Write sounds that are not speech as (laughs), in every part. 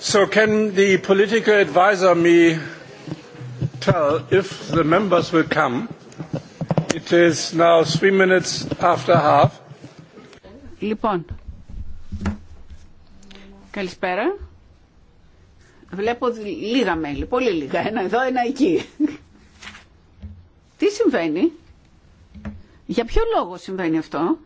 So can the political advisor me tell if the members will come? It is now three minutes after half. Λοιπόν, καλησπέρα. Βλέπω λίγα μέλη, πολύ λίγα. Ένα εδώ, ένα εκεί. Τι συμβαίνει, για ποιο λόγο συμβαίνει αυτό.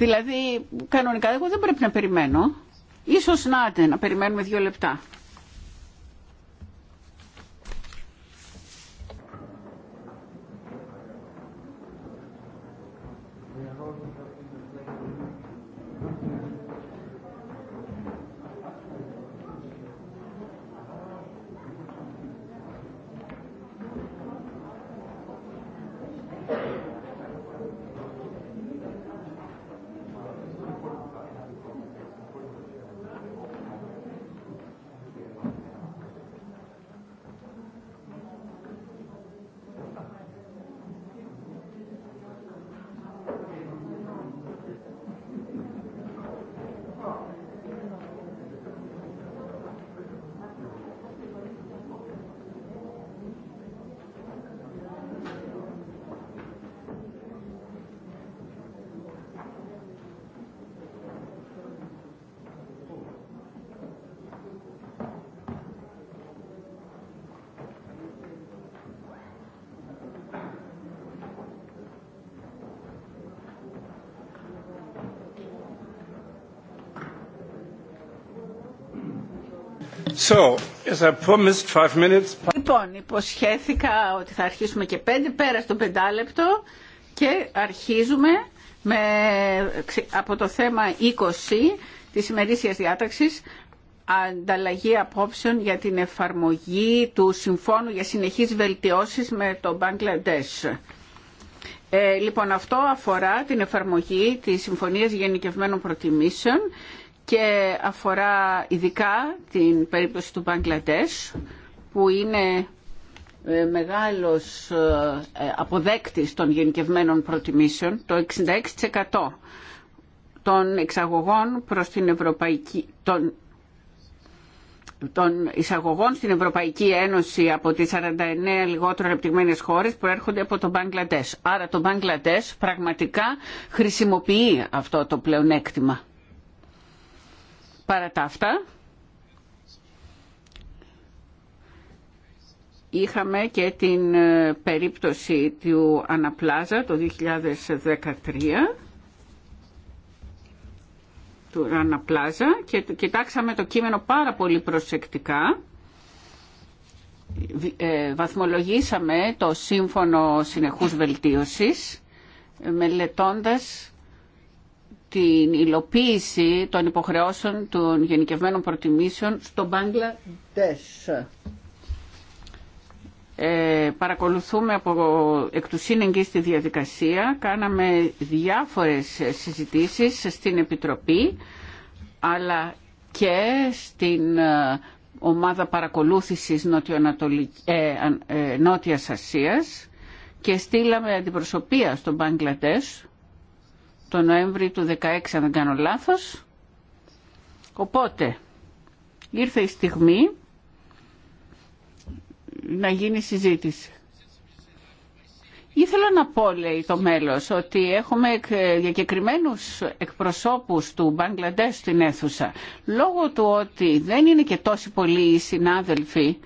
Δηλαδή, κανονικά εγώ δεν πρέπει να περιμένω. Ίσως να, να περιμένουμε δύο λεπτά. Λοιπόν, υποσχέθηκα ότι θα αρχίσουμε και πέντε πέρα στο πεντάλεπτο και αρχίζουμε με, από το θέμα 20 της ημερήσιας διάταξης ανταλλαγή απόψεων για την εφαρμογή του Συμφώνου για συνεχείς βελτιώσεις με το Μπαγκλαντές. Ε, λοιπόν, αυτό αφορά την εφαρμογή της Συμφωνίας Γενικευμένων Προτιμήσεων και αφορά ειδικά την περίπτωση του Μπαγκλατές που είναι ε, μεγάλος ε, ε, αποδέκτης των γενικευμένων προτιμήσεων, το 66% των εξαγωγών προς την Ευρωπαϊκή, εισαγωγών στην Ευρωπαϊκή Ένωση από τις 49 λιγότερο ανεπτυγμένες χώρες που έρχονται από τον Μπαγκλατές. Άρα το Μπαγκλατές πραγματικά χρησιμοποιεί αυτό το πλεονέκτημα. Παρά τα αυτά, είχαμε και την ε, περίπτωση του Αναπλάζα το 2013 του Αναπλάζα και κοιτάξαμε το κείμενο πάρα πολύ προσεκτικά ε, βαθμολογήσαμε το σύμφωνο συνεχούς βελτίωσης ε, μελετώντας την υλοποίηση των υποχρεώσεων των γενικευμένων προτιμήσεων στο μπανγκλα ε, παρακολουθούμε από εκ του σύνεγγυς τη διαδικασία. Κάναμε διάφορες συζητήσεις στην Επιτροπή, αλλά και στην ε, ομάδα παρακολούθησης ε, ε, Νότιας Ασίας και στείλαμε αντιπροσωπεία στο Μπαγκλατές το Νοέμβρη του 16 αν δεν κάνω λάθος. Οπότε ήρθε η στιγμή να γίνει συζήτηση. Ήθελα να πω, λέει το μέλος, ότι έχουμε διακεκριμένους εκπροσώπους του Μπαγκλαντές στην αίθουσα. Λόγω του ότι δεν είναι και τόσοι πολλοί οι συνάδελφοι,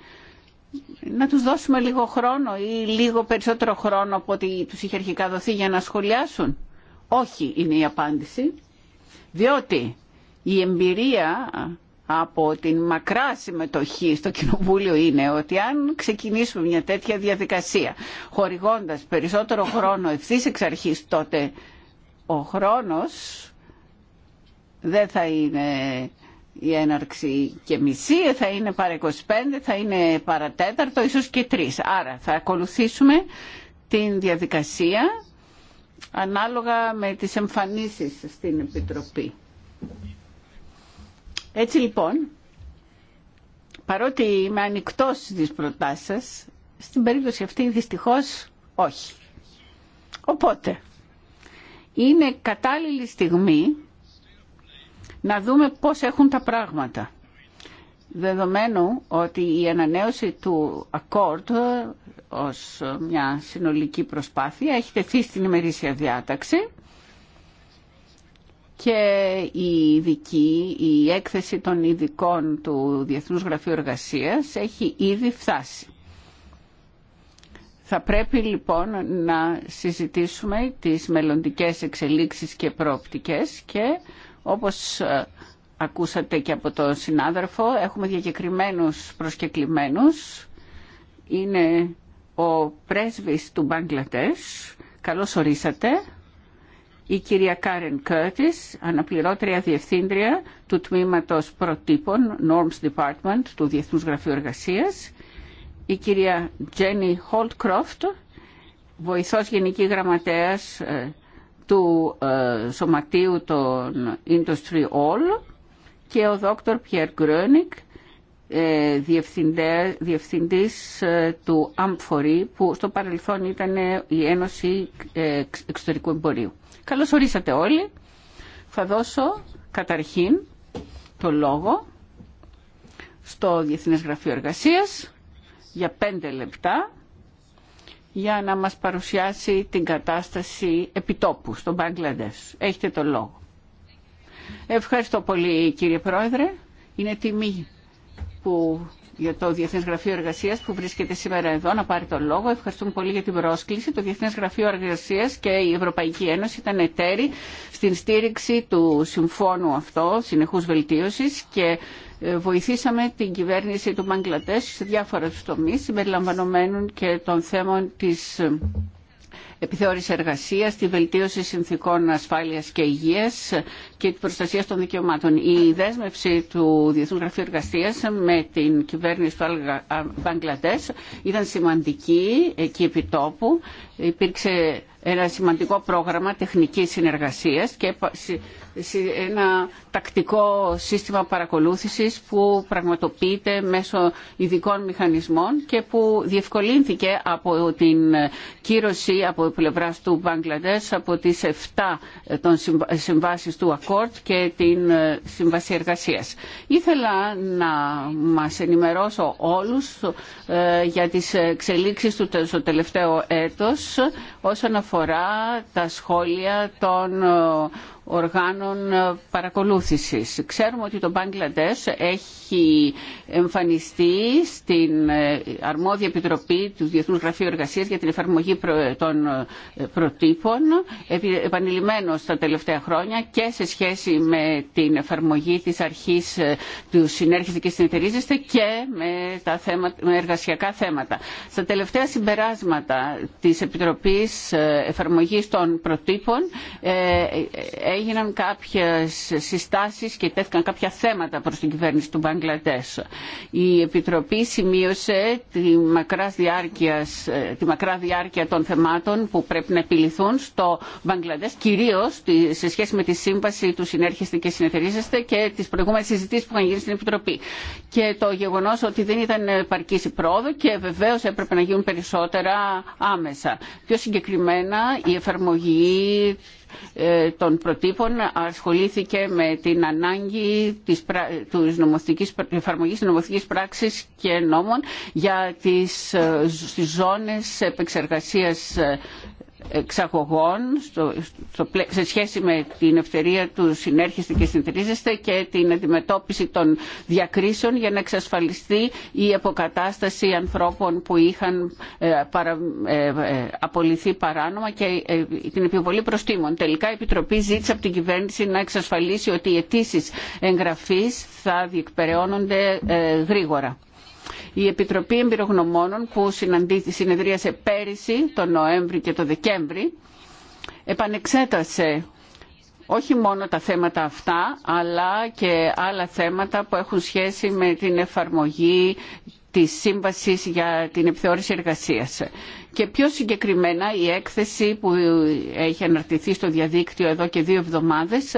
να τους δώσουμε λίγο χρόνο ή λίγο περισσότερο χρόνο από ότι τους είχε αρχικά δοθεί για να σχολιάσουν όχι είναι η απάντηση, διότι η εμπειρία από την μακρά συμμετοχή στο Κοινοβούλιο είναι ότι αν ξεκινήσουμε μια τέτοια διαδικασία χορηγώντας περισσότερο χρόνο ευθύς εξ αρχής τότε ο χρόνος δεν θα είναι η έναρξη και μισή, θα είναι παρα 25, θα είναι παρατέταρτο, ίσως και τρεις. Άρα θα ακολουθήσουμε την διαδικασία ανάλογα με τις εμφανίσεις στην Επιτροπή. Έτσι λοιπόν, παρότι είμαι ανοιχτό στις προτάσεις σας, στην περίπτωση αυτή δυστυχώς όχι. Οπότε, είναι κατάλληλη στιγμή να δούμε πώς έχουν τα πράγματα δεδομένου ότι η ανανέωση του Ακόρτ ε, ως μια συνολική προσπάθεια έχει τεθεί στην ημερήσια διάταξη και η ειδική, η έκθεση των ειδικών του Διεθνούς Γραφείου Εργασίας έχει ήδη φτάσει. Θα πρέπει λοιπόν να συζητήσουμε τις μελλοντικές εξελίξεις και προοπτικές και όπως ε, ακούσατε και από τον συνάδελφο, έχουμε διακεκριμένους προσκεκλημένου, Είναι ο πρέσβης του Μπαγκλατές. Καλώς ορίσατε. Η κυρία Κάρεν Κέρτις, αναπληρώτρια διευθύντρια του Τμήματος Προτύπων, Norms Department του Διεθνούς Γραφείου Εργασίας. Η κυρία Τζένι Χολτκρόφτ, βοηθός Γενική Γραμματέας ε, του ε, Σωματείου των Industry All και ο δόκτωρ Πιέρ Γκρόνικ, ε, διευθυντής ε, του ΑΜΦΟΡΗ, που στο παρελθόν ήταν ε, η Ένωση Εξωτερικού Εμπορίου. Καλώς ορίσατε όλοι. Θα δώσω καταρχήν το λόγο στο Διεθνές Γραφείο Εργασίας για πέντε λεπτά για να μας παρουσιάσει την κατάσταση επιτόπου στο Μπαγκλαντές. Έχετε το λόγο. Ευχαριστώ πολύ κύριε Πρόεδρε. Είναι τιμή που για το Διεθνέ Γραφείο Εργασία που βρίσκεται σήμερα εδώ να πάρει τον λόγο. Ευχαριστούμε πολύ για την πρόσκληση. Το Διεθνέ Γραφείο Εργασία και η Ευρωπαϊκή Ένωση ήταν εταίροι στην στήριξη του συμφώνου αυτό, συνεχού βελτίωση και ε, βοηθήσαμε την κυβέρνηση του Μαγκλατέ σε διάφορου τομεί, συμπεριλαμβανομένων και των θέμων τη ε, επιθεώρηση εργασίας, τη βελτίωση συνθήκων ασφάλειας και υγείας και την προστασία των δικαιωμάτων. Η δέσμευση του Διεθνού Γραφείου Εργασίας με την κυβέρνηση του Μπαγκλαντέ ήταν σημαντική εκεί επί τόπου. Υπήρξε ένα σημαντικό πρόγραμμα τεχνικής συνεργασίας και ένα τακτικό σύστημα παρακολούθησης που πραγματοποιείται μέσω ειδικών μηχανισμών και που διευκολύνθηκε από την κύρωση από πλευρά του Μπαγκλαντές από τις 7 των συμβάσεις του ΑΚΟΡΤ και την ε, Συμβάση Εργασίας. Ήθελα να μας ενημερώσω όλους ε, για τις εξελίξεις του στο τελευταίο έτος όσον αφορά τα σχόλια των ε, οργάνων ε, παρακολούθησης. Ξέρουμε ότι το Μπαγκλαντές έχει εμφανιστεί στην ε, αρμόδια επιτροπή του Διεθνούς Γραφείου Εργασίας για την εφαρμογή των ε, προτύπων επανειλημμένος τα τελευταία χρόνια και σε σχέση με την εφαρμογή της αρχής του συνέρχεστε και συνεταιρίζεστε και με, τα θέματα, εργασιακά θέματα. Στα τελευταία συμπεράσματα της Επιτροπής Εφαρμογής των Προτύπων έγιναν κάποιες συστάσεις και τέθηκαν κάποια θέματα προς την κυβέρνηση του Μπαγκλαντές. Η Επιτροπή σημείωσε τη μακρά, ε, τη μακρά διάρκεια των θεμάτων που πρέπει να επιληθούν στο Μπαγκλαντές, κυρίως σε σχέση με τη σύμβαση του συνέρχεστε και Συνεθερίζεστε και τις προηγούμενες συζητήσεις που είχαν γίνει στην Επιτροπή. Και το γεγονός ότι δεν ήταν επαρκής η πρόοδο και βεβαίως έπρεπε να γίνουν περισσότερα άμεσα. Πιο συγκεκριμένα η εφαρμογή ε, των προτύπων ασχολήθηκε με την ανάγκη της, του νομοθετικής, εφαρμογής της νομοθετικής πράξης και νόμων για τις, ε, στις ζώνες επεξεργασίας ε, εξαγωγών σε σχέση με την ευθερία του συνέρχεστε και συντηρίζεστε και την αντιμετώπιση των διακρίσεων για να εξασφαλιστεί η αποκατάσταση ανθρώπων που είχαν ε, ε, ε, απολυθεί παράνομα και την επιβολή προστήμων. Τελικά η Επιτροπή ζήτησε από την κυβέρνηση να εξασφαλίσει ότι οι αιτήσει εγγραφής θα διεκπεραιώνονται γρήγορα. Η Επιτροπή Εμπειρογνωμόνων που συνεδρίασε πέρυσι, τον Νοέμβρη και τον Δεκέμβρη, επανεξέτασε όχι μόνο τα θέματα αυτά, αλλά και άλλα θέματα που έχουν σχέση με την εφαρμογή της Σύμβασης για την Επιθεώρηση Εργασίας. Και πιο συγκεκριμένα η έκθεση που έχει αναρτηθεί στο διαδίκτυο εδώ και δύο εβδομάδες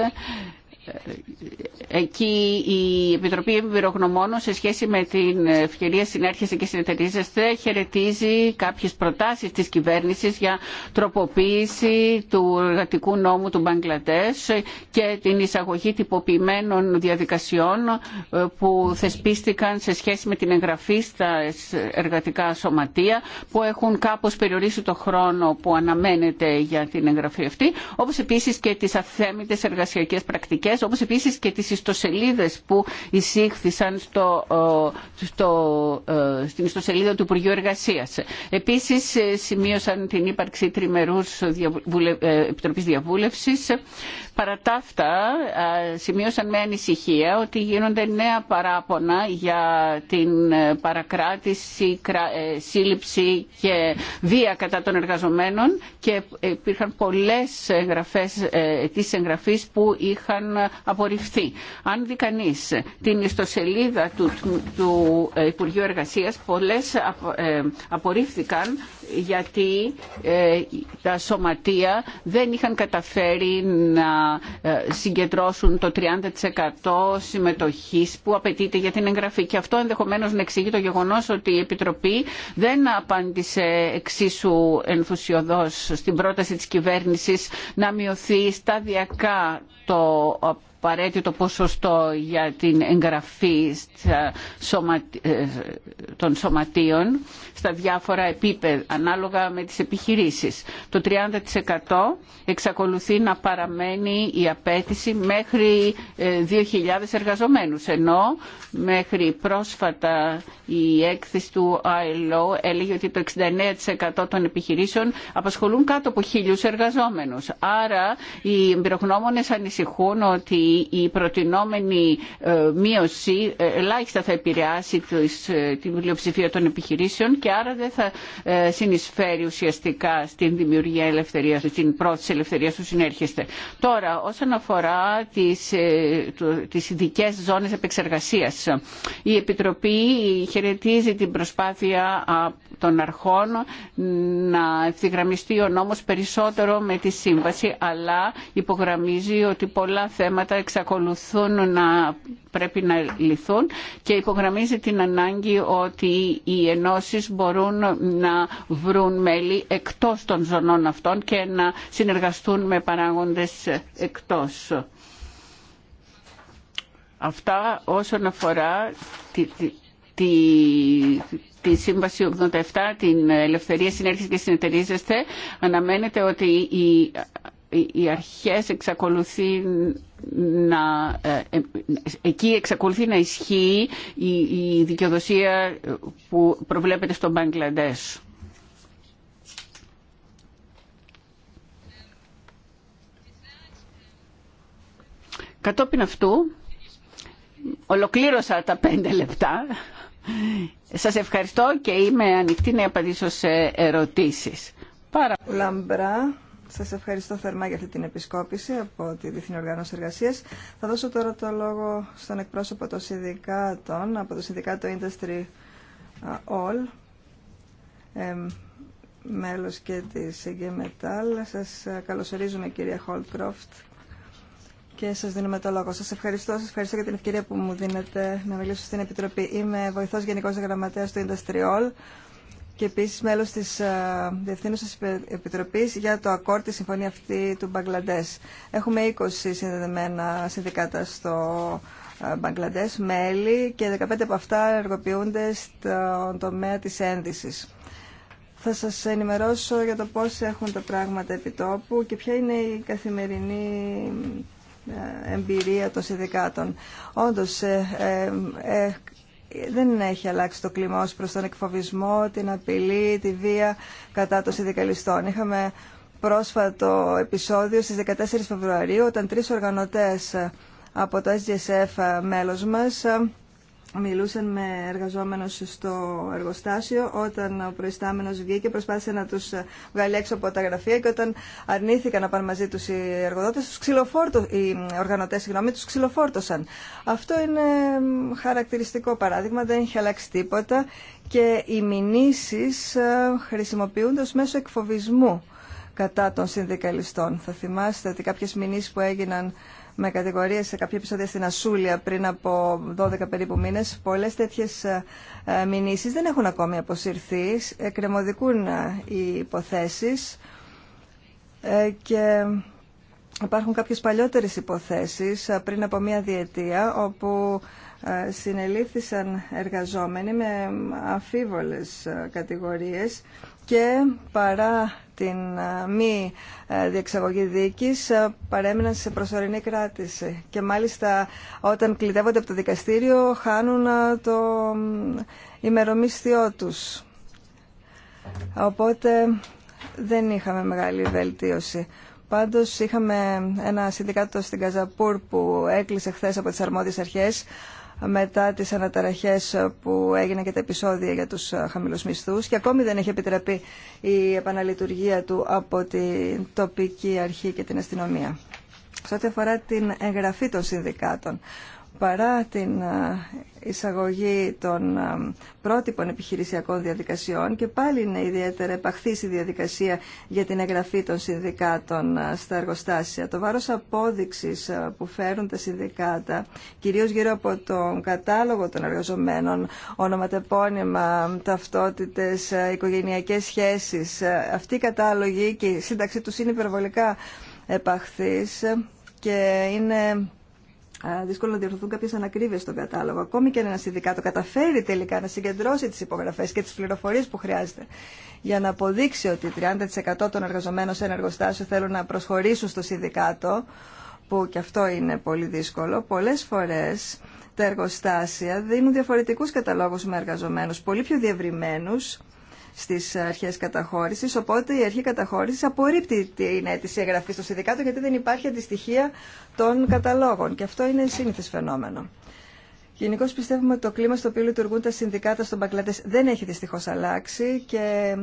εκεί η Επιτροπή Εμπειρογνωμόνων σε σχέση με την ευκαιρία συνέρχεση και συνεταιρίζεστε χαιρετίζει κάποιες προτάσεις της κυβέρνησης για τροποποίηση του εργατικού νόμου του Μπαγκλατές και την εισαγωγή τυποποιημένων διαδικασιών ε, που θεσπίστηκαν σε σχέση με την εγγραφή στα εργατικά σωματεία που έχουν κάπως περιορίσει το χρόνο που αναμένεται για την εγγραφή αυτή όπως επίσης και τις αθέμητες εργασιακές πρακτικές όπω όπως επίσης και τις ιστοσελίδες που εισήχθησαν στο, ε, στο, ε, στην ιστοσελίδα του Υπουργείου Εργασίας. Επίσης ε, σημείωσαν την ύπαρξη τριμερούς επιτροπής διαβούλευσης Παρά τα αυτά, σημείωσαν με ανησυχία ότι γίνονται νέα παράπονα για την ε, παρακράτηση, ε, σύλληψη και βία κατά των εργαζομένων και υπήρχαν πολλές εγγραφές ε, της εγγραφής που είχαν απορριφθεί. Αν δει κανεί την ιστοσελίδα του, του Υπουργείου Εργασίας, πολλές απορρίφθηκαν γιατί ε, τα σωματεία δεν είχαν καταφέρει να ε, συγκεντρώσουν το 30% συμμετοχής που απαιτείται για την εγγραφή. Και αυτό ενδεχομένως να εξηγεί το γεγονός ότι η Επιτροπή δεν απάντησε εξίσου ενθουσιοδός στην πρόταση της κυβέρνησης να μειωθεί σταδιακά το απαραίτητο ποσοστό για την εγγραφή ε, των σωματείων στα διάφορα επίπεδα ανάλογα με τις επιχειρήσεις. Το 30% εξακολουθεί να παραμένει η απέτηση μέχρι 2.000 ε, εργαζομένους ενώ μέχρι πρόσφατα η έκθεση του ILO έλεγε ότι το 69% των επιχειρήσεων απασχολούν κάτω από 1.000 εργαζόμενους. Άρα οι εμπειρογνώμονες ανησυχούν ότι η προτινόμενη ε, μείωση ε, ελάχιστα θα επηρεάσει ε, την πλειοψηφία των επιχειρήσεων και άρα δεν θα συνεισφέρει ουσιαστικά στην δημιουργία ελευθερίας, στην πρόθεση ελευθερίας που συνέρχεστε. Τώρα, όσον αφορά τις, τις ειδικές ζώνες επεξεργασίας, η Επιτροπή χαιρετίζει την προσπάθεια των αρχών να ευθυγραμμιστεί ο νόμος περισσότερο με τη σύμβαση αλλά υπογραμμίζει ότι πολλά θέματα εξακολουθούν να πρέπει να λυθούν και υπογραμμίζει την ανάγκη ότι οι ενώσεις μπορούν να βρουν μέλη εκτός των ζωνών αυτών και να συνεργαστούν με παράγοντες εκτός. Αυτά όσον αφορά τη, τη, Σύμβαση 87, την ελευθερία Συνέρχηση και συνεταιρίζεστε, αναμένεται ότι η οι αρχές εξακολουθεί να, ε, ε, εκεί εξακολουθεί να ισχύει η, δικαιοδοσία που προβλέπεται στο Μπαγκλαντές. Κατόπιν αυτού, ολοκλήρωσα τα πέντε λεπτά. Σας ευχαριστώ και είμαι ανοιχτή να απαντήσω σε ερωτήσεις. Πάρα... Σας ευχαριστώ θερμά για αυτή την επισκόπηση από τη Διεθνή Οργάνωση Εργασίας. Θα δώσω τώρα το λόγο στον εκπρόσωπο των συνδικάτων, από το Συνδικάτο Industry All, μέλος και της EG Metal. Σας καλωσορίζουμε κυρία Χολτκρόφτ και σας δίνουμε το λόγο. Σας ευχαριστώ, σας ευχαριστώ για την ευκαιρία που μου δίνετε να μιλήσω στην Επιτροπή. Είμαι βοηθός Γενικός Γραμματέας του All και επίσης μέλος της ε, Διευθύνουσα Επιτροπή για το ΑΚΟΡ, τη συμφωνία αυτή του Μπαγκλαντές. Έχουμε 20 συνδεδεμένα συνδικάτα στο ε, Μπαγκλαντές, μέλη και 15 από αυτά εργοποιούνται στον τομέα τη ένδυση. Θα σας ενημερώσω για το πώς έχουν τα πράγματα επιτόπου και ποια είναι η καθημερινή ε, εμπειρία των συνδικάτων. Όντως, ε, δεν έχει αλλάξει το κλίμα ως προς τον εκφοβισμό, την απειλή, τη βία κατά των συνδικαλιστών. Είχαμε πρόσφατο επεισόδιο στις 14 Φεβρουαρίου όταν τρεις οργανωτές από το SGSF ε, μέλος μας ε, μιλούσαν με εργαζόμενους στο εργοστάσιο όταν ο προϊστάμενος βγήκε προσπάθησε να τους βγάλει έξω από τα γραφεία και όταν αρνήθηκαν να πάνε μαζί τους οι εργοδότες, τους ξυλοφόρτω, οι οργανωτές συγγνώμη, τους ξυλοφόρτωσαν. Αυτό είναι χαρακτηριστικό παράδειγμα, δεν έχει αλλάξει τίποτα και οι μηνύσεις ε, χρησιμοποιούνται ως μέσο εκφοβισμού κατά των συνδικαλιστών. Θα θυμάστε ότι κάποιες μηνύσεις που έγιναν με κατηγορίες σε κάποια επεισόδια στην Ασούλια πριν από 12 περίπου μήνες. Πολλέ τέτοιες ε, ε, μηνύσει δεν έχουν ακόμη αποσυρθεί, εκκρεμωδικούν ε, οι υποθέσεις και υπάρχουν κάποιες παλιότερες υποθέσεις πριν από μία διετία όπου συνελήφθησαν εργαζόμενοι με αφίβολες κατηγορίες και παρά την ε, μη ε, διεξαγωγή δίκης ε, παρέμειναν σε προσωρινή κράτηση και μάλιστα όταν κλειδεύονται από το δικαστήριο χάνουν το ημερομίσθιό τους. Οπότε δεν είχαμε μεγάλη βελτίωση. Πάντως είχαμε ένα συνδικάτο στην Καζαπούρ που έκλεισε χθες από τις αρμόδιες αρχές μετά τις αναταραχές που έγιναν και τα επεισόδια για τους ε, χαμηλούς μισθούς και ακόμη δεν έχει επιτραπεί η επαναλειτουργία του από την τοπική αρχή και την αστυνομία. Σε ό,τι αφορά την εγγραφή των συνδικάτων, παρά την εισαγωγή των πρότυπων επιχειρησιακών διαδικασιών και πάλι είναι ιδιαίτερα επαχθής η διαδικασία για την εγγραφή των συνδικάτων στα εργοστάσια. Το βάρος απόδειξης που φέρουν τα συνδικάτα, κυρίως γύρω από τον κατάλογο των εργαζομένων, ονοματεπώνυμα, ταυτότητες, οικογενειακές σχέσεις, αυτή η κατάλογη και η σύνταξή τους είναι υπερβολικά επαχθής και είναι δύσκολο να διορθωθούν κάποιε ανακρίβειε στον κατάλογο. Ακόμη και αν ένα συνδικάτο καταφέρει τελικά να συγκεντρώσει τι υπογραφέ και τι πληροφορίε που χρειάζεται για να αποδείξει ότι 30% των εργαζομένων σε ένα εργοστάσιο θέλουν να προσχωρήσουν στο συνδικάτο, που και αυτό είναι πολύ δύσκολο, πολλέ φορέ τα εργοστάσια δίνουν διαφορετικού καταλόγου με εργαζομένου, πολύ πιο διευρυμένου στις αρχές καταχώρησης, οπότε η αρχή καταχώρησης απορρίπτει την αίτηση εγγραφή στο συνδικάτο γιατί δεν υπάρχει αντιστοιχεία των καταλόγων και αυτό είναι σύνηθες φαινόμενο. Γενικώ πιστεύουμε ότι το κλίμα στο οποίο λειτουργούν τα συνδικάτα στον Παγκλαντέ δεν έχει δυστυχώς αλλάξει και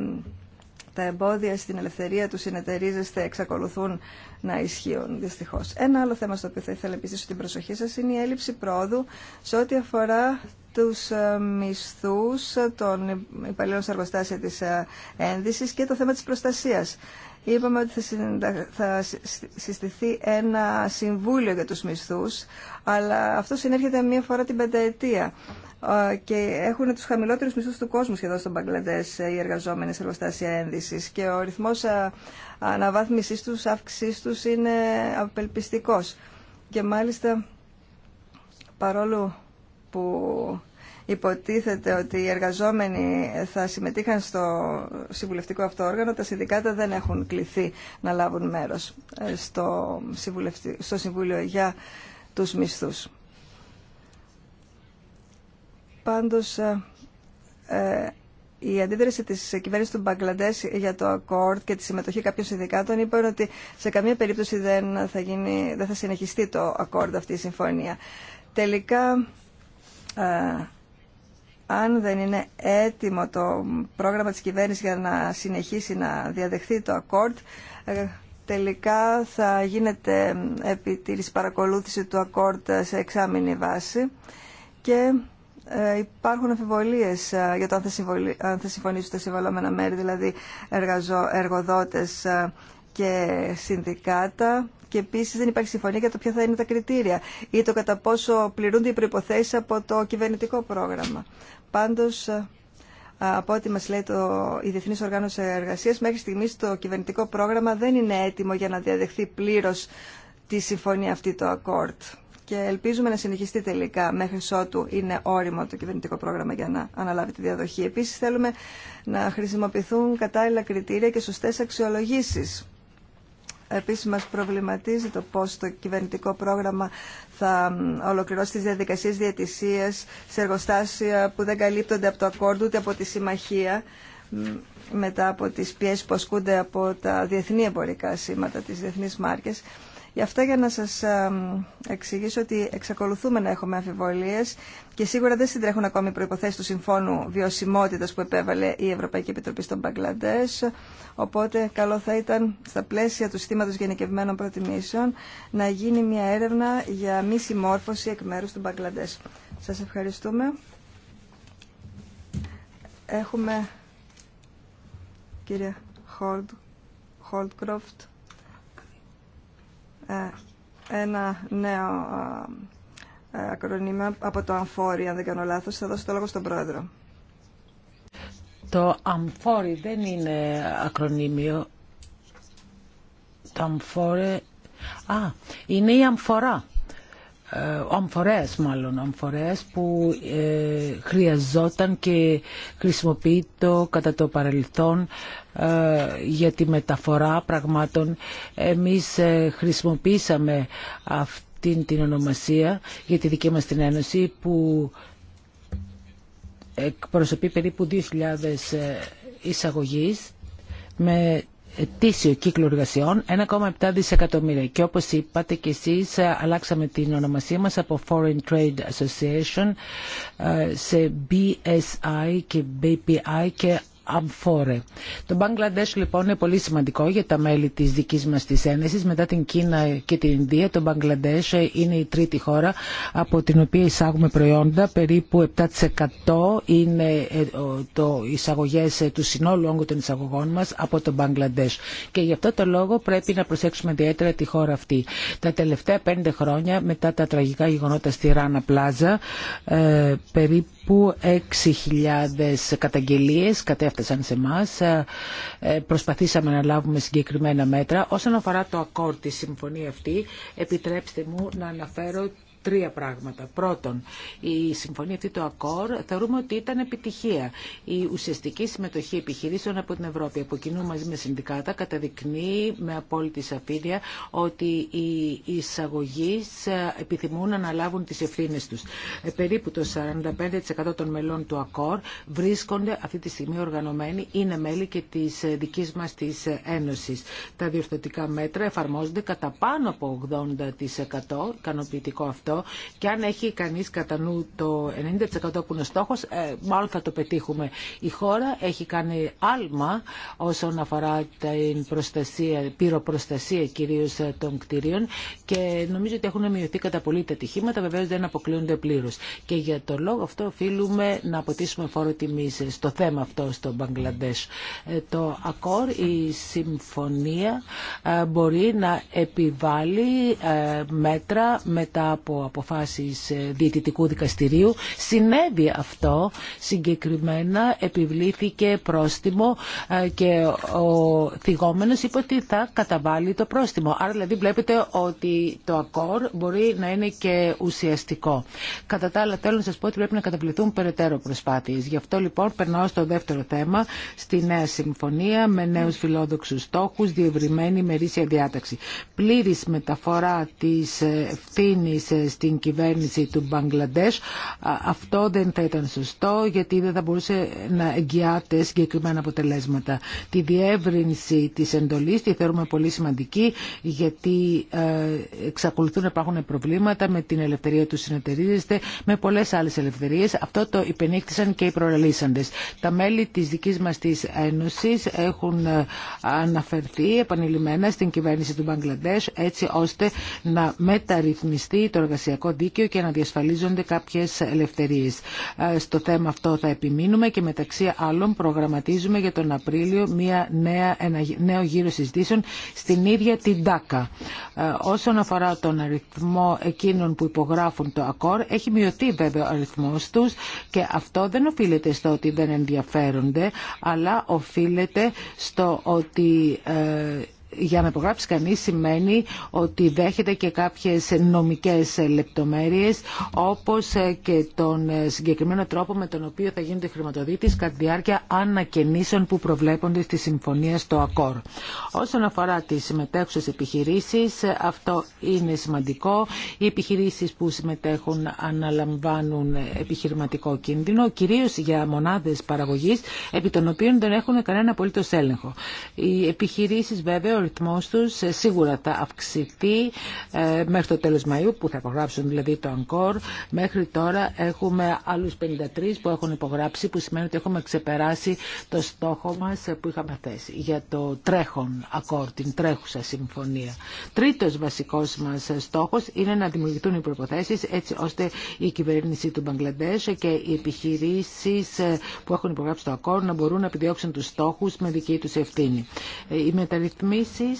τα εμπόδια στην ελευθερία του συνεταιρίζεστε εξακολουθούν να ισχύουν δυστυχώ. Ένα άλλο θέμα στο οποίο θα ήθελα πιστήσω την προσοχή σα είναι η έλλειψη πρόοδου σε ό,τι αφορά του ε, μισθού των υπαλλήλων σε εργοστάσια τη ε, ένδυση και το θέμα τη προστασία. Είπαμε ότι θα συστηθεί ένα συμβούλιο για τους μισθούς, αλλά αυτό συνέρχεται μία φορά την πενταετία και έχουν τους χαμηλότερους μισθούς του κόσμου σχεδόν στον Μπαγκλαντές ε, οι εργαζόμενες εργοστάσια ένδυσης και ο ρυθμός ε, αναβάθμισής τους, αύξησής τους είναι απελπιστικός. Και μάλιστα παρόλο που υποτίθεται ότι οι εργαζόμενοι θα συμμετείχαν στο συμβουλευτικό αυτό όργανο, τα συνδικάτα δεν έχουν κληθεί να λάβουν μέρος ε, στο, στο Συμβούλιο για τους μισθούς. Πάντως, ε, ε, η αντίδραση της κυβέρνησης του Μπαγκλαντές για το ΑΚΟΡΤ και τη συμμετοχή κάποιων συνδικάτων είπε ότι σε καμία περίπτωση δεν θα, γίνει, δεν θα συνεχιστεί το ΑΚΟΡΤ αυτή η συμφωνία. Τελικά, ε, αν δεν είναι έτοιμο το πρόγραμμα της κυβέρνησης για να συνεχίσει να διαδεχθεί το ΑΚΟΡΤ, τελικά θα γίνεται επιτήρηση παρακολούθηση του ΑΚΟΡΤ σε εξάμεινη βάση και ε, υπάρχουν αμφιβολίες ε, για το αν θα συμφωνήσουν τα συμβαλόμενα μέρη, δηλαδή εργοδότες ε, και συνδικάτα και επίσης δεν υπάρχει συμφωνία για το ποια θα είναι τα κριτήρια ή το κατά πόσο πληρούνται οι προϋποθέσεις από το κυβερνητικό πρόγραμμα. Πάντως, από ό,τι μας λέει το, η Διεθνής Οργάνωση Εργασίας, μέχρι στιγμής το κυβερνητικό πρόγραμμα δεν είναι έτοιμο για να διαδεχθεί πλήρως τη συμφωνία αυτή το ΑΚΟΡΤ και ελπίζουμε να συνεχιστεί τελικά μέχρι ότου είναι όριμο το κυβερνητικό πρόγραμμα για να αναλάβει τη διαδοχή. Επίση, θέλουμε να χρησιμοποιηθούν κατάλληλα κριτήρια και σωστέ αξιολογήσει. Επίση μα προβληματίζει το πώ το κυβερνητικό πρόγραμμα θα ολοκληρώσει τι διαδικασίε διατησία σε εργοστάσια που δεν καλύπτονται από το ακόρντο ούτε από τη συμμαχία μετά από τις πιέσεις που ασκούνται από τα διεθνή εμπορικά σήματα, τις διεθνείς μάρκες Γι' αυτό για να σας εξηγήσω ότι εξακολουθούμε να έχουμε αμφιβολίες και σίγουρα δεν συντρέχουν ακόμη οι προϋποθέσεις του Συμφώνου Βιωσιμότητας που επέβαλε η Ευρωπαϊκή Επιτροπή στον Μπαγκλαντές. Οπότε καλό θα ήταν στα πλαίσια του συστήματος γενικευμένων προτιμήσεων να γίνει μια έρευνα για μη συμμόρφωση εκ μέρους του Μπαγκλαντές. Σας ευχαριστούμε. Έχουμε Χολτ, ε, ένα νέο ε, ε, ακρονίμιο από το αμφόρι, αν δεν κάνω λάθος. Θα δώσω το λόγο στον πρόεδρο. Το αμφόρι δεν είναι ακρονίμιο. Το αμφόρε... Α, είναι η αμφορά. Ο αμφορές μάλλον, αμφορές που χρειαζόταν και χρησιμοποιεί κατά το παρελθόν ε, για τη μεταφορά πραγμάτων. Εμείς ε, χρησιμοποίησαμε αυτή την ονομασία για τη δική μας την Ένωση που εκπροσωπεί περίπου 2.000 ε, εισαγωγείς με ετήσιο κύκλο εργασιών 1,7 δισεκατομμύρια. Και όπως είπατε και εσείς, αλλάξαμε την ονομασία μας από Foreign Trade Association σε BSI και BPI και αμφόρε. Το Μπαγκλαντές λοιπόν είναι πολύ σημαντικό για τα μέλη της δικής μας της Ένωσης. Μετά την Κίνα και την Ινδία, το Μπαγκλαντές είναι η τρίτη χώρα από την οποία εισάγουμε προϊόντα. Περίπου 7% είναι ε, το εισαγωγές ε, του συνόλου όγκου των εισαγωγών μας από το Μπαγκλαντές. Και γι' αυτό το λόγο πρέπει να προσέξουμε ιδιαίτερα τη χώρα αυτή. Τα τελευταία πέντε χρόνια μετά τα τραγικά γεγονότα στη Ράνα Πλάζα, ε, περίπου που 6.000 καταγγελίες κατέφτασαν σε εμά. Προσπαθήσαμε να λάβουμε συγκεκριμένα μέτρα. Όσον αφορά το ακόρ τη συμφωνία αυτή, επιτρέψτε μου να αναφέρω τρία πράγματα. Πρώτον, η συμφωνία αυτή του ΑΚΟΡ θεωρούμε ότι ήταν επιτυχία. Η ουσιαστική συμμετοχή επιχειρήσεων από την Ευρώπη, από κοινού μαζί με συνδικάτα, καταδεικνύει με απόλυτη σαφήνεια ότι οι εισαγωγεί ε, επιθυμούν να αναλάβουν τι ευθύνε του. Ε, περίπου το 45% των μελών του ΑΚΟΡ βρίσκονται αυτή τη στιγμή οργανωμένοι, είναι μέλη και τη ε, δική μα τη Ένωση. Τα διορθωτικά μέτρα εφαρμόζονται κατά πάνω από 80% ικανοποιητικό αυτό και αν έχει κανεί κατά νου το 90% που είναι ο στόχος, ε, μάλλον θα το πετύχουμε. Η χώρα έχει κάνει άλμα όσον αφορά την προστασία, πυροπροστασία κυρίω ε, των κτηρίων και νομίζω ότι έχουν μειωθεί κατά πολύ τα ατυχήματα, βεβαίω δεν αποκλείονται πλήρω. Και για τον λόγο αυτό οφείλουμε να αποτίσουμε φόρο τιμή στο θέμα αυτό στο Μπαγκλαντές. Ε, το ΑΚΟΡ, η συμφωνία μπορεί να επιβάλλει μέτρα μετά από αποφάσεις ε, διαιτητικού δικαστηρίου. Συνέβη αυτό συγκεκριμένα, επιβλήθηκε πρόστιμο ε, και ο θυγόμενος είπε ότι θα καταβάλει το πρόστιμο. Άρα δηλαδή βλέπετε ότι το ακόρ μπορεί να είναι και ουσιαστικό. Κατά τα άλλα θέλω να σας πω ότι πρέπει να καταβληθούν περαιτέρω προσπάθειες. Γι' αυτό λοιπόν περνάω στο δεύτερο θέμα, στη νέα συμφωνία με νέους φιλόδοξους στόχους, διευρυμένη μερίσια διάταξη. Πλήρης μεταφορά της ε, ευθύνη στην κυβέρνηση του Μπαγκλαντές. Αυτό δεν θα ήταν σωστό γιατί δεν θα μπορούσε να εγγυάται συγκεκριμένα αποτελέσματα. Τη διεύρυνση της εντολής τη θεωρούμε πολύ σημαντική γιατί ε, εξακολουθούν να υπάρχουν προβλήματα με την ελευθερία του συνεταιρίζεστε, με πολλές άλλες ελευθερίες. Αυτό το υπενήχθησαν και οι προλαλήσαντες. Τα μέλη της δικής μας της Ένωσης έχουν ε, αναφερθεί επανειλημμένα στην κυβέρνηση του Μπαγκλαντές έτσι ώστε να μεταρρυθμιστεί το εργασιακό δίκαιο και να διασφαλίζονται κάποιες ελευθερίες. Ε, στο θέμα αυτό θα επιμείνουμε και μεταξύ άλλων προγραμματίζουμε για τον Απρίλιο μια νέα, ένα νέο γύρο συζητήσεων στην ίδια την ΤΑΚΑ. Ε, όσον αφορά τον αριθμό εκείνων που υπογράφουν το ΑΚΟΡ, έχει μειωθεί βέβαια ο αριθμός τους και αυτό δεν οφείλεται στο ότι δεν ενδιαφέρονται, αλλά οφείλεται στο ότι ε, για να υπογράψει κανείς σημαίνει ότι δέχεται και κάποιες νομικές λεπτομέρειες όπως και τον συγκεκριμένο τρόπο με τον οποίο θα γίνεται χρηματοδίτης κατά τη διάρκεια ανακαινήσεων που προβλέπονται στη συμφωνία στο ΑΚΟΡ. Όσον αφορά τις συμμετέχουσες επιχειρήσεις, αυτό είναι σημαντικό. Οι επιχειρήσεις που συμμετέχουν αναλαμβάνουν επιχειρηματικό κίνδυνο, κυρίως για μονάδες παραγωγής, επί των οποίων δεν έχουν κανένα απολύτως έλεγχο. Οι επιχειρήσεις βέβαια αριθμός τους σίγουρα θα αυξηθεί ε, μέχρι το τέλος Μαΐου που θα υπογράψουν δηλαδή το ακόρ Μέχρι τώρα έχουμε άλλους 53 που έχουν υπογράψει που σημαίνει ότι έχουμε ξεπεράσει το στόχο μας ε, που είχαμε θέσει για το τρέχον ΑΚΟΡ, την τρέχουσα συμφωνία. Τρίτος βασικός μας ε, στόχος είναι να δημιουργηθούν οι προποθέσει έτσι ώστε η κυβέρνηση του Μπαγκλαντές και οι επιχειρήσεις που έχουν υπογράψει το ΑΚΟΡ να μπορούν να επιδιώξουν τους στόχους με δική τους ευθύνη. Οι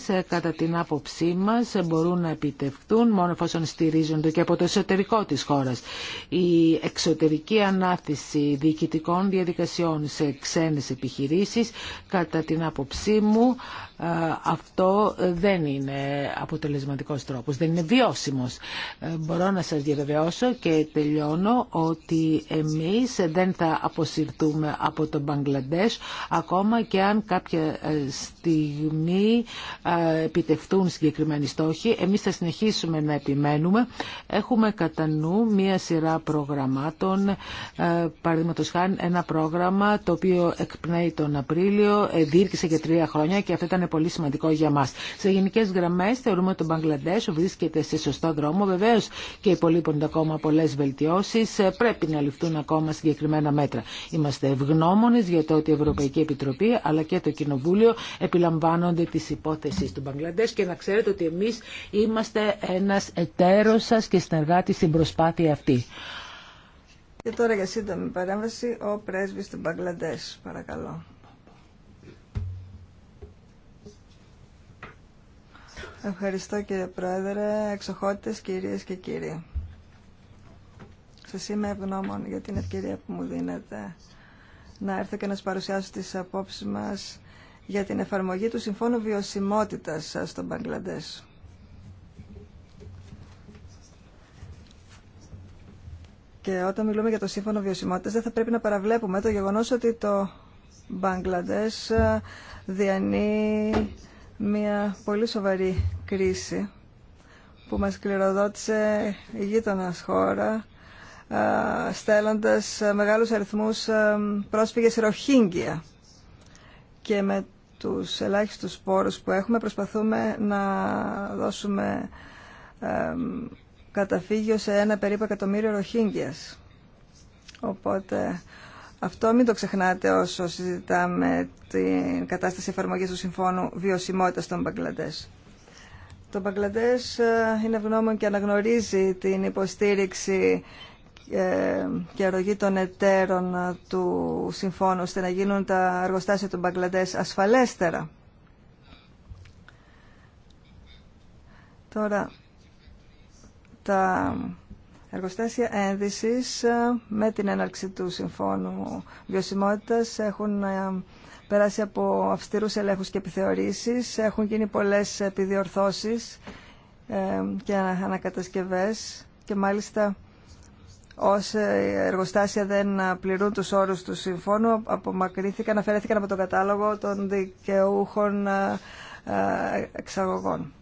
ε, κατά την άποψή μας ε, μπορούν να επιτευχθούν μόνο εφόσον στηρίζονται και από το εσωτερικό της χώρας. Η εξωτερική ανάθεση διοικητικών διαδικασιών σε ξένες επιχειρήσεις κατά την άποψή μου ε, αυτό δεν είναι αποτελεσματικός τρόπος, δεν είναι βιώσιμος. Ε, μπορώ να σας διαβεβαιώσω και τελειώνω ότι εμείς δεν θα αποσυρθούμε από τον Μπαγκλαντές ακόμα και αν κάποια ε, στιγμή επιτευθούν συγκεκριμένοι στόχοι. Εμείς θα συνεχίσουμε να επιμένουμε. Έχουμε κατά νου μία σειρά προγραμμάτων, παραδείγματος ένα πρόγραμμα το οποίο εκπνέει τον Απρίλιο, διήρκησε για τρία χρόνια και αυτό ήταν είναι πολύ σημαντικό για μας. Σε γενικές γραμμές θεωρούμε ότι το Μπαγκλαντές βρίσκεται σε σωστό δρόμο. Βεβαίως και υπολείπονται ακόμα πολλές βελτιώσεις. Ε, πρέπει να ληφθούν ακόμα συγκεκριμένα μέτρα. Είμαστε ευγνώμονες για το ότι η Ευρωπαϊκή Επιτροπή αλλά και το Κοινοβούλιο επιλαμβάνονται τις υπόθεσεις του Μπαγκλαντές και να ξέρετε ότι εμείς είμαστε ένας εταίρος σας και συνεργάτης στην προσπάθεια αυτή. Και τώρα για σύντομη παρέμβαση ο πρέσβης του Μπαγκλαντές, παρακαλώ. Ευχαριστώ κύριε Πρόεδρε, εξοχότητες κυρίες και κύριοι. Σας είμαι ευγνώμων για την ευκαιρία που μου δίνετε να έρθω και να σας παρουσιάσω τις απόψεις μας για την εφαρμογή του Συμφώνου Βιωσιμότητας στο Μπαγκλαντές. Και όταν μιλούμε για το Σύμφωνο Βιωσιμότητας δεν θα πρέπει να παραβλέπουμε το γεγονός ότι το Μπαγκλαντές ε, διανύει μια πολύ σοβαρή κρίση που μας κληροδότησε η γείτονα χώρα στέλνοντας μεγάλους αριθμούς πρόσφυγες ροχίνγκια και με τους ελάχιστους πόρους που έχουμε προσπαθούμε να δώσουμε καταφύγιο σε ένα περίπου εκατομμύριο ροχίνγκιας. Οπότε αυτό μην το ξεχνάτε όσο συζητάμε την κατάσταση εφαρμογής του Συμφώνου Βιωσιμότητας των Μπαγκλαντές. Το Μπαγκλαντές ε, είναι ευγνώμων και αναγνωρίζει την υποστήριξη ε, και αρρωγή των εταίρων ε, του Συμφώνου ώστε να γίνουν τα εργοστάσια των Μπαγκλαντές ασφαλέστερα. Τώρα, τα Εργοστάσια ένδυσης ε, με την έναρξη του Συμφώνου Βιωσιμότητας έχουν ε, περάσει από αυστηρούς ελέγχους και επιθεωρήσεις, έχουν γίνει πολλές επιδιορθώσεις ε, και ανακατασκευές και μάλιστα ως εργοστάσια δεν πληρούν τους όρους του συμφώνου απομακρύθηκαν, αφαιρέθηκαν από τον κατάλογο των δικαιούχων εξαγωγών.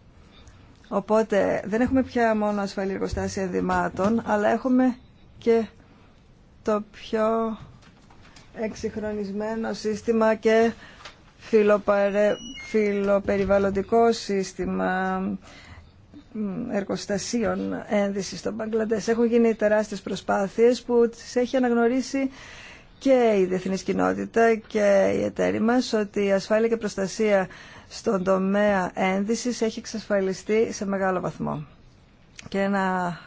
Οπότε δεν έχουμε πια μόνο ασφαλή εργοστάσια ενδυμάτων, αλλά έχουμε και το πιο εξυγχρονισμένο σύστημα και φιλοπαρε... φιλοπεριβαλλοντικό σύστημα εργοστασίων ένδυσης των Μπαγκλαντές. Έχουν γίνει τεράστιες προσπάθειες που τις έχει αναγνωρίσει και η διεθνής κοινότητα και οι εταίροι μας ότι η ασφάλεια και προστασία στον τομέα ένδυσης έχει εξασφαλιστεί σε μεγάλο βαθμό. Και ένα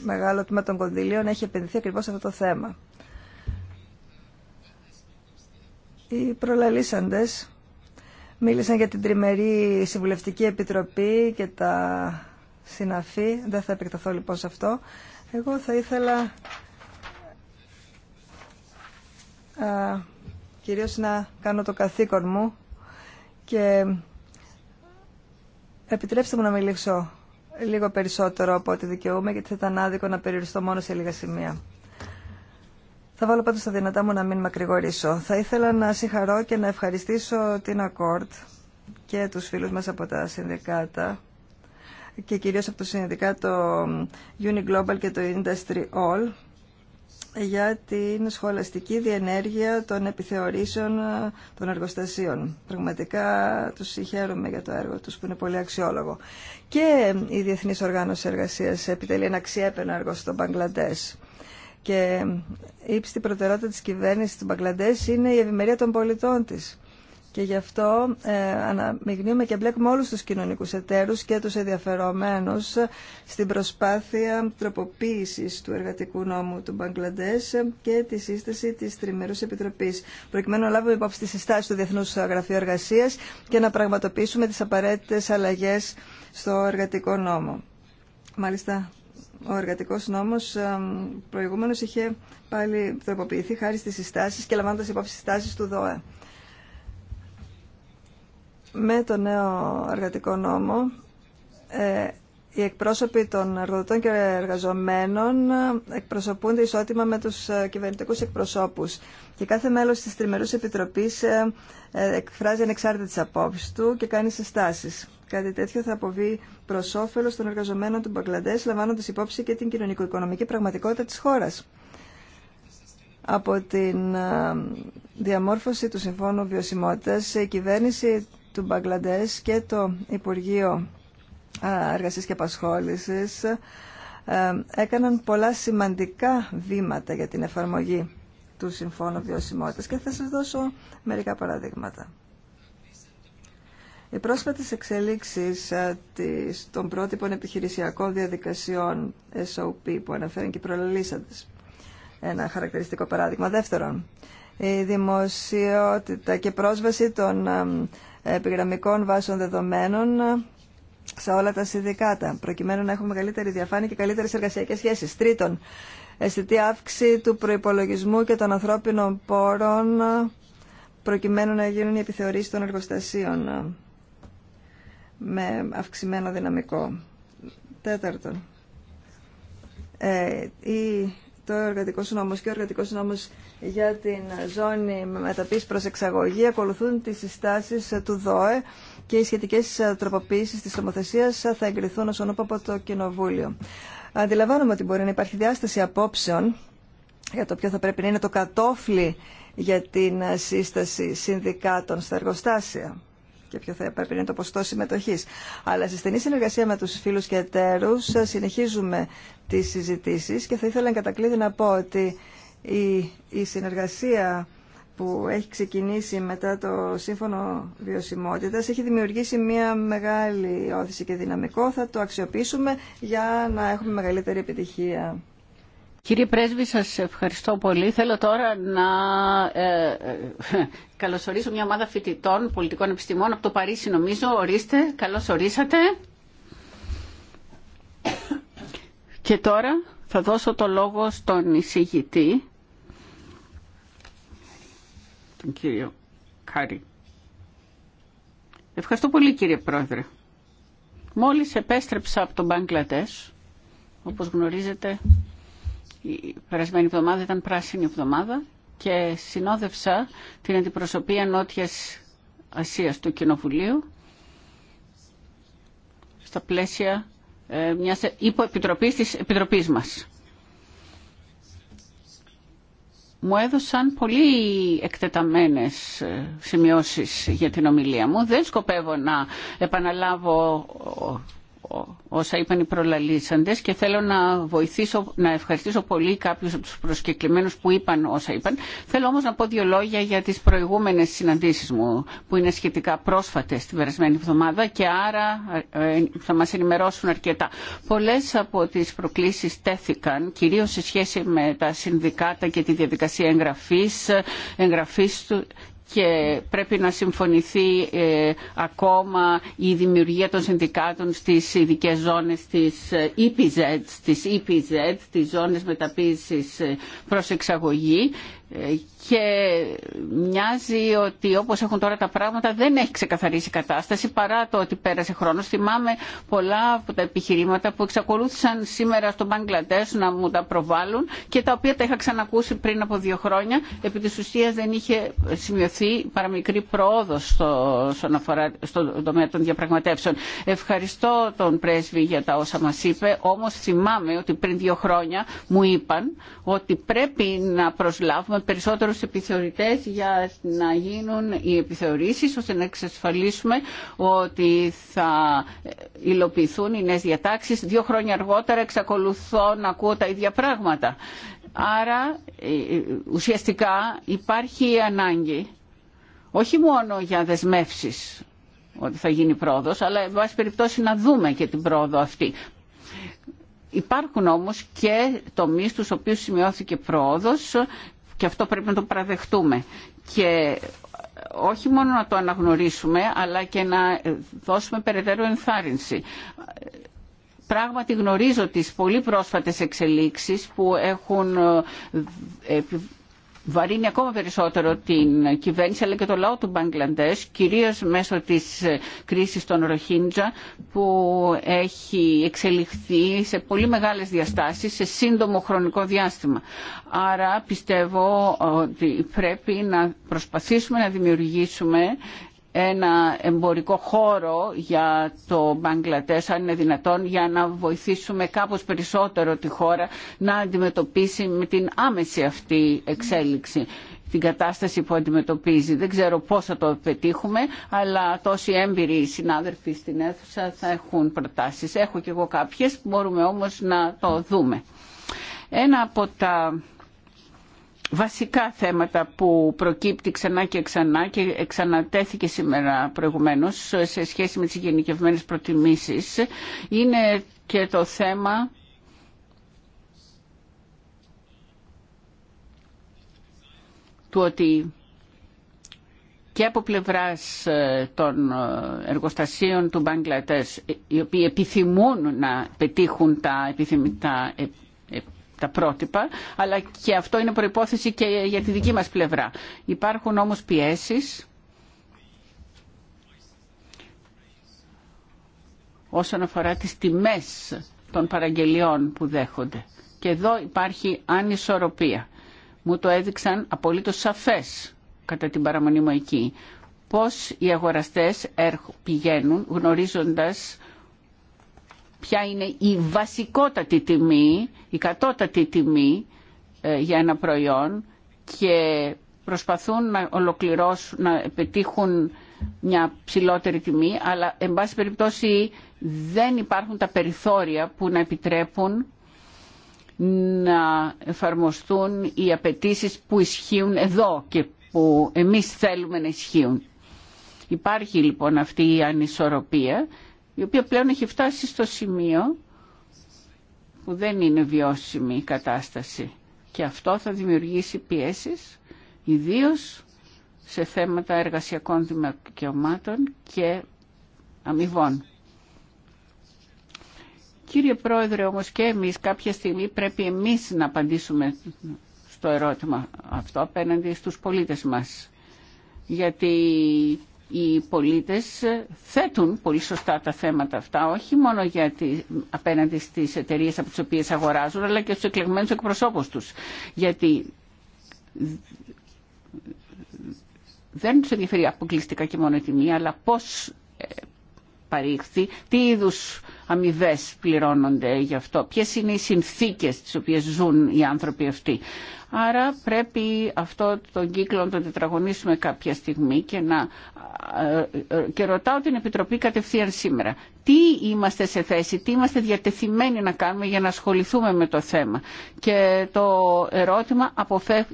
μεγάλο τμήμα των κονδυλίων έχει επενδυθεί ακριβώς σε αυτό το θέμα. Οι προλαλήσαντες μίλησαν για την τριμερή συμβουλευτική επιτροπή και τα συναφή. Δεν θα επεκταθώ λοιπόν σε αυτό. Εγώ θα ήθελα α, κυρίως να κάνω το καθήκον μου και επιτρέψτε μου να μιλήσω λίγο περισσότερο από ό,τι δικαιούμαι, γιατί θα ήταν άδικο να περιοριστώ μόνο σε λίγα σημεία. Θα βάλω πάντως τα δυνατά μου να μην μακρηγορήσω. Θα ήθελα να συγχαρώ και να ευχαριστήσω την Ακόρτ και τους φίλους μας από τα συνδικάτα και κυρίως από το συνδικάτο Uniglobal και το Industry All για την σχολαστική διενέργεια των επιθεωρήσεων ε, των εργοστασίων. Πραγματικά τους συγχαίρομαι για το έργο τους που είναι πολύ αξιόλογο. Και ε, η Διεθνής Οργάνωση Εργασίας επιτελεί ένα αξιέπαινο έργο στο Μπαγκλαντές. Και ε, η ύψη προτεραιότητα της κυβέρνησης του Μπαγκλαντές είναι η ευημερία των πολιτών της. Και γι' αυτό ε, αναμειγνύουμε και μπλέκουμε όλους τους κοινωνικούς εταίρους και τους ενδιαφερομένους στην προσπάθεια τροποποίησης του εργατικού νόμου του Μπαγκλαντές και τη σύσταση της Τριμερούς Επιτροπής, προκειμένου να λάβουμε υπόψη τις συστάσεις του Διεθνούς Γραφείου Εργασίας και να πραγματοποιήσουμε τις απαραίτητες αλλαγές στο εργατικό νόμο. Μάλιστα, ο εργατικός νόμος ε, προηγούμενος είχε πάλι τροποποιηθεί χάρη στι συστάσει και λαμβάνοντας υπόψη συστάσεις του ΔΟΕ με το νέο εργατικό νόμο ε, οι εκπρόσωποι των εργοδοτών και εργαζομένων ε, εκπροσωπούνται ισότιμα με τους ε, κυβερνητικούς εκπροσώπους και κάθε μέλος της Τριμερούς Επιτροπής εκφράζει τις απόψεις του και κάνει συστάσεις. Κάτι τέτοιο θα αποβεί προ όφελο των εργαζομένων του Μπαγκλαντές, λαμβάνοντας υπόψη και την κοινωνικο-οικονομική πραγματικότητα της χώρας. Από την διαμόρφωση του Συμφώνου Βιωσιμότητας, η κυβέρνηση του Μπαγκλαντές και το Υπουργείο Εργασίας και Απασχόλησης έκαναν πολλά σημαντικά βήματα για την εφαρμογή του Συμφώνου Βιωσιμότητας και θα σας δώσω μερικά παραδείγματα. Οι πρόσφατες εξελίξεις των πρότυπων επιχειρησιακών διαδικασιών SOP που αναφέρουν και οι ένα χαρακτηριστικό παράδειγμα. Δεύτερον, η δημοσιότητα και πρόσβαση των επιγραμμικών βάσεων δεδομένων σε όλα τα συνδικάτα, προκειμένου να έχουμε μεγαλύτερη διαφάνεια και καλύτερε εργασιακέ σχέσει. Τρίτον, αισθητή αύξηση του προπολογισμού και των ανθρώπινων πόρων, προκειμένου να γίνουν οι επιθεωρήσει των εργοστασίων με αυξημένο δυναμικό. Τέταρτον, ε, η το εργατικό νόμο και ο εργατικό νόμο για την ζώνη μεταποίηση προ εξαγωγή ακολουθούν τι συστάσει του ΔΟΕ και οι σχετικέ τροποποιήσει τη νομοθεσία θα εγκριθούν όσον όπα από το Κοινοβούλιο. Αντιλαμβάνομαι ότι μπορεί να υπάρχει διάσταση απόψεων για το ποιο θα πρέπει να είναι το κατόφλι για την σύσταση συνδικάτων στα εργοστάσια και ποιο θα έπρεπε είναι το ποστό συμμετοχή. Αλλά στη στενή συνεργασία με του φίλου και εταίρου ε, συνεχίζουμε τι συζητήσει και θα ήθελα εγκατακλείδη να πω ότι η, η συνεργασία που έχει ξεκινήσει μετά το Σύμφωνο Βιωσιμότητας έχει δημιουργήσει μια μεγάλη όθηση και δυναμικό. Θα το αξιοποιήσουμε για να έχουμε μεγαλύτερη επιτυχία. Κύριε Πρέσβη, σας ευχαριστώ πολύ. Θέλω τώρα να ε, ε, καλωσορίσω μια ομάδα φοιτητών πολιτικών επιστημών από το Παρίσι, νομίζω. Ορίστε, καλώς ορίσατε. Και τώρα θα δώσω το λόγο στον εισηγητή, τον κύριο Κάρη. Ευχαριστώ πολύ κύριε Πρόεδρε. Μόλις επέστρεψα από τον Μπαγκλατές, όπως γνωρίζετε, η περασμένη εβδομάδα ήταν πράσινη εβδομάδα και συνόδευσα την αντιπροσωπεία Νότιας Ασίας του Κοινοβουλίου στα πλαίσια ε, μιας υποεπιτροπής της Επιτροπής μας. Μου έδωσαν πολύ εκτεταμένες ε, σημειώσεις για την ομιλία μου. Δεν σκοπεύω να επαναλάβω όσα είπαν οι προλαλήσαντες και θέλω να βοηθήσω, να ευχαριστήσω πολύ κάποιους από τους προσκεκλημένους που είπαν όσα είπαν. Θέλω όμως να πω δύο λόγια για τις προηγούμενες συναντήσεις μου που είναι σχετικά πρόσφατες την περασμένη εβδομάδα και άρα ε, ε, θα μας ενημερώσουν αρκετά. Πολλές από τις προκλήσεις τέθηκαν κυρίως σε σχέση με τα συνδικάτα και τη διαδικασία εγγραφής, και πρέπει να συμφωνηθεί ε, ακόμα η δημιουργία των συνδικάτων στις ειδικές ζώνες της ε, EPZ, της, EPZ, τις ζώνες μεταποίησης ε, προς εξαγωγή και μοιάζει ότι όπως έχουν τώρα τα πράγματα δεν έχει ξεκαθαρίσει η κατάσταση παρά το ότι πέρασε χρόνος. Θυμάμαι πολλά από τα επιχειρήματα που εξακολούθησαν σήμερα στο Μπαγκλαντές να μου τα προβάλλουν και τα οποία τα είχα ξανακούσει πριν από δύο χρόνια επί της ουσίας δεν είχε σημειωθεί παραμικρή πρόοδος στο, στον αφορά, στο τομέα των διαπραγματεύσεων. Ευχαριστώ τον πρέσβη για τα όσα μας είπε, όμως θυμάμαι ότι πριν δύο χρόνια μου είπαν ότι πρέπει να προσλάβουμε Περισσότερου επιθεωρητές για να γίνουν οι επιθεωρήσεις ώστε να εξασφαλίσουμε ότι θα υλοποιηθούν οι νέε διατάξεις. Δύο χρόνια αργότερα εξακολουθώ να ακούω τα ίδια πράγματα. Άρα ε, ουσιαστικά υπάρχει ανάγκη όχι μόνο για δεσμεύσεις ότι θα γίνει πρόοδος, αλλά εν περιπτώσει να δούμε και την πρόοδο αυτή. Υπάρχουν όμως και τομείς στους οποίους σημειώθηκε πρόοδος και αυτό πρέπει να το παραδεχτούμε και όχι μόνο να το αναγνωρίσουμε αλλά και να δώσουμε περαιτέρω ενθάρρυνση. Πράγματι γνωρίζω τις πολύ πρόσφατες εξελίξεις που έχουν ε, βαρύνει ακόμα περισσότερο την κυβέρνηση αλλά και το λαό του Μπαγκλαντές, κυρίως μέσω της κρίσης των Ροχίντζα που έχει εξελιχθεί σε πολύ μεγάλες διαστάσεις σε σύντομο χρονικό διάστημα. Άρα πιστεύω ότι πρέπει να προσπαθήσουμε να δημιουργήσουμε ένα εμπορικό χώρο για το Μπαγκλατές αν είναι δυνατόν για να βοηθήσουμε κάπως περισσότερο τη χώρα να αντιμετωπίσει με την άμεση αυτή εξέλιξη την κατάσταση που αντιμετωπίζει. Δεν ξέρω πώς θα το πετύχουμε, αλλά τόσοι έμπειροι συνάδελφοι στην αίθουσα θα έχουν προτάσεις. Έχω και εγώ κάποιες, μπορούμε όμως να το δούμε. Ένα από τα βασικά θέματα που προκύπτει ξανά και ξανά και εξανατέθηκε σήμερα προηγουμένως σε σχέση με τις γενικευμένες προτιμήσεις είναι και το θέμα του ότι και από πλευράς ε, των ε, εργοστασίων του Μπαγκλατές ε, οι οποίοι επιθυμούν να πετύχουν τα επιθυμητά τα πρότυπα, αλλά και αυτό είναι προϋπόθεση και για τη δική μας πλευρά. Υπάρχουν όμως πιέσεις όσον αφορά τις τιμές των παραγγελιών που δέχονται. Και εδώ υπάρχει ανισορροπία. Μου το έδειξαν απολύτως σαφές κατά την παραμονή μου εκεί. Πώς οι αγοραστές πηγαίνουν γνωρίζοντας ποια είναι η βασικότατη τιμή, η κατώτατη τιμή ε, για ένα προϊόν και προσπαθούν να ολοκληρώσουν, να πετύχουν μια ψηλότερη τιμή, αλλά εν πάση περιπτώσει δεν υπάρχουν τα περιθώρια που να επιτρέπουν να εφαρμοστούν οι απαιτήσει που ισχύουν εδώ και που εμείς θέλουμε να ισχύουν. Υπάρχει λοιπόν αυτή η ανισορροπία η οποία πλέον έχει φτάσει στο σημείο που δεν είναι βιώσιμη η κατάσταση. Και αυτό θα δημιουργήσει πιέσεις, ιδίως σε θέματα εργασιακών δικαιωμάτων και αμοιβών. Κύριε Πρόεδρε, όμως και εμείς κάποια στιγμή πρέπει εμείς να απαντήσουμε στο ερώτημα αυτό απέναντι στους πολίτες μας. Γιατί οι πολίτες θέτουν πολύ σωστά τα θέματα αυτά, όχι μόνο για απέναντι στις εταιρείες από τις οποίες αγοράζουν, αλλά και στους εκλεγμένους εκπροσώπους τους. Γιατί δεν τους ενδιαφέρει αποκλειστικά και μόνο η τιμή, αλλά πώς ε, παρήχθη, τι είδους αμοιβέ πληρώνονται γι' αυτό, ποιες είναι οι συνθήκες τις οποίες ζουν οι άνθρωποι αυτοί. Άρα πρέπει αυτό τον κύκλο να τον τετραγωνίσουμε κάποια στιγμή και, να, ε, ε, και ρωτάω την Επιτροπή κατευθείαν σήμερα. Τι είμαστε σε θέση, τι είμαστε διατεθειμένοι να κάνουμε για να ασχοληθούμε με το θέμα. Και το ερώτημα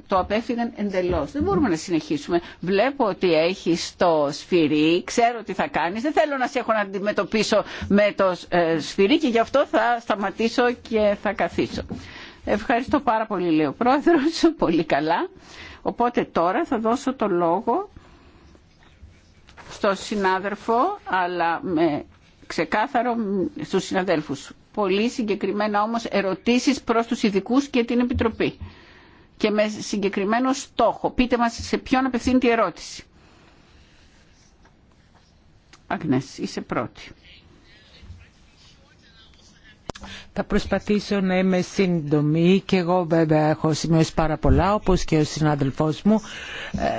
το απέφυγαν εντελώς. Δεν μπορούμε να συνεχίσουμε. Βλέπω ότι έχει το σφυρί, ξέρω τι θα κάνεις, δεν θέλω να σε έχω να αντιμετωπίσω με το ε, σφυρί και γι' αυτό θα σταματήσω και θα καθίσω. Ευχαριστώ πάρα πολύ, λέει ο Πρόεδρος, (laughs) πολύ καλά. Οπότε τώρα θα δώσω το λόγο στο συνάδελφο, αλλά με ξεκάθαρο στους συναδέλφους. Πολύ συγκεκριμένα όμως ερωτήσεις προς τους ειδικού και την Επιτροπή. Και με συγκεκριμένο στόχο. Πείτε μας σε ποιον απευθύνεται η ερώτηση. Αγνές, είσαι πρώτη. Θα προσπαθήσω να είμαι σύντομη και εγώ βέβαια έχω σημειώσει πάρα πολλά όπως και ο συνάδελφός μου.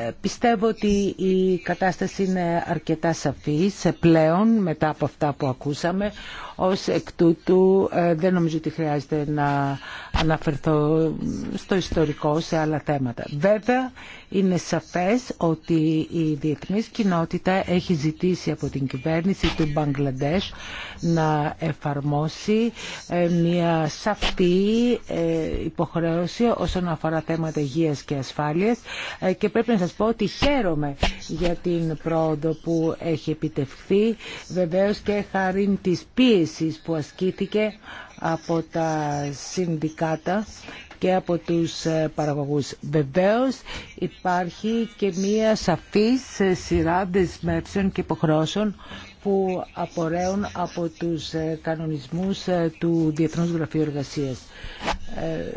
Ε, πιστεύω ότι η κατάσταση είναι αρκετά σαφής πλέον μετά από αυτά που ακούσαμε. Ως εκ τούτου ε, δεν νομίζω ότι χρειάζεται να αναφερθώ στο ιστορικό σε άλλα θέματα. Βέβαια είναι σαφές ότι η διεθνής κοινότητα έχει ζητήσει από την κυβέρνηση του Μπαγκλαντές να εφαρμόσει ε, μια σαφή ε, υποχρέωση όσον αφορά θέματα υγείας και ασφάλειας ε, και πρέπει να σας πω ότι χαίρομαι για την πρόοδο που έχει επιτευχθεί βεβαίως και χάρη της πίεσης που ασκήθηκε από τα συνδικάτα και από τους ε, παραγωγούς. Βεβαίως υπάρχει και μία σαφής σειρά δεσμεύσεων και υποχρεώσεων που απορρέουν από τους ε, κανονισμούς ε, του Διεθνούς Γραφείου Εργασίας. Ε,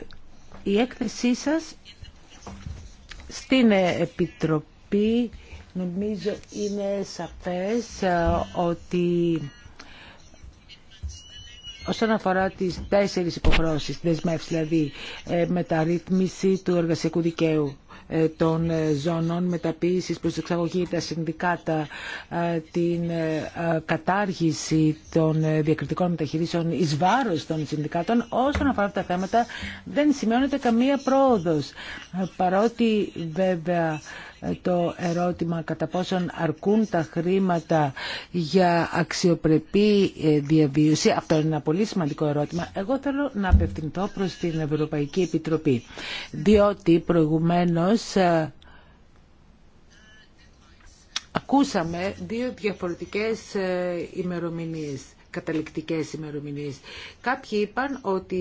η έκθεσή σας στην Επιτροπή νομίζω είναι σαφές ότι όσον αφορά τις τέσσερις υποχρώσεις, δεσμεύσεις δηλαδή μεταρρύθμιση του εργασιακού δικαίου, ε, των ε, ζώνων μεταποίησης προς εξαγωγή, τα συνδικάτα, ε, την κατάργηση των διακριτικών μεταχειρήσεων εις βάρος των συνδικάτων. Όσον αφορά αυτά τα θέματα δεν σημειώνεται καμία πρόοδος. Παρότι βέβαια το ερώτημα κατά πόσον αρκούν τα χρήματα για αξιοπρεπή ε, διαβίωση. Αυτό είναι ένα πολύ σημαντικό ερώτημα. Εγώ θέλω να απευθυνθώ προς την Ευρωπαϊκή Επιτροπή, διότι προηγουμένως ε, ακούσαμε δύο διαφορετικές ε, ημερομηνίες καταληκτικές ημερομηνίες. Κάποιοι είπαν ότι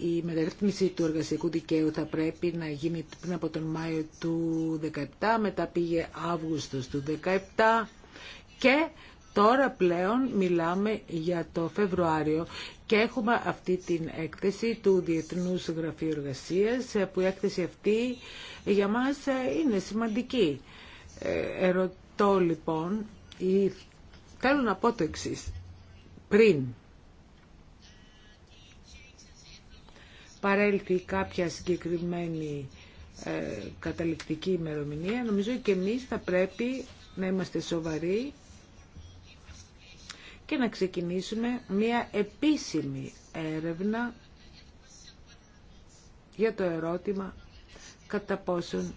η μεταρρύθμιση του εργασιακού δικαίου θα πρέπει να γίνει πριν από τον Μάιο του 2017, μετά πήγε Αύγουστος του 2017 και Τώρα πλέον μιλάμε για το Φεβρουάριο και έχουμε αυτή την έκθεση του Διεθνούς Γραφείου Εργασίας που η έκθεση αυτή για μας είναι σημαντική. Ε, ερωτώ λοιπόν, ή... θέλω να πω το εξής πριν παρέλθει κάποια συγκεκριμένη ε, καταληκτική ημερομηνία, νομίζω και εμείς θα πρέπει να είμαστε σοβαροί και να ξεκινήσουμε μία επίσημη έρευνα για το ερώτημα κατά πόσον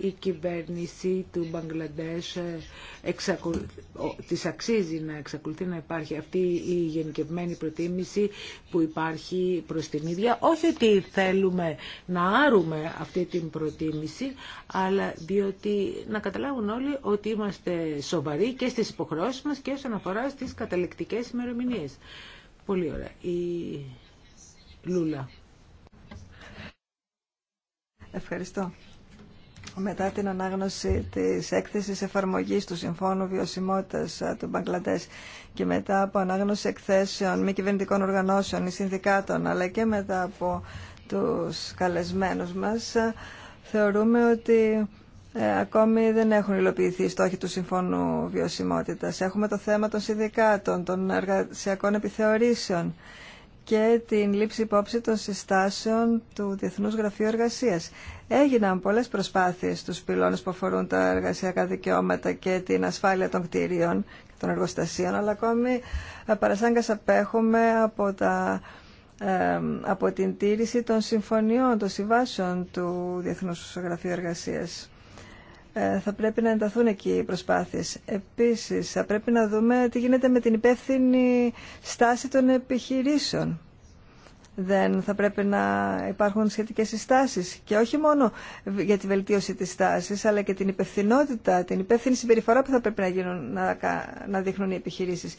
η κυβέρνηση του Μπαγκλαντές ε, εξακολ... της αξίζει να εξακολουθεί να υπάρχει αυτή η γενικευμένη προτίμηση που υπάρχει προς την ίδια. Όχι ότι θέλουμε να άρουμε αυτή την προτίμηση, αλλά διότι να καταλάβουν όλοι ότι είμαστε σοβαροί και στις υποχρεώσεις μας και όσον αφορά στις καταληκτικές ημερομηνίες. Πολύ ωραία. Η Λούλα. Ευχαριστώ μετά την ανάγνωση της έκθεσης εφαρμογής του Συμφώνου Βιωσιμότητας ε, του Μπαγκλαντές και μετά από ανάγνωση εκθέσεων μη κυβερνητικών οργανώσεων ή συνδικάτων αλλά και μετά από τους καλεσμένους μας ε, θεωρούμε ότι ε, ακόμη δεν έχουν υλοποιηθεί οι στόχοι του Συμφώνου Βιωσιμότητας. Έχουμε το θέμα των συνδικάτων, των εργασιακών επιθεωρήσεων και την λήψη υπόψη των συστάσεων του Διεθνούς Γραφείου Εργασίας. Έγιναν πολλέ προσπάθειε στους πυλώνες που αφορούν τα εργασιακά δικαιώματα και την ασφάλεια των κτίριων και των εργοστασίων, αλλά ακόμη ε, παρασάγκα απέχουμε από, τα, ε, από την τήρηση των συμφωνιών, των συμβάσεων του διεθνού Γραφείου Εργασίας. Ε, θα πρέπει να ενταθούν εκεί οι προσπάθειε. Επίσης, θα πρέπει να δούμε τι γίνεται με την υπεύθυνη στάση των επιχειρήσεων δεν θα πρέπει να υπάρχουν σχετικές συστάσεις και όχι μόνο για τη βελτίωση της στάσης αλλά και την υπευθυνότητα, την υπεύθυνη συμπεριφορά που θα πρέπει να, γίνουν, να, να δείχνουν οι επιχειρήσεις.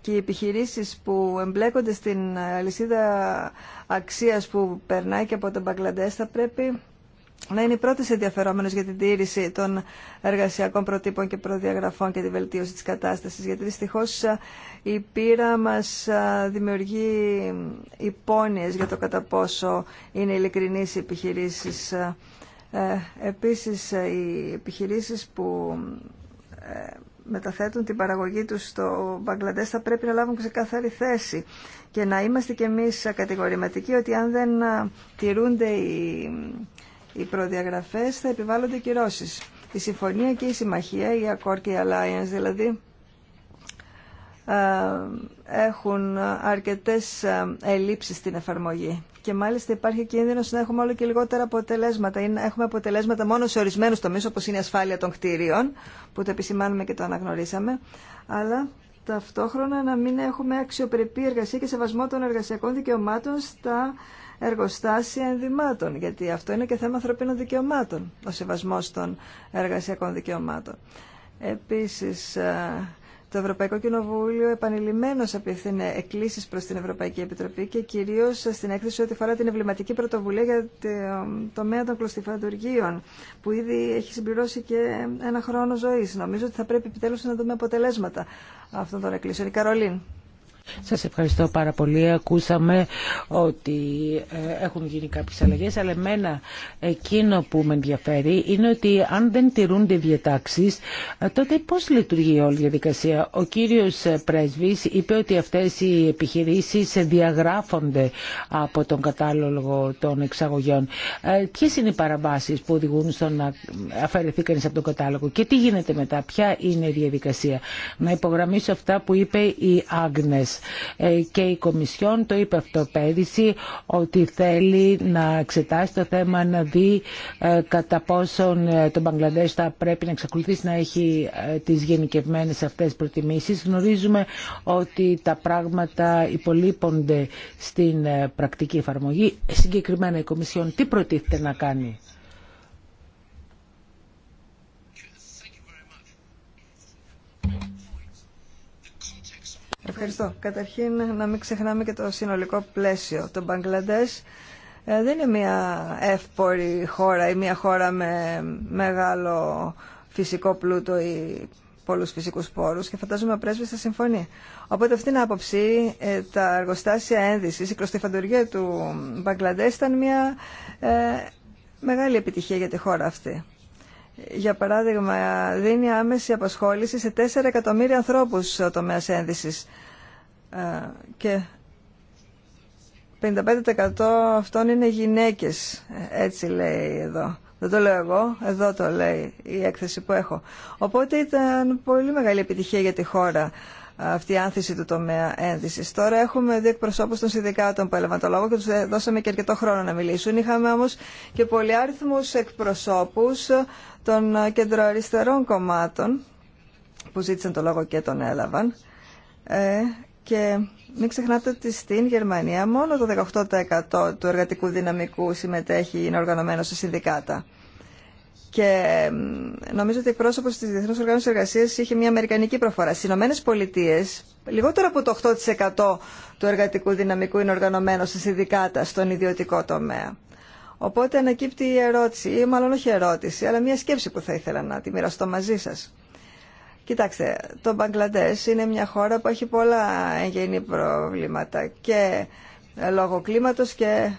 Και οι επιχειρήσεις που εμπλέκονται στην αλυσίδα αξίας που περνάει και από τον Μπαγκλαντές θα πρέπει να είναι οι πρώτε ενδιαφερόμενε για την τήρηση των εργασιακών προτύπων και προδιαγραφών και τη βελτίωση τη κατάσταση. Γιατί δυστυχώ ε, η πείρα μα ε, δημιουργεί υπόνοιε για το κατά πόσο είναι ειλικρινεί οι επιχειρήσει. Ε, Επίση, οι επιχειρήσει που μεταθέτουν την παραγωγή τους στο Μπαγκλαντές θα πρέπει να λάβουν ξεκαθαρή θέση και να είμαστε κι εμείς κατηγορηματικοί ότι αν δεν τηρούνται οι οι προδιαγραφέ θα επιβάλλονται κυρώσει. Η συμφωνία και η συμμαχία, η Accord και η Alliance δηλαδή, ε, έχουν αρκετές ε, ελλείψεις στην εφαρμογή. Και μάλιστα υπάρχει κίνδυνος να έχουμε όλο και λιγότερα αποτελέσματα ή να έχουμε αποτελέσματα μόνο σε ορισμένους τομείς όπως είναι η ασφάλεια των κτίριων που το επισημάνουμε και το αναγνωρίσαμε αλλά ταυτόχρονα να μην έχουμε αξιοπρεπή εργασία και σεβασμό των εργασιακών δικαιωμάτων στα εργοστάσια ενδυμάτων, γιατί αυτό είναι και θέμα ανθρωπίνων δικαιωμάτων, ο σεβασμός των εργασιακών δικαιωμάτων. Επίσης, ε, το Ευρωπαϊκό Κοινοβούλιο επανειλημμένω απευθύνε εκκλήσει προ την Ευρωπαϊκή Επιτροπή και κυρίω στην έκθεση ό,τι φορά την εμβληματική πρωτοβουλία για το ε, τομέα των κλωστιφαντουργίων, που ήδη έχει συμπληρώσει και ένα χρόνο ζωή. Νομίζω ότι θα πρέπει επιτέλου να δούμε αποτελέσματα αυτών των εκκλήσεων. Η Καρολίν. Σας ευχαριστώ πάρα πολύ. Ακούσαμε ότι ε, έχουν γίνει κάποιες αλλαγές, αλλά εμένα εκείνο που με ενδιαφέρει είναι ότι αν δεν τηρούνται διατάξεις, ε, τότε πώς λειτουργεί όλη η διαδικασία. Ο κύριος Πρέσβης είπε ότι αυτές οι επιχειρήσεις διαγράφονται από τον κατάλογο των εξαγωγιών ε, Ποιε είναι οι παραβάσεις που οδηγούν στο να αφαιρεθεί κανείς από τον κατάλογο και τι γίνεται μετά, ποια είναι η διαδικασία. Να υπογραμμίσω αυτά που είπε η Άγνες ε, και η Κομισιόν το είπε αυτό πέρυσι ότι θέλει να εξετάσει το θέμα να δει ε, κατά πόσον ε, το Μπαγκλαντές θα πρέπει να εξακολουθήσει να έχει τις γενικευμένες αυτές προτιμήσεις. Γνωρίζουμε ότι τα πράγματα υπολείπονται στην πρακτική εφαρμογή. Συγκεκριμένα η Κομισιόν τι προτίθεται να κάνει. Ευχαριστώ. Καταρχήν, να μην ξεχνάμε και το συνολικό πλαίσιο. Το Μπαγκλαντές ε, δεν είναι μια εύπορη χώρα ή μια χώρα με μεγάλο φυσικό πλούτο ή πολλού φυσικού πόρου και φαντάζομαι ο πρέσβη θα συμφωνεί. Οπότε αυτήν την άποψη ε, τα εργοστάσια ένδυση, η μια χωρα με μεγαλο φυσικο πλουτο η πολλους φυσικους πορους και φανταζομαι ο πρεσβης θα συμφωνει οποτε αυτην την αποψη τα εργοστασια ενδυσης η κροστιφαντουργια του μπαγκλαντες ήταν μια ε, μεγάλη επιτυχία για τη χώρα αυτή για παράδειγμα, δίνει άμεση απασχόληση σε 4 εκατομμύρια ανθρώπους ο τομέας ένδυσης. Ε, και 55% αυτών είναι γυναίκες, ε, έτσι λέει εδώ. Δεν το λέω εγώ, εδώ το λέει η έκθεση που έχω. Οπότε ήταν πολύ μεγάλη επιτυχία για τη χώρα αυτή η άνθηση του τομέα ένδυση. Τώρα έχουμε δύο εκπροσώπου των συνδικάτων που έλαβαν το λόγο και του δώσαμε και αρκετό χρόνο να μιλήσουν. Είχαμε όμω και πολυάριθμου εκπροσώπου των κεντροαριστερών κομμάτων που ζήτησαν το λόγο και τον έλαβαν. Ε, και μην ξεχνάτε ότι στην Γερμανία μόνο το 18% του εργατικού δυναμικού συμμετέχει, είναι οργανωμένο σε συνδικάτα. Και νομίζω ότι πρόσωπο τη Διεθνού Οργάνωση Εργασία είχε μια αμερικανική προφορά. Στι Ηνωμένε Πολιτείε, λιγότερο από το 8% του εργατικού δυναμικού είναι οργανωμένο σε συνδικάτα στον ιδιωτικό τομέα. Οπότε ανακύπτει η ερώτηση, ή μάλλον όχι ερώτηση, αλλά μια σκέψη που θα ήθελα να τη μοιραστώ μαζί σα. Κοιτάξτε, το Μπαγκλαντέ είναι μια χώρα που έχει πολλά εγγενή προβλήματα και ε, λόγω κλίματος και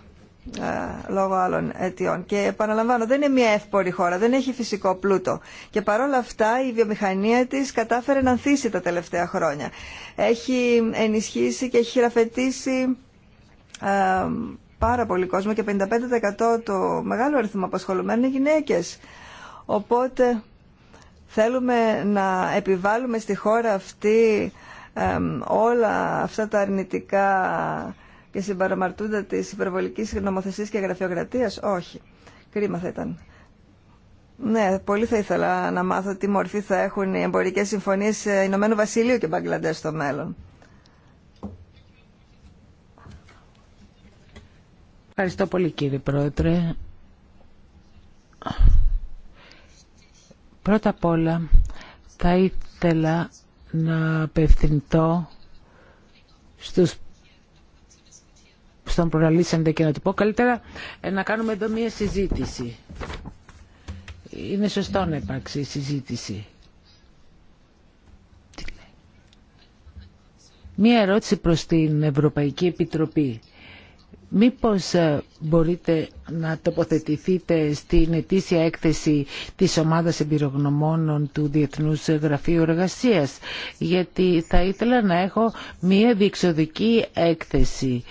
ε, λόγω άλλων αιτιών. Και επαναλαμβάνω, δεν είναι μια εύπορη χώρα, δεν έχει φυσικό πλούτο. Και παρόλα αυτά η βιομηχανία της κατάφερε να ανθίσει τα τελευταία χρόνια. Έχει ενισχύσει και έχει χειραφετήσει ε, πάρα πολύ κόσμο και 55% του μεγάλου αριθμού απασχολουμένων είναι γυναίκες. Οπότε θέλουμε να επιβάλλουμε στη χώρα αυτή ε, όλα αυτά τα αρνητικά και συμπαραμαρτούνται τη υπερβολική νομοθεσία και γραφειοκρατία. Όχι. Κρίμα θα ήταν. Ναι, πολύ θα ήθελα να μάθω τι μορφή θα έχουν οι εμπορικέ συμφωνίε Ηνωμένου Βασιλείου και Μπαγκλαντέ στο μέλλον. Ευχαριστώ πολύ κύριε Πρόεδρε. Πρώτα απ' όλα θα ήθελα να απευθυνθώ στους στον προλαλήσαντε και να το πω καλύτερα ε, να κάνουμε εδώ μία συζήτηση. Είναι σωστό να υπάρξει η συζήτηση. Μία ερώτηση προς την Ευρωπαϊκή Επιτροπή. Μήπως ε, μπορείτε να τοποθετηθείτε στην ετήσια έκθεση της Ομάδας Εμπειρογνωμόνων του Διεθνούς Γραφείου Εργασίας, γιατί θα ήθελα να έχω μία διεξοδική έκθεση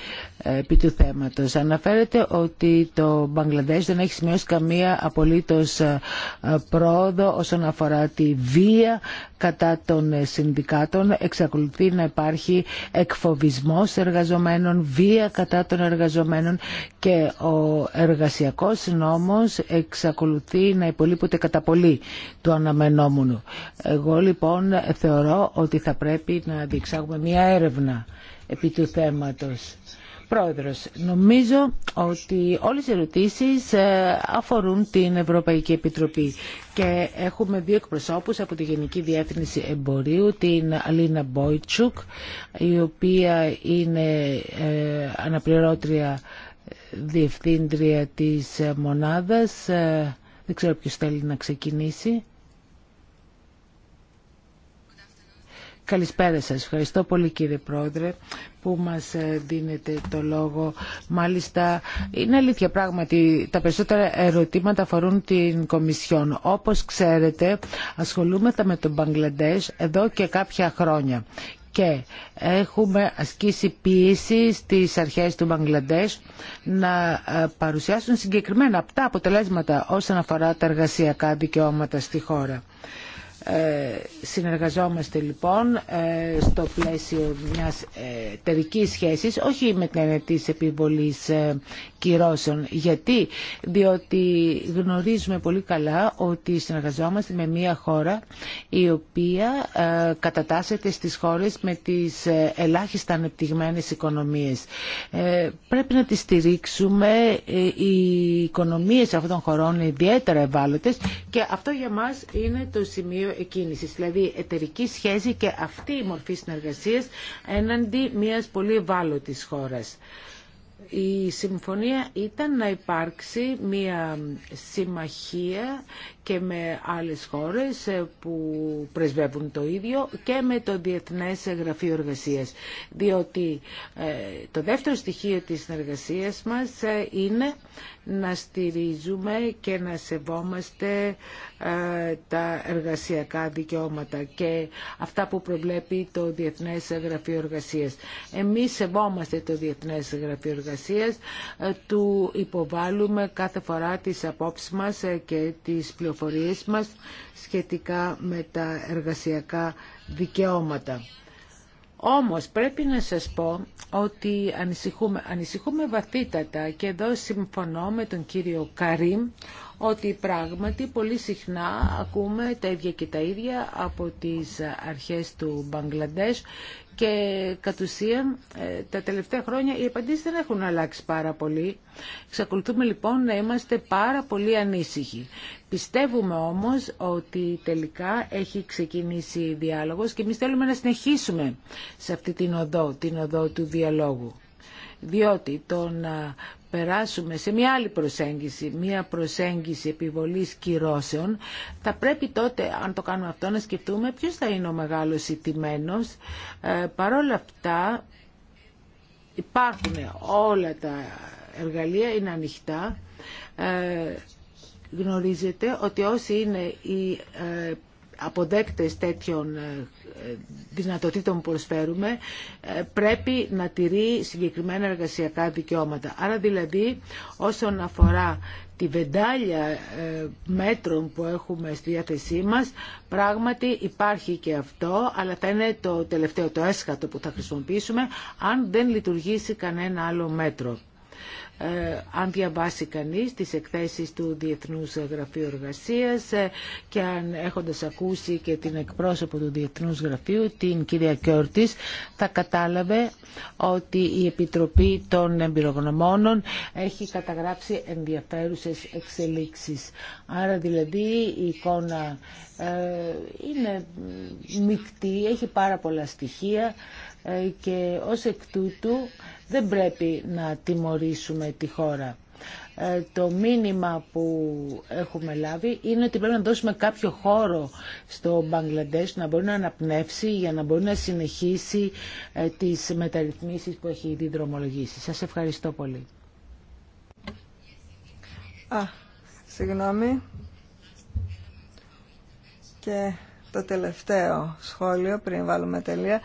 ε, επί του θέματος. Αναφέρεται ότι το Μπαγκλαντές δεν έχει σημειώσει καμία απολύτως ε, ε, πρόοδο όσον αφορά τη βία κατά των συνδικάτων. Εξακολουθεί να υπάρχει εκφοβισμός εργαζομένων, βία κατά των εργαζομένων και ο εργασιακός νόμος εξακολουθεί να υπολείπεται κατά πολύ του αναμενόμενου. Εγώ λοιπόν θεωρώ ότι θα πρέπει να διεξάγουμε μια έρευνα επί του θέματος. Πρόεδρος, νομίζω ότι όλες οι ερωτήσεις ε, αφορούν την Ευρωπαϊκή Επιτροπή και έχουμε δύο εκπροσώπους από τη Γενική Διεύθυνση Εμπορίου, την Αλίνα Μπόιτσουκ, η οποία είναι ε, αναπληρώτρια διευθύντρια της μονάδας. Ε, δεν ξέρω ποιος θέλει να ξεκινήσει. Καλησπέρα σας. Ευχαριστώ πολύ κύριε Πρόεδρε που μας ε, δίνετε το λόγο. Μάλιστα, είναι αλήθεια πράγματι, τα περισσότερα ερωτήματα αφορούν την Κομισιόν. Όπως ξέρετε, ασχολούμεθα με τον Μπαγκλαντές εδώ και κάποια χρόνια και έχουμε ασκήσει πίεση στις αρχές του Μπαγκλαντές να ε, παρουσιάσουν συγκεκριμένα αυτά αποτελέσματα όσον αφορά τα εργασιακά δικαιώματα στη χώρα. Ε, συνεργαζόμαστε λοιπόν ε, στο πλαίσιο μιας εταιρικής σχέσης, όχι με την ανετής επιβολής ε, κυρώσεων. Γιατί, διότι γνωρίζουμε πολύ καλά ότι συνεργαζόμαστε με μια χώρα η οποία ε, κατατάσσεται στις χώρες με τις ε, ελάχιστα ανεπτυγμένες οικονομίες. Ε, πρέπει να τις στηρίξουμε. Οι οικονομίες αυτών των χωρών είναι ιδιαίτερα ευάλωτες και αυτό για μας είναι το σημείο εκκίνησης. Δηλαδή εταιρική σχέση και αυτή η μορφή συνεργασίας έναντι μιας πολύ ευάλωτης χώρας. Η συμφωνία ήταν να υπάρξει μια συμμαχία και με άλλες χώρες ε, που πρεσβεύουν το ίδιο και με το Διεθνές Γραφείο Εργασίας. Διότι ε, το δεύτερο στοιχείο της συνεργασίας μας ε, είναι να στηρίζουμε και να σεβόμαστε τα εργασιακά δικαιώματα και αυτά που προβλέπει το Διεθνές Γραφείο Εργασίας. Εμείς σεβόμαστε το Διεθνές Γραφείο Εργασίας, του υποβάλλουμε κάθε φορά τις απόψεις μας και τις πληροφορίες πληροφορίες μας σχετικά με τα εργασιακά δικαιώματα. Όμως πρέπει να σας πω ότι ανησυχούμε, ανησυχούμε βαθύτατα και εδώ συμφωνώ με τον κύριο Καρίμ ότι πράγματι πολύ συχνά ακούμε τα ίδια και τα ίδια από τις αρχές του Μπαγκλαντές και κατ' ουσίαν ε, τα τελευταία χρόνια οι απαντήσεις δεν έχουν αλλάξει πάρα πολύ. Ξακολουθούμε λοιπόν να είμαστε πάρα πολύ ανήσυχοι. Πιστεύουμε όμως ότι τελικά έχει ξεκινήσει διάλογος και εμεί θέλουμε να συνεχίσουμε σε αυτή την οδό, την οδό του διαλόγου διότι το περάσουμε σε μια άλλη προσέγγιση, μια προσέγγιση επιβολής κυρώσεων, θα πρέπει τότε, αν το κάνουμε αυτό, να σκεφτούμε ποιος θα είναι ο μεγάλος ηττημένος. Ε, παρόλα αυτά υπάρχουν όλα τα εργαλεία, είναι ανοιχτά. Ε, γνωρίζετε ότι όσοι είναι οι ε, αποδέκτες τέτοιων ε, δυνατοτήτων που προσφέρουμε ε, πρέπει να τηρεί συγκεκριμένα εργασιακά δικαιώματα. Άρα δηλαδή όσον αφορά τη βεντάλια ε, μέτρων που έχουμε στη διάθεσή μας πράγματι υπάρχει και αυτό αλλά θα είναι το τελευταίο το έσχατο που θα χρησιμοποιήσουμε αν δεν λειτουργήσει κανένα άλλο μέτρο. Ε, αν διαβάσει κανείς τις εκθέσεις του Διεθνούς Γραφείου Εργασίας ε, και αν έχοντας ακούσει και την εκπρόσωπο του Διεθνούς Γραφείου, την κυρία Κιόρτης, θα κατάλαβε ότι η Επιτροπή των Εμπειρογνωμόνων έχει καταγράψει ενδιαφέρουσες εξελίξεις. Άρα δηλαδή η εικόνα ε, είναι μεικτή, έχει πάρα πολλά στοιχεία και ως εκ τούτου δεν πρέπει να τιμωρήσουμε τη χώρα. Ε, το μήνυμα που έχουμε λάβει είναι ότι πρέπει να δώσουμε κάποιο χώρο στο Μπαγκλαντές να μπορεί να αναπνεύσει για να μπορεί να συνεχίσει ε, τις μεταρρυθμίσεις που έχει ήδη δρομολογήσει. Σας ευχαριστώ πολύ. Α, συγγνώμη. Και το τελευταίο σχόλιο πριν βάλουμε τελεία.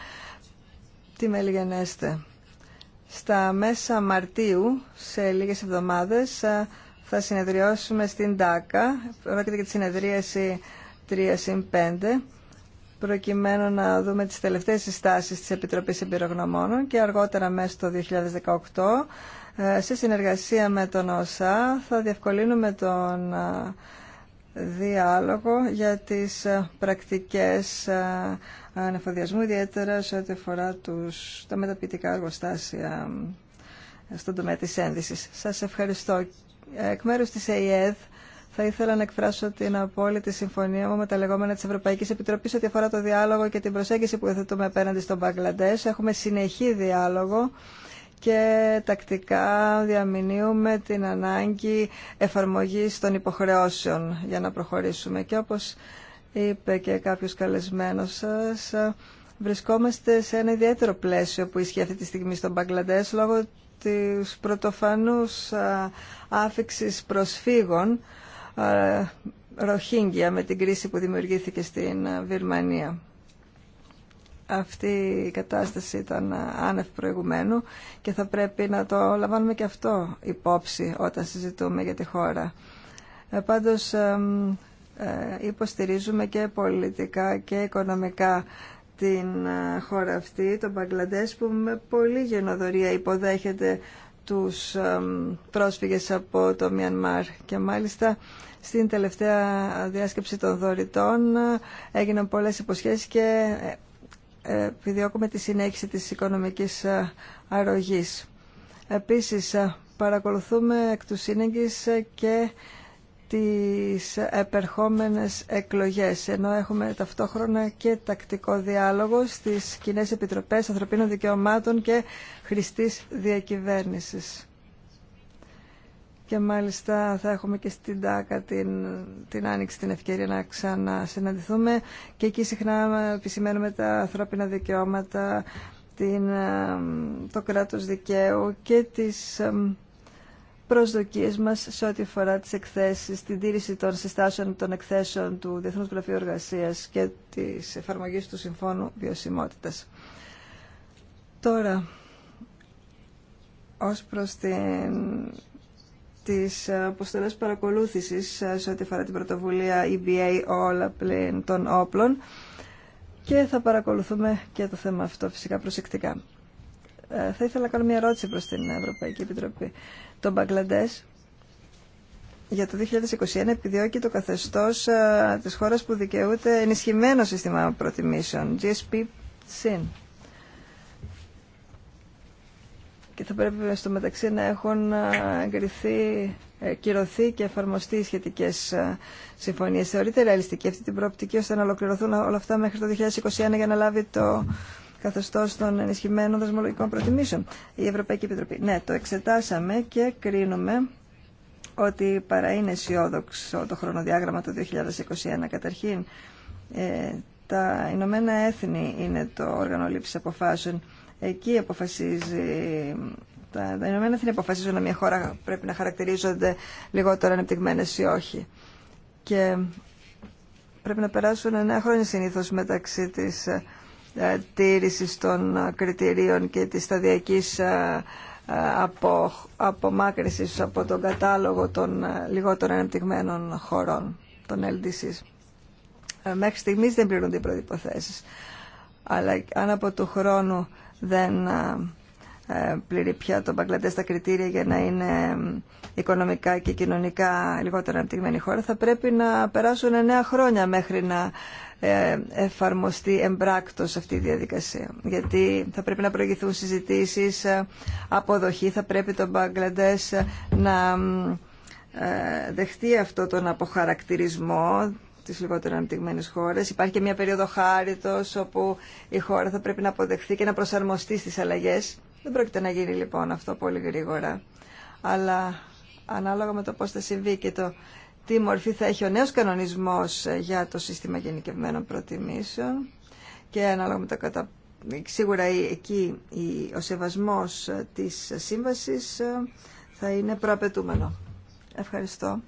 Τι με λιγενέστε. Στα μέσα Μαρτίου, σε λίγες εβδομάδες, θα συνεδριώσουμε στην ΤΑΚΑ. Πρόκειται για τη συνεδρίαση 3 5 προκειμένου να δούμε τις τελευταίες συστάσεις της Επιτροπής Εμπειρογνωμόνων και αργότερα μέσα στο 2018 σε συνεργασία με τον ΟΣΑ θα διευκολύνουμε τον διάλογο για τις πρακτικές ανεφοδιασμού, ιδιαίτερα σε ό,τι αφορά τους, τα μεταποιητικά εργοστάσια στον τομέα της ένδυσης. Σας ευχαριστώ. Εκ μέρους της ΕΕΔ θα ήθελα να εκφράσω την απόλυτη συμφωνία μου με τα λεγόμενα της Ευρωπαϊκής Επιτροπής ό,τι αφορά το διάλογο και την προσέγγιση που εθετούμε απέναντι στον Μπαγκλαντές. Έχουμε συνεχή διάλογο και τακτικά διαμηνύουμε την ανάγκη εφαρμογής των υποχρεώσεων για να προχωρήσουμε. Και όπως είπε και κάποιος καλεσμένος σας, βρισκόμαστε σε ένα ιδιαίτερο πλαίσιο που ισχύει αυτή τη στιγμή στον Μπαγκλαντές λόγω της πρωτοφανούς άφηξης προσφύγων Ροχίνγκια με την κρίση που δημιουργήθηκε στην Βυρμανία. Αυτή η κατάσταση ήταν άνευ προηγουμένου και θα πρέπει να το λαμβάνουμε και αυτό υπόψη όταν συζητούμε για τη χώρα. Ε, πάντως ε, υποστηρίζουμε και πολιτικά και οικονομικά την ε, χώρα αυτή, τον Παγκλαντές, που με πολύ γενοδορία υποδέχεται τους πρόσφυγες από το Μιανμάρ. Και μάλιστα στην τελευταία διάσκεψη των δωρητών ε, έγιναν πολλές υποσχέσεις και επιδιώκουμε τη συνέχιση της οικονομικής αρρωγής. Επίσης, παρακολουθούμε εκ του σύνεγγυς και τις επερχόμενες εκλογές ενώ έχουμε ταυτόχρονα και τακτικό διάλογο στις κοινέ Επιτροπές Ανθρωπίνων Δικαιωμάτων και Χριστής Διακυβέρνησης. Και μάλιστα θα έχουμε και στην ΤΑΚΑ την, την άνοιξη την ευκαιρία να ξανασυναντηθούμε και εκεί συχνά επισημαίνουμε τα ανθρώπινα δικαιώματα, την, ε, το κράτος δικαίου και τις ε, προσδοκίες μας σε ό,τι αφορά τις εκθέσεις, την τήρηση των συστάσεων των εκθέσεων του Διεθνούς Γραφείου Εργασίας και της εφαρμογής του Συμφώνου Βιωσιμότητας. Τώρα, ως προς την, τις αποστολές παρακολούθησης σε ό,τι αφορά την πρωτοβουλία EBA όλα πλήν των όπλων και θα παρακολουθούμε και το θέμα αυτό φυσικά προσεκτικά. Ε, θα ήθελα να κάνω μια ερώτηση προς την Ευρωπαϊκή Επιτροπή. Το Μπαγκλαντές για το 2021 επιδιώκει το καθεστώς ε, της χώρας που δικαιούται ενισχυμένο σύστημα προτιμήσεων, GSP-SYN. Και θα πρέπει στο μεταξύ να έχουν ε, εγκριθεί, κυρωθεί και εφαρμοστεί οι σχετικές συμφωνίες. Θεωρείται ρεαλιστική αυτή την προοπτική ώστε να ολοκληρωθούν όλα αυτά μέχρι το 2021 για να λάβει το καθεστώ των ενισχυμένων δασμολογικών προτιμήσεων. Η Ευρωπαϊκή Επιτροπή. Ναι, το εξετάσαμε και κρίνουμε ότι παρά είναι αισιόδοξο το χρονοδιάγραμμα του 2021 καταρχήν. Ε, τα Ηνωμένα Έθνη είναι το όργανο λήψη αποφάσεων. Εκεί αποφασίζει τα, Ηνωμένα Έθνη αποφασίζουν αν μια χώρα πρέπει να χαρακτηρίζονται λιγότερο ανεπτυγμένε ή όχι. Και πρέπει να περάσουν 9 χρόνια συνήθω μεταξύ της ε, ε, τήρησης των ε, κριτηρίων και της σταδιακής ε, από, απομάκρυσης από τον κατάλογο των λιγότερων αναπτυγμένων χωρών, των LDCs. Μέχρι στιγμής δεν πληρούνται οι προϋποθέσεις. Αλλά αν από του χρόνου δεν πληρεί πια τον Παγκλαντές τα κριτήρια για να είναι οικονομικά και κοινωνικά λιγότερο αναπτυγμένη χώρα, θα πρέπει να περάσουν 9 χρόνια μέχρι να ε, εφαρμοστεί εμπράκτος αυτή η διαδικασία. Γιατί θα πρέπει να προηγηθούν συζητήσεις, ε, αποδοχή, θα πρέπει το Μπαγκλαντές ε, να δεχτεί αυτό τον αποχαρακτηρισμό τις λιγότερο αναπτυγμένε χώρες. Υπάρχει και μια περίοδο χάριτος όπου η χώρα θα πρέπει να αποδεχθεί και να προσαρμοστεί στις αλλαγές. Δεν πρόκειται να γίνει λοιπόν αυτό πολύ γρήγορα. Αλλά ανάλογα με το πώς θα συμβεί και το τι μορφή θα έχει ο νέος κανονισμός ε, για το σύστημα γενικευμένων προτιμήσεων και ανάλογα με τα κατα... σίγουρα εκεί ο σεβασμός ε, της σύμβασης ε, θα είναι προαπαιτούμενο. Ευχαριστώ.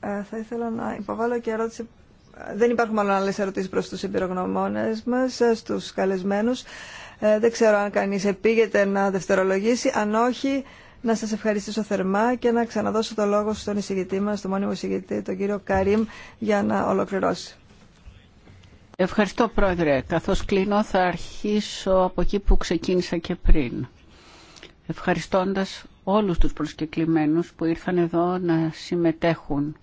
Θα ήθελα να υποβάλω και ερώτηση δεν υπάρχουν μάλλον άλλες ερωτήσεις προς τους εμπειρογνωμόνες μας, στους καλεσμένους. δεν ξέρω αν κανείς επήγεται να δευτερολογήσει. Αν όχι, να σας ευχαριστήσω θερμά και να ξαναδώσω το λόγο στον εισηγητή μας, τον μόνιμο εισηγητή, τον κύριο Καρίμ, για να ολοκληρώσει. Ευχαριστώ Πρόεδρε. Καθώς κλείνω θα αρχίσω από εκεί που ξεκίνησα και πριν. Ευχαριστώντας όλους τους προσκεκλημένους που ήρθαν εδώ να συμμετέχουν.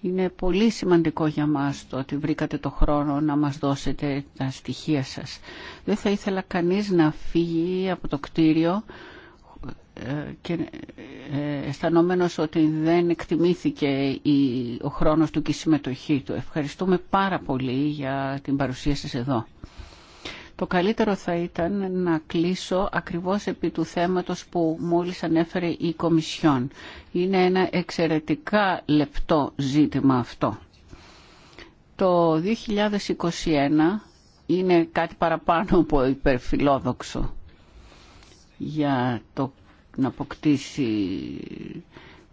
Είναι πολύ σημαντικό για μας το ότι βρήκατε το χρόνο να μας δώσετε τα στοιχεία σας. Δεν θα ήθελα κανείς να φύγει από το κτίριο και ε, αισθανόμενος ότι δεν εκτιμήθηκε ο χρόνος του και η συμμετοχή του. Ευχαριστούμε πάρα πολύ για την παρουσία σας εδώ. Το καλύτερο θα ήταν να κλείσω ακριβώς επί του θέματος που μόλις ανέφερε η Κομισιόν. Είναι ένα εξαιρετικά λεπτό ζήτημα αυτό. Το 2021 είναι κάτι παραπάνω από υπερφιλόδοξο για το να αποκτήσει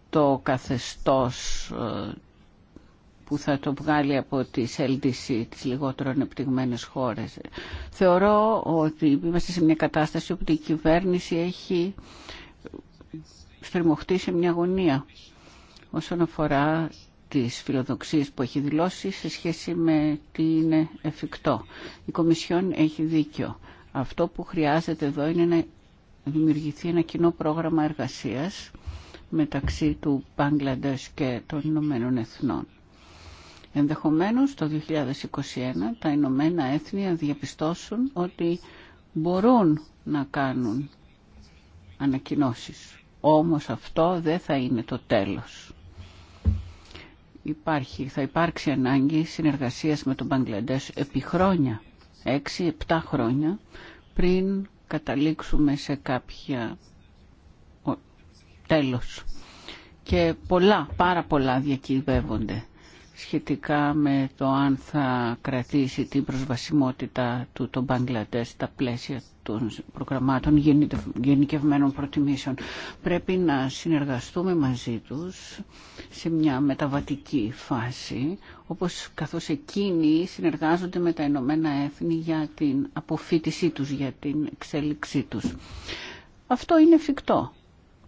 το καθεστώς ε, που θα το βγάλει από τις LDC, τις λιγότερο ανεπτυγμένες χώρες. Θεωρώ ότι είμαστε σε μια κατάσταση όπου η κυβέρνηση έχει στριμωχτεί σε μια αγωνία όσον αφορά τις φιλοδοξίες που έχει δηλώσει σε σχέση με τι είναι εφικτό. Η Κομισιόν έχει δίκιο. Αυτό που χρειάζεται εδώ είναι να δημιουργηθεί ένα κοινό πρόγραμμα εργασίας μεταξύ του Μπαγκλαντές και των Ηνωμένων Εθνών. Ενδεχομένως το 2021 τα Ηνωμένα Έθνη διαπιστώσουν ότι μπορούν να κάνουν ανακοινώσεις. Όμως αυτό δεν θα είναι το τέλος. θα υπάρξει ανάγκη συνεργασίας με τον Μπαγκλαντές επί Έξι, 6-7 χρόνια, πριν καταλήξουμε σε κάποια τέλος. Και πολλά, πάρα πολλά διακυβεύονται σχετικά με το αν θα κρατήσει την προσβασιμότητα του το Μπαγκλαντές στα πλαίσια των προγραμμάτων γενικευμένων προτιμήσεων. Πρέπει να συνεργαστούμε μαζί τους σε μια μεταβατική φάση, όπως καθώς εκείνοι συνεργάζονται με τα Ηνωμένα Έθνη για την αποφύτισή τους, για την εξέλιξή τους. Αυτό είναι εφικτό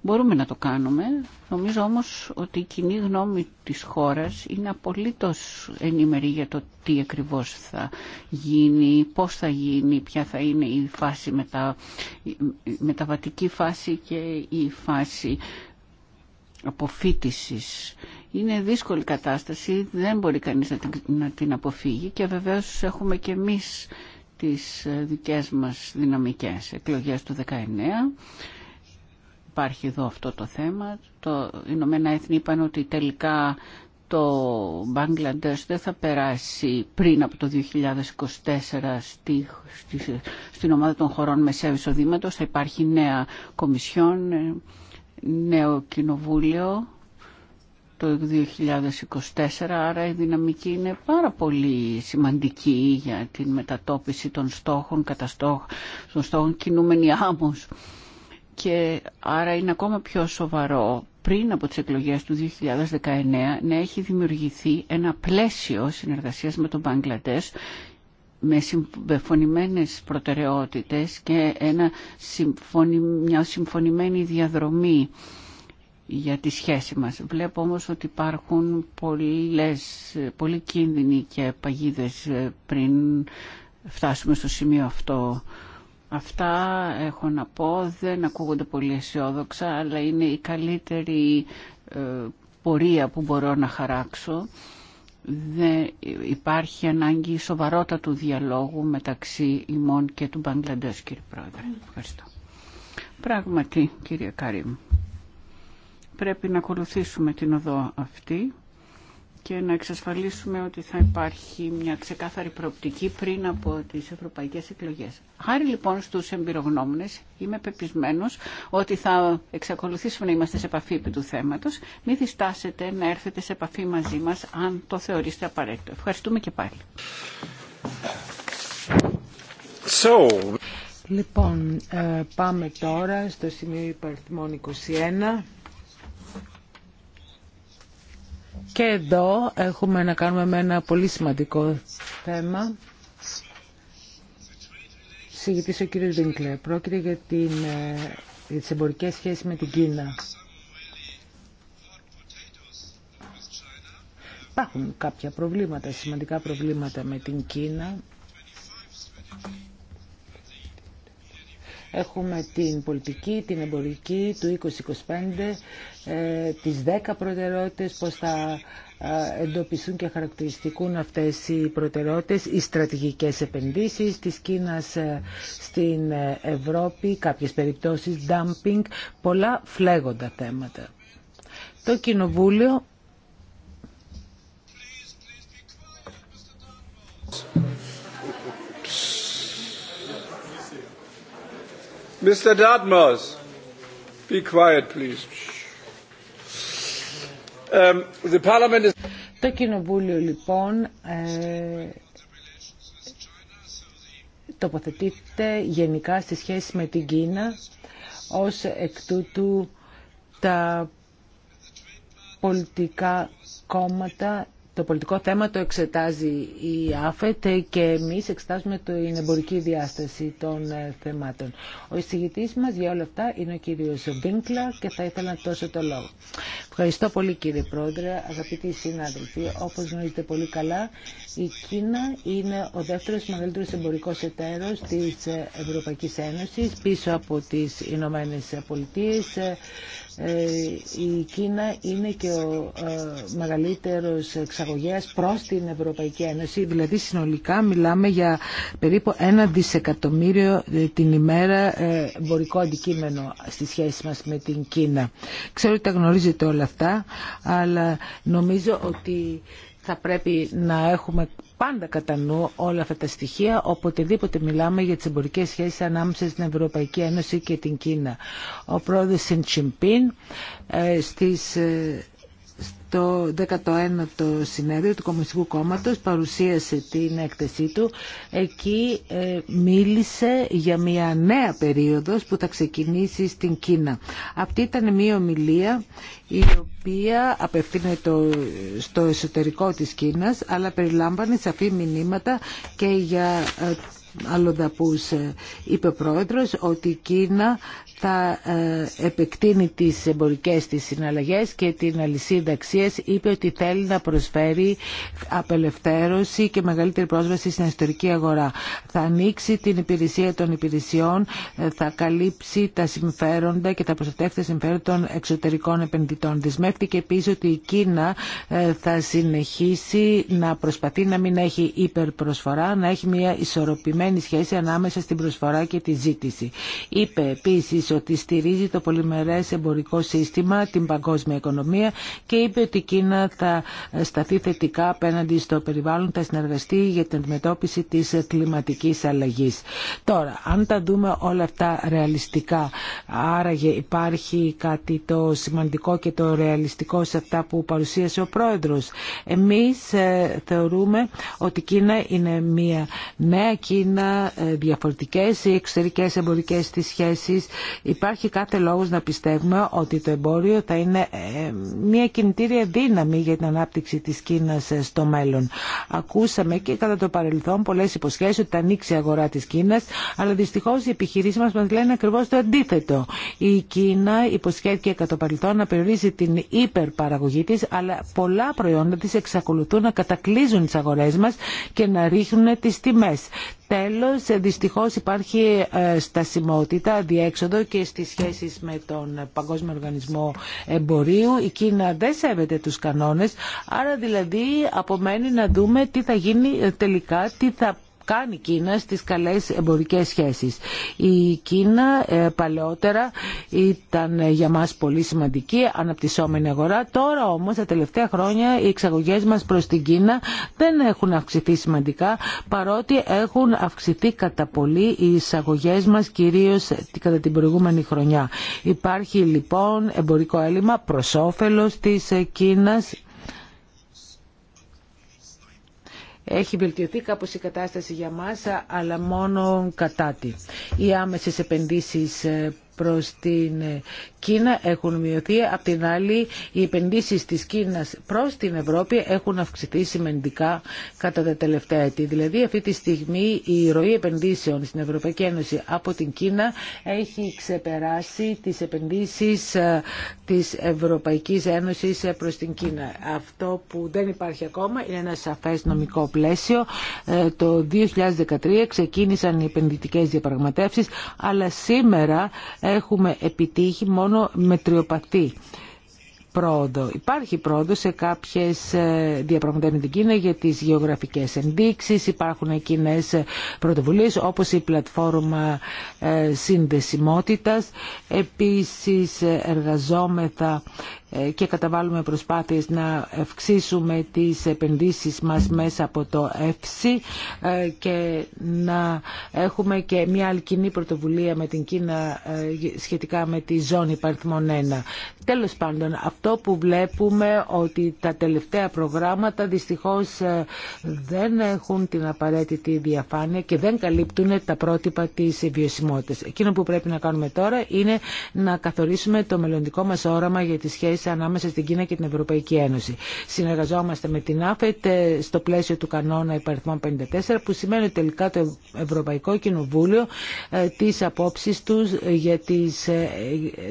Μπορούμε να το κάνουμε. Νομίζω όμως ότι η κοινή γνώμη της χώρας είναι απολύτως ενήμερη για το τι ακριβώς θα γίνει, πώς θα γίνει, ποια θα είναι η φάση μετα... μεταβατική φάση και η φάση αποφύτησης. Είναι δύσκολη κατάσταση, δεν μπορεί κανείς να την αποφύγει και βεβαίως έχουμε και εμείς τις δικές μας δυναμικές εκλογές του 19 υπάρχει εδώ αυτό το θέμα. Το Ηνωμένα Έθνη είπαν ότι τελικά το Μπαγκλαντές δεν θα περάσει πριν από το 2024 στη, στη, στην ομάδα των χωρών μεσαίου εισοδήματος. Θα υπάρχει νέα κομισιόν, νέο κοινοβούλιο το 2024, άρα η δυναμική είναι πάρα πολύ σημαντική για την μετατόπιση των στόχων, καταστόχων, των στόχων κινούμενη άμμος και άρα είναι ακόμα πιο σοβαρό πριν από τις εκλογές του 2019 να έχει δημιουργηθεί ένα πλαίσιο συνεργασίας με τον Μπαγκλαντές με συμφωνημένες προτεραιότητες και ένα μια συμφωνημένη διαδρομή για τη σχέση μας. Βλέπω όμως ότι υπάρχουν πολλές, πολλοί κίνδυνοι και παγίδες ε, πριν φτάσουμε στο σημείο αυτό. Αυτά έχω να πω, δεν ακούγονται πολύ αισιόδοξα, αλλά είναι η καλύτερη ε, πορεία που μπορώ να χαράξω. Δε, υπάρχει ανάγκη σοβαρότατου διαλόγου μεταξύ ημών και του Μπαγκλαντές, κύριε Πρόεδρε. Ευχαριστώ. Πράγματι, κύριε Κάριμ, πρέπει να ακολουθήσουμε την οδό αυτή και να εξασφαλίσουμε ότι θα υπάρχει μια ξεκάθαρη προοπτική πριν από τις ευρωπαϊκές εκλογές. Χάρη λοιπόν στους εμπειρογνώμονες είμαι πεπισμένος ότι θα εξακολουθήσουμε να είμαστε σε επαφή επί του θέματος. Μην διστάσετε να έρθετε σε επαφή μαζί μας αν το θεωρήσετε απαραίτητο. Ευχαριστούμε και πάλι. Λοιπόν, ε, πάμε τώρα στο σημείο υπαριθμών 21. Και εδώ έχουμε να κάνουμε με ένα πολύ σημαντικό θέμα. Συγητήσω ο κύριος Βίνκλε. Πρόκειται για, την, ε, για τις εμπορικές σχέσεις με την Κίνα. Υπάρχουν κάποια προβλήματα, σημαντικά προβλήματα με την Κίνα. Έχουμε την πολιτική, την εμπορική του 2025, ε, τις 10 προτεραιότητες, πώς θα ε, εντοπιστούν και χαρακτηριστικούν αυτές οι προτεραιότητες, οι στρατηγικές επενδύσεις της Κίνας ε, στην Ευρώπη, κάποιες περιπτώσεις, dumping, πολλά φλέγοντα θέματα. Το Κοινοβούλιο Um, Το Κοινοβούλιο λοιπόν ε, τοποθετείται γενικά στη σχέση με την Κίνα ως εκ τούτου τα πολιτικά κόμματα το πολιτικό θέμα το εξετάζει η ΑΦΕΤ και εμείς εξετάζουμε την εμπορική διάσταση των ε, θεμάτων. Ο εισηγητής μας για όλα αυτά είναι ο κύριος Βίνκλα και θα ήθελα να τόσο το λόγο. Ευχαριστώ πολύ κύριε Πρόεδρε, αγαπητοί συνάδελφοι. Όπως γνωρίζετε πολύ καλά, η Κίνα είναι ο δεύτερος μεγαλύτερος εμπορικός εταίρος της Ευρωπαϊκής Ένωσης πίσω από τις Ηνωμένε Πολιτείες, ε, ε, η Κίνα είναι και ο ε, μεγαλύτερος εξαγωγέας προς την Ευρωπαϊκή Ένωση. Δηλαδή συνολικά μιλάμε για περίπου ένα δισεκατομμύριο ε, την ημέρα εμπορικό αντικείμενο στη σχέση μας με την Κίνα. Ξέρω ότι τα γνωρίζετε όλα αυτά, αλλά νομίζω ότι θα πρέπει να έχουμε πάντα κατά νου όλα αυτά τα στοιχεία οποτεδήποτε μιλάμε για τις εμπορικέ σχέσεις ανάμεσα στην Ευρωπαϊκή Ένωση και την Κίνα. Ο πρόεδρος Σιντσιμπίν ε, στις ε, το 19ο συνέδριο του Κομμουνιστικού Κόμματος παρουσίασε την έκθεσή του. Εκεί ε, μίλησε για μια νέα περίοδος που θα ξεκινήσει στην Κίνα. Αυτή ήταν μια ομιλία η οποία απευθύνεται στο εσωτερικό της Κίνας αλλά περιλάμβανε σαφή μηνύματα και για ε, αλλοδαπούς ε, είπε ο πρόεδρος ότι η Κίνα θα ε, επεκτείνει τις εμπορικές της συναλλαγές και την αλυσίδα αξίας είπε ότι θέλει να προσφέρει απελευθέρωση και μεγαλύτερη πρόσβαση στην ιστορική αγορά. Θα ανοίξει την υπηρεσία των υπηρεσιών, ε, θα καλύψει τα συμφέροντα και θα προστατεύσει τα συμφέροντα των εξωτερικών επενδυτών. Δυσμεύτηκε επίσης ότι η Κίνα ε, θα συνεχίσει να προσπαθεί να μην έχει υπερπροσφορά, να έχει μια ισορροπημένη σχέση ανάμεσα στην προσφορά και τη ζήτηση. Είπε επίσης ότι στηρίζει το πολυμερές εμπορικό σύστημα, την παγκόσμια οικονομία και είπε ότι η Κίνα θα σταθεί θετικά απέναντι στο περιβάλλον, θα συνεργαστεί για την αντιμετώπιση της κλιματικής αλλαγής. Τώρα, αν τα δούμε όλα αυτά ρεαλιστικά, άραγε υπάρχει κάτι το σημαντικό και το ρεαλιστικό σε αυτά που παρουσίασε ο Πρόεδρος. Εμείς ε, θεωρούμε ότι η Κίνα είναι μια νέα Κίνα, ε, διαφορετικές οι εξωτερικές εμπορικές της σχέσεις Υπάρχει κάθε λόγος να πιστεύουμε ότι το εμπόριο θα είναι ε, μια κινητήρια δύναμη για την ανάπτυξη της Κίνας ε, στο μέλλον. Ακούσαμε και κατά το παρελθόν πολλές υποσχέσεις ότι θα ανοίξει η αγορά της Κίνας, αλλά δυστυχώς οι επιχειρήσεις μας μας λένε ακριβώς το αντίθετο. Η Κίνα υποσχέθηκε κατά το παρελθόν να περιορίσει την υπερπαραγωγή της, αλλά πολλά προϊόντα της εξακολουθούν να κατακλείζουν τις αγορές μας και να ρίχνουν τις τιμές. Τέλος, δυστυχώς υπάρχει ε, στασιμότητα, διέξοδο και στις σχέσεις με τον Παγκόσμιο Οργανισμό Εμπορίου. Η Κίνα δεν σέβεται τους κανόνες, άρα δηλαδή απομένει να δούμε τι θα γίνει τελικά, τι θα κάνει η Κίνα στις καλές εμπορικές σχέσεις. Η Κίνα ε, παλαιότερα ήταν για μας πολύ σημαντική αναπτυσσόμενη αγορά. Τώρα όμως τα τελευταία χρόνια οι εξαγωγές μας προς την Κίνα δεν έχουν αυξηθεί σημαντικά παρότι έχουν αυξηθεί κατά πολύ οι εισαγωγές μας κυρίως κατά την προηγούμενη χρονιά. Υπάρχει λοιπόν εμπορικό έλλειμμα προς όφελος της ε, Κίνας Έχει βελτιωθεί κάπως η κατάσταση για μάσα, αλλά μόνο κατά τη. Οι άμεσες επενδύσεις ε, προς την Κίνα έχουν μειωθεί, απ' την άλλη οι επενδύσεις της Κίνας προς την Ευρώπη έχουν αυξηθεί σημαντικά κατά τα τελευταία έτη. Δηλαδή αυτή τη στιγμή η ροή επενδύσεων στην Ευρωπαϊκή Ένωση από την Κίνα έχει ξεπεράσει τις επενδύσεις ε, της Ευρωπαϊκής Ένωσης ε, προς την Κίνα. Αυτό που δεν υπάρχει ακόμα είναι ένα σαφές νομικό πλαίσιο. Ε, το 2013 ξεκίνησαν οι επενδυτικές διαπραγματεύσεις, αλλά σήμερα έχουμε επιτύχει μόνο με τριοπαθή πρόοδο. Υπάρχει πρόοδο σε κάποιε διαπραγματεύσει με την Κίνα για τι γεωγραφικέ ενδείξει. Υπάρχουν κοινέ πρωτοβουλίε όπω η πλατφόρμα ε, συνδεσιμότητα. Επίση, εργαζόμεθα ε, και καταβάλουμε προσπάθειες να αυξήσουμε τις επενδύσεις μας μέσα από το ΕΦΣΥ και να έχουμε και μια άλλη κοινή πρωτοβουλία με την Κίνα ε, σχετικά με τη ζώνη παριθμών 1. Τέλος πάντων, αυτό που βλέπουμε ότι τα τελευταία προγράμματα δυστυχώς ε, δεν έχουν την απαραίτητη διαφάνεια και δεν καλύπτουν τα πρότυπα της βιωσιμότητας. Εκείνο που πρέπει να κάνουμε τώρα είναι να καθορίσουμε το μελλοντικό μας όραμα για τη σχέση σχέσει ανάμεσα στην Κίνα και την Ευρωπαϊκή Ένωση. Συνεργαζόμαστε με την ΑΦΕΤ ε, στο πλαίσιο του κανόνα υπαριθμών 54 που σημαίνει τελικά το Ευρωπαϊκό Κοινοβούλιο ε, τις απόψεις τους ε, για,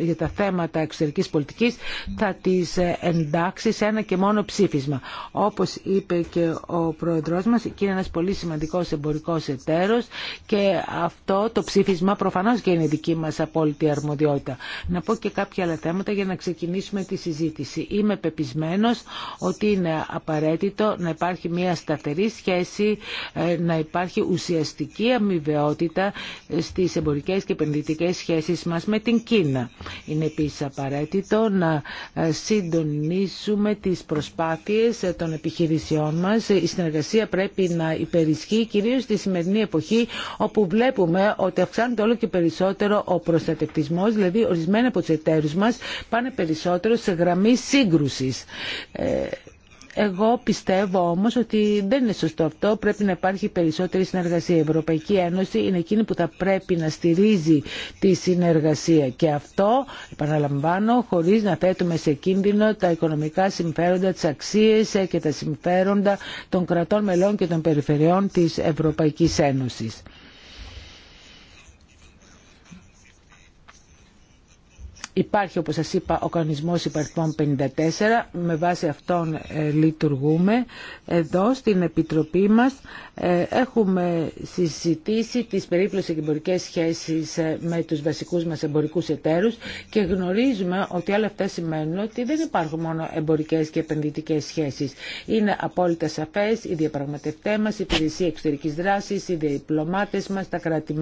για τα θέματα εξωτερικής πολιτικής θα τις εντάξει σε ένα και μόνο ψήφισμα. Όπως είπε και ο Πρόεδρός μας, η Κίνα είναι ένας πολύ σημαντικός εμπορικός εταίρος και αυτό το ψήφισμα προφανώς και είναι δική μας απόλυτη αρμοδιότητα. Να πω και κάποια άλλα θέματα για να ξεκινήσουμε τη συζήτηση. Είμαι πεπισμένος ότι είναι απαραίτητο να υπάρχει μια σταθερή σχέση, ε, να υπάρχει ουσιαστική αμοιβαιότητα στις εμπορικές και επενδυτικές σχέσεις μας με την Κίνα. Είναι επίσης απαραίτητο να ε, συντονίσουμε τις προσπάθειες ε, των επιχειρησιών μας. Η συνεργασία πρέπει να υπερισχύει κυρίως στη σημερινή εποχή όπου βλέπουμε ότι αυξάνεται όλο και περισσότερο ο προστατευτισμός, δηλαδή από τους εταίρους μας πάνε περισσότερο σε γραμμή σύγκρουσης. Ε, εγώ πιστεύω όμως ότι δεν είναι σωστό αυτό. Πρέπει να υπάρχει περισσότερη συνεργασία. Η Ευρωπαϊκή Ένωση είναι εκείνη που θα πρέπει να στηρίζει τη συνεργασία. Και αυτό, επαναλαμβάνω, χωρίς να θέτουμε σε κίνδυνο τα οικονομικά συμφέροντα, τις αξίες και τα συμφέροντα των κρατών μελών και των περιφερειών της Ευρωπαϊκής Ένωσης. Υπάρχει, όπως σας είπα, ο κανονισμός υπαρθμών 54. Με βάση αυτόν ε, λειτουργούμε εδώ στην Επιτροπή μας. Ε, έχουμε συζητήσει τις περίπλωσες εμπορικές σχέσεις ε, με τους βασικούς μας εμπορικούς εταίρους και γνωρίζουμε ότι όλα αυτά σημαίνουν ότι δεν υπάρχουν μόνο εμπορικές και επενδυτικές σχέσεις. Είναι απόλυτα σαφές οι διαπραγματευτέ μας, η υπηρεσία εξωτερικής δράσης, οι διπλωμάτες μας, τα κρατη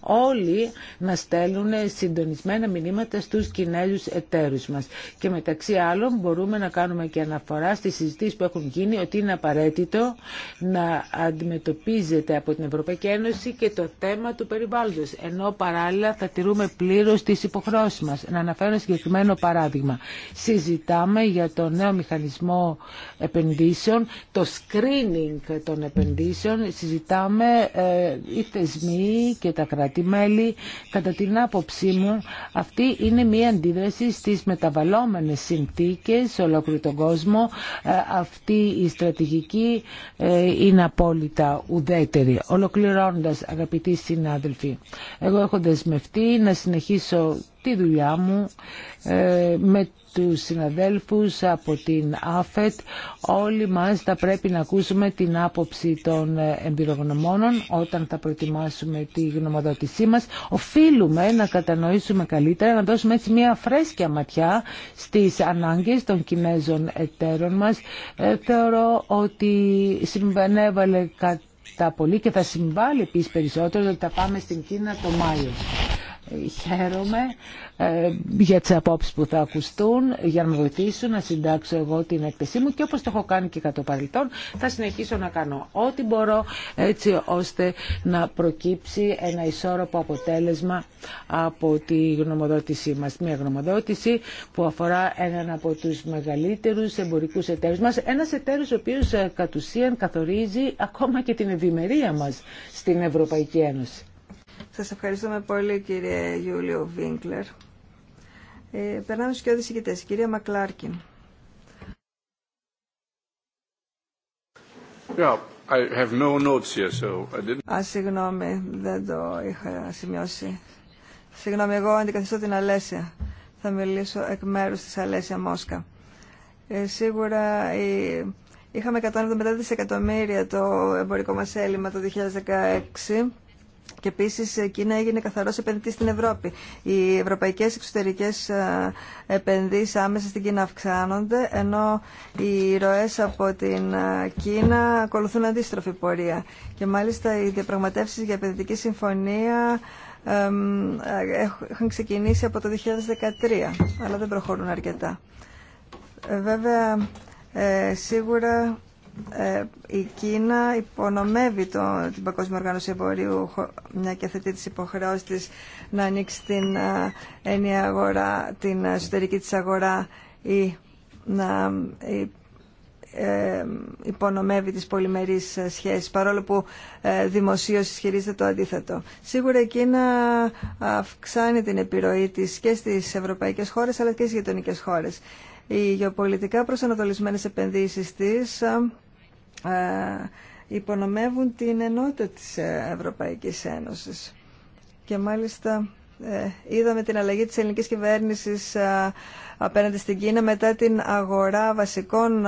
όλοι να στέλνουν συντονισμένα μηνύματα στους Κινέζους εταίρους μας. Και μεταξύ άλλων μπορούμε να κάνουμε και αναφορά στις συζητήσεις που έχουν γίνει ότι είναι απαραίτητο να αντιμετωπίζεται από την Ευρωπαϊκή Ένωση και το θέμα του περιβάλλοντος, ενώ παράλληλα θα τηρούμε πλήρως τις υποχρώσεις μας. Να αναφέρω συγκεκριμένο παράδειγμα. Συζητάμε για το νέο μηχανισμό επενδύσεων, το screening των επενδύσεων, συζητάμε ε, οι θεσμοί και τα κράτη-μέλη. Κατά την άποψή μου, αυτή είναι μια αντίδραση στις μεταβαλλόμενες συνθήκες σε ολόκληρο τον κόσμο. Ε, αυτή η στρατηγική ε, είναι απόλυτη απόλυτα ουδέτερη. Ολοκληρώνοντας αγαπητοί συνάδελφοι, εγώ έχω δεσμευτεί να συνεχίσω τη δουλειά μου ε, με τους συναδέλφους από την ΑΦΕΤ. Όλοι μας θα πρέπει να ακούσουμε την άποψη των ε, εμπειρογνωμόνων όταν θα προετοιμάσουμε τη γνωμοδότησή μας. Οφείλουμε να κατανοήσουμε καλύτερα, να δώσουμε έτσι μια φρέσκια ματιά στις ανάγκες των Κινέζων εταίρων μας. Ε, θεωρώ ότι συμβανέβαλε κατά πολύ και θα συμβάλλει επίσης περισσότερο ότι θα πάμε στην Κίνα το Μάιο. Χαίρομαι ε, για τις απόψεις που θα ακουστούν, για να με βοηθήσουν να συντάξω εγώ την έκθεσή μου και όπως το έχω κάνει και κατά παρελθόν θα συνεχίσω να κάνω ό,τι μπορώ έτσι ώστε να προκύψει ένα ισόρροπο αποτέλεσμα από τη γνωμοδότησή μας. Μια γνωμοδότηση που αφορά έναν από τους μεγαλύτερους εμπορικούς εταίρους μας, ένα εταίρος ο οποίος ε, κατ' ουσίαν καθορίζει ακόμα και την ευημερία μας στην Ευρωπαϊκή Ένωση. Σας ευχαριστούμε πολύ κύριε Γιούλιο Βίνκλερ. Ε, περνάμε στους κοιόδης ηγητές. Κυρία Μακλάρκιν. Yeah, no here, so Α, συγγνώμη, δεν το είχα σημειώσει. Συγγνώμη, εγώ αντικαθιστώ την Αλέσια. Θα μιλήσω εκ μέρους της Αλέσια Μόσκα. Ε, σίγουρα η... είχαμε 170 δισεκατομμύρια το εμπορικό μας έλλειμμα το 2016 και επίση ε, η Κίνα έγινε καθαρό επενδυτή στην Ευρώπη. Οι ευρωπαϊκέ εξωτερικέ ε, επενδύσει άμεσα στην Κίνα αυξάνονται, ενώ οι ροέ από την ε, Κίνα ακολουθούν αντίστροφη πορεία. Και μάλιστα οι διαπραγματεύσει για επενδυτική συμφωνία έχουν ξεκινήσει από το 2013, αλλά δεν προχωρούν αρκετά. Βέβαια, σίγουρα ε, η Κίνα υπονομεύει το, την Παγκόσμια Οργάνωση Εμπορίου μια και θετεί τι υποχρεώσεις να ανοίξει την ε, ενιαία αγορά, την εσωτερική της αγορά ή να ε, υπονομεύει τις πολυμερείς σχέσεις παρόλο που δημοσίως ισχυρίζεται το αντίθετο. Σίγουρα η Κίνα αυξάνει την επιρροή της και στις ευρωπαϊκές χώρες αλλά και στις γειτονικές χώρες. Οι γεωπολιτικά προσανατολισμένες επενδύσεις της ε, υπονομεύουν την ενότητα της ε, Ευρωπαϊκής Ένωσης. Και μάλιστα ε, είδαμε την αλλαγή της ελληνικής κυβέρνησης απέναντι στην Κίνα μετά την αγορά βασικών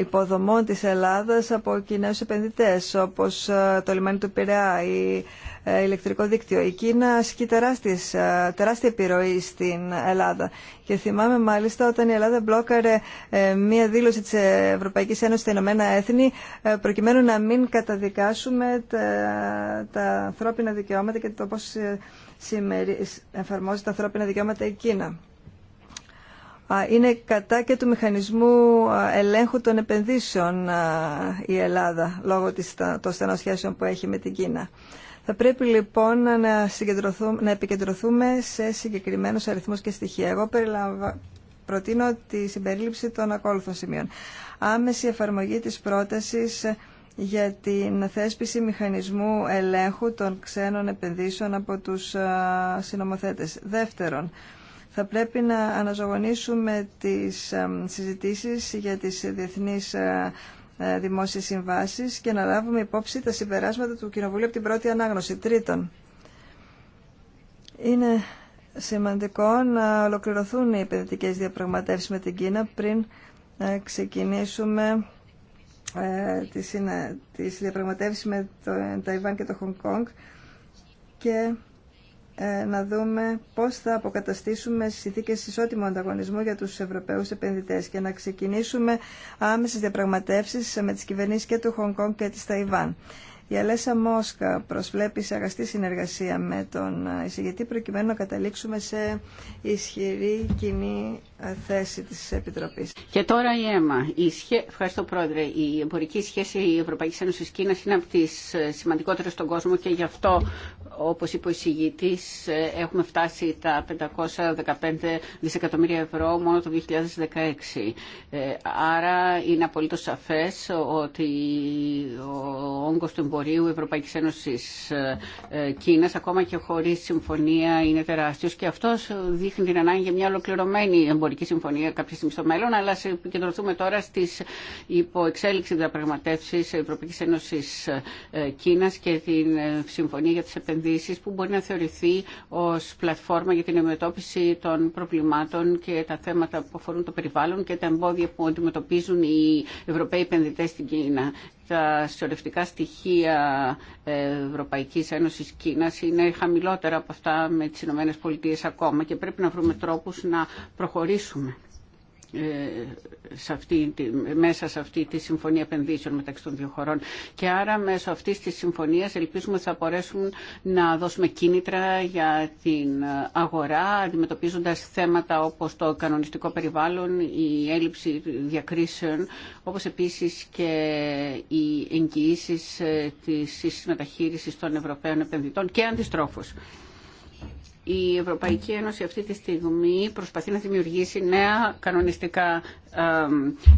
υποδομών της Ελλάδας από Κινέους επενδυτές όπως το λιμάνι του Πειραιά ή ε, ηλεκτρικό δίκτυο. Η Κίνα ασκεί τεράστιες, τεράστια επιρροή στην Ελλάδα και θυμάμαι μάλιστα όταν η κινα ασκει τεραστια μπλόκαρε ε, μία δήλωση της Ευρωπαϊκής Ένωσης στα Ηνωμένα Έθνη ε, προκειμένου να μην καταδικάσουμε τα, τα ανθρώπινα δικαιώματα και το πώς εφαρμόζει τα ανθρώπινα δικαιώματα η Κίνα είναι κατά και του μηχανισμού ελέγχου των επενδύσεων η Ελλάδα λόγω των στενών σχέσεων που έχει με την Κίνα. Θα πρέπει λοιπόν να, να επικεντρωθούμε σε συγκεκριμένους αριθμούς και στοιχεία. Εγώ περιλαμβα... προτείνω τη συμπερίληψη των ακόλουθων σημείων. Άμεση εφαρμογή της πρότασης για την θέσπιση μηχανισμού ελέγχου των ξένων επενδύσεων από τους συνομοθέτες. Δεύτερον, θα πρέπει να αναζωογονήσουμε τις συζητήσεις για τις διεθνείς ε, ε, δημόσιες συμβάσεις και να λάβουμε υπόψη τα συμπεράσματα του Κοινοβουλίου από την πρώτη ανάγνωση. Τρίτον, είναι σημαντικό να ολοκληρωθούν οι επενδυτικές διαπραγματεύσεις με την Κίνα πριν ε, ξεκινήσουμε τις διαπραγματεύσεις με το Ταϊβάν και το Χονγκ Κόνγκ ε, να δούμε πώς θα αποκαταστήσουμε συνθήκες ισότιμου ανταγωνισμού για τους Ευρωπαίους επενδυτές και να ξεκινήσουμε άμεσες διαπραγματεύσεις με τις κυβερνήσεις και του Χονγκ Κονγκ και της Ταϊβάν. Η Αλέσα Μόσκα προσβλέπει σε αγαστή συνεργασία με τον εισηγητή προκειμένου να καταλήξουμε σε ισχυρή κοινή θέση της Επιτροπής. Και τώρα η ΕΜΑ. Η σχέ... Ευχαριστώ Πρόεδρε. Η εμπορική σχέση Ευρωπαϊκής Ένωσης Κίνας είναι από τις ε, σημαντικότερες στον κόσμο και γι' αυτό όπως είπε ο εισηγητής, ε, έχουμε φτάσει τα 515 δισεκατομμύρια ευρώ μόνο το 2016. Ε, άρα είναι απολύτως σαφές ότι ο όγκος του εμπορίου Ευρωπαϊκής Ένωσης ε, Κίνας, ακόμα και χωρίς συμφωνία, είναι τεράστιος και αυτός δείχνει την ανάγκη για μια ολοκληρωμένη εμπορική συμφωνία κάποια στιγμή στο μέλλον, αλλά σε τώρα στις υποεξέλιξη διαπραγματεύσεις Ευρωπαϊκής Ένωσης Κίνας και την συμφωνία για τις επενδύσεις επενδύσεις που μπορεί να θεωρηθεί ως πλατφόρμα για την αντιμετώπιση των προβλημάτων και τα θέματα που αφορούν το περιβάλλον και τα εμπόδια που αντιμετωπίζουν οι Ευρωπαίοι επενδυτές στην Κίνα. Τα συσσωρευτικά στοιχεία Ευρωπαϊκής Ένωσης Κίνα είναι χαμηλότερα από αυτά με τις Ηνωμένες Πολιτείες ακόμα και πρέπει να βρούμε τρόπους να προχωρήσουμε. Ε, σε αυτή, μέσα σε αυτή τη συμφωνία επενδύσεων μεταξύ των δύο χωρών. Και άρα μέσω αυτή τη συμφωνία ελπίζουμε ότι θα μπορέσουν να δώσουμε κίνητρα για την αγορά αντιμετωπίζοντα θέματα όπως το κανονιστικό περιβάλλον, η έλλειψη διακρίσεων, όπως επίσης και οι εγγυήσει ε, της μεταχείρισης των Ευρωπαίων επενδυτών και αντιστρόφως. Η Ευρωπαϊκή Ένωση αυτή τη στιγμή προσπαθεί να δημιουργήσει νέα κανονιστικά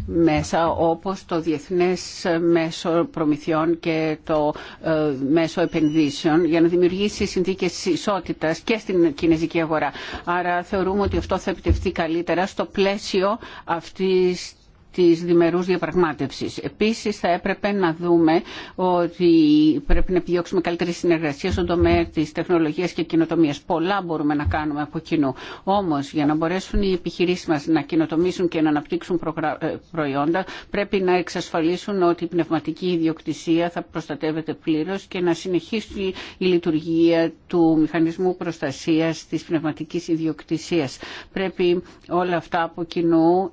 μέσα όπως το Διεθνές Μέσο Προμηθειών και το ε, Μέσο Επενδύσεων για να δημιουργήσει συνθήκες ισότητας και στην κινέζικη αγορά. Άρα θεωρούμε ότι αυτό θα επιτευχθεί καλύτερα στο πλαίσιο αυτής της διμερούς διαπραγμάτευσης. Επίσης θα έπρεπε να δούμε ότι πρέπει να επιδιώξουμε καλύτερη συνεργασία στον τομέα της τεχνολογίας και κοινοτομίας. Πολλά μπορούμε να κάνουμε από κοινού. Όμως για να μπορέσουν οι επιχειρήσεις μας να κοινοτομήσουν και να αναπτύξουν ε, προϊόντα πρέπει να εξασφαλίσουν ότι η πνευματική ιδιοκτησία θα προστατεύεται πλήρως και να συνεχίσει η λειτουργία του μηχανισμού προστασίας της πνευματικής ιδιοκτησίας. Πρέπει όλα αυτά από κοινού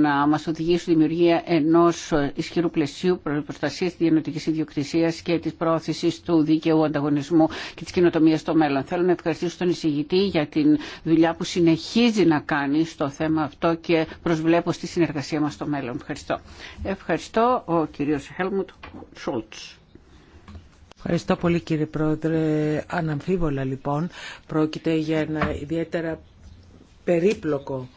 να μας οδηγήσουν δημιουργία ενός ισχυρού πλαισίου προστασία τη διανοητική ιδιοκτησία και της πρόθεσης του δίκαιου ανταγωνισμού και της κοινοτομία στο μέλλον. Θέλω να ευχαριστήσω τον εισηγητή για την δουλειά που συνεχίζει να κάνει στο θέμα αυτό και προσβλέπω στη συνεργασία μας στο μέλλον. Ευχαριστώ. Ευχαριστώ ο κύριο Χέλμουντ Σόλτ. Ευχαριστώ πολύ κύριε Πρόεδρε. Αναμφίβολα λοιπόν πρόκειται για ένα ιδιαίτερα περίπλοκο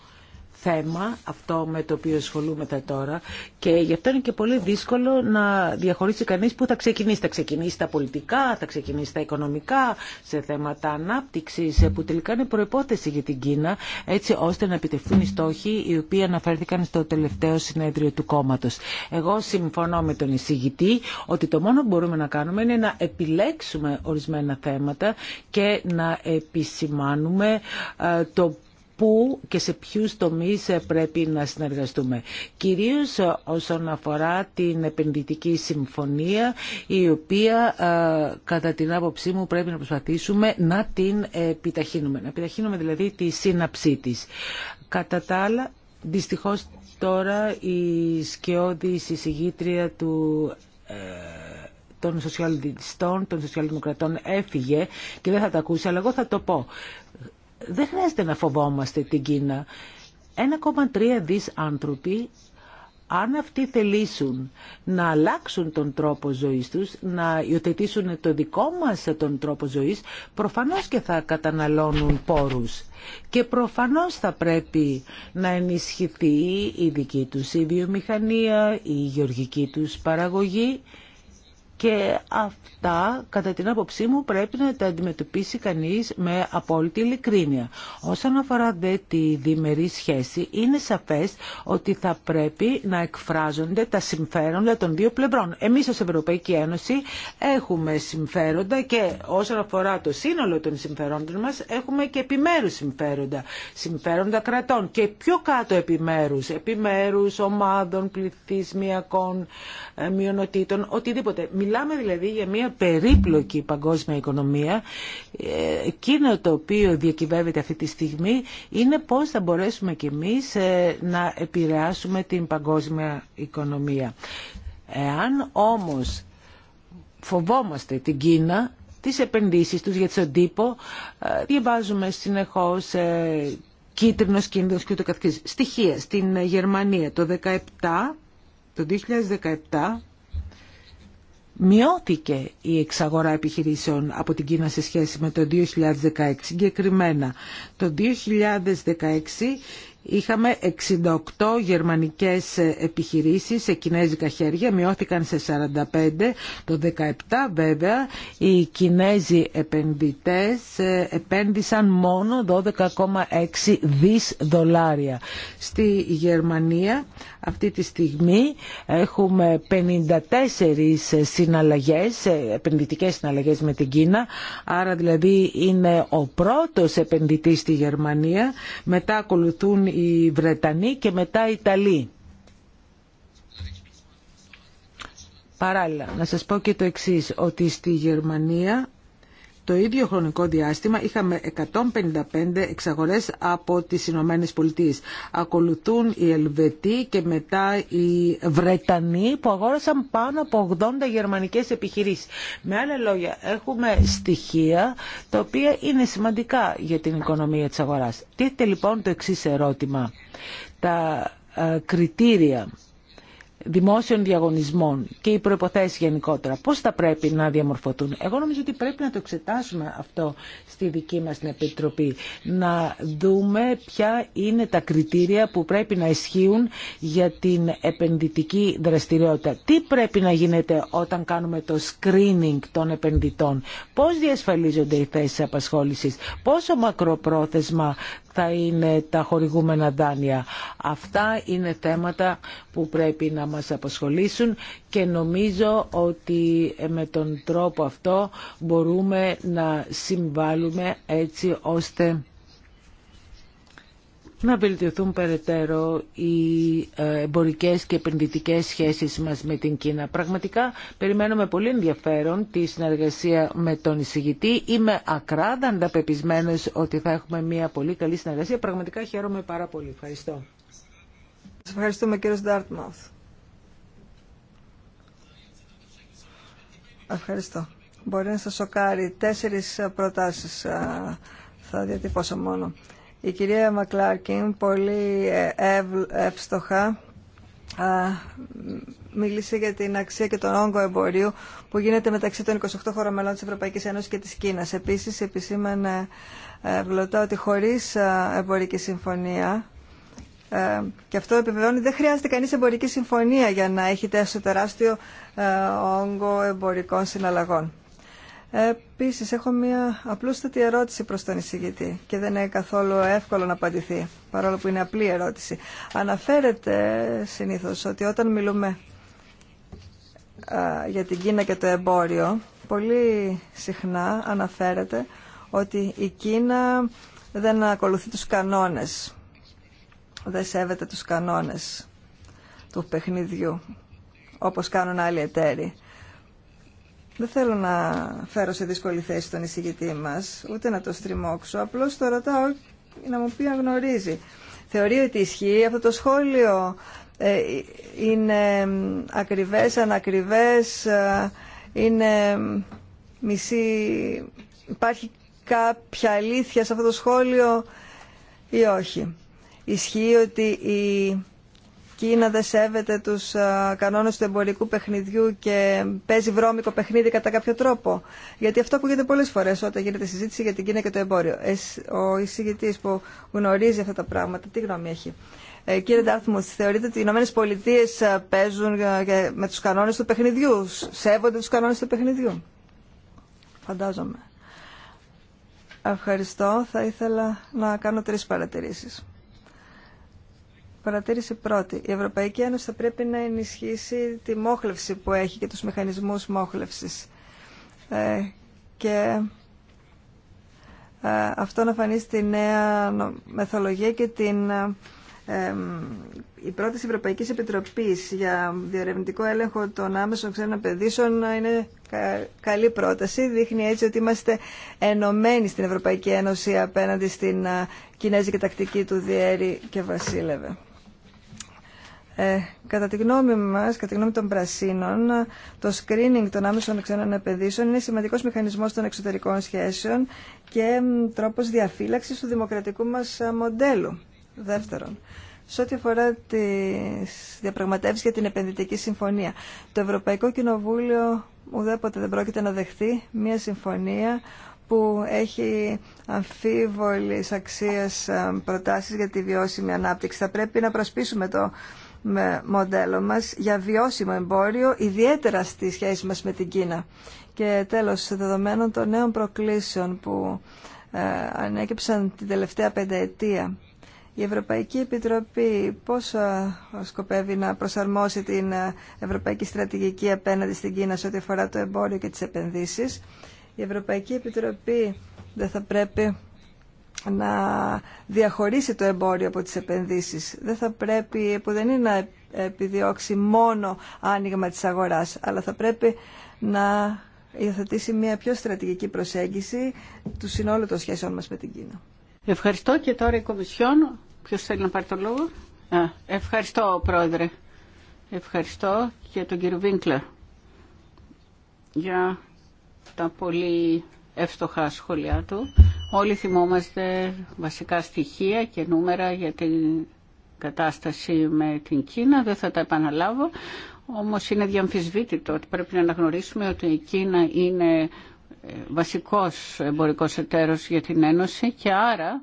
θέμα αυτό με το οποίο ασχολούμαστε τώρα και γι' αυτό είναι και πολύ δύσκολο να διαχωρίσει κανείς που θα ξεκινήσει. Θα ξεκινήσει τα πολιτικά, θα ξεκινήσει τα οικονομικά, σε θέματα ανάπτυξης που τελικά είναι προϋπόθεση για την Κίνα έτσι ώστε να επιτευχθούν οι στόχοι οι οποίοι αναφέρθηκαν στο τελευταίο συνέδριο του κόμματος. Εγώ συμφωνώ με τον εισηγητή ότι το μόνο που μπορούμε να κάνουμε είναι να επιλέξουμε ορισμένα θέματα και να επισημάνουμε ε, το πού και σε ποιους τομείς πρέπει να συνεργαστούμε. Κυρίως ε, όσον αφορά την επενδυτική συμφωνία, η οποία ε, κατά την άποψή μου πρέπει να προσπαθήσουμε να την επιταχύνουμε. Να επιταχύνουμε δηλαδή τη σύναψή της. Κατά τα άλλα, δυστυχώς τώρα η σκιώδη συζυγήτρια του ε, των σοσιαλιστών, των σοσιαλδημοκρατών έφυγε και δεν θα τα ακούσει, αλλά εγώ θα το πω δεν χρειάζεται να φοβόμαστε την Κίνα. 1,3 δις άνθρωποι αν αυτοί θελήσουν να αλλάξουν τον τρόπο ζωής τους, να υιοθετήσουν το δικό μας τον τρόπο ζωής, προφανώς και θα καταναλώνουν πόρους. Και προφανώς θα πρέπει να ενισχυθεί η δική τους η βιομηχανία, η γεωργική τους παραγωγή και αυτά, κατά την άποψή μου, πρέπει να τα αντιμετωπίσει κανείς με απόλυτη ειλικρίνεια. Όσον αφορά δε τη διμερή σχέση, είναι σαφές ότι θα πρέπει να εκφράζονται τα συμφέροντα των δύο πλευρών. Εμείς ως Ευρωπαϊκή Ένωση έχουμε συμφέροντα και όσον αφορά το σύνολο των συμφερόντων μας, έχουμε και επιμέρους συμφέροντα. Συμφέροντα κρατών και πιο κάτω επιμέρους, επιμέρους ομάδων, πληθυσμιακών, ε, μειονοτήτων, οτιδήποτε Μιλάμε δηλαδή για μια περίπλοκη παγκόσμια οικονομία. Ε, εκείνο το οποίο διακυβεύεται αυτή τη στιγμή είναι πώς θα μπορέσουμε κι εμείς ε, να επηρεάσουμε την παγκόσμια οικονομία. Εάν όμως φοβόμαστε την Κίνα, τις επενδύσεις τους για τον τύπο, ε, διαβάζουμε συνεχώς κίτρινος κίνδυνος και ούτω καθεξής. Στοιχεία στην Γερμανία το 2017, το 2017 μειώθηκε η εξαγορά επιχειρήσεων από την Κίνα σε σχέση με το 2016. Συγκεκριμένα, το 2016 Είχαμε 68 γερμανικές επιχειρήσεις σε κινέζικα χέρια, μειώθηκαν σε 45. Το 2017 βέβαια οι κινέζοι επενδυτές ε, επένδυσαν μόνο 12,6 δις δολάρια. Στη Γερμανία αυτή τη στιγμή έχουμε 54 συναλλαγές, ε, επενδυτικές συναλλαγές με την Κίνα, άρα δηλαδή είναι ο πρώτος επενδυτής στη Γερμανία, μετά ακολουθούν οι Βρετανοί και μετά οι Ιταλοί. Παράλληλα, να σας πω και το εξής, ότι στη Γερμανία το ίδιο χρονικό διάστημα είχαμε 155 εξαγορές από τις Ηνωμένε Πολιτείε. Ακολουθούν οι Ελβετοί και μετά οι Βρετανοί που αγόρασαν πάνω από 80 γερμανικές επιχειρήσεις. Με άλλα λόγια, έχουμε στοιχεία τα οποία είναι σημαντικά για την οικονομία της αγοράς. Τίθεται λοιπόν το εξής ερώτημα. Τα ε, κριτήρια δημόσιων διαγωνισμών και οι προϋποθέσεις γενικότερα, πώς θα πρέπει να διαμορφωθούν. Εγώ νομίζω ότι πρέπει να το εξετάσουμε αυτό στη δική μας την Επιτροπή. Να δούμε ποια είναι τα κριτήρια που πρέπει να ισχύουν για την επενδυτική δραστηριότητα. Τι πρέπει να γίνεται όταν κάνουμε το screening των επενδυτών. Πώς διασφαλίζονται οι θέσεις απασχόλησης. Πόσο μακροπρόθεσμα θα είναι τα χορηγούμενα δάνεια. Αυτά είναι θέματα που πρέπει να μας απασχολήσουν και νομίζω ότι με τον τρόπο αυτό μπορούμε να συμβάλλουμε έτσι ώστε να βελτιωθούν περαιτέρω οι ε, εμπορικές και επενδυτικές σχέσεις μας με την Κίνα. Πραγματικά περιμένουμε πολύ ενδιαφέρον τη συνεργασία με τον εισηγητή. Είμαι ακράδαντα πεπισμένος ότι θα έχουμε μια πολύ καλή συνεργασία. Πραγματικά χαίρομαι πάρα πολύ. Ευχαριστώ. Σας ευχαριστούμε κύριο Ντάρτμαουθ. Ευχαριστώ. Μπορεί να σας σοκάρει. Τέσσερις προτάσεις ε, θα διατυπώσω μόνο. Η κυρία Μακλάρκιν πολύ ε, εύστοχα μίλησε για την αξία και τον όγκο εμπορίου που γίνεται μεταξύ των 28 χωρών μελών της Ευρωπαϊκής Ένωσης και της Κίνας. Επίσης, επισήμανε βλωτά ε, ότι χωρίς ε, εμπορική συμφωνία και αυτό επιβεβαιώνει δεν χρειάζεται κανείς εμπορική συμφωνία για να έχετε τεράστιο τεράστιο όγκο εμπορικών συναλλαγών. Επίση, έχω μια απλούστατη ερώτηση προ τον εισηγητή και δεν είναι καθόλου εύκολο να απαντηθεί, παρόλο που είναι απλή ερώτηση. Αναφέρεται συνήθω ότι όταν μιλούμε για την Κίνα και το εμπόριο, πολύ συχνά αναφέρεται ότι η Κίνα δεν ακολουθεί τους κανόνες, δεν σέβεται τους κανόνες του παιχνιδιού, όπως κάνουν άλλοι εταίροι. Δεν θέλω να φέρω σε δύσκολη θέση τον εισηγητή μας, ούτε να το στριμώξω. Απλώς το ρωτάω να μου πει αν γνωρίζει. Θεωρεί ότι ισχύει αυτό το σχόλιο ε, είναι ακριβές, ανακριβές, ε, είναι μισή... Υπάρχει κάποια αλήθεια σε αυτό το σχόλιο ή όχι. Ισχύει ότι η Κίνα δεν σέβεται τους κανόνες του εμπορικού παιχνιδιού και παίζει βρώμικο παιχνίδι κατά κάποιο τρόπο. Γιατί αυτό ακούγεται πολλές φορές όταν γίνεται συζήτηση για την Κίνα και το εμπόριο. Ο εισηγητής που γνωρίζει αυτά τα πράγματα, τι γνώμη έχει. Ε, κύριε Ντάρθμουθ, θεωρείτε ότι οι Ηνωμένε Πολιτείε παίζουν με τους κανόνες του παιχνιδιού, σέβονται τους κανόνες του παιχνιδιού. Φαντάζομαι. Ευχαριστώ. Θα ήθελα να κάνω τρεις παρατηρήσεις. Παρατήρηση πρώτη. Η Ευρωπαϊκή Ένωση θα πρέπει να ενισχύσει τη μόχλευση που έχει και τους μηχανισμούς μόχλευσης. Ε, και ε, αυτό να φανεί στη νέα μεθολογία και την, ε, η πρόταση Ευρωπαϊκής Επιτροπής για διαρευνητικό έλεγχο των άμεσων ξένων παιδίσεων είναι καλή πρόταση. Δείχνει έτσι ότι είμαστε ενωμένοι στην Ευρωπαϊκή Ένωση απέναντι στην Κινέζικη τακτική του Διέρη και Βασίλευε. Ε, κατά τη γνώμη μα, κατά τη γνώμη των πρασίνων, το screening των άμεσων ξένων επενδύσεων είναι σημαντικό μηχανισμό των εξωτερικών σχέσεων και τρόπο διαφύλαξη του δημοκρατικού μα ε, μοντέλου. Δεύτερον, σε ό,τι αφορά τι διαπραγματεύσει για την επενδυτική συμφωνία, το Ευρωπαϊκό Κοινοβούλιο ουδέποτε δεν πρόκειται να δεχθεί μια συμφωνία που έχει αμφίβολης αξίας ε, προτάσεις για τη βιώσιμη ανάπτυξη. Θα πρέπει να προσπίσουμε το με μοντέλο μας για βιώσιμο εμπόριο, ιδιαίτερα στη σχέση μας με την Κίνα. Και τέλος, δεδομένων των νέων προκλήσεων που ε, ανέκυψαν την τελευταία πενταετία, η Ευρωπαϊκή Επιτροπή πώς ε, σκοπεύει να προσαρμόσει την ε, Ευρωπαϊκή Στρατηγική απέναντι στην Κίνα σε ό,τι αφορά το εμπόριο και τις επενδύσεις. Η Ευρωπαϊκή Επιτροπή δεν θα πρέπει να διαχωρίσει το εμπόριο από τις επενδύσεις. Δεν θα πρέπει, που δεν είναι να επιδιώξει μόνο άνοιγμα της αγοράς, αλλά θα πρέπει να υιοθετήσει μια πιο στρατηγική προσέγγιση του συνόλου των σχέσεων μας με την Κίνα. Ευχαριστώ και τώρα η Κομισιόν. Ποιος θέλει να πάρει τον λόγο. ευχαριστώ, Πρόεδρε. Ευχαριστώ και τον κύριο για τα πολύ εύστοχα σχόλιά του. Όλοι θυμόμαστε βασικά στοιχεία και νούμερα για την κατάσταση με την Κίνα. Δεν θα τα επαναλάβω. Όμως είναι διαμφισβήτητο ότι πρέπει να αναγνωρίσουμε ότι η Κίνα είναι ε, βασικός εμπορικός εταίρος για την Ένωση και άρα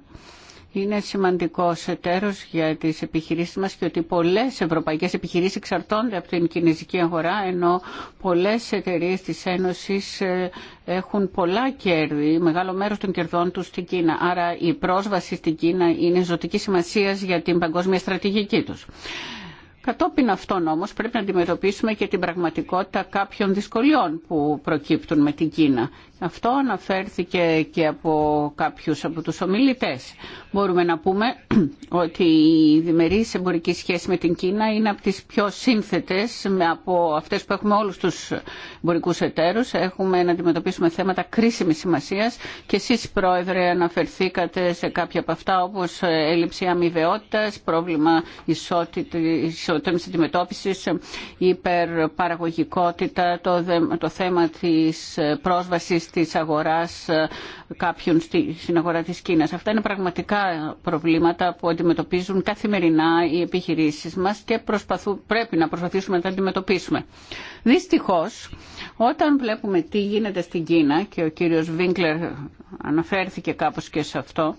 είναι σημαντικός εταίρος για τις επιχειρήσεις μας και ότι πολλές ευρωπαϊκές επιχειρήσεις εξαρτώνται από την κινέζικη αγορά ενώ πολλές εταιρείες της Ένωσης ε, έχουν πολλά κέρδη, μεγάλο μέρος των κερδών τους στην Κίνα. Άρα η πρόσβαση στην Κίνα είναι ζωτική σημασία για την παγκόσμια στρατηγική τους. Κατόπιν αυτών όμως πρέπει να αντιμετωπίσουμε και την πραγματικότητα κάποιων δυσκολιών που προκύπτουν με την Κίνα. Αυτό αναφέρθηκε και από κάποιους από τους ομιλητές. Μπορούμε να πούμε (clears throat) ότι η διμερής εμπορική σχέση με την Κίνα είναι από τις πιο σύνθετες από αυτές που έχουμε όλους τους εμπορικού εταίρους. Έχουμε να αντιμετωπίσουμε θέματα κρίσιμης σημασίας και εσείς Πρόεδρε αναφερθήκατε σε κάποια από αυτά όπως έλλειψη αμοιβαιότητας, πρόβλημα ισότητας αντιμετώπισης, υπερπαραγωγικότητα, το θέμα της πρόσβασης της αγοράς ε, κάποιων στην αγορά της Κίνας. Αυτά είναι πραγματικά προβλήματα που αντιμετωπίζουν καθημερινά οι επιχειρήσεις μας και πρέπει να προσπαθήσουμε να τα αντιμετωπίσουμε. Δυστυχώς, όταν βλέπουμε τι γίνεται στην Κίνα και ο κύριος Βίνκλερ αναφέρθηκε κάπως και σε αυτό,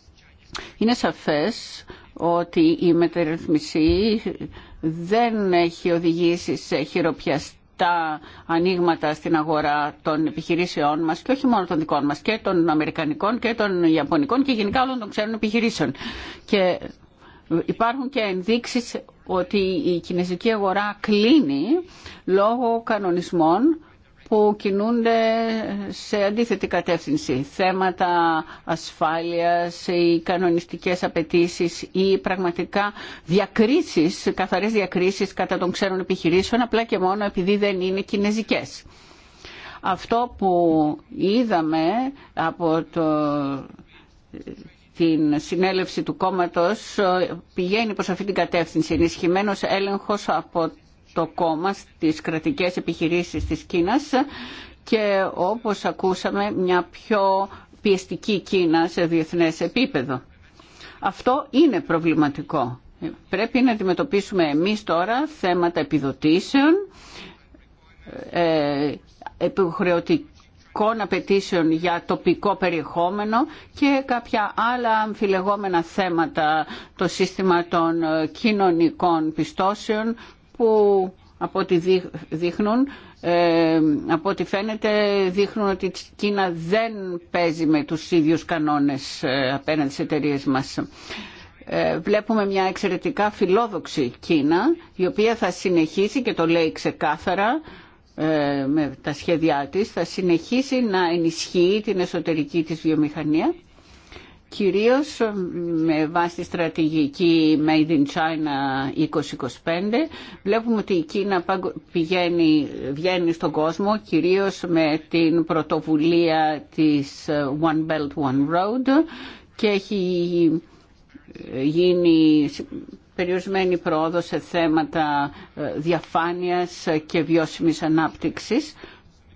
(clears throat) είναι σαφές ότι η μεταρρυθμισή δεν έχει οδηγήσει σε χειροπιαστή τα ανοίγματα στην αγορά των επιχειρήσεών μας και όχι μόνο των δικών μας και των Αμερικανικών και των Ιαπωνικών και γενικά όλων των ξένων επιχειρήσεων. Και υπάρχουν και ενδείξεις ότι η κινέζικη αγορά κλείνει λόγω κανονισμών που κινούνται σε αντίθετη κατεύθυνση. Θέματα ασφάλειας, οι κανονιστικές απαιτήσεις ή πραγματικά διακρίσεις, καθαρές διακρίσεις κατά των ξένων επιχειρήσεων, απλά και μόνο επειδή δεν είναι κινέζικες. Αυτό που είδαμε από το, την συνέλευση του κόμματος ε, πηγαίνει προς αυτή την κατεύθυνση. Ενισχυμένος έλεγχος από το κόμμα στις κρατικές επιχειρήσεις της Κίνας και όπως ακούσαμε μια πιο πιεστική Κίνα σε διεθνές επίπεδο. Αυτό είναι προβληματικό. Πρέπει να αντιμετωπίσουμε εμείς τώρα θέματα επιδοτήσεων, ε, απαιτήσεων για τοπικό περιεχόμενο και κάποια άλλα αμφιλεγόμενα θέματα, το σύστημα των ε, κοινωνικών πιστώσεων, που από ό,τι δείχνουν, ε, από ό,τι φαίνεται δείχνουν ότι η Κίνα δεν παίζει με τους ίδιους κανόνες ε, απέναντι στις εταιρείε μας. Ε, βλέπουμε μια εξαιρετικά φιλόδοξη Κίνα, η οποία θα συνεχίσει και το λέει ξεκάθαρα, με τα σχέδιά της, θα συνεχίσει να ενισχύει την εσωτερική της βιομηχανία κυρίως με βάση τη στρατηγική Made in China 2025 βλέπουμε ότι η Κίνα πηγαίνει, βγαίνει στον κόσμο κυρίως με την πρωτοβουλία της One Belt One Road και έχει γίνει περιορισμένη πρόοδο σε θέματα ε, διαφάνειας και βιώσιμης ανάπτυξης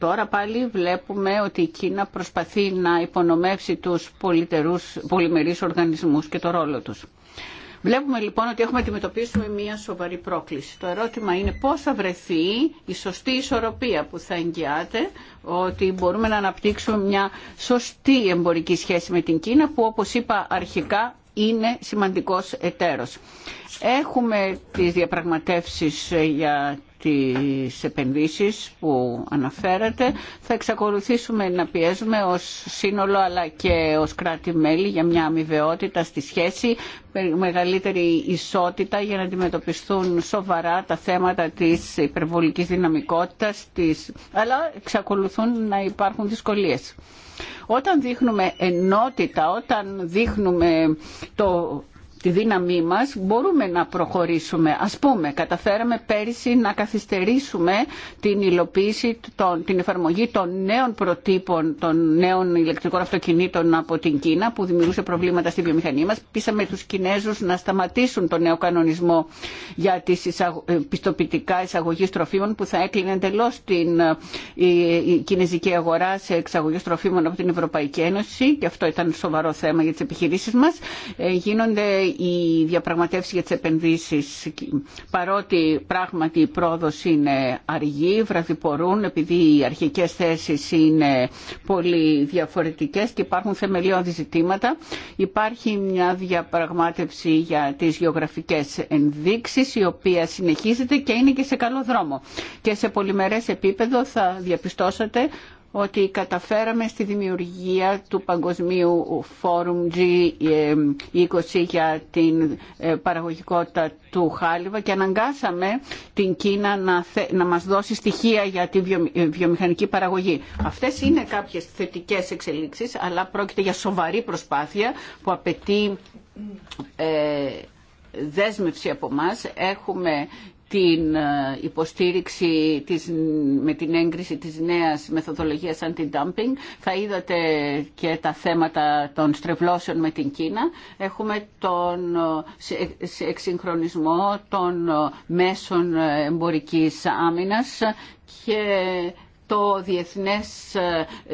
Τώρα πάλι βλέπουμε ότι η Κίνα προσπαθεί να υπονομεύσει τους πολυτερούς, πολυμερείς οργανισμούς και το ρόλο τους. Βλέπουμε λοιπόν ότι έχουμε αντιμετωπίσει μια σοβαρή πρόκληση. Το ερώτημα είναι πώς θα βρεθεί η σωστή ισορροπία που θα εγγυάται ότι μπορούμε να αναπτύξουμε μια σωστή εμπορική σχέση με την Κίνα που όπως είπα αρχικά είναι σημαντικός εταίρος. Έχουμε τις διαπραγματεύσεις για τις επενδύσεις που αναφέρατε. Θα εξακολουθήσουμε να πιέζουμε ως σύνολο αλλά και ως κράτη-μέλη για μια αμοιβαιότητα στη σχέση, μεγαλύτερη ισότητα για να αντιμετωπιστούν σοβαρά τα θέματα της υπερβολικής δυναμικότητας, της... αλλά εξακολουθούν να υπάρχουν δυσκολίες. Όταν δείχνουμε ενότητα, όταν δείχνουμε το τη δύναμή μας μπορούμε να προχωρήσουμε. Ας πούμε, καταφέραμε πέρυσι να καθυστερήσουμε την υλοποίηση, των, την εφαρμογή των νέων προτύπων των νέων ηλεκτρικών αυτοκινήτων από την Κίνα που δημιουργούσε προβλήματα στη βιομηχανία μας. Πείσαμε τους Κινέζους να σταματήσουν τον νέο κανονισμό για τις ε, πιστοποιητικά εισαγωγή τροφίμων που θα έκλεινε εντελώ την ε, η κινέζικη αγορά σε εξαγωγή τροφίμων από την Ευρωπαϊκή Ένωση και αυτό ήταν σοβαρό θέμα για τις επιχειρήσεις μας. Ε, γίνονται η διαπραγματεύση για τις επενδύσεις παρότι πράγματι η πρόοδος είναι αργή, πορούν επειδή οι αρχικές θέσεις είναι πολύ διαφορετικές και υπάρχουν θεμελιώδη ζητήματα. Υπάρχει μια διαπραγμάτευση για τις γεωγραφικές ενδείξεις η οποία συνεχίζεται και είναι και σε καλό δρόμο. Και σε πολυμερές επίπεδο θα διαπιστώσατε ότι καταφέραμε στη δημιουργία του Παγκοσμίου Φόρουμ G20 για την ε, παραγωγικότητα του Χάλιβα και αναγκάσαμε την Κίνα να, να μας δώσει στοιχεία για τη ε, βιομηχανική παραγωγή. Αυτές είναι κάποιες θετικές εξελίξεις, αλλά πρόκειται για σοβαρή προσπάθεια που απαιτεί ε, δέσμευση από μας. Έχουμε την ε, υποστήριξη με την έγκριση της νέας μεθοδολογίας anti-dumping. Θα είδατε και τα θέματα των στρεβλώσεων με την Κίνα. Έχουμε τον ε, εξυγχρονισμό των ε, μέσων εμπορικής άμυνας και το, διεθνές,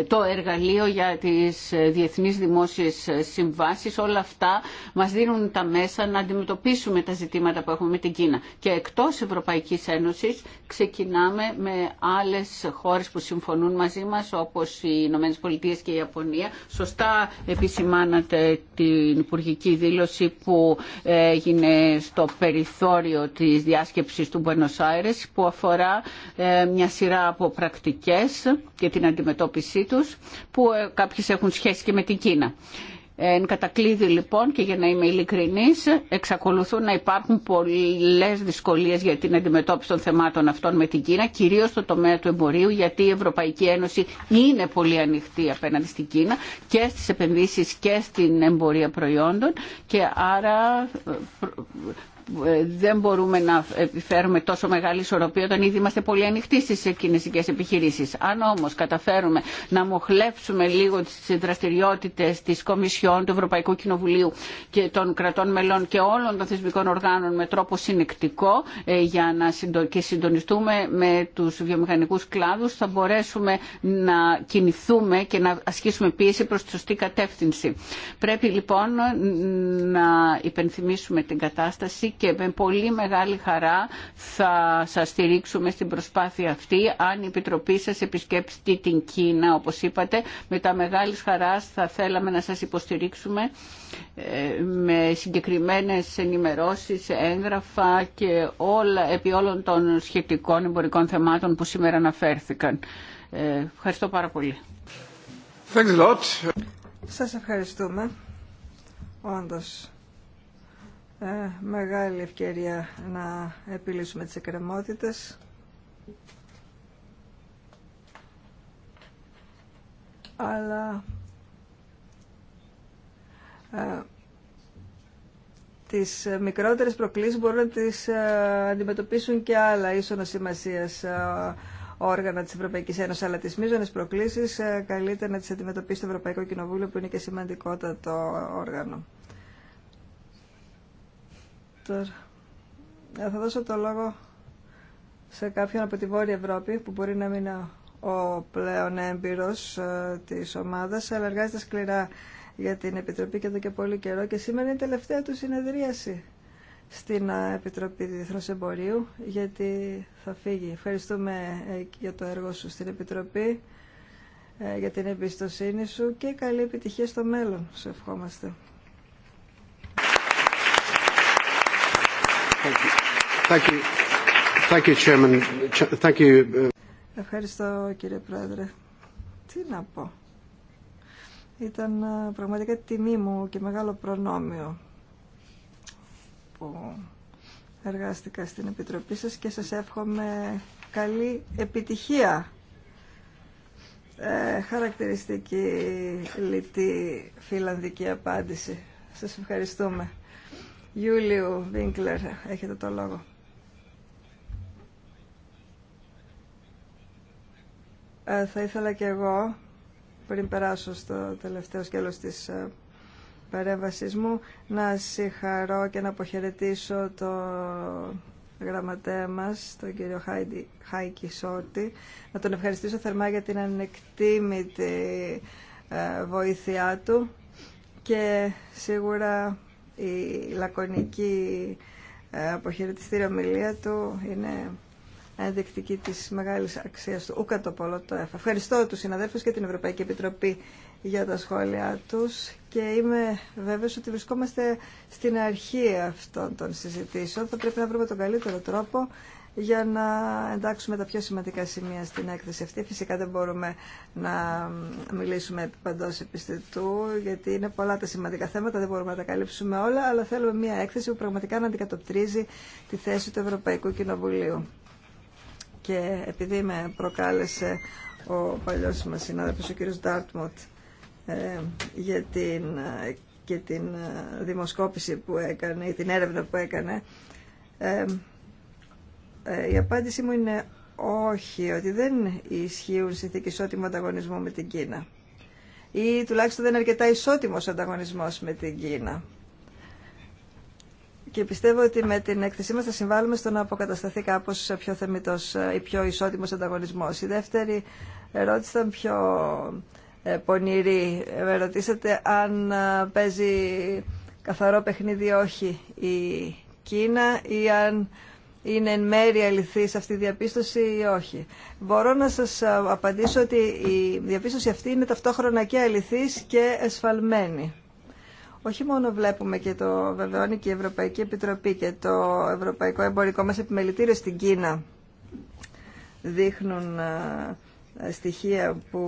το εργαλείο για τις διεθνείς δημόσιες συμβάσεις. Όλα αυτά μας δίνουν τα μέσα να αντιμετωπίσουμε τα ζητήματα που έχουμε με την Κίνα. Και εκτός Ευρωπαϊκής Ένωσης ξεκινάμε με άλλες χώρες που συμφωνούν μαζί μας όπως οι Ηνωμένες και η Ιαπωνία. Σωστά επισημάνατε την υπουργική δήλωση που έγινε στο περιθώριο της διάσκεψης του Buenos που αφορά ε, μια σειρά από πρακτικές πολιτικές και την αντιμετώπιση τους, που ε, κάποιες έχουν σχέση και με την Κίνα. Εν κατακλείδη λοιπόν και για να είμαι ειλικρινής εξακολουθούν να υπάρχουν πολλές δυσκολίες για την αντιμετώπιση των θεμάτων αυτών με την Κίνα κυρίως στο τομέα του εμπορίου γιατί η Ευρωπαϊκή Ένωση είναι πολύ ανοιχτή απέναντι στην Κίνα και στις επενδύσεις και στην εμπορία προϊόντων και άρα ε, ε, δεν μπορούμε να επιφέρουμε τόσο μεγάλη ισορροπία όταν ήδη είμαστε πολύ ανοιχτοί στις κινέζικες επιχειρήσεις. Αν όμως καταφέρουμε να μοχλέψουμε λίγο τις δραστηριότητες της Κομισιόν, του Ευρωπαϊκού Κοινοβουλίου και των κρατών μελών και όλων των θεσμικών οργάνων με τρόπο συνεκτικό ε, για να και συντονιστούμε με τους βιομηχανικούς κλάδους θα μπορέσουμε να κινηθούμε και να ασκήσουμε πίεση προς τη σωστή κατεύθυνση. Πρέπει λοιπόν να υπενθυμίσουμε την κατάσταση και με πολύ μεγάλη χαρά θα σας στηρίξουμε στην προσπάθεια αυτή. Αν η Επιτροπή σας επισκέψει την Κίνα, όπως είπατε, με τα μεγάλης χαράς θα θέλαμε να σας υποστηρίξουμε ε, με συγκεκριμένες ενημερώσεις, έγγραφα και όλα επί όλων των σχετικών εμπορικών θεμάτων που σήμερα αναφέρθηκαν. Ε, ευχαριστώ πάρα πολύ. Thanks ευχαριστούμε. Όντως, ε, μεγάλη ευκαιρία να επιλύσουμε τις εκκρεμότητες. Αλλά ε, τις μικρότερες προκλήσεις μπορούν να τις ε, αντιμετωπίσουν και άλλα ίσονα σημασίας ε, όργανα της Ευρωπαϊκής Ένωσης, αλλά τις μείζονες προκλήσεις καλύτερα να τις αντιμετωπίσει το Ευρωπαϊκό Κοινοβούλιο που είναι και σημαντικότατο όργανο. Τώρα ε, θα δώσω το λόγο σε κάποιον από τη Βόρεια Ευρώπη που μπορεί να μην ο πλέον έμπειρος ε, της ομάδας αλλά εργάζεται σκληρά για την Επιτροπή και εδώ και πολύ καιρό και σήμερα είναι η τελευταία του συνεδρίαση στην ε, Επιτροπή Διεθνούς Εμπορίου γιατί θα φύγει. Ευχαριστούμε για το έργο σου στην Επιτροπή για την εμπιστοσύνη σου και καλή επιτυχία στο μέλλον. Σε ευχόμαστε. Uh, Ευχαριστώ κύριε Πρόεδρε. Τι να πω. Ήταν ε, πραγματικά τιμή μου και μεγάλο προνόμιο που εργάστηκα στην Επιτροπή σας και σας εύχομαι καλή επιτυχία. Ε, χαρακτηριστική λιτή φιλανδική απάντηση. Σας ευχαριστούμε. Γιούλιου Βίνκλερ, έχετε το λόγο. Ε, θα ήθελα και εγώ, πριν περάσω στο τελευταίο σκέλος της ε, παρέμβασής μου, να συγχαρώ και να αποχαιρετήσω το γραμματέα μας, τον κύριο Χάιντι, Χάικη Σότη, να τον ευχαριστήσω θερμά για την ανεκτήμητη ε, βοήθειά του και σίγουρα η λακωνική αποχαιρετιστήρια ομιλία του είναι ενδεικτική τη μεγάλη αξία του ούκα το εφα. Ευχαριστώ του συναδέλφου και την Ευρωπαϊκή Επιτροπή για τα σχόλιά του και είμαι βέβαιο ότι βρισκόμαστε στην αρχή αυτών των συζητήσεων. Θα πρέπει να βρούμε τον καλύτερο τρόπο για να εντάξουμε τα πιο σημαντικά σημεία στην έκθεση αυτή. Φυσικά δεν μπορούμε να μιλήσουμε επί παντός επιστητού, γιατί είναι πολλά τα σημαντικά θέματα, δεν μπορούμε να τα καλύψουμε όλα, αλλά θέλουμε μια έκθεση που πραγματικά να αντικατοπτρίζει τη θέση του Ευρωπαϊκού Κοινοβουλίου και επειδή με προκάλεσε ο παλιός μας συνάδελφος ο κύριος Ντάρτμοντ ε, για την, ε, και την ε, δημοσκόπηση που έκανε ή την έρευνα που έκανε η απάντησή μου είναι όχι, ότι δεν ισχύουν συνθήκες ισότιμου ανταγωνισμού με την Κίνα ή τουλάχιστον δεν είναι αρκετά ισότιμος ανταγωνισμός με την Κίνα και πιστεύω ότι με την έκθεσή μας θα συμβάλλουμε στο να αποκατασταθεί θεμετώ ή πιο θεμητό ή πιο ισότιμο ανταγωνισμό. Η δεύτερη ερώτηση ήταν πιο ε, πονηρή. Με ρωτήσατε αν ε, παίζει καθαρό παιχνίδι ή όχι η Κίνα ή αν παιζει καθαρο παιχνιδι οχι η κινα η αν ειναι εν μέρει αληθή αυτή η διαπίστωση ή όχι. Μπορώ να σας ε, απαντήσω ότι η διαπίστωση αυτή είναι ταυτόχρονα και αληθής και εσφαλμένη όχι μόνο βλέπουμε και το βεβαιώνει και η Ευρωπαϊκή Επιτροπή και το Ευρωπαϊκό Εμπορικό μας Επιμελητήριο στην Κίνα δείχνουν στοιχεία που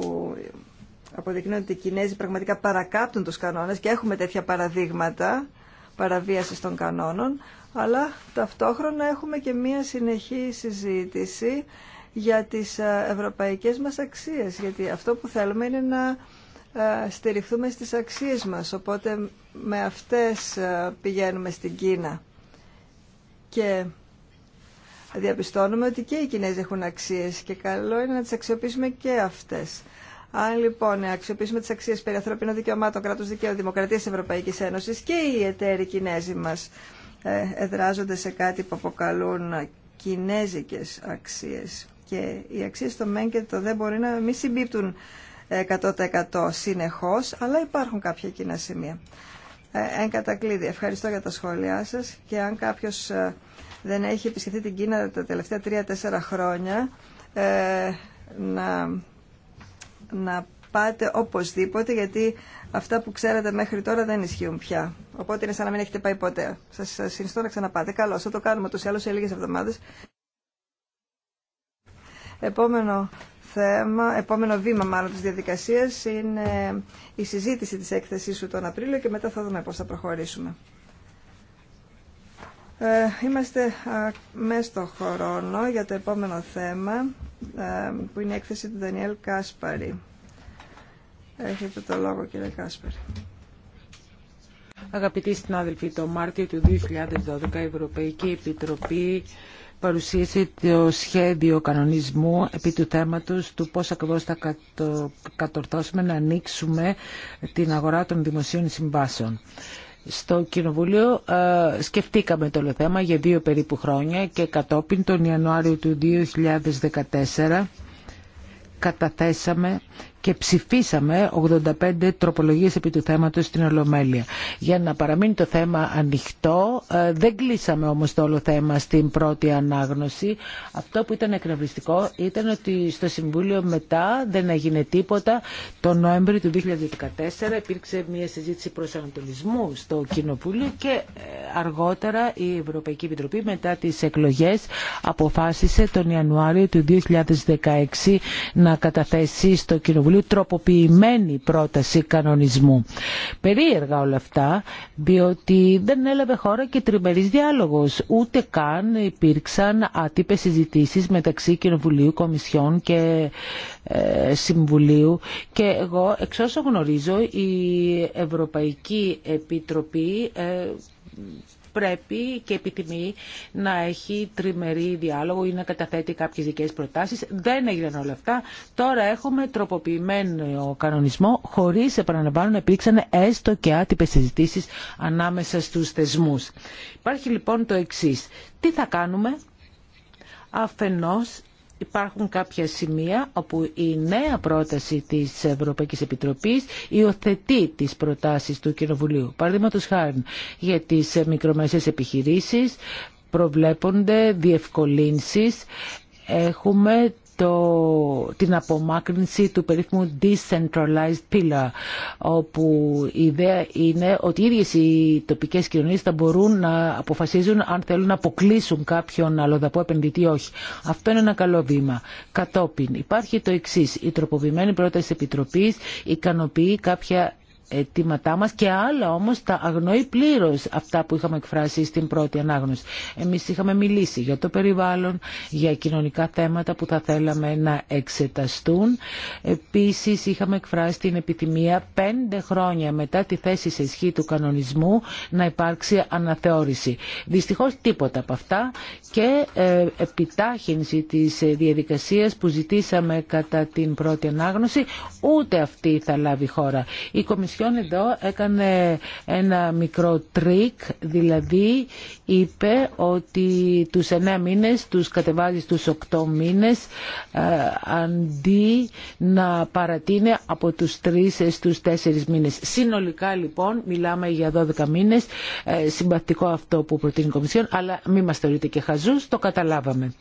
αποδεικνύουν ότι οι Κινέζοι πραγματικά παρακάπτουν τους κανόνες και έχουμε τέτοια παραδείγματα παραβίασης των κανόνων, αλλά ταυτόχρονα έχουμε και μία συνεχή συζήτηση για τις ευρωπαϊκές μας αξίες, γιατί αυτό που θέλουμε είναι να ε, στηριχθούμε στις αξίες μας, οπότε με αυτές ε, πηγαίνουμε στην Κίνα. Και διαπιστώνουμε ότι και οι Κινέζοι έχουν αξίες και καλό είναι να τις αξιοποιήσουμε και αυτές. Αν λοιπόν αξιοποιήσουμε τις αξίες περί ανθρωπίνων δικαιωμάτων, κράτους δικαίου, δημοκρατίας Ευρωπαϊκής Ένωσης και οι εταίροι Κινέζοι μας ε, εδράζονται σε κάτι που αποκαλούν κινέζικες αξίες. Και οι αξίες στο ΜΕΝ και το δεν μπορεί να μην συμπίπτουν 100% συνεχώς, αλλά υπάρχουν κάποια κοινά σημεία. Ε, εν κατακλείδη, ευχαριστώ για τα σχόλιά σας και αν κάποιος ε, δεν έχει επισκεφθεί την Κίνα τα τελευταία 3-4 χρόνια, ε, να, να πάτε οπωσδήποτε, γιατί αυτά που ξέρατε μέχρι τώρα δεν ισχύουν πια. Οπότε είναι σαν να μην έχετε πάει ποτέ. Σας συνιστώ να ξαναπάτε. Καλώ, θα το κάνουμε τόσο άλλο σε λίγες εβδομάδες. Επόμενο θέμα, επόμενο βήμα μάλλον της διαδικασίας είναι η συζήτηση της έκθεσής σου τον Απρίλιο και μετά θα δούμε πώς θα προχωρήσουμε. Ε, είμαστε μέσα στο χρόνο για το επόμενο θέμα ε, που είναι η έκθεση του Δανιέλ Κάσπαρη. Έχετε το λόγο κύριε Κάσπαρη. Αγαπητοί συνάδελφοι, το Μάρτιο του 2012 η Ευρωπαϊκή Επιτροπή παρουσίασε το σχέδιο κανονισμού επί του θέματος του πώς ακριβώς θα κατορθώσουμε να ανοίξουμε την αγορά των δημοσίων συμβάσεων. Στο Κοινοβούλιο ε, σκεφτήκαμε το θέμα για δύο περίπου χρόνια και κατόπιν τον Ιανουάριο του 2014 καταθέσαμε και ψηφίσαμε 85 τροπολογίες επί του θέματος στην Ολομέλεια. Για να παραμείνει το θέμα ανοιχτό, ε, δεν κλείσαμε όμως το όλο θέμα στην πρώτη ανάγνωση. Αυτό που ήταν εκνευριστικό ήταν ότι στο Συμβούλιο μετά δεν έγινε τίποτα. Το Νοέμβριο του 2014 υπήρξε μια συζήτηση προσανατολισμού στο Κοινοβούλιο και ε, αργότερα η Ευρωπαϊκή Επιτροπή μετά τις εκλογές αποφάσισε τον Ιανουάριο του 2016 να καταθέσει στο Κοινοβούλιο πολύ τροποποιημένη πρόταση κανονισμού. Περίεργα όλα αυτά, διότι δεν έλαβε χώρα και τριμερή διάλογος. Ούτε καν υπήρξαν άτυπες συζητήσεις μεταξύ Κοινοβουλίου, Κομισιών και ε, Συμβουλίου και εγώ εξ γνωρίζω η Ευρωπαϊκή Επιτροπή ε, πρέπει και επιθυμεί να έχει τριμερή διάλογο ή να καταθέτει κάποιες δικές προτάσεις. Δεν έγιναν όλα αυτά. Τώρα έχουμε τροποποιημένο κανονισμό χωρίς, επαναλαμβάνω, να υπήρξαν έστω και άτυπες συζητήσεις ανάμεσα στους θεσμούς. Υπάρχει λοιπόν το εξής. Τι θα κάνουμε αφενός υπάρχουν κάποια σημεία όπου η νέα πρόταση της Ευρωπαϊκής Επιτροπής υιοθετεί τις προτάσεις του Κοινοβουλίου. Παραδείγματος χάρη για τις μικρομεσαίες επιχειρήσεις προβλέπονται διευκολύνσεις έχουμε το, την απομάκρυνση του περίφημου decentralized pillar, όπου η ιδέα είναι ότι οι ίδιες οι τοπικές κοινωνίες θα μπορούν να αποφασίζουν αν θέλουν να αποκλείσουν κάποιον αλλοδαπό επενδυτή ή όχι. Αυτό είναι ένα καλό βήμα. Κατόπιν υπάρχει το εξή. Η τροποποιημένη πρόταση υπαρχει το εξης ικανοποιεί κάποια αιτήματά μας και άλλα όμως τα αγνοεί πλήρως αυτά που είχαμε εκφράσει στην πρώτη ανάγνωση. Εμείς είχαμε μιλήσει για το περιβάλλον, για κοινωνικά θέματα που θα θέλαμε να εξεταστούν. Επίσης είχαμε εκφράσει την επιθυμία πέντε χρόνια μετά τη θέση σε ισχύ του κανονισμού να υπάρξει αναθεώρηση. Δυστυχώς τίποτα από αυτά και ε, επιτάχυνση της διαδικασίας που ζητήσαμε κατά την πρώτη ανάγνωση ούτε αυτή θα λάβει χώρα. Ποιον εδώ έκανε ένα μικρό τρίκ, δηλαδή είπε ότι τους εννέα μήνες τους κατεβάζει στους οκτώ μήνες ε, αντί να παρατείνει από τους 3 στους 4 μήνες. Συνολικά λοιπόν μιλάμε για 12 μήνες, ε, συμπαθητικό αυτό που προτείνει η Κομισιόν, αλλά μη μας θεωρείτε και χαζούς, το καταλάβαμε.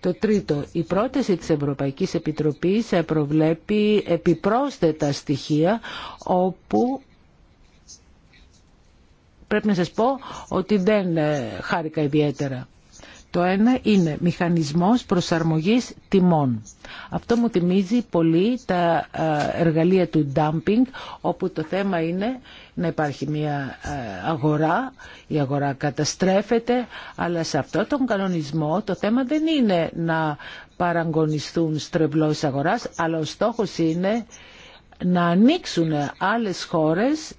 Το τρίτο, η πρόταση της Ευρωπαϊκής Επιτροπής ε, προβλέπει επιπρόσθετα στοιχεία όπου πρέπει να σας πω ότι δεν ε, χάρηκα ιδιαίτερα. Το ένα είναι μηχανισμός προσαρμογής τιμών. Αυτό μου θυμίζει πολύ τα ε, εργαλεία του dumping, όπου το θέμα είναι να υπάρχει μια ε, αγορά, η αγορά καταστρέφεται, αλλά σε αυτό τον κανονισμό το θέμα δεν είναι να παραγωνιστούν στρεβλώσεις αγοράς, αλλά ο στόχος είναι να ανοίξουν άλλες χώρες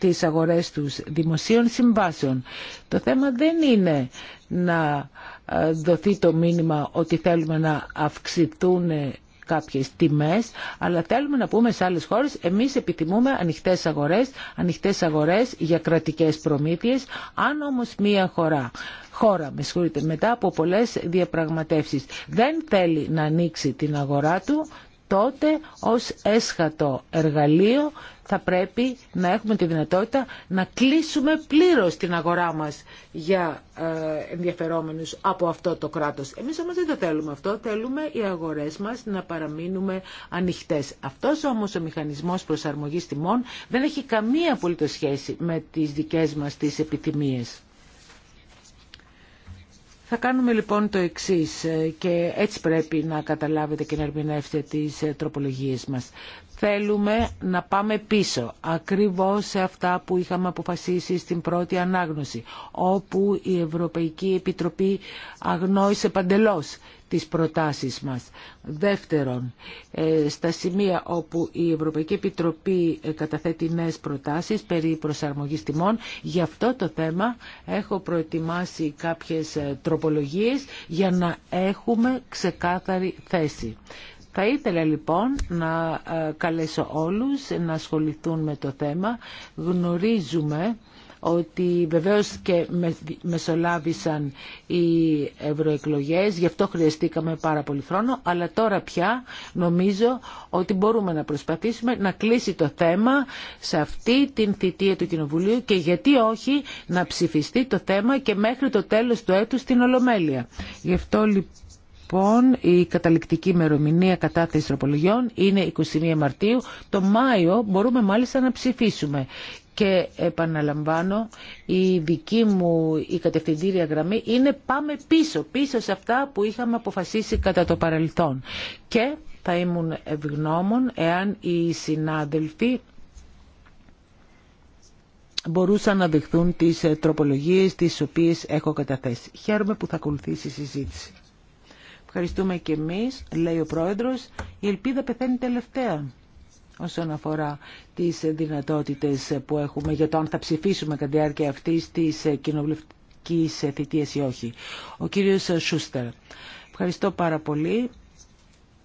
τις αγορές τους δημοσίων συμβάσεων. Το θέμα δεν είναι να ε, δοθεί το μήνυμα ότι θέλουμε να αυξηθούν κάποιες τιμές, αλλά θέλουμε να πούμε σε άλλες χώρες, εμείς επιθυμούμε ανοιχτές αγορές, ανοιχτές αγορές για κρατικές προμήθειες, αν όμως μία χώρα χώρα, με συγχωρείτε, μετά από πολλές διαπραγματεύσεις δεν θέλει να ανοίξει την αγορά του, τότε ως έσχατο εργαλείο θα πρέπει να έχουμε τη δυνατότητα να κλείσουμε πλήρως την αγορά μας για ε, ενδιαφερόμενους από αυτό το κράτος. Εμείς όμως δεν το θέλουμε αυτό, θέλουμε οι αγορές μας να παραμείνουμε ανοιχτές. Αυτός όμως ο μηχανισμός προσαρμογής τιμών δεν έχει καμία απολύτω σχέση με τις δικές μας τις επιθυμίες. Θα κάνουμε λοιπόν το εξή ε, και έτσι πρέπει να καταλάβετε και να ερμηνεύσετε τις ε, τροπολογίες μας θέλουμε να πάμε πίσω ακριβώς σε αυτά που είχαμε αποφασίσει στην πρώτη ανάγνωση όπου η Ευρωπαϊκή Επιτροπή αγνόησε παντελώς τις προτάσεις μας. Δεύτερον, ε, στα σημεία όπου η Ευρωπαϊκή Επιτροπή ε, καταθέτει νέες προτάσεις περί προσαρμογής τιμών, γι' αυτό το θέμα έχω προετοιμάσει κάποιες ε, τροπολογίες για να έχουμε ξεκάθαρη θέση. Θα ήθελα λοιπόν να ε, καλέσω όλους να ασχοληθούν με το θέμα. Γνωρίζουμε ότι βεβαίως και μεσολάβησαν οι ευρωεκλογές, γι' αυτό χρειαστήκαμε πάρα πολύ χρόνο, αλλά τώρα πια νομίζω ότι μπορούμε να προσπαθήσουμε να κλείσει το θέμα σε αυτή την θητεία του Κοινοβουλίου και γιατί όχι να ψηφιστεί το θέμα και μέχρι το τέλος του έτους στην Ολομέλεια. Λοιπόν, λοιπόν η καταληκτική ημερομηνία κατάθεση τροπολογιών είναι 21 Μαρτίου. Το Μάιο μπορούμε μάλιστα να ψηφίσουμε. Και επαναλαμβάνω, η δική μου η κατευθυντήρια γραμμή είναι πάμε πίσω, πίσω σε αυτά που είχαμε αποφασίσει κατά το παρελθόν. Και θα ήμουν ευγνώμων εάν οι συνάδελφοι μπορούσαν να δεχθούν τις τροπολογίες τις οποίες έχω καταθέσει. Χαίρομαι που θα ακολουθήσει η συζήτηση. Ευχαριστούμε και εμείς, λέει ο Πρόεδρος. Η ελπίδα πεθαίνει τελευταία όσον αφορά τις δυνατότητες που έχουμε για το αν θα ψηφίσουμε κατά τη διάρκεια αυτής της κοινοβουλευτικής θητείας ή όχι. Ο κύριος Σούστερ. Ευχαριστώ πάρα πολύ.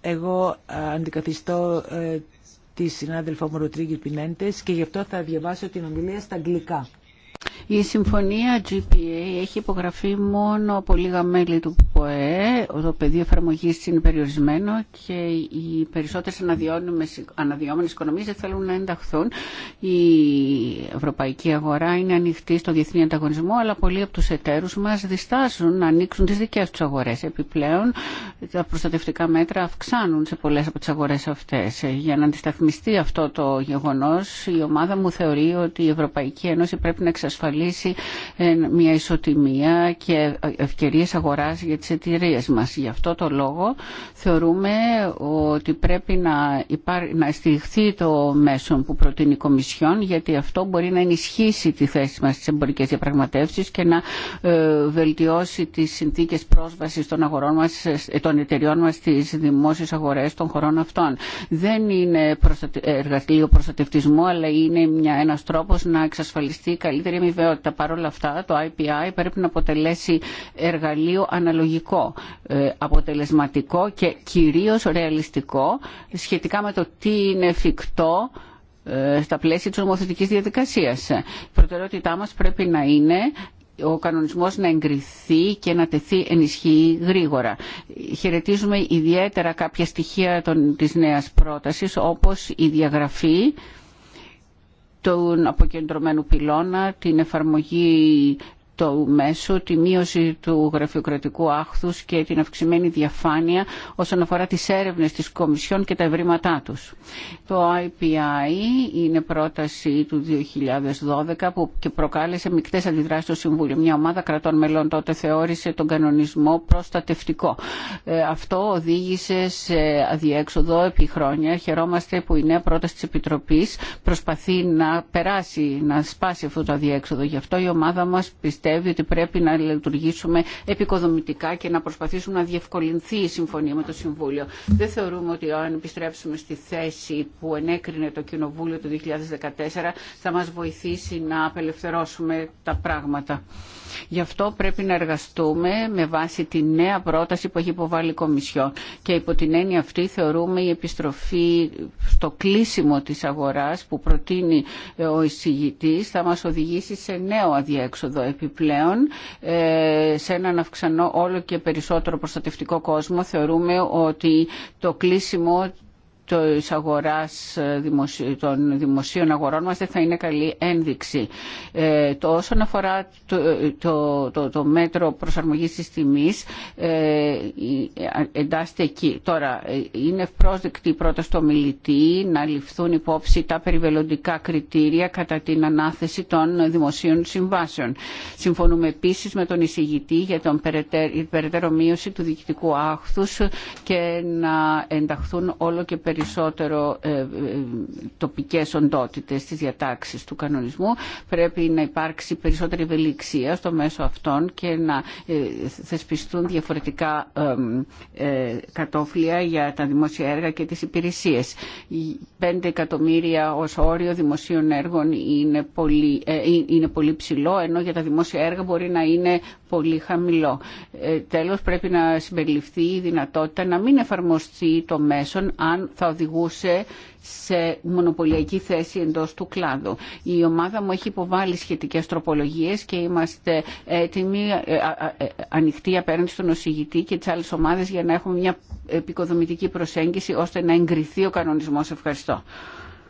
Εγώ αντικαθιστώ ε, τη συνάδελφα μου Ροτρίγκη Πινέντες και γι' αυτό θα διαβάσω την ομιλία στα αγγλικά. Η συμφωνία GPA έχει υπογραφεί μόνο από λίγα μέλη του ΠΟΕ. Το πεδίο εφαρμογή είναι περιορισμένο και οι περισσότερε αναδυόμενε οικονομίε δεν θέλουν να ενταχθούν. Η ευρωπαϊκή αγορά είναι ανοιχτή στο διεθνή ανταγωνισμό, αλλά πολλοί από του εταίρου μα διστάζουν να ανοίξουν τι δικέ του αγορέ. Επιπλέον, τα προστατευτικά μέτρα αυξάνουν σε πολλέ από τι αγορέ αυτέ. Για να αντισταθμιστεί αυτό το γεγονό, η ομάδα μου θεωρεί ότι η Ευρωπαϊκή Ένωση πρέπει να εξασφαλίσει ε, μια ισοτιμία και ευκαιρίες αγοράς για τις εταιρείε μας. Γι' αυτό το λόγο θεωρούμε ότι πρέπει να, υπά, στηριχθεί το μέσο που προτείνει η Κομισιόν γιατί αυτό μπορεί να ενισχύσει τη θέση μας στις εμπορικές διαπραγματεύσεις και να ε, βελτιώσει τις συνθήκες πρόσβασης των, αγορών μας, ε, των εταιριών μας στις δημόσιες αγορές των χωρών αυτών. Δεν είναι εργαλείο προστατευτισμού αλλά είναι μια, ένας τρόπος να εξασφαλιστεί καλύτερη Παρ' όλα αυτά το IPI πρέπει να αποτελέσει εργαλείο αναλογικό, ε, αποτελεσματικό και κυρίως ρεαλιστικό σχετικά με το τι είναι εφικτό ε, στα πλαίσια της νομοθετικής διαδικασίας. Η προτεραιότητά μας πρέπει να είναι ο κανονισμός να εγκριθεί και να τεθεί ενισχύει γρήγορα. Χαιρετίζουμε ιδιαίτερα κάποια στοιχεία των, της νέας πρότασης όπως η διαγραφή τον αποκεντρωμένου πυλώνα, την εφαρμογή το μέσο τη μείωση του γραφειοκρατικού άχθους και την αυξημένη διαφάνεια όσον αφορά τις έρευνες της Κομισιόν και τα ευρήματά τους. Το IPI είναι πρόταση του 2012 που προκάλεσε μικτές αντιδράσεις στο Συμβούλιο. Μια ομάδα κρατών μελών τότε θεώρησε τον κανονισμό προστατευτικό. Ε, αυτό οδήγησε σε αδιέξοδο επί χρόνια. Χαιρόμαστε που η νέα πρόταση της Επιτροπής προσπαθεί να περάσει, να σπάσει αυτό το αδιέξοδο. Γι' αυτό η ομάδα μας πιστεύει πιστεύει ότι πρέπει να λειτουργήσουμε επικοδομητικά και να προσπαθήσουμε να διευκολυνθεί η συμφωνία με το Συμβούλιο. Δεν θεωρούμε ότι αν επιστρέψουμε στη θέση που ενέκρινε το Κοινοβούλιο το 2014 θα μας βοηθήσει να απελευθερώσουμε τα πράγματα. Γι' αυτό πρέπει να εργαστούμε με βάση τη νέα πρόταση που έχει υποβάλει η Κομισιόν. Και υπό την έννοια αυτή θεωρούμε η επιστροφή στο κλείσιμο της αγοράς που προτείνει ο εισηγητής θα μας οδηγήσει σε νέο αδιέξοδο πλέον. Ε, σε έναν αυξανό όλο και περισσότερο προστατευτικό κόσμο θεωρούμε ότι το κλείσιμο αγοράς των δημοσίων αγορών μας δεν θα είναι καλή ένδειξη. Ε, το όσον αφορά το, το, μέτρο προσαρμογής της τιμής ε, ε, εντάσσεται εκεί. Τώρα είναι ευπρόσδεκτη πρώτα στο μιλητή να ληφθούν υπόψη τα περιβαλλοντικά κριτήρια κατά την ανάθεση των δημοσίων συμβάσεων. Συμφωνούμε επίσης με τον εισηγητή για τον περαιτέρω μείωση του διοικητικού άχθους και να ενταχθούν όλο και περισσότερο περισσότερο ε, ε, τοπικές οντότητες στις διατάξεις του κανονισμού. Πρέπει να υπάρξει περισσότερη ευελιξία στο μέσο αυτών και να ε, θεσπιστούν διαφορετικά κατόφλια για τα δημόσια έργα και τις υπηρεσίες. 5 εκατομμύρια ως όριο δημοσίων έργων είναι πολύ, είναι πολύ ψηλό, ενώ για τα δημόσια έργα μπορεί να είναι πολύ χαμηλό. Τέλος, πρέπει να συμπεριληφθεί η δυνατότητα να μην εφαρμοστεί το μέσον αν θα οδηγούσε σε μονοπωλιακή θέση εντός του κλάδου. Η ομάδα μου έχει υποβάλει σχετικές τροπολογίες και είμαστε έτοιμοι, ε, ε, ε, ανοιχτοί απέναντι στον οσηγητή και τις άλλες ομάδες για να έχουμε μια επικοδομητική προσέγγιση ώστε να εγκριθεί ο κανονισμός. Ευχαριστώ.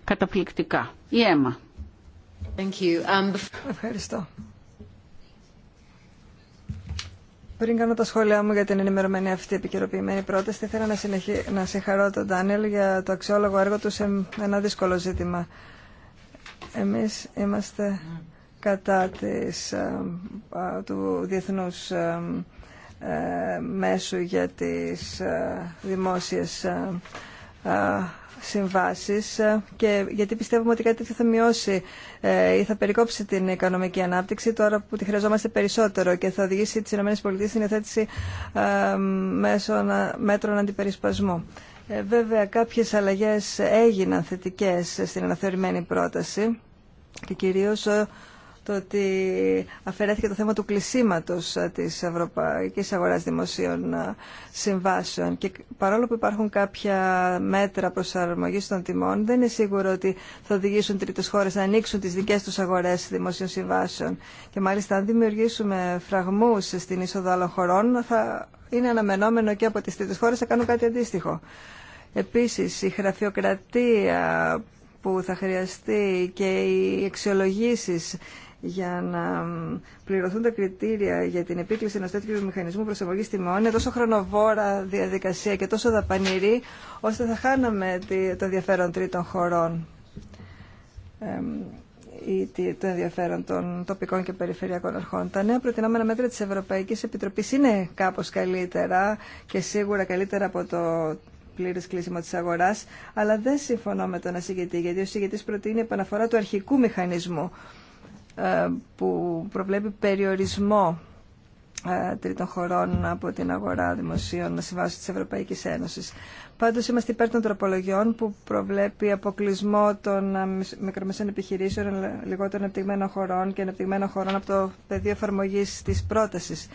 Καταπληκτικά. Η αίμα. Thank you. Um... Ευχαριστώ. Πριν κάνω τα σχόλιά μου για την ενημερωμένη αυτή επικαιροποιημένη πρόταση, ήθελα να, συνεχί... να συγχαρώ τον Ντάνιελ για το αξιόλογο έργο του σε ένα δύσκολο ζήτημα. Εμείς είμαστε κατά της, ε, του διεθνούς ε, ε, μέσου για τις δημόσιες συμβάσεις ε, και γιατί πιστεύουμε ότι κάτι θα μειώσει ε, ή θα περικόψει την οικονομική ανάπτυξη τώρα που τη χρειαζόμαστε περισσότερο και θα οδηγήσει τις ΗΠΑ στην υιοθέτηση ε, μέσων μέτρων αντιπερισπασμού. Βέβαια κάποιες αλλαγές έγιναν θετικές στην αναθεωρημένη πρόταση και κυρίως το ότι αφαιρέθηκε το θέμα του κλεισίματος ε, της Ευρωπαϊκής Αγοράς Δημοσίων ε, Συμβάσεων και παρόλο που υπάρχουν κάποια μέτρα προσαρμογής των τιμών δεν είναι σίγουρο ότι θα οδηγήσουν τρίτες χώρες να ανοίξουν τις δικές τους αγορές δημοσίων συμβάσεων και μάλιστα αν δημιουργήσουμε φραγμούς στην είσοδο άλλων χωρών θα είναι αναμενόμενο και από τις τρίτες χώρες να κάνουν κάτι αντίστοιχο. Επίσης, η γραφειοκρατία που θα χρειαστεί και οι εξιολογήσεις για να πληρωθούν τα κριτήρια για την επίκληση ενό τέτοιου μηχανισμού προσαρμογή τιμών είναι τόσο χρονοβόρα διαδικασία και τόσο δαπανηρή, ώστε θα χάναμε το ενδιαφέρον τρίτων χωρών ή το ενδιαφέρον των τοπικών και περιφερειακών αρχών. Τα νέα προτινόμενα μέτρα της Ευρωπαϊκής Επιτροπής είναι κάπως καλύτερα και σίγουρα καλύτερα από το πλήρε κλείσιμο τη αγορά, αλλά δεν συμφωνώ με τον ασυγητή γιατί ο εισηγητή προτείνει επαναφορά του αρχικού μηχανισμού ε, που προβλέπει περιορισμό ε, τρίτων χωρών από την αγορά δημοσίων συμβάσει της Ευρωπαϊκής Ένωσης. Πάντως είμαστε υπέρ των τροπολογιών που προβλέπει αποκλεισμό των ε, μικρομεσαίων επιχειρήσεων λιγότερων αναπτυγμένων χωρών και αναπτυγμένων χωρών από το πεδίο εφαρμογή της πρότασης.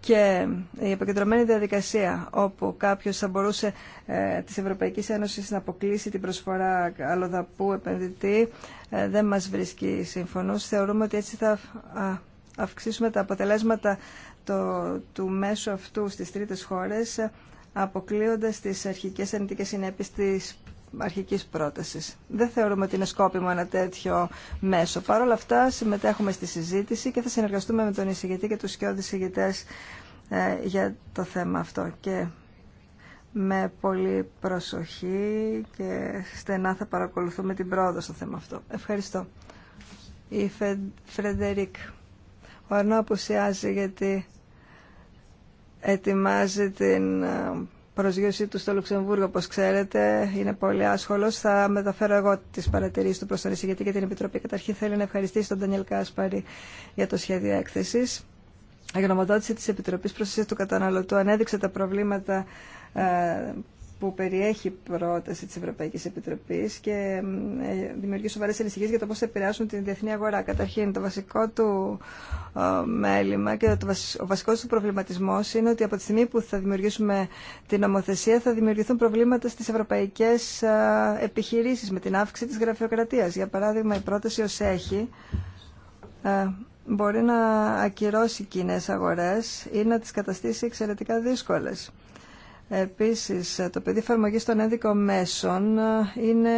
Και η επικεντρωμένη διαδικασία όπου κάποιος θα μπορούσε ε, της Ευρωπαϊκής Ένωσης να αποκλείσει την προσφορά αλλοδαπού επενδυτή ε, δεν μας βρίσκει σύμφωνος. Θεωρούμε ότι έτσι θα αυξήσουμε τα αποτελέσματα του μέσου αυτού στις τρίτες χώρες, αποκλείοντας τις αρχικές αρνητικές συνέπειες της αρχικής πρότασης. Δεν θεωρούμε ότι είναι σκόπιμο ένα τέτοιο μέσο. Παρ' όλα αυτά συμμετέχουμε στη συζήτηση και θα συνεργαστούμε με τον εισηγητή και τους σκιώδης εισηγητές ε, για το θέμα αυτό. Και με πολύ προσοχή και στενά θα παρακολουθούμε την πρόοδο στο θέμα αυτό. Ευχαριστώ. Η Φρεντερίκ. Ο Αρνό απουσιάζει γιατί ετοιμάζει την ε, προσγείωσή του στο Λουξεμβούργο, όπως ξέρετε. Είναι πολύ άσχολος. Θα μεταφέρω εγώ τις παρατηρήσεις του προς τον εισηγητή και την Επιτροπή. Καταρχήν θέλει να ευχαριστήσει τον Ντανιέλ Κάσπαρη για το σχέδιο έκθεσης. Η γνωμοδότηση της Επιτροπής Προστασίας του Καταναλωτού ανέδειξε τα προβλήματα ε, που περιέχει πρόταση τη Ευρωπαϊκή Επιτροπή και ε, δημιουργεί σοβαρέ ανησυχίε για το πώ θα επηρεάσουν την διεθνή αγορά. Καταρχήν, το βασικό του ε, μέλημα και ο βασικό του προβληματισμός είναι ότι από τη στιγμή που θα δημιουργήσουμε την νομοθεσία θα δημιουργηθούν προβλήματα στι ευρωπαϊκέ ε, επιχειρήσει, με την αύξηση τη γραφειοκρατίας. Για παράδειγμα, η πρόταση ω έχει μπορεί να ακυρώσει κοινέ αγορές ή να τις καταστήσει εξαιρετικά δύσκολες. Επίσης, το πεδίο εφαρμογή των ένδικων μέσων ε, είναι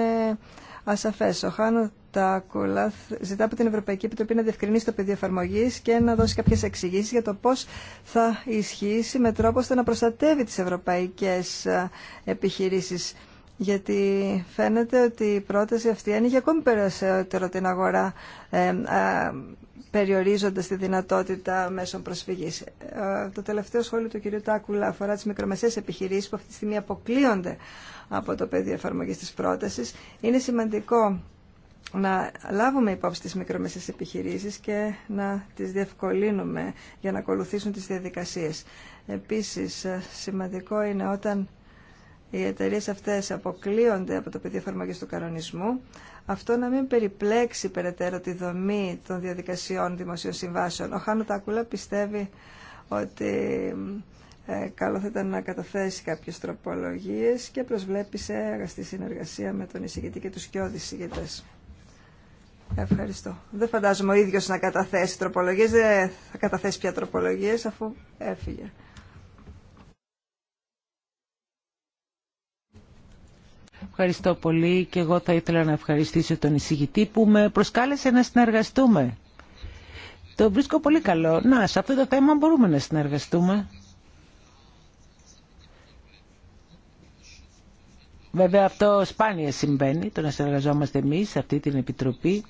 ασαφές. Ο Χάνο Τάκουλα ζητά από την Ευρωπαϊκή Επιτροπή να διευκρινίσει το παιδί εφαρμογή και να δώσει κάποιες εξηγήσεις για το πώς θα ισχύσει με τρόπο ώστε να προστατεύει τις ευρωπαϊκές ε, επιχειρήσεις. Γιατί φαίνεται ότι η πρόταση αυτή ανοίγει ακόμη περισσότερο την αγορά ε, περιορίζοντας τη δυνατότητα μέσων προσφυγής. Ε, το τελευταίο σχόλιο του κ. Τάκουλα αφορά τις μικρομεσαίες επιχειρήσεις που αυτή τη στιγμή αποκλείονται από το πεδίο εφαρμογής της πρότασης. Είναι σημαντικό να λάβουμε υπόψη τις μικρομεσαίες επιχειρήσεις και να τις διευκολύνουμε για να ακολουθήσουν τις διαδικασίες. Επίσης, ε, σημαντικό είναι όταν οι εταιρείε αυτές αποκλείονται από το πεδίο εφαρμογής του κανονισμού, αυτό να μην περιπλέξει περαιτέρω τη δομή των διαδικασιών δημοσίων συμβάσεων. Ο Χάνου Τάκουλα πιστεύει ότι ε, καλό θα ήταν να καταθέσει κάποιες τροπολογίες και προσβλέπει σε αγαστή συνεργασία με τον εισηγητή και τους κοιόδης εισηγητές. Ευχαριστώ. Δεν φαντάζομαι ο ίδιος να καταθέσει τροπολογίες, δεν θα καταθέσει πια τροπολογίες αφού έφυγε. Ευχαριστώ πολύ και εγώ θα ήθελα να ευχαριστήσω τον εισηγητή που με προσκάλεσε να συνεργαστούμε. Το βρίσκω πολύ καλό. Να, σε αυτό το θέμα μπορούμε να συνεργαστούμε. Βέβαια αυτό σπάνια συμβαίνει, το να συνεργαζόμαστε εμείς σε αυτή την Επιτροπή.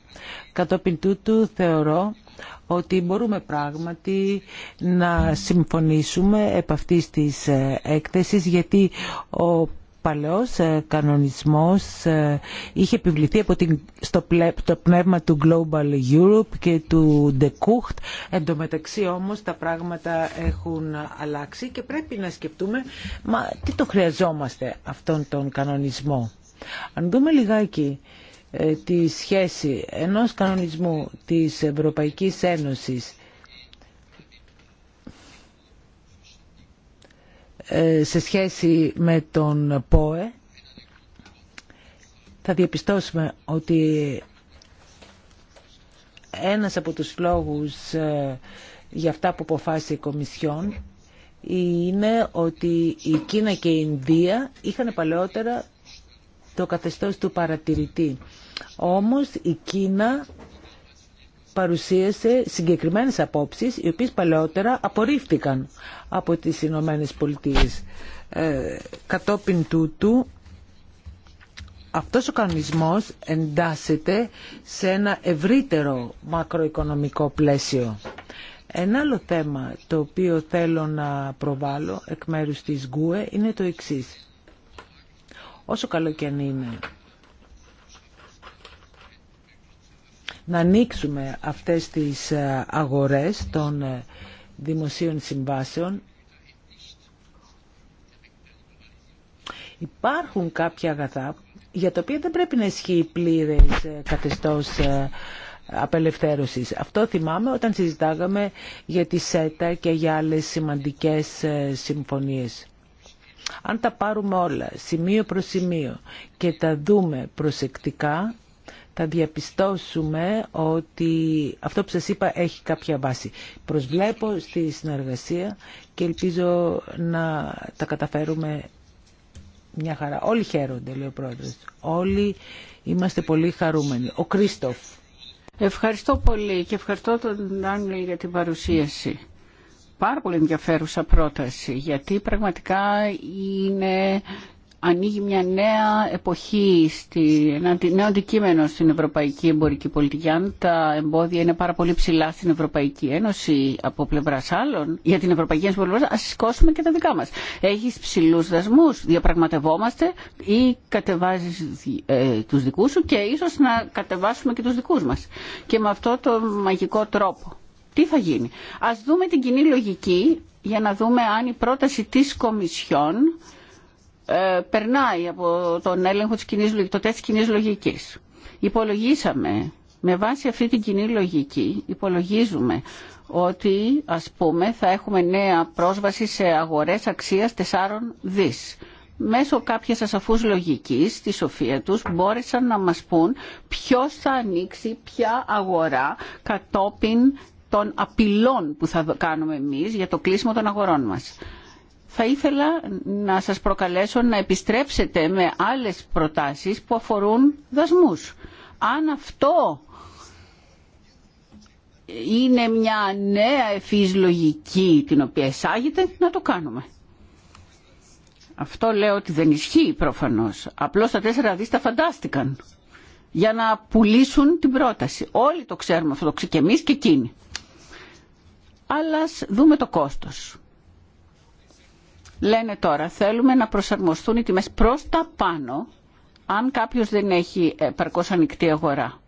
Κατόπιν τούτου θεωρώ ότι μπορούμε πράγματι να συμφωνήσουμε επ' αυτής της ε, έκθεσης γιατί ο παλαιός ε, κανονισμός ε, είχε επιβληθεί από την, στο, πνεύμα του Global Europe και του De Kucht. Εν όμως τα πράγματα έχουν αλλάξει και πρέπει να σκεφτούμε μα τι το χρειαζόμαστε αυτόν τον κανονισμό. Αν δούμε λιγάκι ε, τη σχέση ενός κανονισμού της Ευρωπαϊκής Ένωσης Ε, σε σχέση με τον ΠΟΕ θα διαπιστώσουμε ότι ένας από τους λόγους ε, για αυτά που αποφάσισε η Κομισιόν είναι ότι η Κίνα και η Ινδία είχαν παλαιότερα το καθεστώς του παρατηρητή. Όμως η Κίνα παρουσίασε συγκεκριμένες απόψεις οι οποίες παλαιότερα απορρίφθηκαν από τις Ηνωμένε Πολιτείε. Ε, κατόπιν τούτου αυτός ο κανονισμός εντάσσεται σε ένα ευρύτερο μακροοικονομικό πλαίσιο. Ένα άλλο θέμα το οποίο θέλω να προβάλλω εκ μέρους της ΓΚΟΕ είναι το εξής. Όσο καλό και αν είναι να ανοίξουμε αυτές τις ε, αγορές των ε, δημοσίων συμβάσεων. Υπάρχουν κάποια αγαθά για τα οποία δεν πρέπει να ισχύει πλήρες ε, κατεστώς απελευθέρωσης. Αυτό θυμάμαι όταν συζητάγαμε για τη ΣΕΤΑ και για άλλες σημαντικές συμφωνίες. Αν τα πάρουμε όλα σημείο προς σημείο και τα δούμε προσεκτικά, θα διαπιστώσουμε ότι αυτό που σας είπα έχει κάποια βάση. Προσβλέπω στη συνεργασία και ελπίζω να τα καταφέρουμε μια χαρά. Όλοι χαίρονται, λέει ο πρόεδρος. Όλοι είμαστε πολύ χαρούμενοι. Ο Κρίστοφ. Ευχαριστώ πολύ και ευχαριστώ τον Ντάνιλ για την παρουσίαση. Πάρα πολύ ενδιαφέρουσα πρόταση γιατί πραγματικά είναι ανοίγει μια νέα εποχή, στη, ένα νέο αντικείμενο στην ευρωπαϊκή εμπορική πολιτική. Αν τα εμπόδια είναι πάρα πολύ ψηλά στην Ευρωπαϊκή Ένωση από πλευρά άλλων, για την Ευρωπαϊκή Ένωση από πλευρά, α σηκώσουμε και τα δικά μα. Έχει ψηλού δασμού, διαπραγματευόμαστε ή κατεβάζει ε, του δικού σου και ίσω να κατεβάσουμε και του δικού μα. Και με αυτό το μαγικό τρόπο. Τι θα γίνει. Ας δούμε την κοινή λογική για να δούμε αν η πρόταση της Κομισιόν ε, περνάει από τον έλεγχο της κοινής λογικής, το Υπολογίσαμε, με βάση αυτή την κοινή λογική, υπολογίζουμε ότι ας πούμε θα έχουμε νέα πρόσβαση σε αγορές αξίας 4 δις. Μέσω κάποιας ασαφούς λογικής στη σοφία τους μπόρεσαν να μας πούν ποιος θα ανοίξει ποια αγορά κατόπιν των απειλών που θα κάνουμε εμείς για το κλείσιμο των αγορών μας θα ήθελα να σας προκαλέσω να επιστρέψετε με άλλες προτάσεις που αφορούν δασμούς. Αν αυτό είναι μια νέα ευφύς λογική την οποία εισάγεται, να το κάνουμε. Αυτό λέω ότι δεν ισχύει προφανώς. Απλώς τα τέσσερα δίστα φαντάστηκαν για να πουλήσουν την πρόταση. Όλοι το ξέρουμε αυτό, το και εμείς και εκείνοι. Αλλά δούμε το κόστος λένε τώρα θέλουμε να προσαρμοστούν οι τιμές προς τα πάνω αν κάποιος δεν έχει παρκώς ανοιχτή αγορά.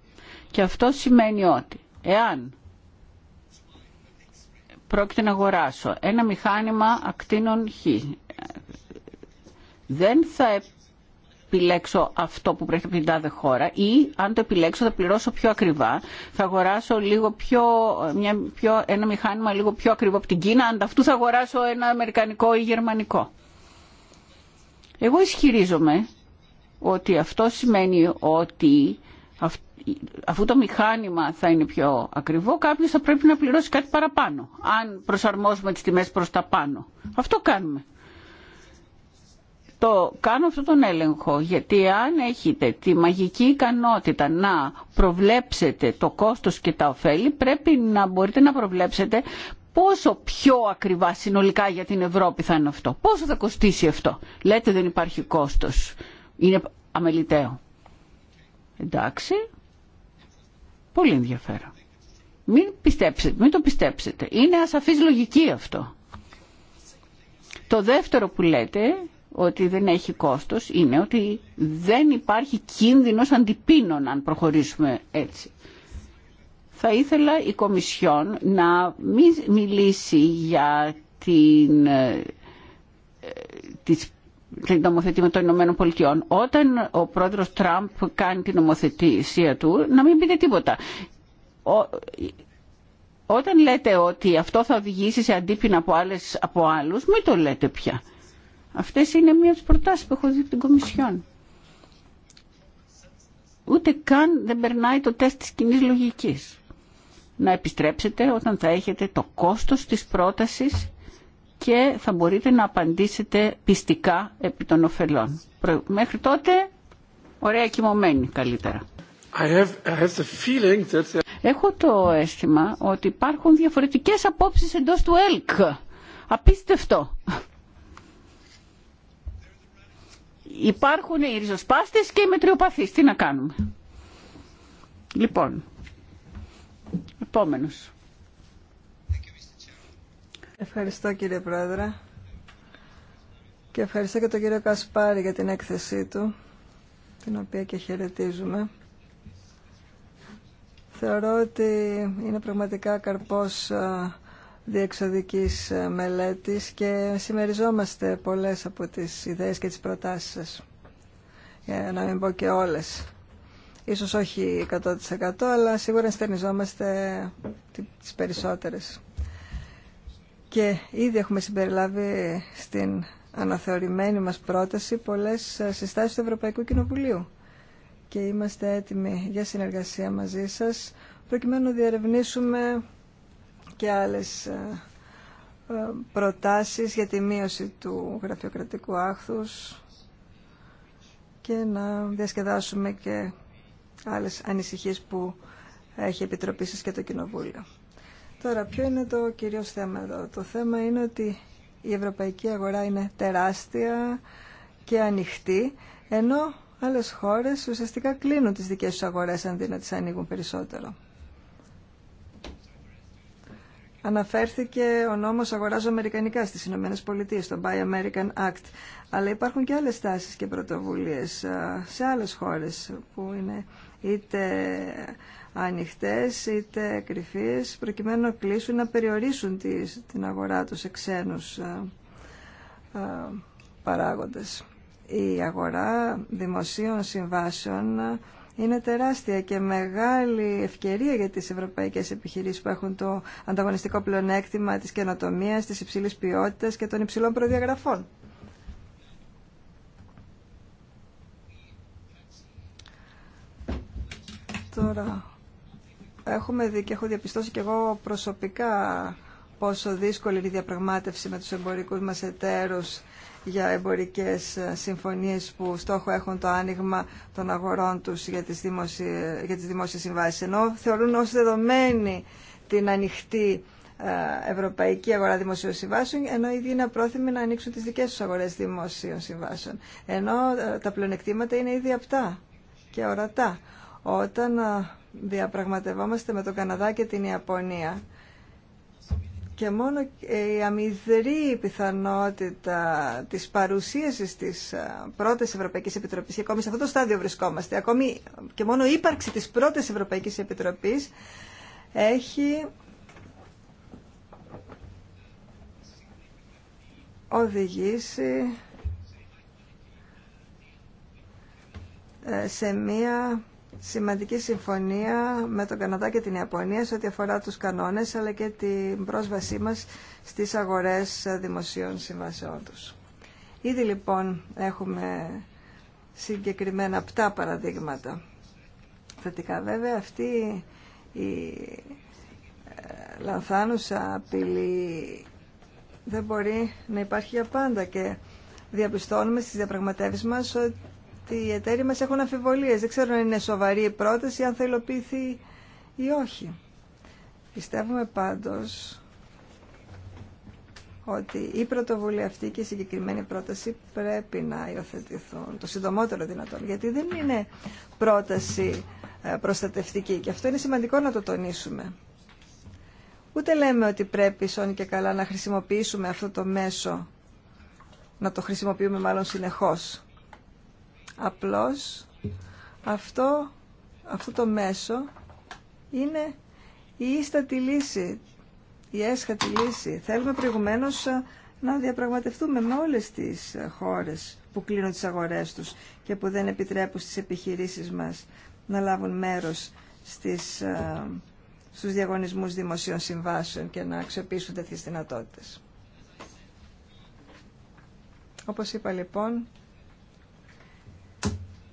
Και αυτό σημαίνει ότι εάν πρόκειται να αγοράσω ένα μηχάνημα ακτίνων χ, δεν θα επιλέξω αυτό που πρέπει από την τάδε χώρα ή αν το επιλέξω θα πληρώσω πιο ακριβά, θα αγοράσω λίγο πιο, μια, πιο, ένα μηχάνημα λίγο πιο ακριβό από την Κίνα, αν ανταυτού θα αγοράσω ένα αμερικανικό ή γερμανικό. Εγώ ισχυρίζομαι ότι αυτό σημαίνει ότι αφού το μηχάνημα θα είναι πιο ακριβό, κάποιος θα πρέπει να πληρώσει κάτι παραπάνω, αν προσαρμόζουμε τις τιμές προς τα πάνω. Αυτό κάνουμε το, κάνω αυτόν τον έλεγχο γιατί αν έχετε τη μαγική ικανότητα να προβλέψετε το κόστος και τα ωφέλη πρέπει να μπορείτε να προβλέψετε πόσο πιο ακριβά συνολικά για την Ευρώπη θα είναι αυτό. Πόσο θα κοστίσει αυτό. Λέτε δεν υπάρχει κόστος. Είναι αμεληταίο. Εντάξει. Πολύ ενδιαφέρον. Μην, πιστέψετε, μην το πιστέψετε. Είναι ασαφής λογική αυτό. Το δεύτερο που λέτε ότι δεν έχει κόστος είναι ότι δεν υπάρχει κίνδυνος αντιπίνων αν προχωρήσουμε έτσι. Θα ήθελα η Κομισιόν να μην μιλήσει για την, ε, τις την νομοθετή των Ηνωμένων Όταν ο πρόεδρος Τραμπ κάνει την νομοθετησία του, να μην πείτε τίποτα. όταν λέτε ότι αυτό θα οδηγήσει σε αντίπεινα από, από άλλους, μην το λέτε πια. Αυτές είναι μία από τις προτάσεις που έχω δει από την Κομισιόν. Ούτε καν δεν περνάει το τεστ της κοινή λογικής. Να επιστρέψετε όταν θα έχετε το κόστος της πρότασης και θα μπορείτε να απαντήσετε πιστικά επί των ωφελών. Μέχρι τότε, ωραία κοιμωμένη καλύτερα. I have feeling that... Έχω το αίσθημα ότι υπάρχουν διαφορετικές απόψεις εντός του ΕΛΚ. Απίστευτο υπάρχουν οι ριζοσπάστες και οι μετριοπαθείς. Τι να κάνουμε. Λοιπόν, επόμενος. Ευχαριστώ κύριε Πρόεδρε και ευχαριστώ και τον κύριο Κασπάρη για την έκθεσή του, την οποία και χαιρετίζουμε. Θεωρώ ότι είναι πραγματικά καρπός διεξοδικής ε, μελέτης και συμμεριζόμαστε πολλές από τις ιδέες και τις προτάσεις σας. Για να μην πω και όλες. Ίσως όχι 100% αλλά σίγουρα στερνιζόμαστε τις περισσότερες. Και ήδη έχουμε συμπεριλάβει στην αναθεωρημένη μας πρόταση πολλές ε, συστάσεις του Ευρωπαϊκού Κοινοβουλίου και είμαστε έτοιμοι για συνεργασία μαζί σας προκειμένου να διερευνήσουμε και άλλες ε, ε, προτάσεις για τη μείωση του γραφειοκρατικού άχθους και να διασκεδάσουμε και άλλες ανησυχίες που έχει επιτροπήσει και το Κοινοβούλιο. Τώρα, ποιο είναι το κυρίως θέμα εδώ. Το θέμα είναι ότι η ευρωπαϊκή αγορά είναι τεράστια και ανοιχτή, ενώ άλλες χώρες ουσιαστικά κλείνουν τις δικές τους αγορές αντί να τις ανοίγουν περισσότερο αναφέρθηκε ο νόμος «Αγοράζω Αμερικανικά» στις Ηνωμένε Πολιτείες, το Buy American Act. Αλλά υπάρχουν και άλλες τάσεις και πρωτοβουλίες ε, σε άλλες χώρες που είναι είτε ανοιχτές είτε κρυφίες προκειμένου να κλείσουν, να περιορίσουν την αγορά τους σε ξένους ε, ε, παράγοντες. Η αγορά δημοσίων συμβάσεων είναι τεράστια και μεγάλη ευκαιρία για τις ευρωπαϊκές επιχειρήσεις που έχουν το ανταγωνιστικό πλεονέκτημα της καινοτομίας, της υψηλής ποιότητας και των υψηλών προδιαγραφών. Τώρα, έχουμε δει και έχω διαπιστώσει και εγώ προσωπικά πόσο δύσκολη είναι η διαπραγμάτευση με τους εμπορικούς μας εταίρους για εμπορικές ε, συμφωνίες που στόχο έχουν το άνοιγμα των αγορών τους για τις, δημοσιε, για δημόσιες συμβάσεις. Ενώ θεωρούν ως δεδομένη την ανοιχτή ε, ευρωπαϊκή αγορά δημοσίων συμβάσεων, ενώ ήδη είναι πρόθυμοι να ανοίξουν τις δικές τους αγορές δημοσίων συμβάσεων. Ενώ ε, τα πλεονεκτήματα είναι ήδη απτά και ορατά. Όταν διαπραγματευόμαστε με τον Καναδά και την Ιαπωνία, και μόνο η αμυδρή πιθανότητα της παρουσίασης της ε, πρώτης Ευρωπαϊκής Επιτροπής και ακόμη σε αυτό το στάδιο βρισκόμαστε ακόμη και μόνο η ύπαρξη της πρώτης Ευρωπαϊκής Επιτροπής έχει οδηγήσει ε, σε μία σημαντική συμφωνία με τον Καναδά και την Ιαπωνία σε ό,τι αφορά τους κανόνες αλλά και την πρόσβασή μας στις αγορές δημοσίων συμβασεών τους. Ήδη λοιπόν έχουμε συγκεκριμένα πτά παραδείγματα. Θετικά βέβαια αυτή η ε, λανθάνουσα απειλή δεν μπορεί να υπάρχει για πάντα και διαπιστώνουμε στις διαπραγματεύσεις μας ότι ότι οι εταίροι μας έχουν αμφιβολίες. Δεν ξέρω αν είναι σοβαρή η πρόταση, αν θα υλοποιηθεί ή όχι. Πιστεύουμε πάντως ότι η πρωτοβουλία αυτή και η συγκεκριμένη πρόταση πρέπει να υιοθετηθούν το συντομότερο δυνατόν, γιατί δεν είναι πρόταση ε, προστατευτική και αυτό είναι σημαντικό να το τονίσουμε. Ούτε λέμε ότι πρέπει σώνει και καλά να χρησιμοποιήσουμε αυτό το μέσο, να το χρησιμοποιούμε μάλλον συνεχώς. Απλώς αυτό, αυτό το μέσο είναι η ίστατη λύση, η έσχατη λύση. Θέλουμε προηγουμένως ε, να διαπραγματευτούμε με όλες τις ε, χώρες που κλείνουν τις αγορές τους και που δεν επιτρέπουν στις επιχειρήσεις μας να λάβουν μέρος στις, ε, στους διαγωνισμούς δημοσίων συμβάσεων και να αξιοποιήσουν τέτοιες δυνατότητες. Όπως είπα λοιπόν,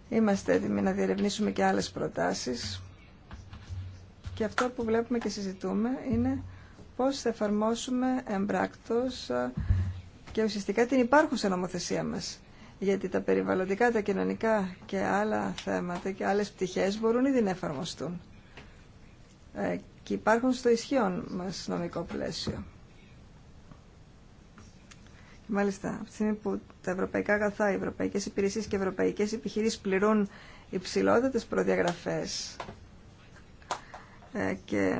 Είμαστε έτοιμοι να διερευνήσουμε και άλλες προτάσεις. Και αυτό που βλέπουμε και συζητούμε είναι πώς θα εφαρμόσουμε εμπράκτος και ουσιαστικά την υπάρχουσα νομοθεσία μας. Γιατί τα περιβαλλοντικά, τα κοινωνικά και άλλα θέματα και άλλες πτυχές μπορούν ήδη να εφαρμοστούν ε, και υπάρχουν στο ισχύον μας νομικό πλαίσιο. Μάλιστα, από τη στιγμή που τα ευρωπαϊκά αγαθά, οι ευρωπαϊκές υπηρεσίες και οι ευρωπαϊκές επιχειρήσεις πληρούν υψηλότερες προδιαγραφές ε, και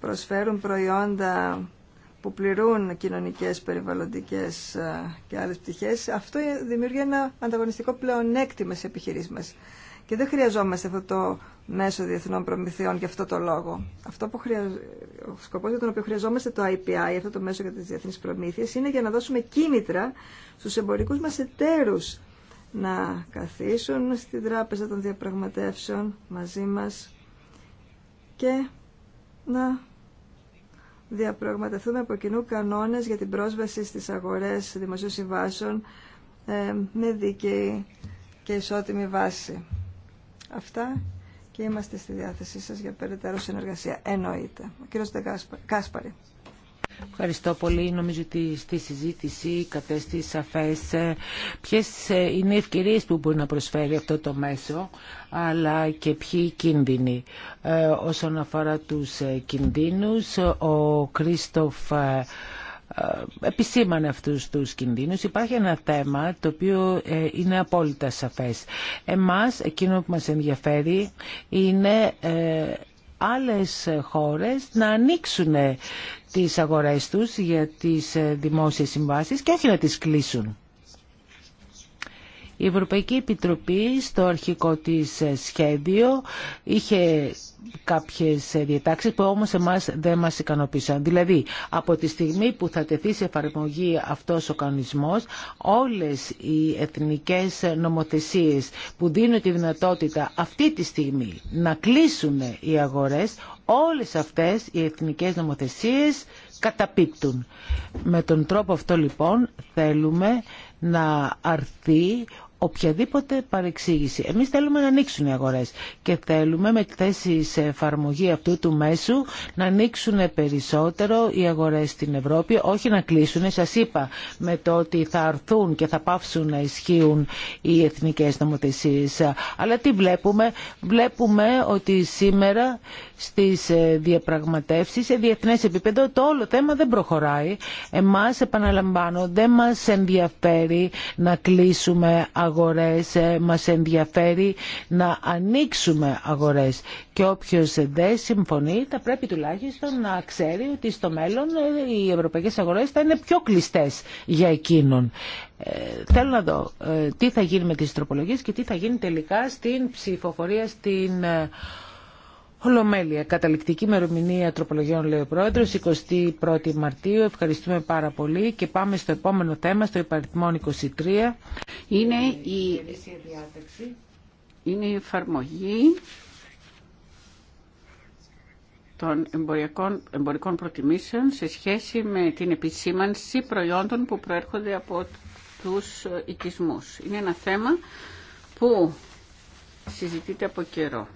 προσφέρουν προϊόντα που πληρούν κοινωνικές, περιβαλλοντικές ε, και άλλες πτυχές, αυτό δημιουργεί ένα ανταγωνιστικό πλεονέκτημα σε επιχειρήσεις μας. Και δεν χρειαζόμαστε αυτό το μέσω διεθνών προμηθειών για αυτό το λόγο. Αυτό που Ο σκοπός για τον οποίο χρειαζόμαστε το IPI, αυτό το μέσο για τις διεθνεί προμήθειες, είναι για να δώσουμε κίνητρα στους εμπορικού μας εταίρου να καθίσουν στην τράπεζα των διαπραγματεύσεων μαζί μας και να διαπραγματευτούμε από κοινού κανόνες για την πρόσβαση στις αγορές δημοσίων συμβάσεων ε, με δίκαιη και ισότιμη βάση. Αυτά και είμαστε στη διάθεσή σας για περαιτέρω συνεργασία. Εννοείται. Ο κύριος Κάσπαρη. Ευχαριστώ πολύ. Νομίζω ότι στη συζήτηση κατέστη σαφέ, ε, ποιε ε, είναι οι ευκαιρίε που μπορεί να προσφέρει αυτό το μέσο αλλά και ποιοι κίνδυνοι. Ε, όσον αφορά τους κινδύνους, ο Κρίστοφ ε, επισήμανε αυτούς τους κινδύνους. Υπάρχει ένα θέμα το οποίο ε, είναι απόλυτα σαφές. Εμάς, εκείνο που μας ενδιαφέρει είναι ε, άλλες χώρες να ανοίξουν τις αγορές τους για τις δημόσιες συμβάσεις και όχι να τις κλείσουν. Η Ευρωπαϊκή Επιτροπή στο αρχικό της σχέδιο είχε κάποιες ε, διατάξεις που όμως εμάς δεν μας ικανοποίησαν. Δηλαδή, από τη στιγμή που θα τεθεί σε εφαρμογή αυτός ο κανονισμός, όλες οι εθνικές νομοθεσίες που δίνουν τη δυνατότητα αυτή τη στιγμή να κλείσουν οι αγορές, όλες αυτές οι εθνικές νομοθεσίες καταπίπτουν. Με τον τρόπο αυτό λοιπόν θέλουμε να αρθεί οποιαδήποτε παρεξήγηση. Εμείς θέλουμε να ανοίξουν οι αγορές και θέλουμε με τη θέση σε εφαρμογή αυτού του μέσου να ανοίξουν περισσότερο οι αγορές στην Ευρώπη, όχι να κλείσουν. Σας είπα με το ότι θα αρθούν και θα πάψουν να ισχύουν οι εθνικές νομοθεσίες. Αλλά τι βλέπουμε. Βλέπουμε ότι σήμερα στις ε, διαπραγματεύσεις σε διεθνές επίπεδο το όλο θέμα δεν προχωράει. Εμάς, επαναλαμβάνω, δεν μας ενδιαφέρει να κλείσουμε αγορές αγορές, ε, μας ενδιαφέρει να ανοίξουμε αγορές. Και όποιος δεν συμφωνεί θα πρέπει τουλάχιστον να ξέρει ότι στο μέλλον ε, οι ευρωπαϊκές αγορές θα είναι πιο κλειστές για εκείνον. Ε, θέλω να δω τι θα γίνει με τις τροπολογίες και τι θα γίνει τελικά στην ψηφοφορία στην Ολομέλεια, καταληκτική μερομηνία τροπολογιών, λέει ο Πρόεδρο, 21η Μαρτίου. Ευχαριστούμε πάρα πολύ και πάμε στο επόμενο θέμα, στο υπαριθμό 23. Είναι η... Είναι η ειναι εφαρμογη των εμπορικών, εμπορικών προτιμήσεων σε σχέση με την επισήμανση προϊόντων που προέρχονται από τους οικισμούς. Είναι ένα θέμα που συζητείται από καιρό.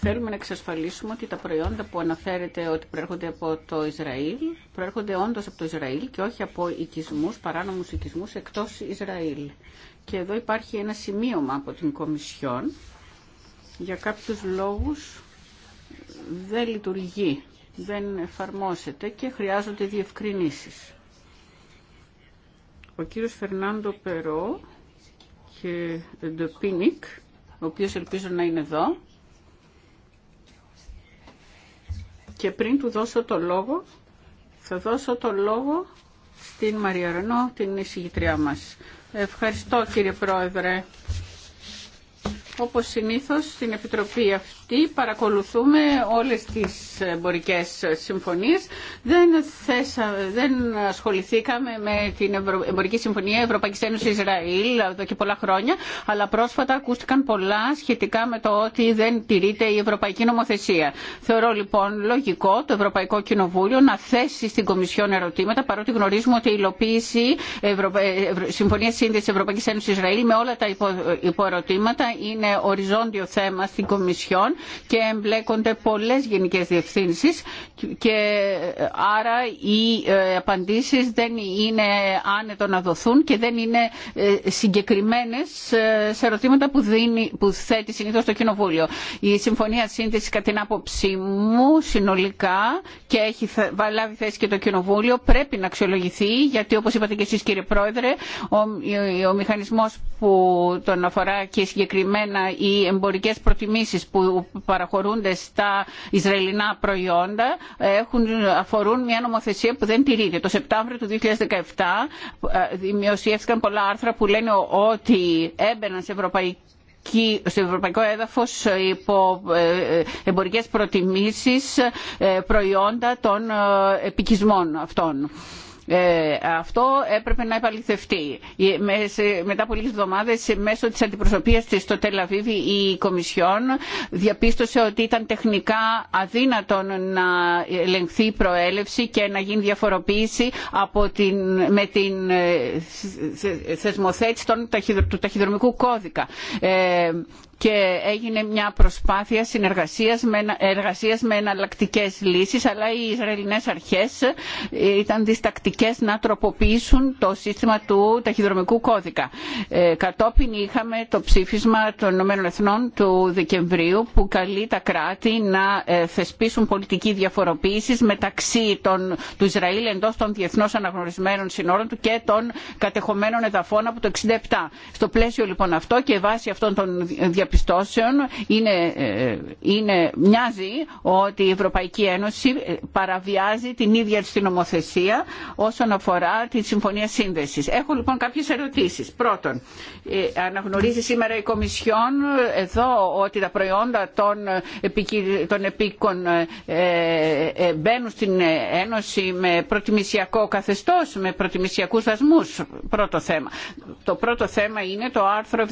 Θέλουμε να εξασφαλίσουμε ότι τα προϊόντα που αναφέρεται ότι προέρχονται από το Ισραήλ, προέρχονται όντως από το Ισραήλ και όχι από οικισμούς, παράνομους οικισμούς εκτός Ισραήλ. Και εδώ υπάρχει ένα σημείωμα από την Κομισιόν. Για κάποιους λόγους δεν λειτουργεί, δεν εφαρμόσεται και χρειάζονται διευκρινήσεις. Ο κύριος Φερνάντο Περό και Ντεπίνικ, ο οποίος ελπίζω να είναι εδώ, Και πριν του δώσω το λόγο, θα δώσω το λόγο στην Μαρία Ρενό, την εισηγητριά μας. Ευχαριστώ κύριε Πρόεδρε. Όπως συνήθως στην Επιτροπή αυτή παρακολουθούμε όλες τις εμπορικέ συμφωνίες. Δεν, θέσα, δεν ασχοληθήκαμε με την Εμπορική Συμφωνία Ευρωπαϊκής Ένωσης Ισραήλ εδώ και πολλά χρόνια, αλλά πρόσφατα ακούστηκαν πολλά σχετικά με το ότι δεν τηρείται η Ευρωπαϊκή Νομοθεσία. Θεωρώ λοιπόν λογικό το Ευρωπαϊκό Κοινοβούλιο να θέσει στην Κομισιόν ερωτήματα, παρότι γνωρίζουμε ότι η υλοποίηση ε, συμφωνία Συμφωνίας Σύνδεσης Ευρωπαϊκής Ένωσης Ισραήλ με όλα τα υποερωτήματα είναι οριζόντιο θέμα στην Κομισιόν και εμπλέκονται πολλές γενικές διευθύνσεις και άρα οι ε, απαντήσεις δεν είναι άνετο να δοθούν και δεν είναι ε, συγκεκριμένες ε, σε ερωτήματα που, δίνει, που θέτει συνήθως το Κοινοβούλιο. Η Συμφωνία Σύνδεσης κατά την άποψή μου συνολικά και έχει βαλάβει θέση και το Κοινοβούλιο πρέπει να αξιολογηθεί γιατί όπως είπατε και εσείς κύριε Πρόεδρε ο, ο, μηχανισμός που τον αφορά και συγκεκριμένα οι εμπορικές προτιμήσεις που παραχωρούνται στα Ισραηλινά προϊόντα ε, έχουν, αφορούν μια νομοθεσία που δεν τηρείται. Το Σεπτέμβριο του 2017 ε, δημοσιεύτηκαν πολλά άρθρα που λένε ότι έμπαιναν σε στο ευρωπαϊκό έδαφος ε, υπό εμπορικές προτιμήσεις προϊόντα των επικισμών αυτών. Ε, αυτό έπρεπε να επαληθευτεί. Ε, μετά από λίγες εβδομάδες μέσω της αντιπροσωπείας της στο Τελαβίβι η Κομισιόν διαπίστωσε ότι ήταν τεχνικά αδύνατον να ελεγχθεί η προέλευση και να γίνει διαφοροποίηση από την, με την ε, θεσμοθέτηση του ταχυδρομικού κώδικα και έγινε μια προσπάθεια συνεργασίας με, εργασίας εναλλακτικές λύσεις αλλά οι Ισραηλινές αρχές ε, ήταν διστακτικές να τροποποιήσουν το σύστημα του ταχυδρομικού κώδικα. Ε, κατόπιν είχαμε το ψήφισμα των Ηνωμένων Εθνών του Δεκεμβρίου που καλεί τα κράτη να ε, θεσπίσουν πολιτική διαφοροποίηση μεταξύ του Ισραήλ εντός των διεθνώς αναγνωρισμένων συνόρων του και των κατεχωμένων εδαφών από το 1967. Στο πλαίσιο λοιπόν αυτό και βάσει αυτών των διαπραγματεύσεων διαπιστώσεων είναι, ε, είναι, μοιάζει ότι η Ευρωπαϊκή Ένωση παραβιάζει την ίδια της νομοθεσία όσον αφορά τη Συμφωνία Σύνδεσης. Έχω λοιπόν κάποιες ερωτήσεις. Πρώτον, ε, αναγνωρίζει σήμερα η Κομισιόν εδώ ότι τα προϊόντα των, των επίκων ε, μπαίνουν στην Ένωση με προτιμησιακό καθεστώς, με προτιμησιακούς δασμούς. Πρώτο θέμα. Το πρώτο θέμα είναι το άρθρο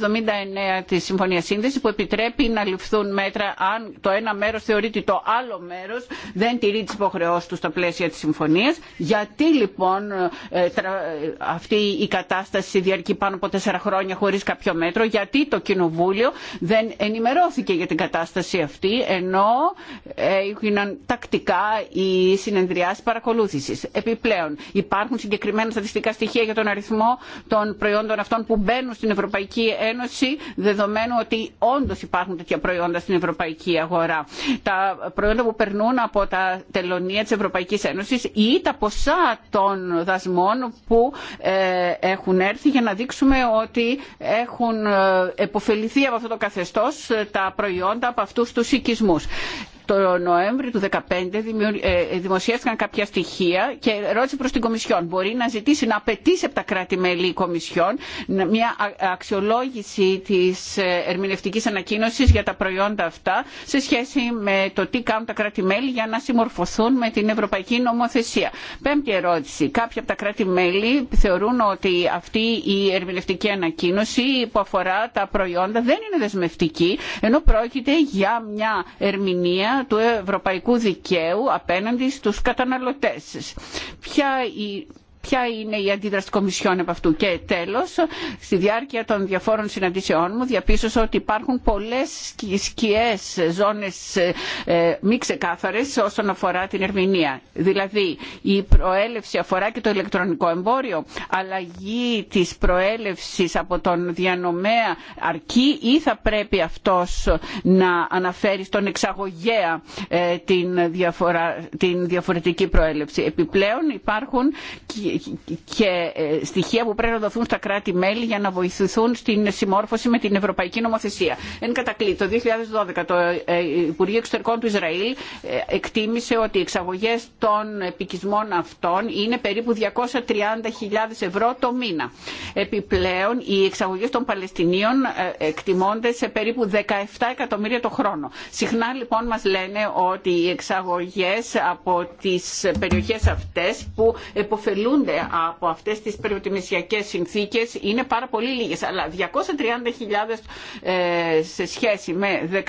79 της Συμφωνίας Σύνδεσης που επιτρέπει να ληφθούν μέτρα αν το ένα μέρος θεωρεί ότι το άλλο μέρος δεν τηρεί τις υποχρεώσεις του στα πλαίσια της συμφωνίας. Γιατί λοιπόν ε, ε, αυτή η κατάσταση διαρκεί πάνω από τέσσερα χρόνια χωρίς κάποιο μέτρο, γιατί το Κοινοβούλιο δεν ενημερώθηκε για την κατάσταση αυτή, ενώ έγιναν τακτικά οι συνεδριάσεις παρακολούθησης. Επιπλέον, υπάρχουν συγκεκριμένα στατιστικά στοιχεία για τον αριθμό των προϊόντων αυτών που μπαίνουν στην Ευρωπαϊκή Ένωση, δεδομένου ότι Όντω υπάρχουν τέτοια προϊόντα στην ευρωπαϊκή αγορά. Τα προϊόντα που περνούν από τα τελωνία τη Ευρωπαϊκή Ένωσης ή τα ποσά των δασμών που ε, έχουν έρθει για να δείξουμε ότι έχουν ε, επωφεληθεί από αυτό το καθεστώ ε, τα προϊόντα από αυτού του οικισμούς. Το Νοέμβριο του 2015 ε, ε, δημοσιεύτηκαν κάποια στοιχεία και ρώτησε προς την Κομισιόν. Μπορεί να ζητήσει, να απαιτήσει από τα κράτη-μέλη Κομισιόν μια αξιολόγηση της ε, ερμηνευτικής ανακοίνωσης για τα προϊόντα αυτά σε σχέση με το τι κάνουν τα κράτη-μέλη για να συμμορφωθούν με την Ευρωπαϊκή Νομοθεσία. Πέμπτη ερώτηση. Κάποια από τα κράτη-μέλη θεωρούν ότι αυτή η ερμηνευτική ανακοίνωση που αφορά τα προϊόντα δεν είναι δεσμευτική, ενώ πρόκειται για μια ερμηνεία του ευρωπαϊκού δικαίου απέναντι στους καταναλωτές. Ποια η ποια είναι η αντίδραση Κομισιόν από αυτού. Και τέλος, στη διάρκεια των διαφόρων συναντήσεών μου διαπίστωσα ότι υπάρχουν πολλές σκιές ζώνες ε, ε, μη ξεκάθαρες όσον αφορά την ερμηνεία. Δηλαδή η προέλευση αφορά και το ηλεκτρονικό εμπόριο, αλλαγή της προέλευσης από τον διανομέα αρκεί ή θα πρέπει αυτός να αναφέρει στον εξαγωγέα ε, την, διαφορά, την διαφορετική προέλευση. Επιπλέον υπάρχουν και ε, στοιχεία που πρέπει να δοθούν στα κράτη-μέλη για να βοηθηθούν στην συμμόρφωση με την Ευρωπαϊκή Νομοθεσία. Εν κατακλεί το 2012 το ε, Υπουργείο Εξωτερικών του Ισραήλ ε, εκτίμησε ότι οι εξαγωγέ των επικισμών αυτών είναι περίπου 230.000 ευρώ το μήνα. Επιπλέον, οι εξαγωγέ των Παλαιστινίων εκτιμώνται σε περίπου 17 εκατομμύρια το χρόνο. Συχνά λοιπόν μα λένε ότι οι εξαγωγέ από τι περιοχέ αυτέ που εποφελούνται από αυτέ τι περιοτιμησιακές συνθήκε, είναι πάρα πολύ λίγε. Αλλά 230.000 ε, σε σχέση με 17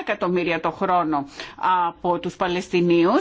εκατομμύρια το χρόνο από του Παλαιστινίου,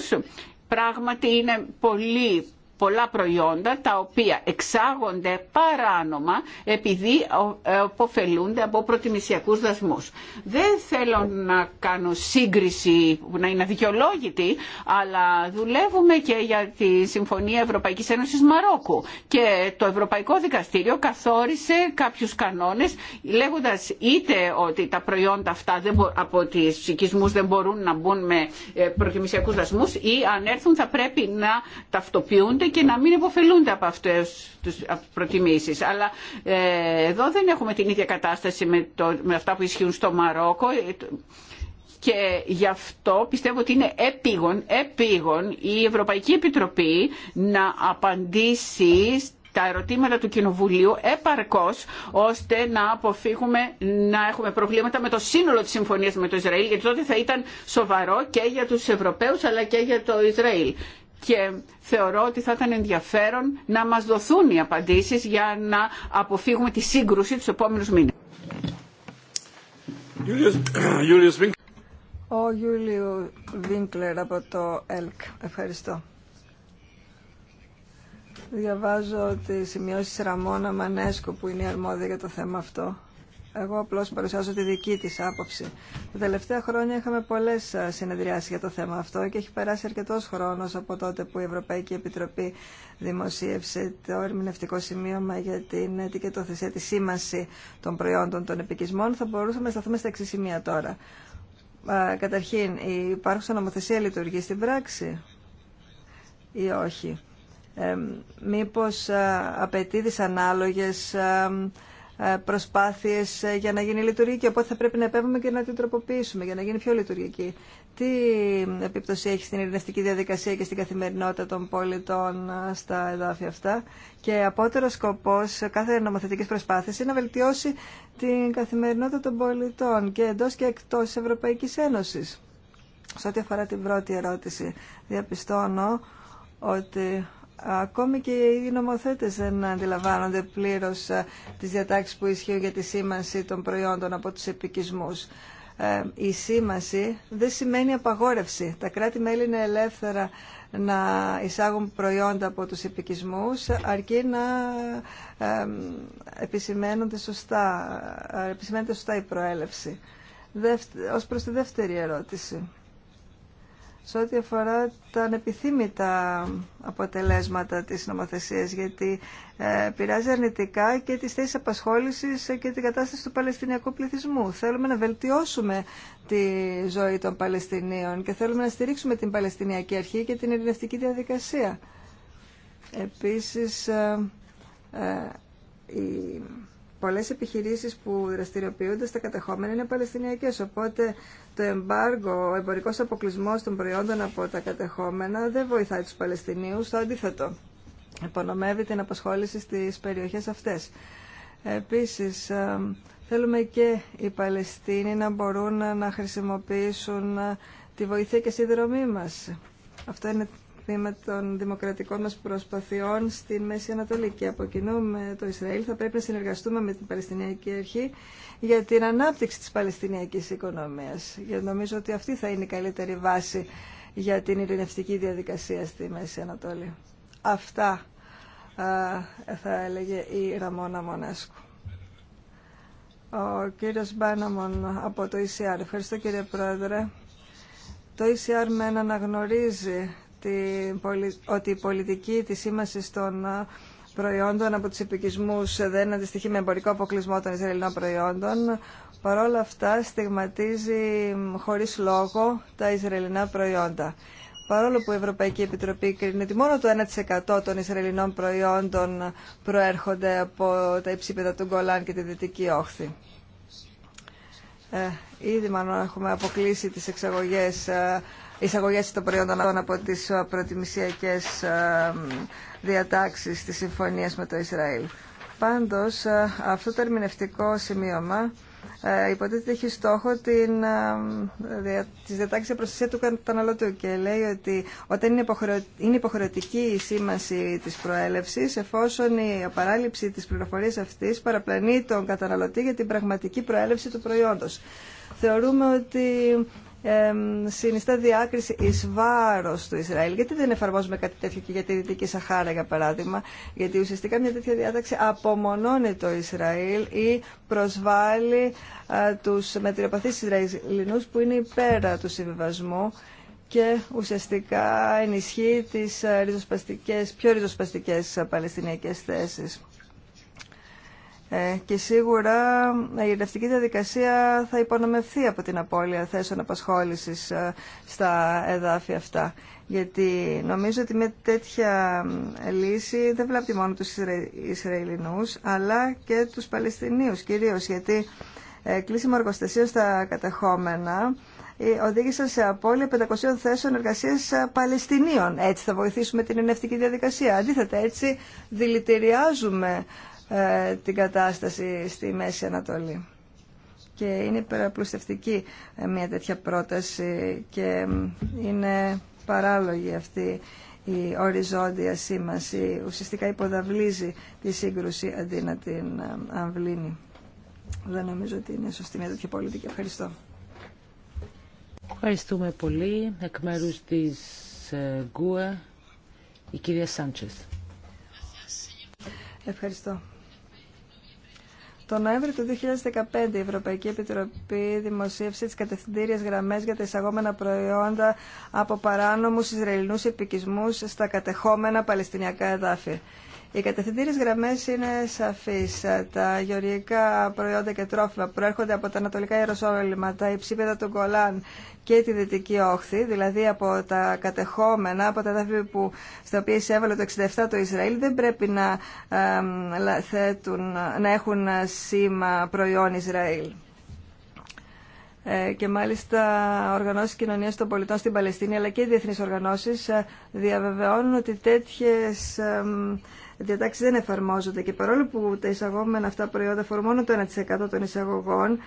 πράγματι είναι πολύ πολλά προϊόντα τα οποία εξάγονται παράνομα επειδή αποφελούνται ε, από προτιμησιακού. δασμούς. Δεν θέλω να κάνω σύγκριση που να είναι αδικαιολόγητη, αλλά δουλεύουμε και για τη Συμφωνία Ευρωπαϊκής Ένωσης Μαρόκου και το Ευρωπαϊκό Δικαστήριο καθόρισε κάποιους κανόνες λέγοντας είτε ότι τα προϊόντα αυτά από τις ψυχισμούς δεν μπορούν να μπουν με ε, προτιμησιακού δασμούς ή αν έρθουν θα πρέπει να ταυτοποιούνται και να μην υποφελούνται από αυτέ τι προτιμήσεις. Αλλά ε, εδώ δεν έχουμε την ίδια κατάσταση με, το, με αυτά που ισχύουν στο Μαρόκο και γι' αυτό πιστεύω ότι είναι επίγον, επίγον η Ευρωπαϊκή Επιτροπή να απαντήσει τα ερωτήματα του Κοινοβουλίου επαρκώς ώστε να αποφύγουμε να έχουμε προβλήματα με το σύνολο της συμφωνίας με το Ισραήλ γιατί τότε θα ήταν σοβαρό και για τους Ευρωπαίους αλλά και για το Ισραήλ και θεωρώ ότι θα ήταν ενδιαφέρον να μας δοθούν οι απαντήσεις για να αποφύγουμε τη σύγκρουση τους επόμενους μήνες. (clears throat) Ο Γιούλιο Βίνκλερ από το ΕΛΚ. Ευχαριστώ. Διαβάζω τις σημειώσεις Ραμόνα Μανέσκο που είναι αρμόδια για το θέμα αυτό. Εγώ απλώ παρουσιάζω τη δική τη άποψη. Τα τελευταία χρόνια είχαμε πολλέ συνεδριάσει για το θέμα αυτό και έχει περάσει αρκετό χρόνο από τότε που η Ευρωπαϊκή Επιτροπή δημοσίευσε το ερμηνευτικό σημείωμα για την ετικετοθεσία, τη σήμανση των προϊόντων των επικισμών. Θα μπορούσαμε να σταθούμε στα εξή σημεία τώρα. Καταρχήν, η υπάρχουσα νομοθεσία λειτουργεί στην πράξη ή όχι. Ε, μήπως α, απαιτεί δυσανάλογες ε, προσπάθειες ε, για να γίνει λειτουργική, οπότε θα πρέπει να επέμβουμε και να την τροποποιήσουμε για να γίνει πιο λειτουργική. Τι επίπτωση έχει στην ειρηνευτική διαδικασία και στην καθημερινότητα των πολιτών ε, στα εδάφια αυτά και απότερο σκοπός κάθε νομοθετικής προσπάθειας είναι να βελτιώσει την καθημερινότητα των πολιτών και εντός και εκτός της Ευρωπαϊκής Ένωσης. Σε ό,τι αφορά την πρώτη ερώτηση, διαπιστώνω ότι Ακόμη και οι νομοθέτες δεν αντιλαμβάνονται πλήρως ε, τις διατάξεις που ισχύουν για τη σήμανση των προϊόντων από τους επικισμούς. Ε, η σήμανση δεν σημαίνει απαγόρευση. Τα κράτη-μέλη είναι ελεύθερα να εισάγουν προϊόντα από τους επικισμούς αρκεί να επισημαίνονται σωστά, ε, επισημαίνεται σωστά η προέλευση. Ως προς τη δεύτερη ερώτηση σε ό,τι αφορά τα ανεπιθύμητα αποτελέσματα της νομοθεσίας, γιατί ε, πειράζει αρνητικά και τις θέσεις απασχόλησης και την κατάσταση του Παλαιστινιακού πληθυσμού. Θέλουμε να βελτιώσουμε τη ζωή των Παλαιστινίων και θέλουμε να στηρίξουμε την Παλαιστινιακή Αρχή και την ειρηνευτική διαδικασία. Επίσης, ε, ε, η πολλές επιχειρήσεις που δραστηριοποιούνται στα κατεχόμενα είναι παλαιστινιακές, οπότε το εμπάργο, ο εμπορικός αποκλεισμός των προϊόντων από τα κατεχόμενα δεν βοηθάει τους Παλαιστινίους, το αντίθετο. Επονομεύει την απασχόληση στις περιοχές αυτές. Επίσης, ε, θέλουμε και οι Παλαιστίνοι να μπορούν να χρησιμοποιήσουν ε, τη βοήθεια και συνδρομή μας. Αυτό είναι με των δημοκρατικών μας προσπαθειών στην Μέση Ανατολή και από κοινού με το Ισραήλ θα πρέπει να συνεργαστούμε με την Παλαιστινιακή Αρχή για την ανάπτυξη της Παλαιστινιακής οικονομίας. Γιατί νομίζω ότι αυτή θα είναι η καλύτερη βάση για την ειρηνευτική διαδικασία στη Μέση Ανατολή. Αυτά θα έλεγε η Ραμόνα Μονέσκου. Ο κύριος Μπάναμον από το ECR. Ευχαριστώ κύριε Πρόεδρε. Το ECR με αναγνωρίζει ότι η πολιτική τη σήμανση των ε, προϊόντων από τους επικισμούς δεν αντιστοιχεί με εμπορικό αποκλεισμό των Ισραηλινών προϊόντων, παρόλα αυτά στιγματίζει χωρίς λόγο τα Ισραηλινά προϊόντα. Παρόλο που η Ευρωπαϊκή Επιτροπή κρίνει ότι μόνο το 1% των Ισραηλινών προϊόντων προέρχονται από τα υψίπεδα του Γκολάν και τη Δυτική Όχθη. Ε, ήδη μάλλον έχουμε αποκλείσει τις εξαγωγές ε, εισαγωγές των προϊόντων από τις ε, προτιμησιακές ε, διατάξεις της συμφωνίας με το Ισραήλ. Πάντως, ε, αυτό το ερμηνευτικό σημείωμα υποτίθεται έχει στόχο την, τις για προστασία του καταναλωτού και λέει ότι όταν είναι, είναι υποχρεωτική η σήμανση της προέλευσης εφόσον η παράληψη της πληροφορίας αυτής παραπλανεί τον καταναλωτή για την πραγματική προέλευση του προϊόντος. Θεωρούμε ότι συνιστά διάκριση ει βάρο του Ισραήλ. Γιατί δεν εφαρμόζουμε κάτι τέτοιο και για τη Δυτική Σαχάρα, για παράδειγμα. Γιατί ουσιαστικά μια τέτοια διάταξη απομονώνει το Ισραήλ ή προσβάλλει τους μετριοπαθείς Ισραηλινούς που είναι υπέρα του συμβιβασμού και ουσιαστικά ενισχύει τις ε, ριζοσπαστικές, πιο ριζοσπαστικές ε, παλαιστινιακές θέσεις. Ε, και σίγουρα η ερευνητική διαδικασία θα υπονομευθεί από την απώλεια θέσεων απασχόλησης ε, στα εδάφια αυτά. Γιατί νομίζω ότι με τέτοια λύση δεν βλάπτει μόνο τους Ισραηλινούς, αλλά και τους Παλαιστινίους κυρίως, γιατί ε, κλείσιμο εργοστασίων στα κατεχόμενα οδήγησε σε απώλεια 500 θέσεων εργασίας Παλαιστινίων. Έτσι θα βοηθήσουμε την ενευτική διαδικασία. Αντίθετα, έτσι δηλητηριάζουμε ε, την κατάσταση στη Μέση Ανατολή. Και είναι υπεραπλουστευτική ε, μια τέτοια πρόταση και είναι παράλογη αυτή η οριζόντια σήμαση. Ουσιαστικά υποδαβλίζει τη σύγκρουση αντί να την ε, αμβλύνει. Δεν νομίζω ότι είναι σωστή μια τέτοια πολιτική. Ευχαριστώ. Ευχαριστούμε πολύ. Εκ μέρους της ΓΚΟΕ, η κυρία Σάντσες. Ευχαριστώ. Το Νοέμβριο του 2015 η Ευρωπαϊκή Επιτροπή δημοσίευσε τι κατευθυντήριε γραμμές για τα εισαγόμενα προϊόντα από παράνομους Ισραηλινούς επικισμούς στα κατεχόμενα Παλαιστινιακά εδάφη. Οι κατευθυντήριε γραμμέ είναι σαφεί. Τα γεωργικά προϊόντα και τρόφιμα προέρχονται από τα Ανατολικά Ιεροσόλυμα, τα υψίπεδα του Γκολάν και τη Δυτική Όχθη, δηλαδή από τα κατεχόμενα, από τα δάφη που, στα οποία εισέβαλε το 67 το Ισραήλ, δεν πρέπει να, ε, θέτουν, να έχουν σήμα προϊόν Ισραήλ ε, και μάλιστα οργανώσεις κοινωνίας των πολιτών στην Παλαιστίνη αλλά και οι διεθνείς οργανώσεις ε, διαβεβαιώνουν ότι τέτοιες διατάξει δεν εφαρμόζονται και παρόλο που τα εισαγόμενα αυτά προϊόντα αφορούν μόνο το 1% των εισαγωγών,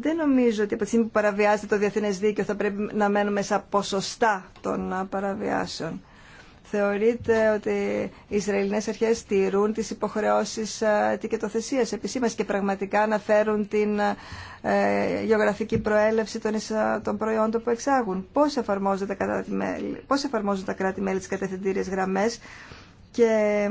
δεν νομίζω ότι από τη στιγμή που παραβιάζεται το διεθνέ δίκαιο θα πρέπει να μένουμε σαν ποσοστά των παραβιάσεων. Θεωρείτε ότι οι Ισραηλινέ αρχέ τηρούν τι υποχρεώσει τικετοθεσία επισήμα και πραγματικά αναφέρουν την ε, γεωγραφική προέλευση των, προϊόντων που εξάγουν. Πώ εφαρμόζονται τα, πώς τα κράτη-μέλη τι κατευθυντήριε γραμμέ, και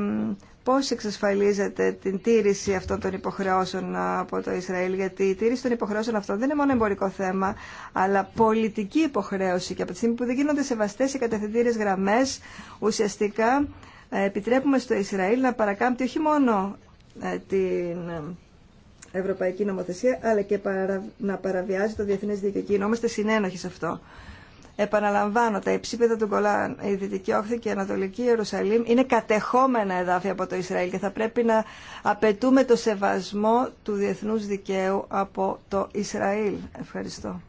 πώς εξασφαλίζεται την τήρηση αυτών των υποχρεώσεων από το Ισραήλ, γιατί η τήρηση των υποχρεώσεων αυτών δεν είναι μόνο εμπορικό θέμα, αλλά πολιτική υποχρέωση και από τη στιγμή που δεν γίνονται σεβαστές οι κατευθυντήριες γραμμές, ουσιαστικά ε, επιτρέπουμε στο Ισραήλ να παρακάμπτει όχι μόνο ε, την ε, ευρωπαϊκή νομοθεσία, αλλά και να παραβιάζει το διεθνές δίκαιο. Και γινόμαστε συνένοχοι σε αυτό. Επαναλαμβάνω, τα υψίπεδα του Γκολάν, η Δυτική Όχθη και η Ανατολική Ιερουσαλήμ είναι κατεχόμενα εδάφια από το Ισραήλ και θα πρέπει να απαιτούμε το σεβασμό του διεθνούς δικαίου από το Ισραήλ. Ευχαριστώ.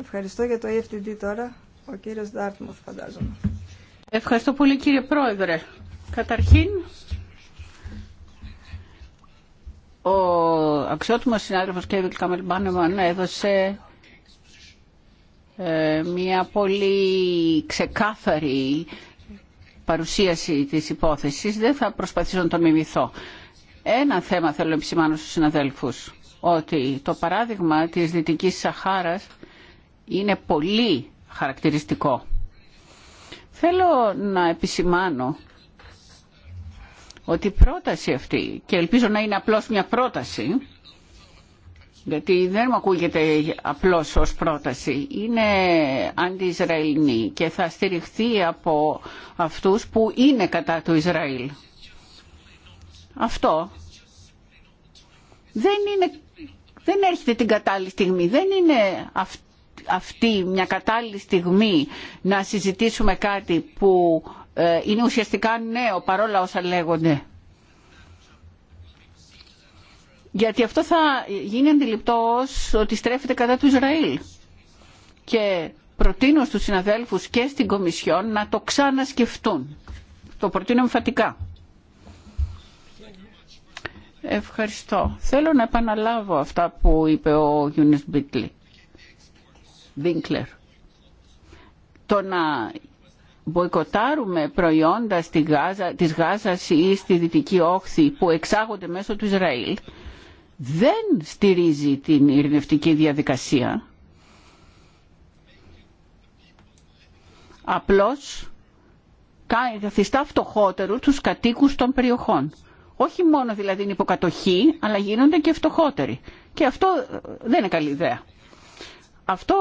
Ευχαριστώ για το EFTD τώρα, ο κύριος Ντάρτμουθ φαντάζομαι. Ευχαριστώ πολύ κύριε Πρόεδρε. Καταρχήν, ο αξιότιμος συνάδελφος Κέβιλ Καμελμπάνεμαν έδωσε ε, μια πολύ ξεκάθαρη παρουσίαση της υπόθεσης. Δεν θα προσπαθήσω να το μιμηθώ. Ένα θέμα θέλω να επισημάνω στους συναδέλφους, ότι το παράδειγμα της Δυτικής Σαχάρας είναι πολύ χαρακτηριστικό. Θέλω να επισημάνω ότι η πρόταση αυτή, και ελπίζω να είναι απλώς μια πρόταση, γιατί δεν μου ακούγεται απλώς ως πρόταση. Είναι αντιισραηλινή και θα στηριχθεί από αυτούς που είναι κατά του Ισραήλ. Αυτό δεν, είναι, δεν έρχεται την κατάλληλη στιγμή. Δεν είναι αυτή μια κατάλληλη στιγμή να συζητήσουμε κάτι που ε, είναι ουσιαστικά νέο παρόλα όσα λέγονται. γιατί αυτό θα γίνει αντιληπτό ότι στρέφεται κατά του Ισραήλ. Και προτείνω στους συναδέλφους και στην Κομισιόν να το ξανασκεφτούν. Το προτείνω εμφατικά. Ευχαριστώ. Θέλω να επαναλάβω αυτά που είπε ο Γιούνις Μπίτλι. Βίνκλερ. Το να μποϊκοτάρουμε προϊόντα στη Γάζα, της Γάζας ή στη Δυτική Όχθη που εξάγονται μέσω του Ισραήλ δεν στηρίζει την ειρηνευτική διαδικασία. Απλώς καθιστά φτωχότερου τους κατοίκους των περιοχών. Όχι μόνο δηλαδή είναι υποκατοχή, αλλά γίνονται και φτωχότεροι. Και αυτό ε, δεν είναι καλή ιδέα. Αυτό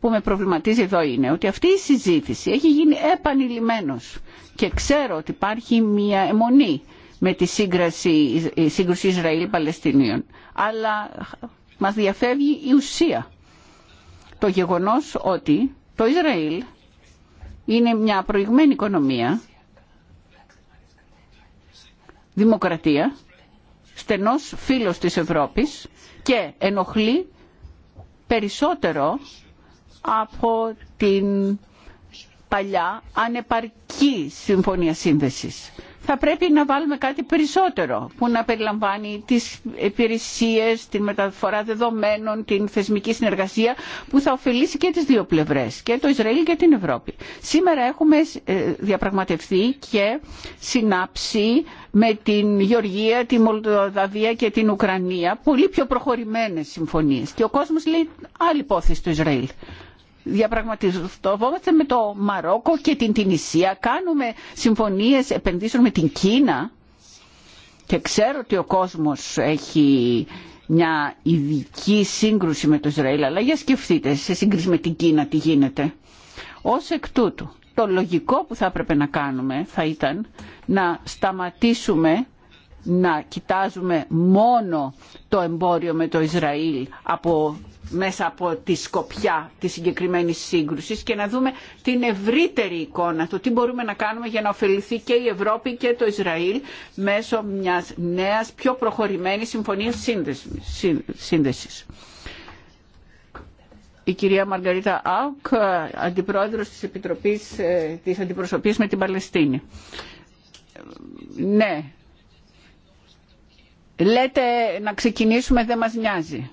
που με προβληματίζει εδώ είναι ότι αυτή η συζήτηση έχει γίνει επανειλημμένος και ξέρω ότι υπάρχει μια αιμονή με τη συγκρουση σύγκρουση Ισραήλ-Παλαιστινίων. Αλλά μας διαφεύγει η ουσία. Το γεγονός ότι το Ισραήλ είναι μια προηγμένη οικονομία, δημοκρατία, στενός φίλος της Ευρώπης και ενοχλεί περισσότερο από την παλιά ανεπαρκή συμφωνία σύνδεσης. Θα πρέπει να βάλουμε κάτι περισσότερο που να περιλαμβάνει τις υπηρεσίε, τη μεταφορά δεδομένων, την θεσμική συνεργασία που θα ωφελήσει και τις δύο πλευρές, και το Ισραήλ και την Ευρώπη. Σήμερα έχουμε ε, διαπραγματευτεί και συνάψει με την Γεωργία, τη Μολδαβία και την Ουκρανία πολύ πιο προχωρημένες συμφωνίες. Και ο κόσμος λέει άλλη υπόθεση του Ισραήλ διαπραγματευόμαστε με το Μαρόκο και την Τινησία, κάνουμε συμφωνίες επενδύσεων με την Κίνα και ξέρω ότι ο κόσμος έχει μια ειδική σύγκρουση με το Ισραήλ, αλλά για σκεφτείτε σε σύγκριση με την Κίνα τι γίνεται. Ως εκ τούτου, το λογικό που θα έπρεπε να κάνουμε θα ήταν να σταματήσουμε να κοιτάζουμε μόνο το εμπόριο με το Ισραήλ από μέσα από τη σκοπιά της συγκεκριμένης σύγκρουσης και να δούμε την ευρύτερη εικόνα το τι μπορούμε να κάνουμε για να ωφεληθεί και η Ευρώπη και το Ισραήλ μέσω μιας νέας πιο προχωρημένης συμφωνίας σύνδεσης. Η κυρία Μαργαρίτα Άουκ, αντιπρόεδρος της Επιτροπής ε, της Αντιπροσωπής με την Παλαιστίνη. Ναι, λέτε να ξεκινήσουμε δεν μας νοιάζει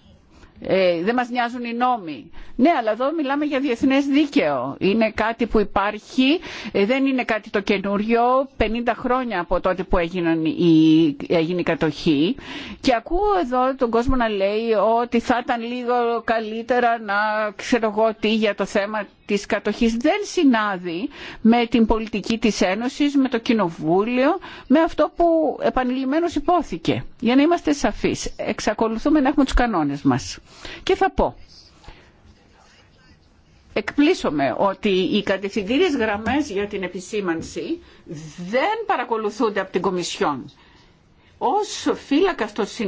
ε, δεν μας νοιάζουν οι νόμοι. Ναι, αλλά εδώ μιλάμε για διεθνές δίκαιο. Είναι κάτι που υπάρχει, ε, δεν είναι κάτι το καινούριο, 50 χρόνια από τότε που η, έγινε η κατοχή. Και ακούω εδώ τον κόσμο να λέει ότι θα ήταν λίγο καλύτερα να ξέρω εγώ τι για το θέμα της κατοχής δεν συνάδει με την πολιτική της Ένωσης, με το Κοινοβούλιο, με αυτό που επανειλημμένως υπόθηκε. Για να είμαστε σαφείς, εξακολουθούμε να έχουμε τους κανόνες μας. Και θα πω, εκπλήσωμε ότι οι κατευθυντήριες γραμμές για την επισήμανση δεν παρακολουθούνται από την Κομισιόν. Ω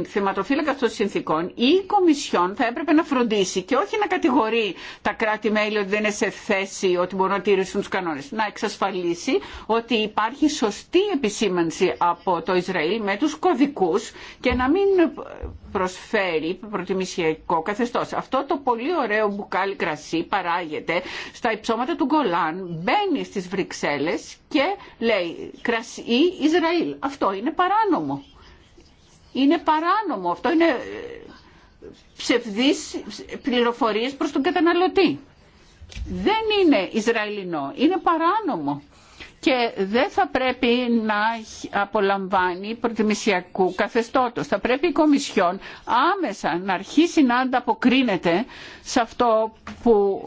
θεματοφύλακα των, συνθήκων η Κομισιόν θα έπρεπε να φροντίσει και όχι να κατηγορεί τα κράτη-μέλη ότι δεν είναι σε θέση ότι μπορούν να τηρήσουν του κανόνε, Να εξασφαλίσει ότι υπάρχει σωστή επισήμανση από το Ισραήλ με του κωδικού και να μην προσφέρει προτιμησιακό καθεστώς. Αυτό το πολύ ωραίο μπουκάλι κρασί παράγεται στα υψώματα του Γκολάν, μπαίνει στι Βρυξέλλες και λέει κρασί Ισραήλ. Αυτό είναι παράνομο είναι παράνομο. Αυτό είναι ε, ψευδείς πληροφορίες προς τον καταναλωτή. Δεν είναι Ισραηλινό, είναι παράνομο και δεν θα πρέπει να απολαμβάνει προτιμησιακού καθεστώτος. Θα πρέπει η Κομισιόν άμεσα να αρχίσει να ανταποκρίνεται σε αυτό που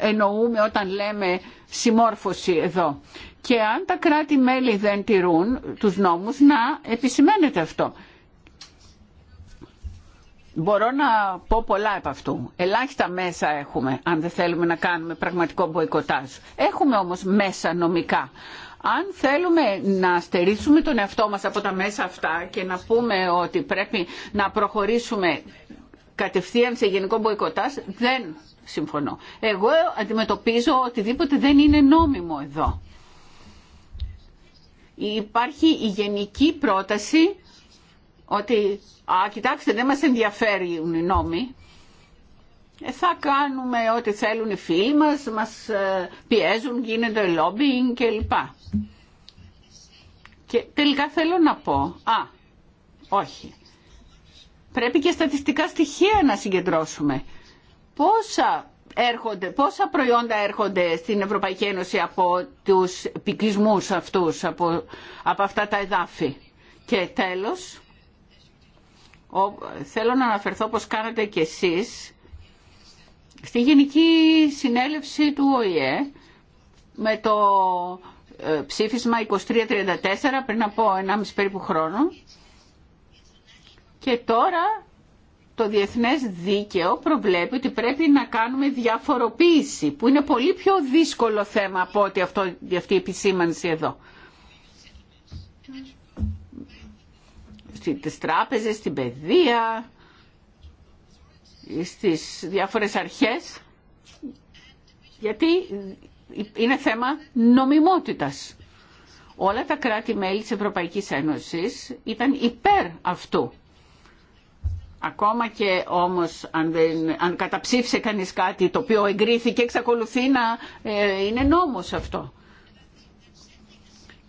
εννοούμε όταν λέμε συμμόρφωση εδώ. Και αν τα κράτη-μέλη δεν τηρούν τους νόμους να επισημαίνεται αυτό. Μπορώ να πω πολλά από αυτού. Ελάχιστα μέσα έχουμε, αν δεν θέλουμε να κάνουμε πραγματικό μποϊκοτάζ. Έχουμε όμως μέσα νομικά. Αν θέλουμε να στερήσουμε τον εαυτό μας από τα μέσα αυτά και να πούμε ότι πρέπει να προχωρήσουμε κατευθείαν σε γενικό μποϊκοτάζ, δεν συμφωνώ. Εγώ αντιμετωπίζω οτιδήποτε δεν είναι νόμιμο εδώ. Υπάρχει η γενική πρόταση ότι «Α, κοιτάξτε, δεν μας ενδιαφέρουν οι νόμοι». Ε, θα κάνουμε ό,τι θέλουν οι φίλοι μας, μας ε, πιέζουν, γίνεται lobbying κλπ. Και τελικά θέλω να πω, α, όχι, πρέπει και στατιστικά στοιχεία να συγκεντρώσουμε. Πόσα, έρχονται, πόσα προϊόντα έρχονται στην Ευρωπαϊκή Ένωση από τους πικρισμούς αυτούς, από, από αυτά τα εδάφη. Και τέλος, θέλω να αναφερθώ πώς κάνατε και εσείς στη Γενική Συνέλευση του ΟΗΕ με το ε, ψήφισμα 2334 πριν από 1,5 περίπου χρόνο και τώρα το διεθνές δίκαιο προβλέπει ότι πρέπει να κάνουμε διαφοροποίηση που είναι πολύ πιο δύσκολο θέμα από ότι αυτό, αυτή η επισήμανση εδώ. στις τράπεζες, στην παιδεία, στις διάφορες αρχές, γιατί είναι θέμα νομιμότητας. Όλα τα κράτη-μέλη της Ευρωπαϊκής Ένωσης ήταν υπέρ αυτού. Ακόμα και όμως αν, αν καταψήφισε κανείς κάτι το οποίο εγκρίθηκε εξακολουθεί να ε, είναι νόμος αυτό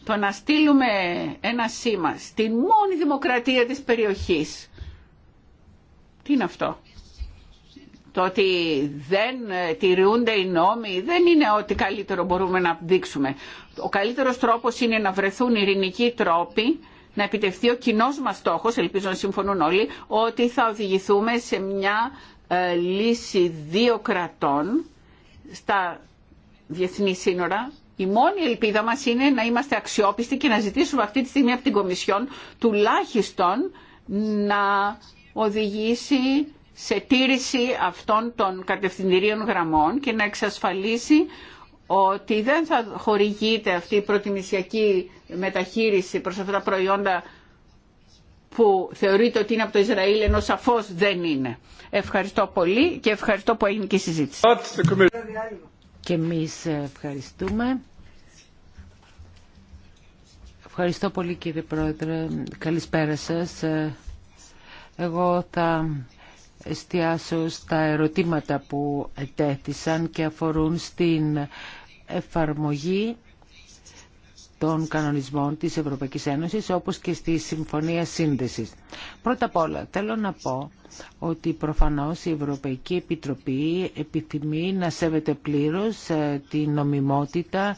το να στείλουμε ένα σήμα στην μόνη δημοκρατία της περιοχής. Τι είναι αυτό. Το ότι δεν ε, τηρούνται οι νόμοι δεν είναι ότι καλύτερο μπορούμε να δείξουμε. Ο καλύτερος τρόπος είναι να βρεθούν ειρηνικοί τρόποι να επιτευχθεί ο κοινό μας στόχος, ελπίζω να συμφωνούν όλοι, ότι θα οδηγηθούμε σε μια ε, λύση δύο κρατών στα διεθνή σύνορα η μόνη ελπίδα μας είναι να είμαστε αξιόπιστοι και να ζητήσουμε αυτή τη στιγμή από την Κομισιόν τουλάχιστον να οδηγήσει σε τήρηση αυτών των κατευθυντηρίων γραμμών και να εξασφαλίσει ότι δεν θα χορηγείται αυτή η προτιμησιακή μεταχείριση προς αυτά τα προϊόντα που θεωρείται ότι είναι από το Ισραήλ ενώ σαφώς δεν είναι. Ευχαριστώ πολύ και ευχαριστώ που έγινε και η συζήτηση. Και εμείς ευχαριστούμε. Ευχαριστώ πολύ κύριε Πρόεδρε. Καλησπέρα σας. Εγώ θα εστιάσω στα ερωτήματα που ετέθησαν και αφορούν στην εφαρμογή των κανονισμών της Ευρωπαϊκής Ένωσης όπως και στη Συμφωνία Σύνδεσης. Πρώτα απ' όλα θέλω να πω ότι προφανώς η Ευρωπαϊκή Επιτροπή επιθυμεί να σέβεται πλήρως ε, την νομιμότητα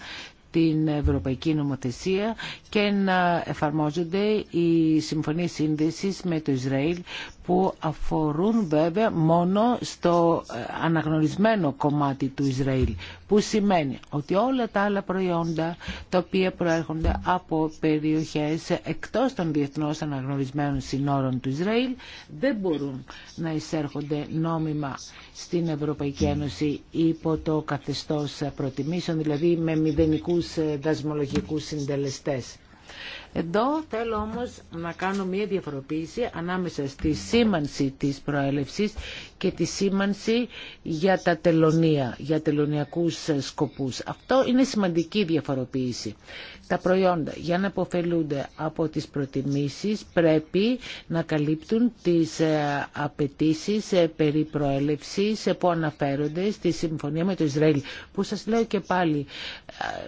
την Ευρωπαϊκή Νομοθεσία και να εφαρμόζονται οι συμφωνίες σύνδεσης με το Ισραήλ που αφορούν βέβαια μόνο στο ε, αναγνωρισμένο κομμάτι του Ισραήλ που σημαίνει ότι όλα τα άλλα προϊόντα τα οποία προέρχονται από περιοχές εκτός των διεθνώς αναγνωρισμένων συνόρων του Ισραήλ δεν μπορούν να εισέρχονται νόμιμα στην Ευρωπαϊκή Ένωση υπό το καθεστώς προτιμήσεων, δηλαδή με μηδενικούς ε, δασμολογικούς συντελεστές. Εδώ θέλω όμως να κάνω μια διαφοροποίηση ανάμεσα στη σήμανση της προέλευσης και τη σήμανση για τα τελωνία, για τελωνιακούς σκοπούς. Αυτό είναι σημαντική διαφοροποίηση τα προϊόντα για να αποφελούνται από τις προτιμήσεις πρέπει να καλύπτουν τις ε, απαιτήσει ε, περί προέλευσης ε, που αναφέρονται στη συμφωνία με το Ισραήλ που σας λέω και πάλι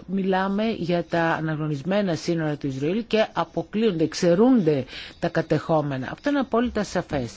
μιλάμε για τα αναγνωρισμένα σύνορα του Ισραήλ και αποκλείονται, ξερούνται τα κατεχόμενα. Αυτό είναι απόλυτα σαφές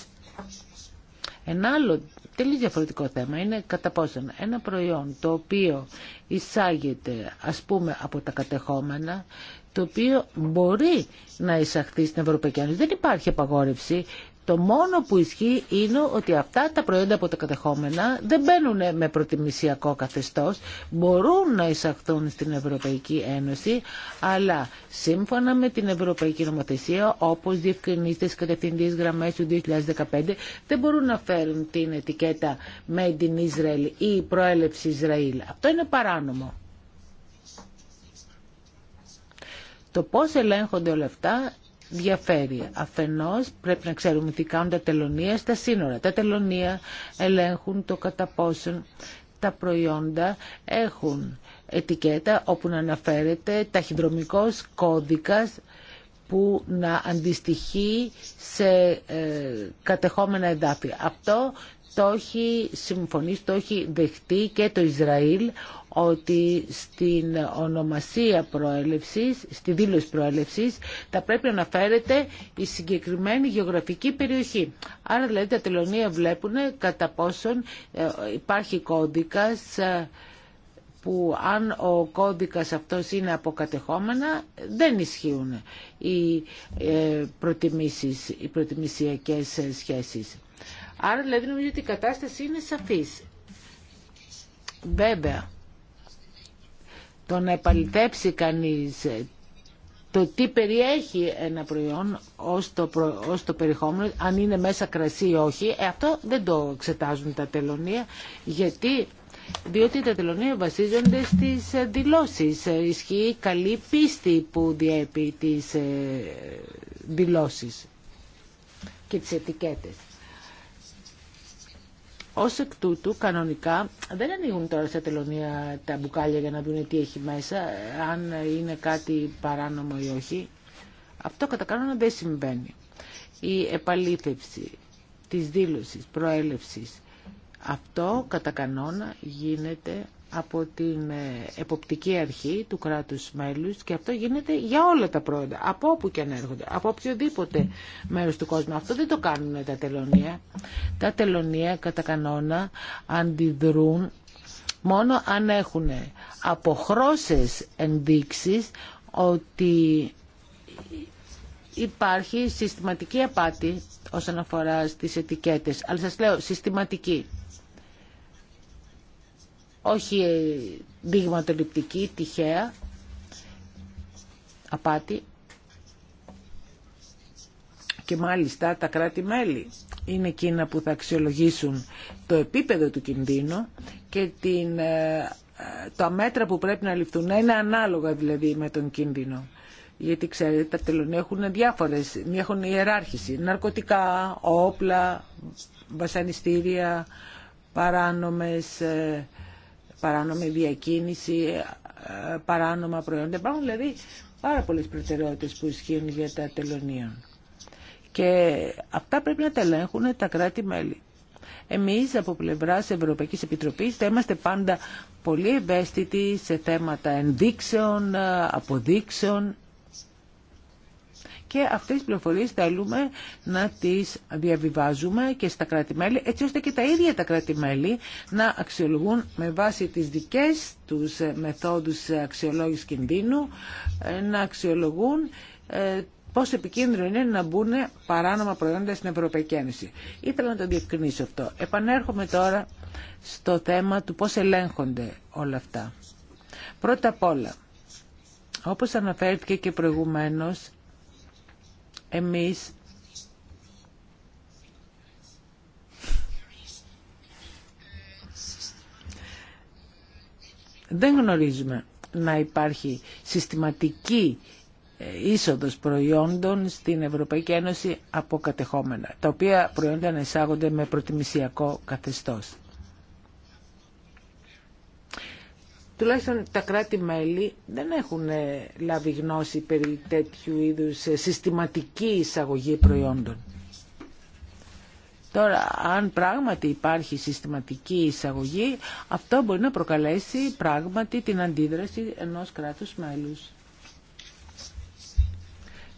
τελείως διαφορετικό θέμα είναι κατά πόσον ένα προϊόν το οποίο εισάγεται ας πούμε από τα κατεχόμενα το οποίο μπορεί να εισαχθεί στην Ευρωπαϊκή Ένωση. Δεν υπάρχει απαγόρευση το μόνο που ισχύει είναι ότι αυτά τα προϊόντα από τα κατεχόμενα δεν μπαίνουν με προτιμησιακό καθεστώς, μπορούν να εισαχθούν στην Ευρωπαϊκή Ένωση, αλλά σύμφωνα με την Ευρωπαϊκή Νομοθεσία, όπως διευκρινίστε στις κατευθυντήριες γραμμέ του 2015, δεν μπορούν να φέρουν την ετικέτα Made in Israel ή προέλευση Ισραήλ. Αυτό είναι παράνομο. Το πώς ελέγχονται όλα αυτά διαφέρει. Αφενός πρέπει να ξέρουμε τι κάνουν τα τελωνία στα σύνορα. Τα τελωνία ελέγχουν το κατά πόσον τα προϊόντα έχουν ετικέτα όπου να αναφέρεται ταχυδρομικός κωδικά που να αντιστοιχεί σε ε, κατεχόμενα εδάφη. Αυτό το έχει συμφωνήσει, το έχει δεχτεί και το Ισραήλ ότι στην ονομασία προέλευσης, στη δήλωση προέλευσης, θα πρέπει να αναφέρεται η συγκεκριμένη γεωγραφική περιοχή. Άρα δηλαδή τα τελωνία βλέπουν κατά πόσον ε, υπάρχει κώδικας ε, που αν ο κώδικας αυτός είναι αποκατεχόμενα δεν ισχύουν οι ε, προτιμήσεις, οι προτιμησιακές σχέσεις. Άρα δηλαδή νομίζω ότι η κατάσταση είναι σαφής. Βέβαια, το να επαληθέψει κανείς ε, το τι περιέχει ένα προϊόν ως το, προ, περιεχόμενο, αν είναι μέσα κρασί ή όχι, ε, αυτό δεν το εξετάζουν τα τελωνία, γιατί διότι τα τελωνία βασίζονται στις ε, δηλώσεις. Ισχύει καλή πίστη που διέπει τις δηλώσεις και τις ετικέτες. Ως εκ τούτου, κανονικά, δεν ανοίγουν τώρα στα τελωνία τα μπουκάλια για να δουν τι έχει μέσα, αν είναι κάτι παράνομο ή όχι. Αυτό κατά κανόνα δεν συμβαίνει. Η επαλήθευση της δήλωσης, προέλευσης, αυτό κατά κανόνα γίνεται από την ε, εποπτική αρχή του κράτους μέλους και αυτό γίνεται για όλα τα πρόοδα, από όπου και αν έρχονται, από οποιοδήποτε μέρος του κόσμου. Αυτό δεν το κάνουν τα τελωνία. Τα τελωνία κατά κανόνα αντιδρούν μόνο αν έχουν αποχρώσεις ενδείξεις ότι υπάρχει συστηματική απάτη όσον αφορά στις ετικέτες. Αλλά σας λέω συστηματική όχι δειγματοληπτική, τυχαία, απάτη. Και μάλιστα τα κράτη-μέλη είναι εκείνα που θα αξιολογήσουν το επίπεδο του κινδύνου και την, ε, τα μέτρα που πρέπει να ληφθούν είναι ανάλογα δηλαδή με τον κίνδυνο. Γιατί ξέρετε τα τελωνία έχουν διάφορες, έχουν ιεράρχηση, ναρκωτικά, όπλα, βασανιστήρια, παράνομες ε, παράνομη διακίνηση, ε, παράνομα προϊόντα. Υπάρχουν δηλαδή πάρα πολλέ προτεραιότητε που ισχύουν για τα τελωνία. Και αυτά πρέπει να τα ελέγχουν τα κράτη-μέλη. Εμείς από πλευρά Ευρωπαϊκής Επιτροπής θα είμαστε πάντα πολύ ευαίσθητοι σε θέματα ενδείξεων, αποδείξεων και αυτές τις πληροφορίες θέλουμε να τις διαβιβάζουμε και στα κράτη-μέλη έτσι ώστε και τα ίδια τα κρατη να αξιολογούν με βάση τις δικές τους ε, μεθόδους ε, αξιολόγηση κινδύνου ε, να αξιολογούν πόσο επικίνδυνο είναι να μπουν παράνομα προϊόντα στην Ευρωπαϊκή Ένωση. Ήθελα να το διευκρινίσω αυτό. Επανέρχομαι τώρα στο θέμα του πώς ελέγχονται όλα αυτά. Πρώτα απ' όλα, όπως αναφέρθηκε και προηγουμένως, εμείς δεν γνωρίζουμε να υπάρχει συστηματική ε, είσοδος προϊόντων στην Ευρωπαϊκή Ένωση από κατεχόμενα, τα οποία προϊόντα να εισάγονται με προτιμησιακό καθεστώς. τουλάχιστον τα κράτη-μέλη δεν έχουν ε, λάβει γνώση περί τέτοιου είδους ε, συστηματική εισαγωγή προϊόντων. Τώρα, αν πράγματι υπάρχει συστηματική εισαγωγή, αυτό μπορεί να προκαλέσει πράγματι την αντίδραση ενός κράτους μέλους.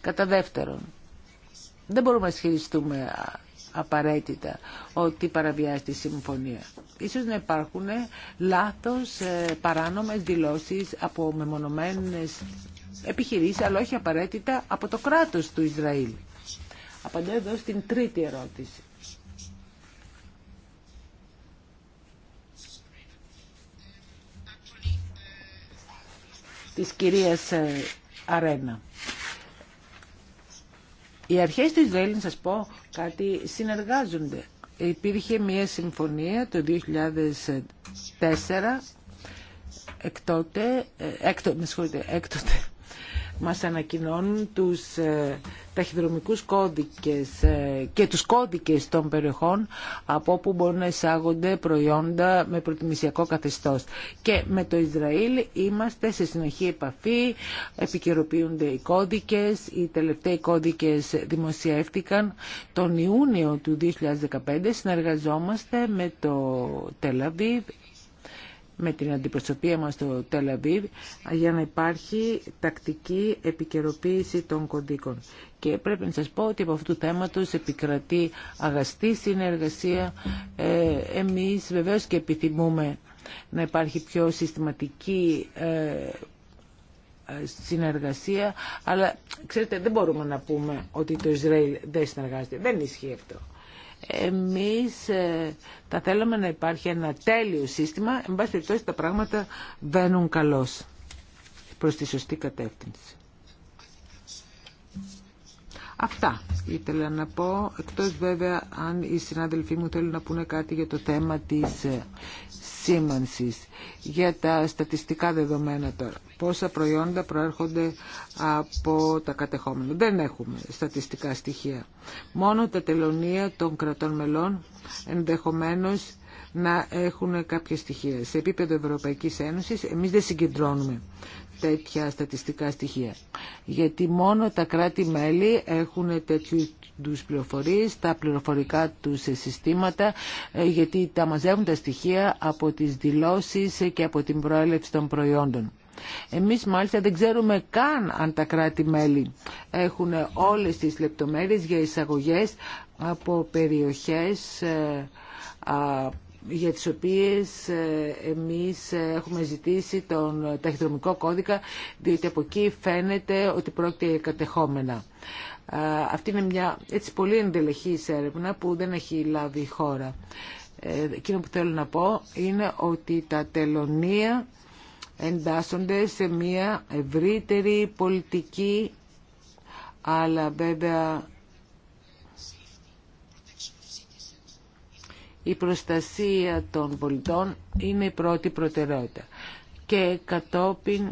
Κατά δεύτερον, δεν μπορούμε να ισχυριστούμε απαραίτητα ότι παραβιάζει τη συμφωνία. Ίσως να υπάρχουν ε, λάθος ε, παράνομες δηλώσεις από μεμονωμένες επιχειρήσεις, αλλά όχι απαραίτητα από το κράτος του Ισραήλ. Απαντώ εδώ στην τρίτη ερώτηση. της κυρίας ε, Αρένα. Οι αρχές του Ισραήλ, να σας πω κάτι, συνεργάζονται. Υπήρχε μια συμφωνία το 2004, εκτότε, εκτότε, με έκτοτε μας ανακοινώνουν τους ε, ταχυδρομικούς κώδικες ε, και τους κώδικες των περιοχών από όπου μπορούν να εισάγονται προϊόντα με προτιμησιακό καθεστώς. Και με το Ισραήλ είμαστε σε συνοχή επαφή, επικαιροποιούνται οι κώδικες, οι τελευταίοι κώδικες δημοσιεύτηκαν τον Ιούνιο του 2015, συνεργαζόμαστε με το Τελαβίβ με την αντιπροσωπεία μας στο Τελαβίβ για να υπάρχει τακτική επικαιροποίηση των κωδίκων. Και πρέπει να σας πω ότι από αυτού του θέματος επικρατεί αγαστή συνεργασία. Ε, εμείς βεβαίως και επιθυμούμε να υπάρχει πιο συστηματική ε, συνεργασία, αλλά ξέρετε δεν μπορούμε να πούμε ότι το Ισραήλ δεν συνεργάζεται. Δεν ισχύει αυτό. Εμείς ε, θα θέλαμε να υπάρχει ένα τέλειο σύστημα, εν πάση περιπτώσει τα πράγματα βαίνουν καλώς προς τη σωστή κατεύθυνση. Αυτά ήθελα να πω, εκτός βέβαια αν οι συνάδελφοί μου θέλουν να πούνε κάτι για το θέμα της ε, σήμανσης για τα στατιστικά δεδομένα τώρα. Πόσα προϊόντα προέρχονται από τα κατεχόμενα. Δεν έχουμε στατιστικά στοιχεία. Μόνο τα τελωνία των κρατών μελών ενδεχομένως να έχουν κάποια στοιχεία. Σε επίπεδο Ευρωπαϊκής Ένωσης εμείς δεν συγκεντρώνουμε τέτοια στατιστικά στοιχεία. Γιατί μόνο τα κράτη-μέλη έχουν τέτοιου τους πληροφορίες, τα πληροφορικά τους συστήματα, ε, γιατί τα μαζεύουν τα στοιχεία από τις δηλώσεις και από την προέλευση των προϊόντων. Εμείς μάλιστα δεν ξέρουμε καν αν τα κράτη-μέλη έχουν όλες τις λεπτομέρειες για εισαγωγές από περιοχές ε, για τις οποίες ε, εμείς έχουμε ζητήσει τον ταχυδρομικό κώδικα, διότι από εκεί φαίνεται ότι πρόκειται κατεχόμενα αυτή είναι μια έτσι πολύ εντελεχή έρευνα που δεν έχει λάβει η χώρα. Ε, εκείνο που θέλω να πω είναι ότι τα τελωνία εντάσσονται σε μια ευρύτερη πολιτική αλλά βέβαια η προστασία των πολιτών είναι η πρώτη προτεραιότητα και κατόπιν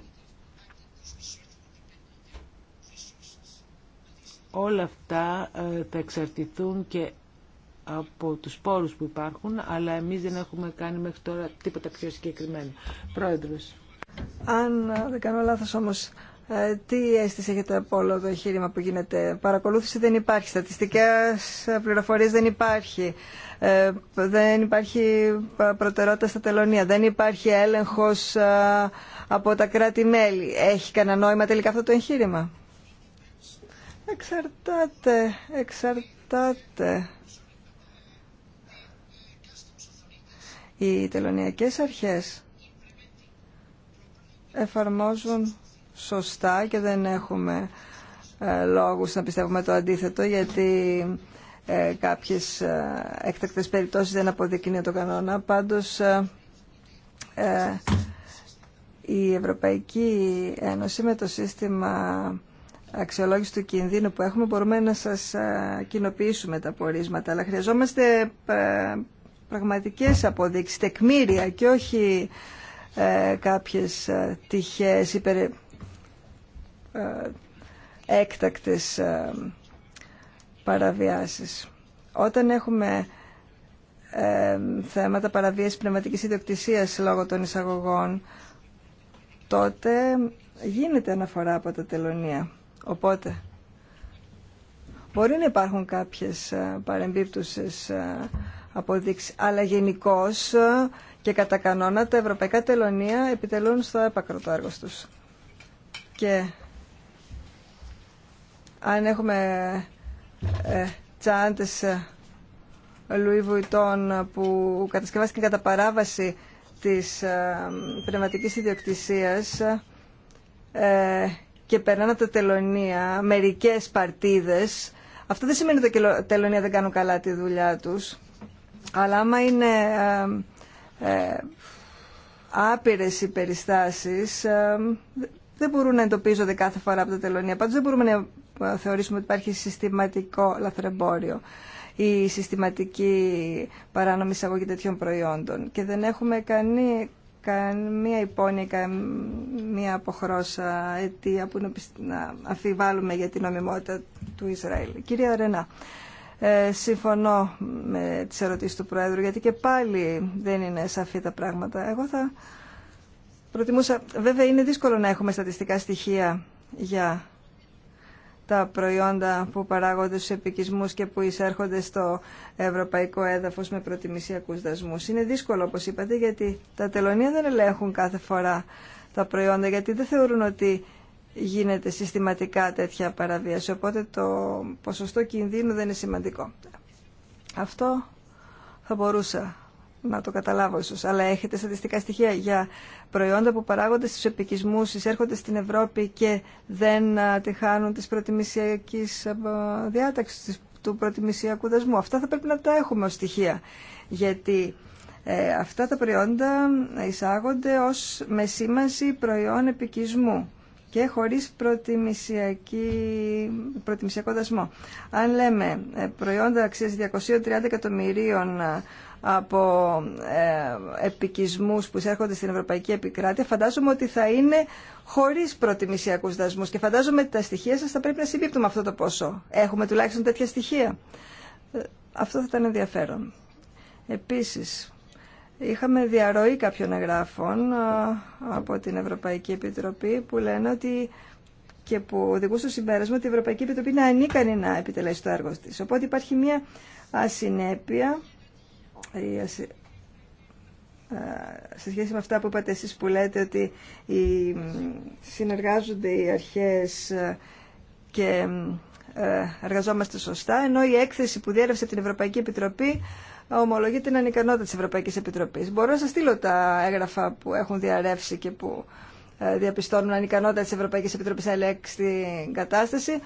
όλα αυτά ε, θα εξαρτηθούν και από τους πόρους που υπάρχουν, αλλά εμείς δεν έχουμε κάνει μέχρι τώρα τίποτα πιο συγκεκριμένο. Πρόεδρος. Αν δεν κάνω λάθος όμως, ε, τι αίσθηση έχετε από όλο το εγχείρημα που γίνεται. Παρακολούθηση δεν υπάρχει, στατιστικές ε, πληροφορίες δεν υπάρχει, δεν υπάρχει προτεραιότητα στα τελωνία, δεν υπάρχει έλεγχος από τα κράτη-μέλη. Έχει κανένα νόημα τελικά αυτό το εγχείρημα. Εξαρτάται, εξαρτάται. Οι τελωνιακές αρχές εφαρμόζουν σωστά και δεν έχουμε ε, λόγους να πιστεύουμε το αντίθετο γιατί ε, κάποιες ε, έκτακτες περιπτώσεις δεν αποδεικνύουν το κανόνα. Πάντως ε, η Ευρωπαϊκή Ένωση με το σύστημα αξιολόγηση του κινδύνου που έχουμε μπορούμε να σας κοινοποιήσουμε τα πορίσματα, αλλά χρειαζόμαστε ε, πραγματικές αποδείξεις, τεκμήρια και όχι ε, κάποιες ε, τυχές, υπερ, ε, έκτακτες παραβιάσεις. Όταν έχουμε θέματα παραβίασης πνευματικής ιδιοκτησίας λόγω των εισαγωγών, τότε γίνεται αναφορά από τα τελωνία. Οπότε, μπορεί να υπάρχουν κάποιες ε, παρεμπίπτουσες ε, αποδείξεις, αλλά γενικώ ε, και κατά κανόνα τα ευρωπαϊκά τελωνία επιτελούν στο έπακρο το έργο τους. Και αν έχουμε ε, τσάντες Λουί που κατασκευάστηκαν κατά παράβαση της πνευματικής ιδιοκτησίας και περνάνε από τα τελωνία μερικέ παρτίδε, αυτό δεν σημαίνει ότι τα τελωνία δεν κάνουν καλά τη δουλειά του, αλλά άμα είναι ε, ε, άπειρες οι περιστάσει, δεν μπορούν να εντοπίζονται κάθε φορά από τα τελωνία. Πάντως δεν μπορούμε να ε, θεωρήσουμε ότι υπάρχει συστηματικό λαθρεμπόριο ή συστηματική παράνομη εισαγωγή τέτοιων προϊόντων. Και δεν έχουμε κανεί, μία υπόνοια, μία αποχρώσα αιτία που να αφιβάλλουμε για την νομιμότητα του Ισραήλ. Κυρία Ρενά, ε, συμφωνώ με τις ερωτήσεις του Πρόεδρου, γιατί και πάλι δεν είναι σαφή τα πράγματα. Εγώ θα προτιμούσα... Βέβαια, είναι δύσκολο να έχουμε στατιστικά στοιχεία για τα προϊόντα που παράγονται στους επικισμούς και που εισέρχονται στο ευρωπαϊκό έδαφος με προτιμησιακούς δασμούς. Είναι δύσκολο, όπως είπατε, γιατί τα τελωνία δεν ελέγχουν κάθε φορά τα προϊόντα, γιατί δεν θεωρούν ότι γίνεται συστηματικά τέτοια παραβίαση, οπότε το ποσοστό κινδύνου δεν είναι σημαντικό. Αυτό θα μπορούσα να το καταλάβω ίσως, αλλά έχετε στατιστικά στοιχεία για προϊόντα που παράγονται στους επικισμούς, εισέρχονται στην Ευρώπη και δεν τυχάνουν της προτιμησιακής διάταξης του προτιμησιακού δασμού. Αυτά θα πρέπει να τα έχουμε ως στοιχεία, γιατί ε, αυτά τα προϊόντα εισάγονται ως με σήμανση προϊόν επικισμού και χωρίς προτιμησιακό δασμό. Αν λέμε ε, προϊόντα αξίας 230 εκατομμυρίων από ε, επικισμούς που εισέρχονται στην Ευρωπαϊκή Επικράτεια, φαντάζομαι ότι θα είναι χωρίς προτιμησιακούς δασμούς και φαντάζομαι ότι τα στοιχεία σας θα πρέπει να συμπίπτουν με αυτό το ποσό. Έχουμε τουλάχιστον τέτοια στοιχεία. Ε, αυτό θα ήταν ενδιαφέρον. Επίσης, είχαμε διαρροή κάποιων εγγράφων ε, από την Ευρωπαϊκή Επιτροπή που λένε ότι και που οδηγούν στο συμπέρασμα ότι η Ευρωπαϊκή Επιτροπή είναι ανίκανη να επιτελέσει το έργο της. Οπότε υπάρχει μια ασυνέπεια ε, ε, σε σχέση με αυτά που είπατε εσείς που λέτε ότι συνεργάζονται οι αρχές ε, και εργαζόμαστε σωστά, ενώ η έκθεση που διέρευσε την Ευρωπαϊκή Επιτροπή ομολογεί την ανικανότητα της Ευρωπαϊκής Επιτροπής. Μπορώ να σας στείλω τα έγγραφα που έχουν διαρρεύσει και που διαπιστώνουν ανικανότητα της Ευρωπαϊκής Επιτροπής να ελέγξει την κατάσταση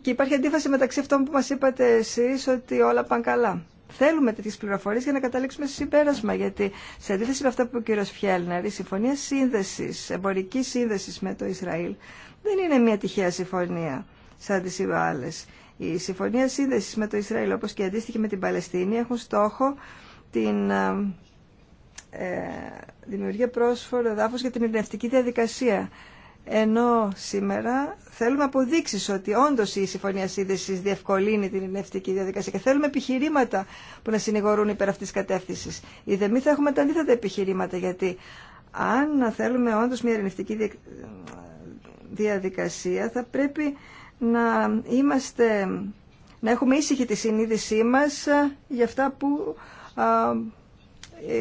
και υπάρχει αντίφαση μεταξύ αυτών που μας είπατε εσείς ότι όλα πάνε καλά θέλουμε τέτοιε πληροφορίε για να καταλήξουμε σε συμπέρασμα, γιατί σε αντίθεση με αυτά που είπε ο κύριο Φιέλνερ, η συμφωνία σύνδεση, εμπορική σύνδεση με το Ισραήλ δεν είναι μια τυχαία συμφωνία σαν τι είπα Η συμφωνία σύνδεσης με το Ισραήλ, όπω και αντίστοιχη με την Παλαιστίνη, έχουν στόχο την ε, ε δημιουργία πρόσφορου εδάφου για την ειρηνευτική διαδικασία ενώ σήμερα θέλουμε αποδείξεις ότι όντως η Συμφωνία Σύνδεσης διευκολύνει την ειρηνευτική διαδικασία και θέλουμε επιχειρήματα που να συνηγορούν υπέρ αυτής της κατεύθυνσης. Οι δεν θα έχουμε τα αντίθετα επιχειρήματα γιατί αν θέλουμε όντως μια ειρηνευτική διαδικασία θα πρέπει να είμαστε να έχουμε ήσυχη τη συνείδησή μας ε, για αυτά που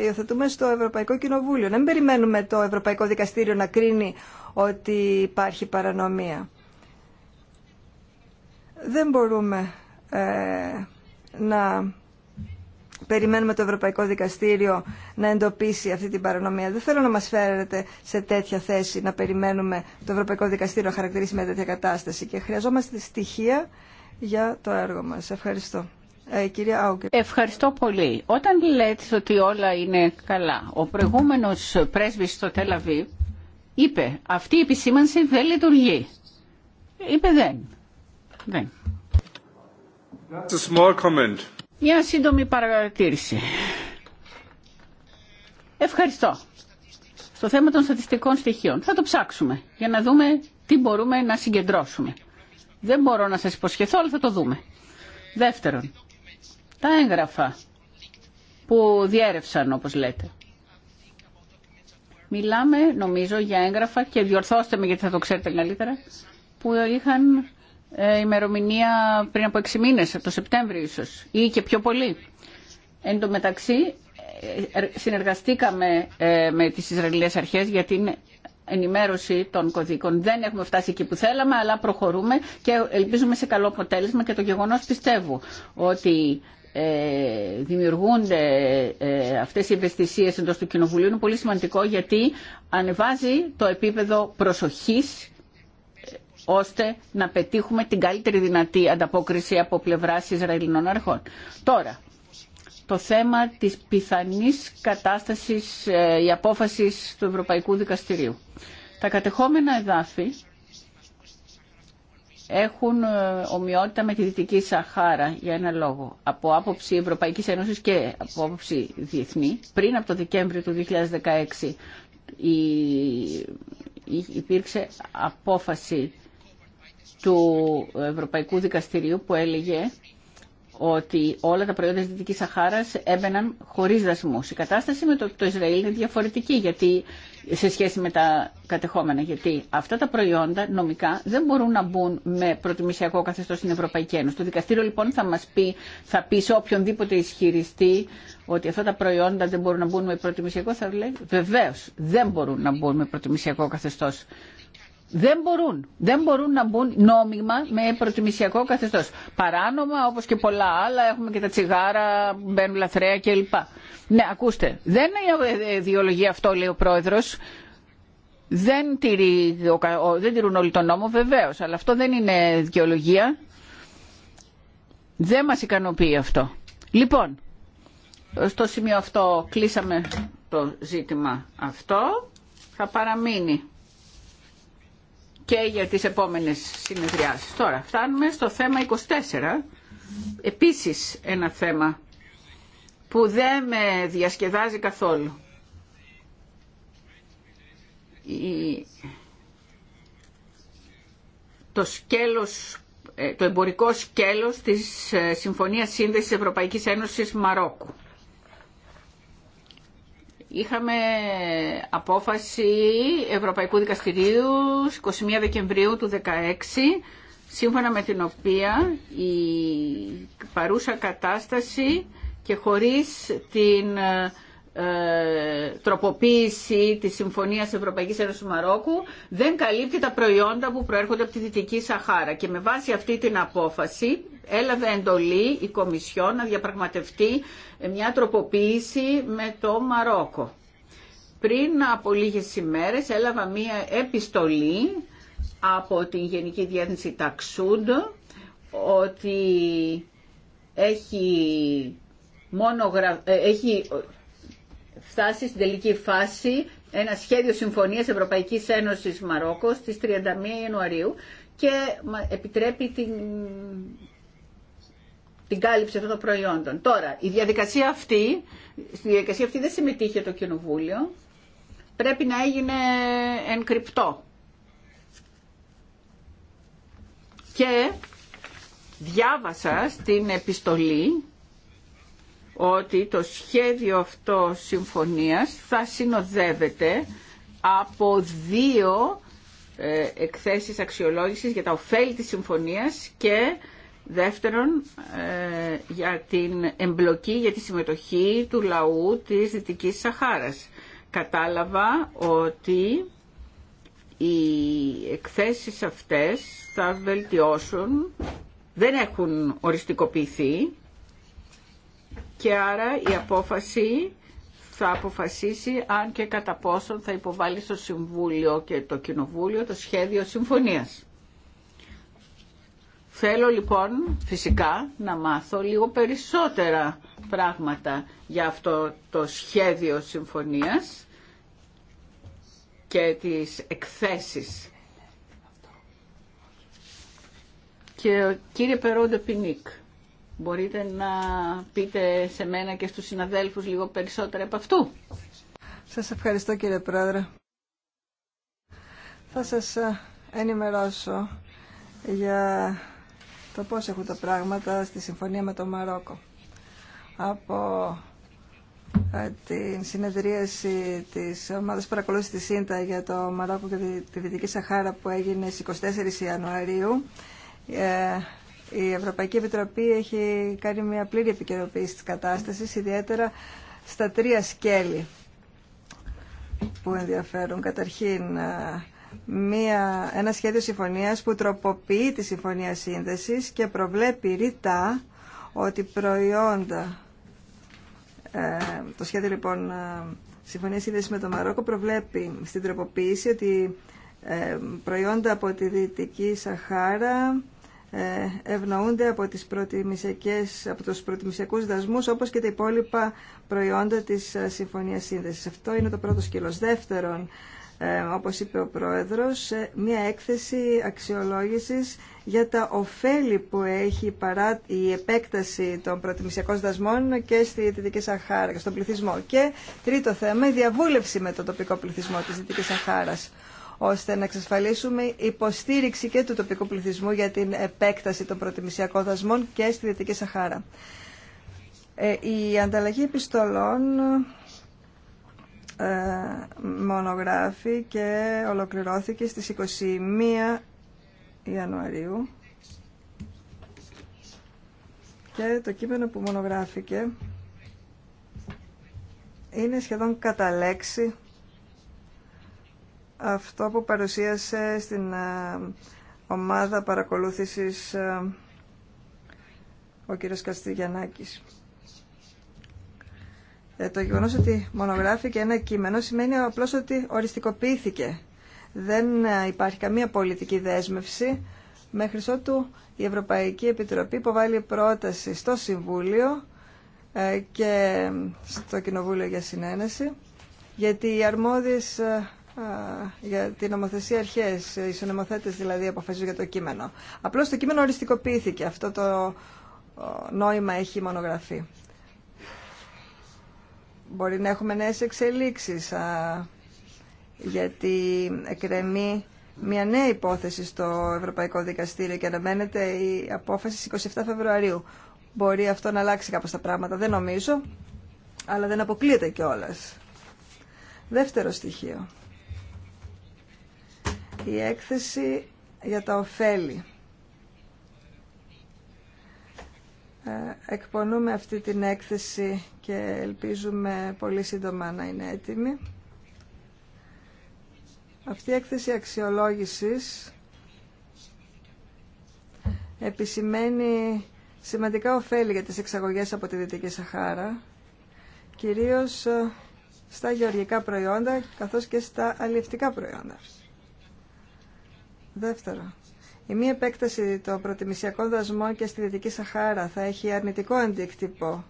υιοθετούμε στο Ευρωπαϊκό Κοινοβούλιο. Να μην περιμένουμε το Ευρωπαϊκό Δικαστήριο να κρίνει ότι υπάρχει παρανομία. Δεν μπορούμε ε, να περιμένουμε το Ευρωπαϊκό Δικαστήριο να εντοπίσει αυτή την παρανομία. Δεν θέλω να μας φέρετε σε τέτοια θέση να περιμένουμε το Ευρωπαϊκό Δικαστήριο να χαρακτηρίσει μια τέτοια κατάσταση και χρειαζόμαστε στοιχεία για το έργο μας. Ευχαριστώ. Ε, κυρία Ευχαριστώ πολύ. Όταν λέτε ότι όλα είναι καλά, ο προηγούμενος πρέσβης στο Τελαβίβ είπε αυτή η επισήμανση δεν λειτουργεί. Είπε δεν. Δεν. That's a small comment. Μια σύντομη παρατήρηση. Ευχαριστώ. Στο θέμα των στατιστικών στοιχείων. Θα το ψάξουμε για να δούμε τι μπορούμε να συγκεντρώσουμε. Δεν μπορώ να σας υποσχεθώ, αλλά θα το δούμε. Δεύτερον, τα έγγραφα που διέρευσαν, όπως λέτε. Μιλάμε, νομίζω, για έγγραφα και διορθώστε με γιατί θα το ξέρετε καλύτερα, που είχαν ε, ημερομηνία πριν από 6 μήνες, το Σεπτέμβριο ίσως, ή και πιο πολύ. Εν τω μεταξύ, ε, ε, συνεργαστήκαμε με τις Ισραηλινές αρχές για την ενημέρωση των κωδίκων. Δεν έχουμε φτάσει εκεί που θέλαμε, αλλά προχωρούμε και ελπίζουμε σε καλό αποτέλεσμα και το γεγονός πιστεύω ότι ε, δημιουργούνται ε, αυτές οι ευαισθησίες εντός του Κοινοβουλίου είναι πολύ σημαντικό γιατί ανεβάζει το επίπεδο προσοχής ε, ώστε να πετύχουμε την καλύτερη δυνατή ανταπόκριση από πλευράς Ισραηλινών αρχών. Τώρα, το θέμα της πιθανής κατάστασης η απόφασης του Ευρωπαϊκού Δικαστηρίου. Τα κατεχόμενα εδάφη έχουν ε, ομοιότητα με τη Δυτική Σαχάρα για ένα λόγο. Από άποψη Ευρωπαϊκής Ένωσης και από άποψη διεθνή, πριν από το Δεκέμβριο του 2016 υπήρξε απόφαση του Ευρωπαϊκού Δικαστηρίου που έλεγε ότι όλα τα προϊόντα της Δυτικής Σαχάρας έμπαιναν χωρίς δασμούς. Η κατάσταση με το, το Ισραήλ είναι διαφορετική γιατί σε σχέση με τα κατεχόμενα. Γιατί αυτά τα προϊόντα νομικά δεν μπορούν να μπουν με προτιμησιακό καθεστώ στην Ευρωπαϊκή Ένωση. Το δικαστήριο λοιπόν θα μα πει, θα πει σε οποιονδήποτε ισχυριστεί ότι αυτά τα προϊόντα δεν μπορούν να μπουν με προτιμησιακό, θα λέει βεβαίω δεν μπορούν να μπουν με προτιμησιακό καθεστώ δεν μπορούν. Δεν μπορούν να μπουν νόμιμα με προτιμησιακό καθεστώς. Παράνομα όπως και πολλά άλλα έχουμε και τα τσιγάρα, μπαίνουν λαθρέα κλπ. Ναι, ακούστε. Δεν είναι ιδεολογία αυτό λέει ο πρόεδρος. Δεν, τηρεί, δεν τηρούν όλοι τον νόμο βεβαίως, αλλά αυτό δεν είναι δικαιολογία. Δεν μας ικανοποιεί αυτό. Λοιπόν, στο σημείο αυτό κλείσαμε το ζήτημα αυτό. Θα παραμείνει και για τις επόμενες συνεδριάσεις. Τώρα φτάνουμε στο θέμα 24, επίσης ένα θέμα που δεν με διασκεδάζει καθόλου. Το σκέλος ε, το εμπορικό σκέλος της ε, Συμφωνίας Σύνδεσης Ευρωπαϊκής Ένωσης Μαρόκου. Είχαμε απόφαση Ευρωπαϊκού Δικαστηρίου 21 Δεκεμβρίου του 2016 σύμφωνα με την οποία η παρούσα κατάσταση και χωρίς την ε, ε, τροποποίηση της Συμφωνίας Ευρωπαϊκής Ένωσης Μαρόκου δεν καλύπτει τα προϊόντα που προέρχονται από τη Δυτική Σαχάρα και με βάση αυτή την απόφαση έλαβε εντολή η Κομισιό να διαπραγματευτεί μια τροποποίηση με το Μαρόκο. Πριν από λίγες ημέρες έλαβα μια επιστολή από την Γενική Διεύθυνση Ταξούντ ότι έχει, μόνο ε, έχει φτάσει στην τελική φάση ένα σχέδιο συμφωνίας Ευρωπαϊκής Ένωσης Μαρόκο στις 31 Ιανουαρίου και επιτρέπει την, την κάλυψη αυτών των προϊόντων. Τώρα, η διαδικασία αυτή, στη διαδικασία αυτή δεν συμμετείχε το Κοινοβούλιο, πρέπει να έγινε εν Και διάβασα στην επιστολή ότι το σχέδιο αυτό συμφωνίας θα συνοδεύεται από δύο ε, εκθέσεις αξιολόγησης για τα ωφέλη της συμφωνίας και δεύτερον ε, για την εμπλοκή για τη συμμετοχή του λαού της Δυτικής Σαχάρας. Κατάλαβα ότι οι εκθέσεις αυτές θα βελτιώσουν, δεν έχουν οριστικοποιηθεί, και άρα η απόφαση θα αποφασίσει αν και κατά πόσον θα υποβάλει στο Συμβούλιο και το Κοινοβούλιο το σχέδιο συμφωνίας. Θέλω λοιπόν φυσικά να μάθω λίγο περισσότερα πράγματα για αυτό το σχέδιο συμφωνίας και τις εκθέσεις. Και ο κύριε Περόντε Πινίκ. Μπορείτε να πείτε σε μένα και στους συναδέλφους λίγο περισσότερα από αυτού. Σας ευχαριστώ κύριε Πρόεδρε. Θα σας ε, ενημερώσω για το πώς έχουν τα πράγματα στη συμφωνία με το Μαρόκο. Από ε, την συνεδρίαση της ομάδας παρακολούθησης της ΣΥΝΤΑ για το Μαρόκο και τη Δυτική Σαχάρα που έγινε στις 24 Ιανουαρίου ε, η Ευρωπαϊκή Επιτροπή έχει κάνει μια πλήρη επικαιροποίηση της κατάστασης, ιδιαίτερα στα τρία σκέλη που ενδιαφέρουν. Καταρχήν, ε, μια, ένα σχέδιο συμφωνίας που τροποποιεί τη συμφωνία σύνδεσης και προβλέπει ρητά ότι προϊόντα, ε, το σχέδιο λοιπόν ε, συμφωνία σύνδεσης με το Μαρόκο προβλέπει στην τροποποίηση ότι προϊόντα από τη Δυτική Σαχάρα ε, ευνοούνται από, τις από τους προτιμησιακούς δασμούς όπως και τα υπόλοιπα προϊόντα της ε, Συμφωνίας Σύνδεσης. Αυτό είναι το πρώτο σκύλος. Δεύτερον, ε, όπως είπε ο Πρόεδρος, μια έκθεση αξιολόγησης για τα ωφέλη που έχει παρά η επέκταση των προτιμησιακών δασμών και στη Δυτική Σαχάρα, στον πληθυσμό. Και τρίτο θέμα, η διαβούλευση με τον τοπικό πληθυσμό της Δυτικής Σαχάρας ώστε να εξασφαλίσουμε υποστήριξη και του τοπικού πληθυσμού για την επέκταση των προτιμησιακών δασμών και στη Δυτική Σαχάρα. Ε, η ανταλλαγή επιστολών ε, μονογράφη και ολοκληρώθηκε στις 21 Ιανουαρίου και το κείμενο που μονογράφηκε είναι σχεδόν κατά λέξη αυτό που παρουσίασε στην ε, ομάδα παρακολούθησης ε, ο κύριος Ε Το γεγονός ότι μονογράφηκε ένα κείμενο σημαίνει απλώς ότι οριστικοποιήθηκε. Δεν ε, υπάρχει καμία πολιτική δέσμευση μέχρι ότου η Ευρωπαϊκή Επιτροπή υποβάλλει πρόταση στο Συμβούλιο και στο Κοινοβούλιο για Συνένεση γιατί οι αρμόδιες για την νομοθεσία αρχέ, οι συνομοθέτε δηλαδή αποφασίζουν για το κείμενο. Απλώ το κείμενο οριστικοποιήθηκε, αυτό το νόημα έχει μονογραφή Μπορεί να έχουμε νέε εξελίξεις, γιατί εκρεμεί μια νέα υπόθεση στο Ευρωπαϊκό Δικαστήριο και αναμένεται η απόφαση 27 Φεβρουαρίου. Μπορεί αυτό να αλλάξει κάπως τα πράγματα, δεν νομίζω, αλλά δεν αποκλείεται κιόλας. Δεύτερο στοιχείο η έκθεση για τα ωφέλη. Ε, εκπονούμε αυτή την έκθεση και ελπίζουμε πολύ σύντομα να είναι έτοιμη. Αυτή η έκθεση αξιολόγησης επισημαίνει σημαντικά ωφέλη για τις εξαγωγές από τη Δυτική Σαχάρα, κυρίως ε, στα γεωργικά προϊόντα καθώς και στα αλληλευτικά προϊόντα. Δεύτερο, η μη επέκταση των προτιμησιακών δασμών και στη Δυτική Σαχάρα θα έχει αρνητικό αντίκτυπο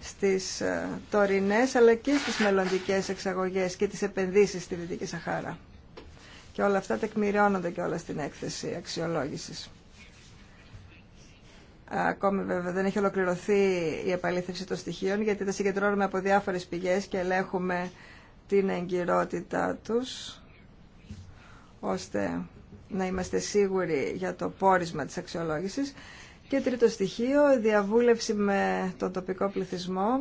στις ε, τωρινές αλλά και στις μελλοντικές εξαγωγές και τις επενδύσεις στη Δυτική Σαχάρα. Και όλα αυτά τεκμηριώνονται και όλα στην έκθεση αξιολόγησης. Ακόμη βέβαια δεν έχει ολοκληρωθεί η επαλήθευση των στοιχείων γιατί τα συγκεντρώνουμε από διάφορες πηγές και ελέγχουμε την εγκυρότητά τους ώστε να είμαστε σίγουροι για το πόρισμα της αξιολόγησης. Και τρίτο στοιχείο, διαβούλευση με τον τοπικό πληθυσμό.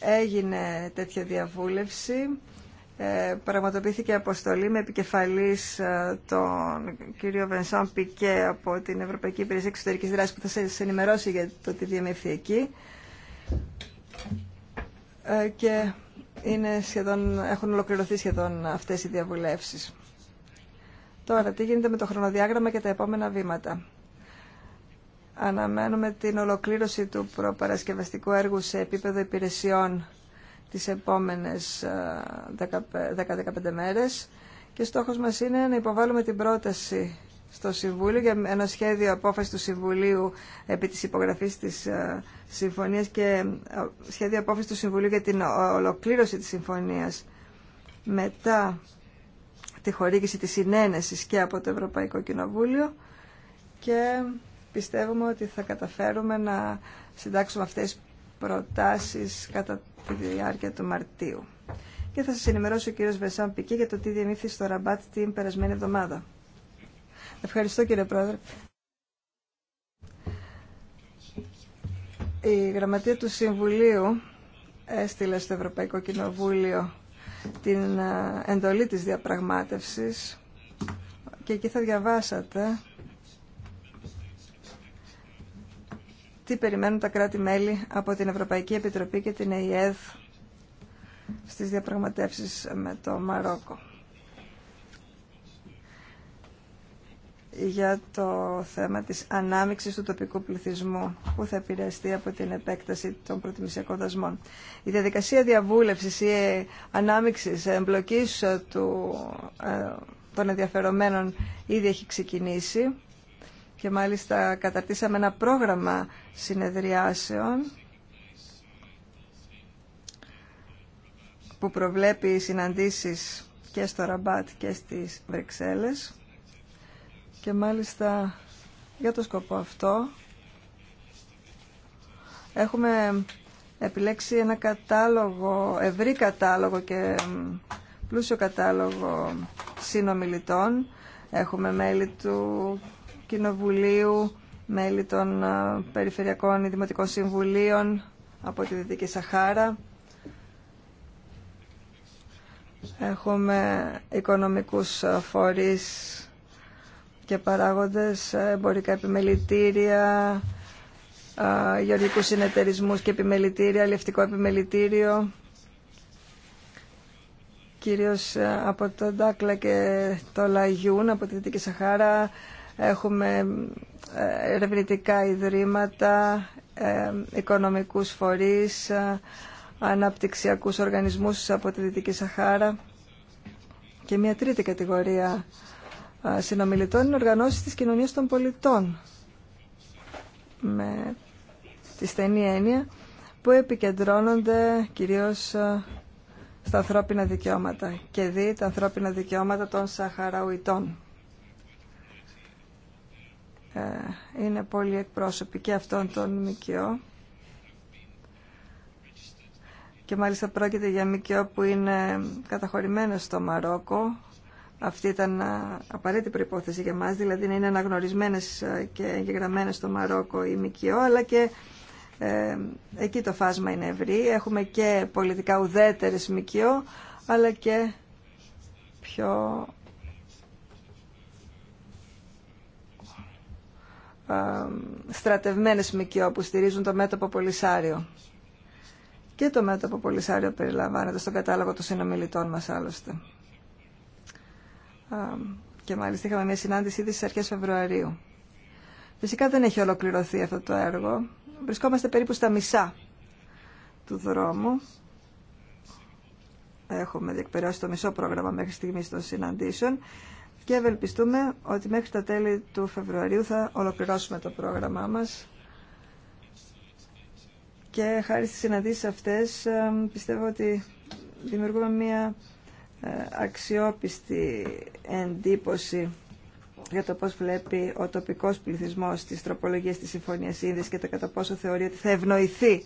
Έγινε τέτοια διαβούλευση. Ε, πραγματοποιήθηκε αποστολή με επικεφαλής ε, τον κύριο Βενσάν Πικέ από την Ευρωπαϊκή Υπηρεσία Εξωτερικής Δράσης που θα σας ενημερώσει για το τι διαμεύθει εκεί. Ε, και είναι σχεδόν, έχουν ολοκληρωθεί σχεδόν αυτές οι διαβουλεύσεις. Τώρα, τι γίνεται με το χρονοδιάγραμμα και τα επόμενα βήματα. Αναμένουμε την ολοκλήρωση του προπαρασκευαστικού έργου σε επίπεδο υπηρεσιών τις επόμενες 10-15 ε, μέρες και στόχος μας είναι να υποβάλουμε την πρόταση στο Συμβούλιο για ένα σχέδιο απόφαση του Συμβουλίου επί της υπογραφής της ε, συμφωνίας και ε, σχέδιο απόφαση του Συμβουλίου για την ολοκλήρωση της συμφωνίας μετά τη χορήγηση της συνένεσης και από το Ευρωπαϊκό Κοινοβούλιο και πιστεύουμε ότι θα καταφέρουμε να συντάξουμε αυτές τις προτάσεις κατά τη διάρκεια του Μαρτίου. Και θα σας ενημερώσω ο κύριος Βεσάν Πικί για το τι διεμήθη στο Ραμπάτ την περασμένη εβδομάδα. Ευχαριστώ κύριε Πρόεδρε. Η Γραμματεία του Συμβουλίου έστειλε στο Ευρωπαϊκό Κοινοβούλιο την ε, εντολή της διαπραγμάτευσης και εκεί θα διαβάσατε τι περιμένουν τα κράτη-μέλη από την Ευρωπαϊκή Επιτροπή και την ΕΕΔ στις διαπραγματεύσεις με το Μαρόκο. για το θέμα της ανάμειξης του τοπικού πληθυσμού που θα επηρεαστεί από την επέκταση των προτιμησιακών δασμών. Η διαδικασία διαβούλευσης ή ε, ανάμειξης ε, εμπλοκής ε, του, των ενδιαφερομένων ήδη έχει ξεκινήσει και μάλιστα καταρτήσαμε ένα πρόγραμμα συνεδριάσεων που προβλέπει συναντήσεις και στο Ραμπάτ και στις Βρυξέλλες και μάλιστα για το σκοπό αυτό έχουμε επιλέξει ένα κατάλογο, ευρύ κατάλογο και πλούσιο κατάλογο συνομιλητών. Έχουμε μέλη του Κοινοβουλίου, μέλη των Περιφερειακών Δημοτικών Συμβουλίων από τη Δυτική Σαχάρα. Έχουμε οικονομικούς φορείς και παράγοντες, ε, εμπορικά επιμελητήρια, ε, γεωργικούς συνεταιρισμούς και επιμελητήρια, λευτικό επιμελητήριο, κυρίως ε, από το Ντάκλα και το Λαγιούν, από τη Δυτική Σαχάρα, έχουμε ερευνητικά ιδρύματα, οικονομικούς φορείς, αναπτυξιακούς οργανισμούς από τη Δυτική Σαχάρα και μια τρίτη κατηγορία συνομιλητών είναι οργανώσει της κοινωνίας των πολιτών με τη στενή έννοια που επικεντρώνονται κυρίως στα ανθρώπινα δικαιώματα και δει τα ανθρώπινα δικαιώματα των Σαχαραουιτών. Ε, είναι πολύ εκπρόσωποι και αυτών των ΜΚΟ και μάλιστα πρόκειται για ΜΚΟ που είναι καταχωρημένο στο Μαρόκο αυτή ήταν απαραίτητη προϋπόθεση για μας, δηλαδή να είναι αναγνωρισμένες και εγγεγραμμένες στο Μαρόκο η ΜΚΟ, αλλά και ε, εκεί το φάσμα είναι ευρύ. Έχουμε και πολιτικά ουδέτερες ΜΚΟ, αλλά και πιο στρατευμένες ΜΚΟ που στηρίζουν το μέτωπο Πολυσάριο. Και το μέτωπο Πολυσάριο περιλαμβάνεται στον κατάλογο των συνομιλητών μας άλλωστε και μάλιστα είχαμε μια συνάντηση ήδη στις αρχές Φεβρουαρίου. Φυσικά δεν έχει ολοκληρωθεί αυτό το έργο. Βρισκόμαστε περίπου στα μισά του δρόμου. Έχουμε διεκπαιρεώσει το μισό πρόγραμμα μέχρι στιγμής των συναντήσεων και ευελπιστούμε ότι μέχρι τα τέλη του Φεβρουαρίου θα ολοκληρώσουμε το πρόγραμμά μας και χάρη στις συναντήσεις αυτές πιστεύω ότι δημιουργούμε μια ε, αξιόπιστη εντύπωση για το πώς βλέπει ο τοπικός πληθυσμός τις τροπολογίες της Συμφωνίας Σύνδεσης και το κατά πόσο θεωρεί ότι θα ευνοηθεί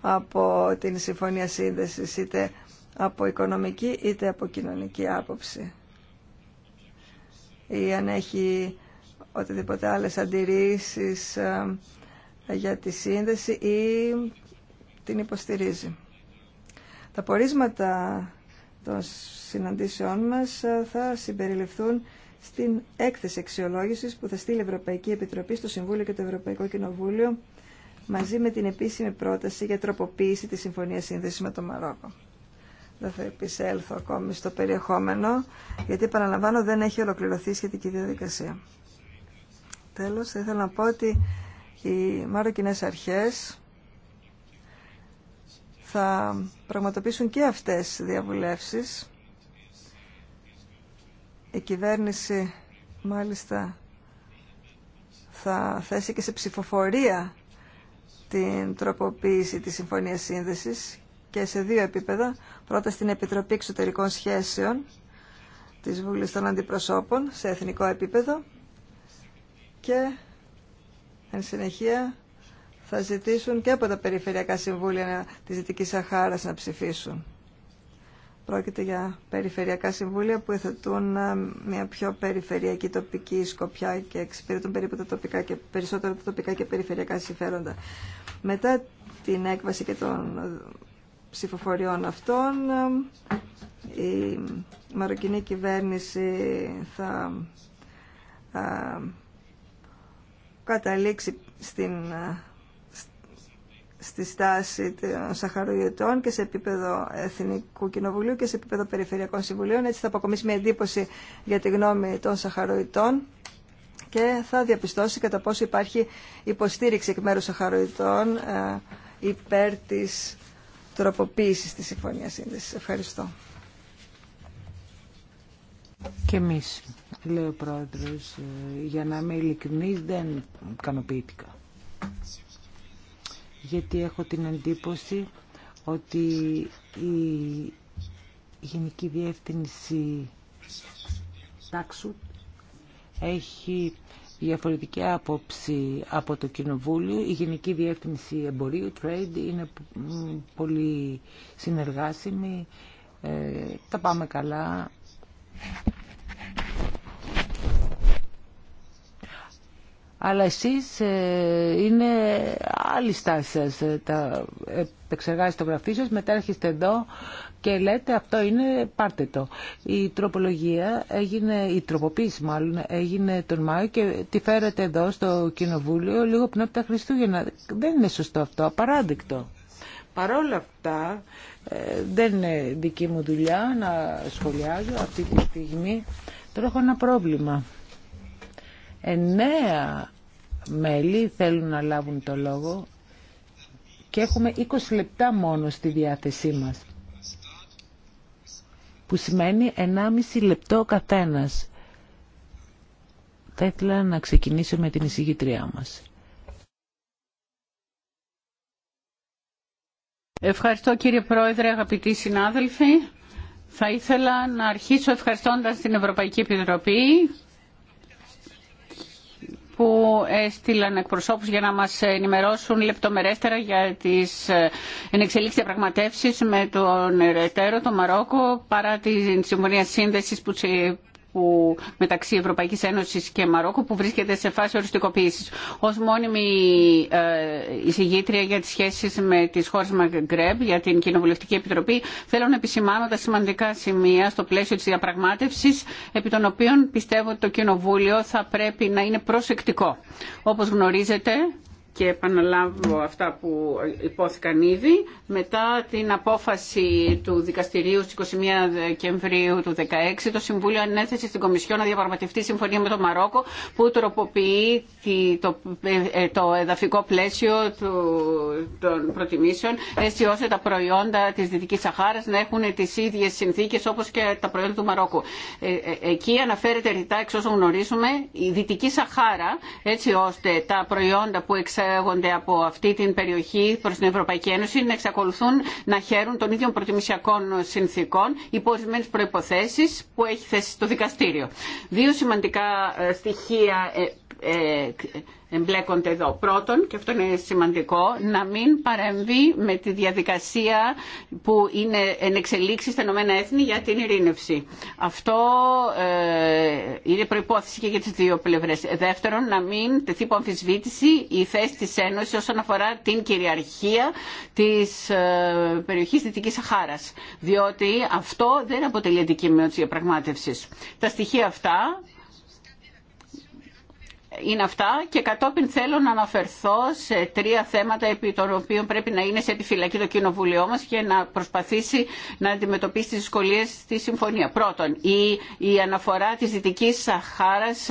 από την Συμφωνία Σύνδεσης είτε από οικονομική είτε από κοινωνική άποψη ή αν έχει οτιδήποτε άλλες αντιρρήσεις ε, για τη σύνδεση ή την υποστηρίζει. Τα πορίσματα των συναντήσεών μας ε, θα συμπεριληφθούν στην έκθεση αξιολόγηση που θα στείλει η Ευρωπαϊκή Επιτροπή στο Συμβούλιο και το Ευρωπαϊκό Κοινοβούλιο μαζί με την επίσημη πρόταση για τροποποίηση της Συμφωνίας Σύνδεσης με το Μαρόκο. Δεν θα επισέλθω ακόμη στο περιεχόμενο, γιατί παραλαμβάνω δεν έχει ολοκληρωθεί η σχετική διαδικασία. Τέλος, θα ήθελα να πω ότι οι Μαροκινές αρχές θα πραγματοποιήσουν και αυτές διαβουλεύσεις. Η κυβέρνηση μάλιστα θα θέσει και σε ψηφοφορία την τροποποίηση της Συμφωνίας Σύνδεσης και σε δύο επίπεδα. Πρώτα στην Επιτροπή Εξωτερικών Σχέσεων της Βουλής των Αντιπροσώπων σε εθνικό επίπεδο και εν συνεχεία θα ζητήσουν και από τα περιφερειακά συμβούλια της Δυτικής Σαχάρας να ψηφίσουν. Πρόκειται για περιφερειακά συμβούλια που εθετούν ε, μια πιο περιφερειακή τοπική σκοπιά και εξυπηρετούν περίπου τα τοπικά και περισσότερο τα τοπικά και περιφερειακά συμφέροντα. Μετά την έκβαση και των ε, ψηφοφοριών αυτών, ε, η μαροκινή κυβέρνηση θα καταλήξει στην στη στάση των Σαχαροϊωτών και σε επίπεδο Εθνικού Κοινοβουλίου και σε επίπεδο Περιφερειακών Συμβουλίων. Έτσι θα αποκομίσει μια εντύπωση για τη γνώμη των Σαχαροϊτών και θα διαπιστώσει κατά πόσο υπάρχει υποστήριξη εκ μέρους Σαχαροϊτών ε, υπέρ της τροποποίησης της Συμφωνίας Σύνδεσης. Ευχαριστώ. Και εμείς, λέει ο Πρόεδρος, ε, για να είμαι ειλικρινής δεν ικανοποιήθηκα γιατί έχω την εντύπωση ότι η Γενική Διεύθυνση Τάξου έχει διαφορετική άποψη από το Κοινοβούλιο. Η Γενική Διεύθυνση Εμπορίου, Trade, είναι πολύ συνεργάσιμη. Ε, τα πάμε καλά. αλλά εσείς ε, είναι άλλη στάση σας. Ε, τα επεξεργάζετε το γραφείο σας, μετά έρχεστε εδώ και λέτε αυτό είναι, πάρτε το. Η τροπολογία έγινε, η τροποποίηση μάλλον έγινε τον Μάιο και τη φέρετε εδώ στο Κοινοβούλιο λίγο πριν από τα Χριστούγεννα. Δεν είναι σωστό αυτό, απαράδεικτο. Παρόλα αυτά, ε, δεν είναι δική μου δουλειά να σχολιάζω αυτή τη στιγμή. Τώρα ένα πρόβλημα. Εννέα μέλη θέλουν να λάβουν το λόγο και έχουμε 20 λεπτά μόνο στη διάθεσή μας που σημαίνει 1,5 λεπτό καθένας. Θα ήθελα να ξεκινήσω με την εισηγητριά μας. Ευχαριστώ κύριε Πρόεδρε, αγαπητοί συνάδελφοι. Θα ήθελα να αρχίσω ευχαριστώντας την Ευρωπαϊκή Επιτροπή που έστειλαν εκπροσώπους για να μας ενημερώσουν λεπτομερέστερα για τις ενεξελίξεις διαπραγματεύσεις με τον Ερετέρο, το Μαρόκο, παρά τη Συμφωνία Σύνδεσης που μεταξύ Ευρωπαϊκής Ένωσης και Μαρόκου που βρίσκεται σε φάση οριστικοποίησης. Ως μόνιμη ε, εισηγήτρια για τις σχέσεις με τις χώρες Μαγκρέμπ για την Κοινοβουλευτική Επιτροπή θέλω να επισημάνω τα σημαντικά σημεία στο πλαίσιο της διαπραγματεύση, επί των οποίων πιστεύω ότι το Κοινοβούλιο θα πρέπει να είναι προσεκτικό. Όπω γνωρίζετε και επαναλάβω αυτά που υπόθηκαν ήδη. Μετά την απόφαση του δικαστηρίου στις 21 Δεκεμβρίου του 2016, το Συμβούλιο ανέθεσε στην Κομισιό να διαπραγματευτεί συμφωνία με το Μαρόκο που τροποποιεί το, ε, ε, το εδαφικό πλαίσιο των προτιμήσεων έτσι ώστε τα προϊόντα της Δυτικής Σαχάρας να έχουν τις ίδιες συνθήκες όπως και τα προϊόντα του Μαρόκου. Ε, εκεί αναφέρεται ρητά εξ όσων γνωρίζουμε η Δυτική Σαχάρα έτσι ώστε τα προϊόντα που εξάγονται από αυτή την περιοχή προς την Ευρωπαϊκή Ένωση να εξακολουθούν να χαίρουν των ίδιων προτιμησιακών συνθήκων υπό ορισμένε προϋποθέσεις που έχει θέσει το δικαστήριο. Δύο σημαντικά ε, στοιχεία ε, ε, εμπλέκονται εδώ. Πρώτον, και αυτό είναι σημαντικό, να μην παρεμβεί με τη διαδικασία που είναι εν εξελίξει στα Ηνωμένα Έθνη για την ειρήνευση. Αυτό ε, είναι προπόθεση και για τι δύο πλευρές. Δεύτερον, να μην τεθεί υπό αμφισβήτηση η θέση της Ένωση όσον αφορά την κυριαρχία της ε, περιοχής δυτική Σαχάρας. Διότι αυτό δεν αποτελεί αντικείμενο τη διαπραγματεύση. Τα στοιχεία αυτά είναι αυτά και κατόπιν θέλω να αναφερθώ σε τρία θέματα επί των οποίων πρέπει να είναι σε τη φυλακή το κοινοβούλιο μας και να προσπαθήσει να αντιμετωπίσει τις δυσκολίες στη συμφωνία. Πρώτον, η, αναφορά της Δυτικής Σαχάρας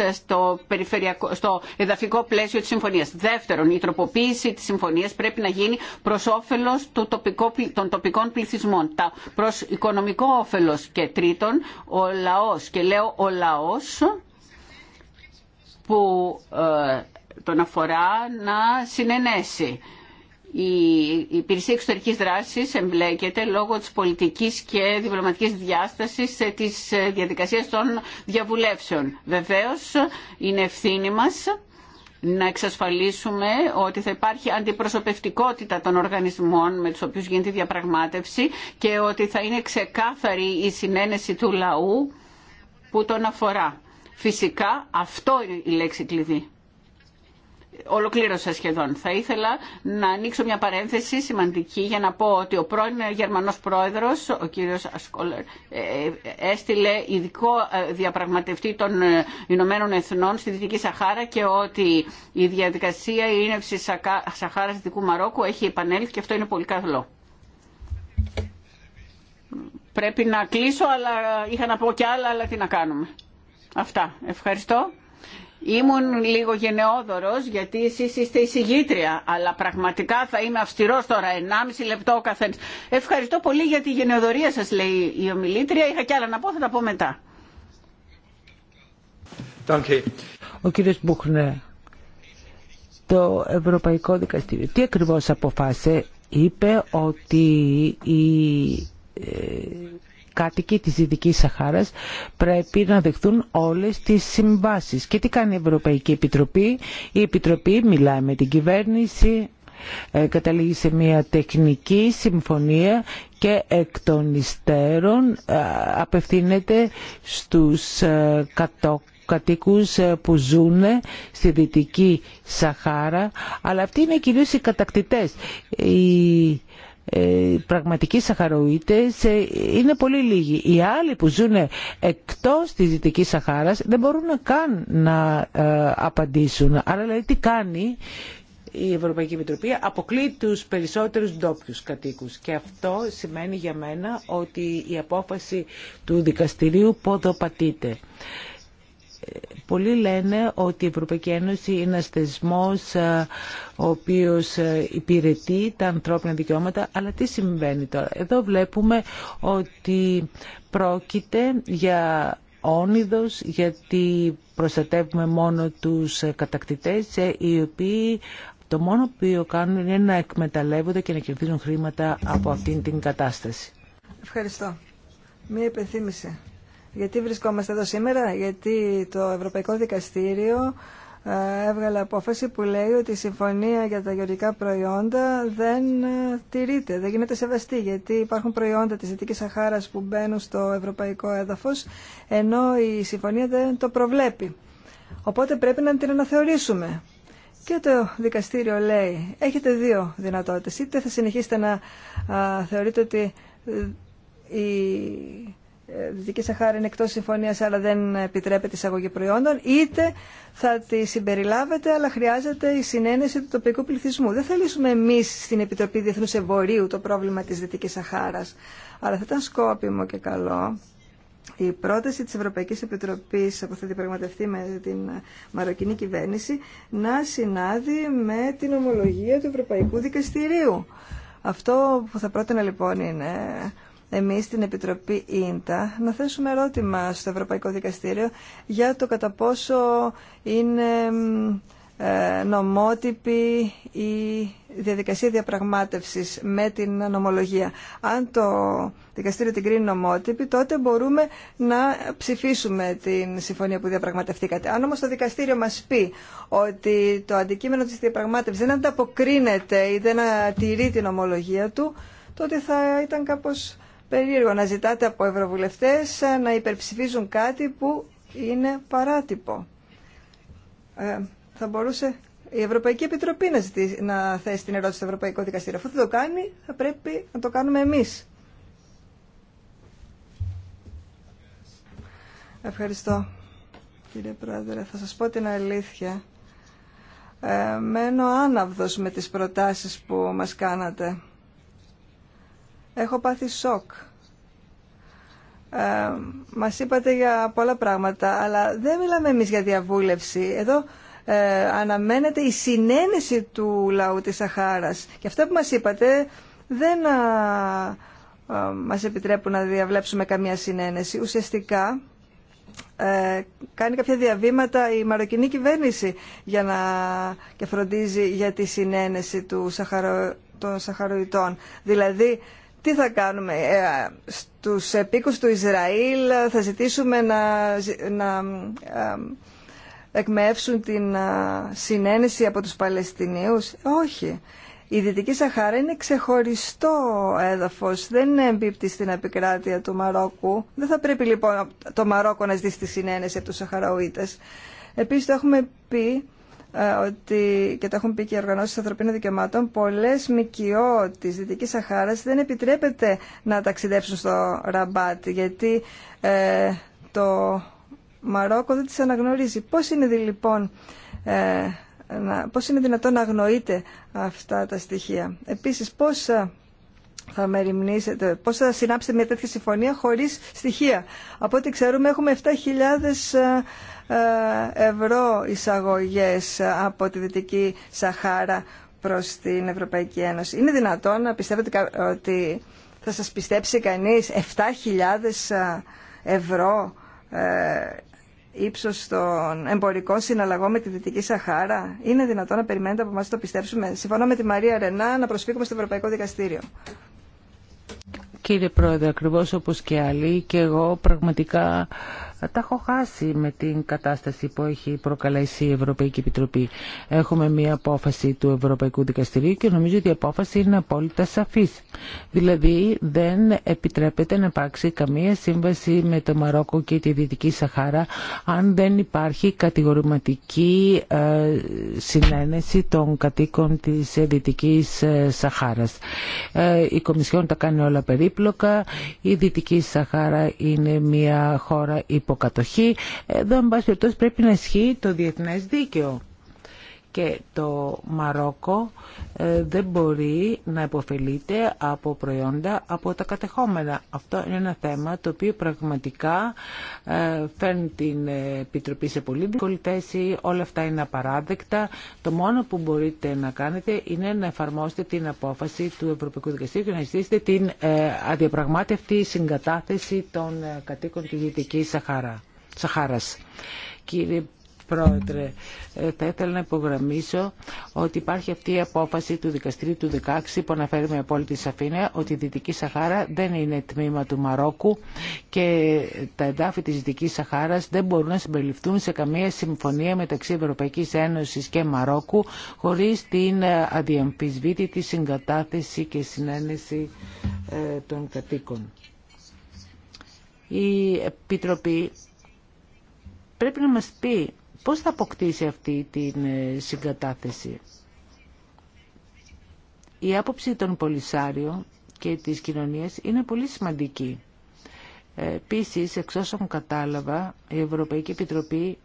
στο, εδαφικό πλαίσιο της συμφωνίας. Δεύτερον, η τροποποίηση της συμφωνίας πρέπει να γίνει προς όφελος των τοπικών πληθυσμών, τα, προς οικονομικό όφελος και τρίτον, ο λαός και λέω ο λαός που ε, τον αφορά να συνενέσει. Η Υπηρεσία Εξωτερικής Δράσης εμπλέκεται λόγω της πολιτικής και διπλωματικής διάστασης ε, της ε, διαδικασίας των διαβουλεύσεων. Βεβαίως είναι ευθύνη μας να εξασφαλίσουμε ότι θα υπάρχει αντιπροσωπευτικότητα των οργανισμών με τους οποίους γίνεται η διαπραγμάτευση και ότι θα είναι ξεκάθαρη η συνένεση του λαού που τον αφορά. Φυσικά αυτό είναι η λέξη κλειδί. Ολοκλήρωσα σχεδόν. Θα ήθελα να ανοίξω μια παρένθεση σημαντική για να πω ότι ο πρώην Γερμανός πρόεδρος, ο κύριος Ασκόλερ, ε, έστειλε ειδικό ε, διαπραγματευτή των ε, Ηνωμένων Εθνών στη Δυτική Σαχάρα και ότι η διαδικασία η ίνευση Σαχάρας Δυτικού Μαρόκου έχει επανέλθει και αυτό είναι πολύ καλό. Πρέπει να κλείσω, αλλά είχα να πω κι άλλα, αλλά τι να κάνουμε. Αυτά. Ευχαριστώ. Ήμουν λίγο γενναιόδωρος γιατί εσείς είστε η εισηγήτρια, αλλά πραγματικά θα είμαι αυστηρός τώρα, 1,5 λεπτό ο καθένας. Ευχαριστώ πολύ για τη γενναιοδορία σας, λέει η ομιλήτρια. Είχα κι άλλα να πω, θα τα πω μετά. Ο κύριος Μπούχνε, το Ευρωπαϊκό Δικαστήριο, τι ακριβώς αποφάσισε, είπε ότι η ε, κάτοικοι της Δυτικής Σαχάρας πρέπει να δεχθούν όλες τις συμβάσεις. Και τι κάνει η Ευρωπαϊκή Επιτροπή. Η Επιτροπή μιλάει με την κυβέρνηση, ε, καταλήγει σε μια τεχνική συμφωνία και εκ των υστέρων ε, απευθύνεται στους ε, κατοίκους που ζουν στη Δυτική Σαχάρα, αλλά αυτοί είναι κυρίως οι κατακτητές. Οι ε, πραγματικοί Σαχαροίτες ε, είναι πολύ λίγοι. Οι άλλοι που ζουν εκτός της Δυτικής Σαχάρας δεν μπορούν καν να ε, απαντήσουν. Άρα δηλαδή τι κάνει η Ευρωπαϊκή Επιτροπή αποκλεί τους περισσότερους ντόπιου κατοίκους και αυτό σημαίνει για μένα ότι η απόφαση του δικαστηρίου ποδοπατείται πολλοί λένε ότι η Ευρωπαϊκή Ένωση είναι ένας θεσμός ε, ο οποίος ε, υπηρετεί τα ανθρώπινα δικαιώματα, αλλά τι συμβαίνει τώρα. Εδώ βλέπουμε ότι πρόκειται για όνειδος γιατί προστατεύουμε μόνο τους ε, κατακτητές οι οποίοι το μόνο που κάνουν είναι να εκμεταλλεύονται και να κερδίζουν χρήματα από αυτήν την κατάσταση. Ευχαριστώ. Μία υπενθύμηση γιατί βρισκόμαστε εδώ σήμερα, γιατί το Ευρωπαϊκό Δικαστήριο ε, έβγαλε απόφαση που λέει ότι η συμφωνία για τα γεωργικά προϊόντα δεν ε, τηρείται, δεν γίνεται σεβαστή, γιατί υπάρχουν προϊόντα της Δυτικής Σαχάρας που μπαίνουν στο ευρωπαϊκό έδαφος, ενώ η συμφωνία δεν το προβλέπει. Οπότε πρέπει να την αναθεωρήσουμε. Και το δικαστήριο λέει, έχετε δύο δυνατότητες. Είτε θα συνεχίσετε να θεωρείτε ότι ε, η Δυτική Σαχάρα είναι εκτός συμφωνίας αλλά δεν επιτρέπεται εισαγωγή προϊόντων, είτε θα τη συμπεριλάβετε αλλά χρειάζεται η συνένεση του τοπικού πληθυσμού. Δεν θα λύσουμε εμείς στην Επιτροπή Διεθνούς Εμπορίου το πρόβλημα της Δυτικής Σαχάρας, αλλά θα ήταν σκόπιμο και καλό η πρόταση της Ευρωπαϊκής Επιτροπής που θα διαπραγματευτεί με την μαροκινή κυβέρνηση να συνάδει με την ομολογία του Ευρωπαϊκού Δικαστηρίου. Αυτό που θα πρότεινα λοιπόν είναι Εμεί στην Επιτροπή ΙΝΤΑ να θέσουμε ερώτημα στο Ευρωπαϊκό Δικαστήριο για το κατά πόσο είναι ε, νομότυπη η διαδικασία διαπραγμάτευσης με την νομολογία. Αν το δικαστήριο την κρίνει νομότυπη, τότε μπορούμε να ψηφίσουμε την συμφωνία που διαπραγματευτήκατε. Αν όμως το δικαστήριο μας πει ότι το αντικείμενο της διαπραγμάτευσης δεν ανταποκρίνεται ή δεν τηρεί την νομολογία του, τότε θα ήταν κάπως περίεργο να ζητάτε από ευρωβουλευτές να υπερψηφίζουν κάτι που είναι παράτυπο. Ε, θα μπορούσε η Ευρωπαϊκή Επιτροπή να, ζητήσει, να θέσει την ερώτηση στο Ευρωπαϊκό Δικαστήριο. Αφού δεν το κάνει, θα πρέπει να το κάνουμε εμείς. Ευχαριστώ, κύριε Πρόεδρε. Θα σας πω την αλήθεια. Ε, μένω άναυδος με τις προτάσεις που μας κάνατε. Έχω πάθει σοκ. Ε, μας είπατε για πολλά πράγματα, αλλά δεν μιλάμε εμείς για διαβούλευση. Εδώ ε, αναμένεται η συνένεση του λαού της Σαχάρας. Και αυτά που μας είπατε δεν α, μας επιτρέπουν να διαβλέψουμε καμία συνένεση. Ουσιαστικά ε, κάνει κάποια διαβήματα η μαροκινή κυβέρνηση για να, και φροντίζει για τη συνένεση του Σαχαρο, των Σαχαροϊτών. Δηλαδή τι θα κάνουμε, ε, στους επίκους του Ισραήλ θα ζητήσουμε να, να εκμεύσουν την συνένεση από τους Παλαιστινίους. Όχι. Η Δυτική Σαχάρα είναι ξεχωριστό έδαφος, δεν εμπίπτει στην επικράτεια του Μαρόκου. Δεν θα πρέπει λοιπόν το Μαρόκο να ζητήσει τη συνένεση από τους Σαχαραουίτες. Επίσης το έχουμε πει ε, ότι, και το έχουν πει και οι οργανώσει ανθρωπίνων δικαιωμάτων, πολλές ΜΚΟ της Δυτικής Σαχάρα δεν επιτρέπεται να ταξιδέψουν στο Ραμπάτ, γιατί ε, το Μαρόκο δεν τι αναγνωρίζει. Πώς είναι λοιπόν... Ε, πώς είναι δυνατόν να αγνοείτε αυτά τα στοιχεία. Επίσης, πώς θα μεριμνήσετε, πώς θα συνάψετε μια τέτοια συμφωνία χωρίς στοιχεία. Από ό,τι ξέρουμε έχουμε 7.000 ε, ευρώ εισαγωγές από τη Δυτική Σαχάρα προς την Ευρωπαϊκή Ένωση. Είναι δυνατόν να πιστεύετε ότι θα σας πιστέψει κανείς 7.000 ε, ευρώ ε, ύψος των εμπορικών συναλλαγών με τη Δυτική Σαχάρα. Είναι δυνατόν να περιμένετε από εμάς το πιστέψουμε. Συμφωνώ με τη Μαρία Ρενά να προσφύγουμε στο Ευρωπαϊκό Δικαστήριο. Κύριε Πρόεδρε, ακριβώς όπως και άλλοι και εγώ πραγματικά ε, τα έχω χάσει με την κατάσταση που έχει προκαλέσει η Ευρωπαϊκή Επιτροπή. Έχουμε μία απόφαση του Ευρωπαϊκού Δικαστηρίου και νομίζω ότι η απόφαση είναι απόλυτα σαφής. Δηλαδή δεν επιτρέπεται να υπάρξει καμία σύμβαση με το Μαρόκο και τη Δυτική Σαχάρα αν δεν υπάρχει κατηγορηματική ε, συνένεση των κατοίκων της Δυτικής ε, Σαχάρας. Η Κομισιόν τα κάνει όλα περίπλοκα. Η Δυτική Σαχάρα είναι μια χώρα υπό υποκατοχή. Εδώ, εν πάση περιπτώσει, πρέπει να ισχύει το διεθνέ δίκαιο και το Μαρόκο ε, δεν μπορεί να υποφελείται από προϊόντα από τα κατεχόμενα. Αυτό είναι ένα θέμα το οποίο πραγματικά ε, φέρνει την Επιτροπή σε πολύ δύσκολη θέση. Όλα αυτά είναι απαράδεκτα. Το μόνο που μπορείτε να κάνετε είναι να εφαρμόσετε την απόφαση του Ευρωπαϊκού Δικαστήριου και να ζητήσετε την ε, αδιαπραγμάτευτη συγκατάθεση των κατοίκων της Δυτικής Σαχάρα. Σαχάρας. Κύριε Πρόεδρε, ε, θα ήθελα να υπογραμμίσω ότι υπάρχει αυτή η απόφαση του δικαστηρίου του 16 που αναφέρει με απόλυτη σαφήνεια ότι η Δυτική Σαχάρα δεν είναι τμήμα του Μαρόκου και τα εδάφη της Δυτικής Σαχάρας δεν μπορούν να συμπεριληφθούν σε καμία συμφωνία μεταξύ Ευρωπαϊκής Ένωσης και Μαρόκου χωρίς την ε, αδιαμφισβήτητη συγκατάθεση και συνένεση ε, των κατοίκων. Η Επιτροπή πρέπει να μας πει Πώς θα αποκτήσει αυτή την ε, συγκατάθεση. Η άποψη των Πολυσάριων και της κοινωνίας είναι πολύ σημαντική. Ε, Επίση, εξ όσων κατάλαβα, η Ευρωπαϊκή Επιτροπή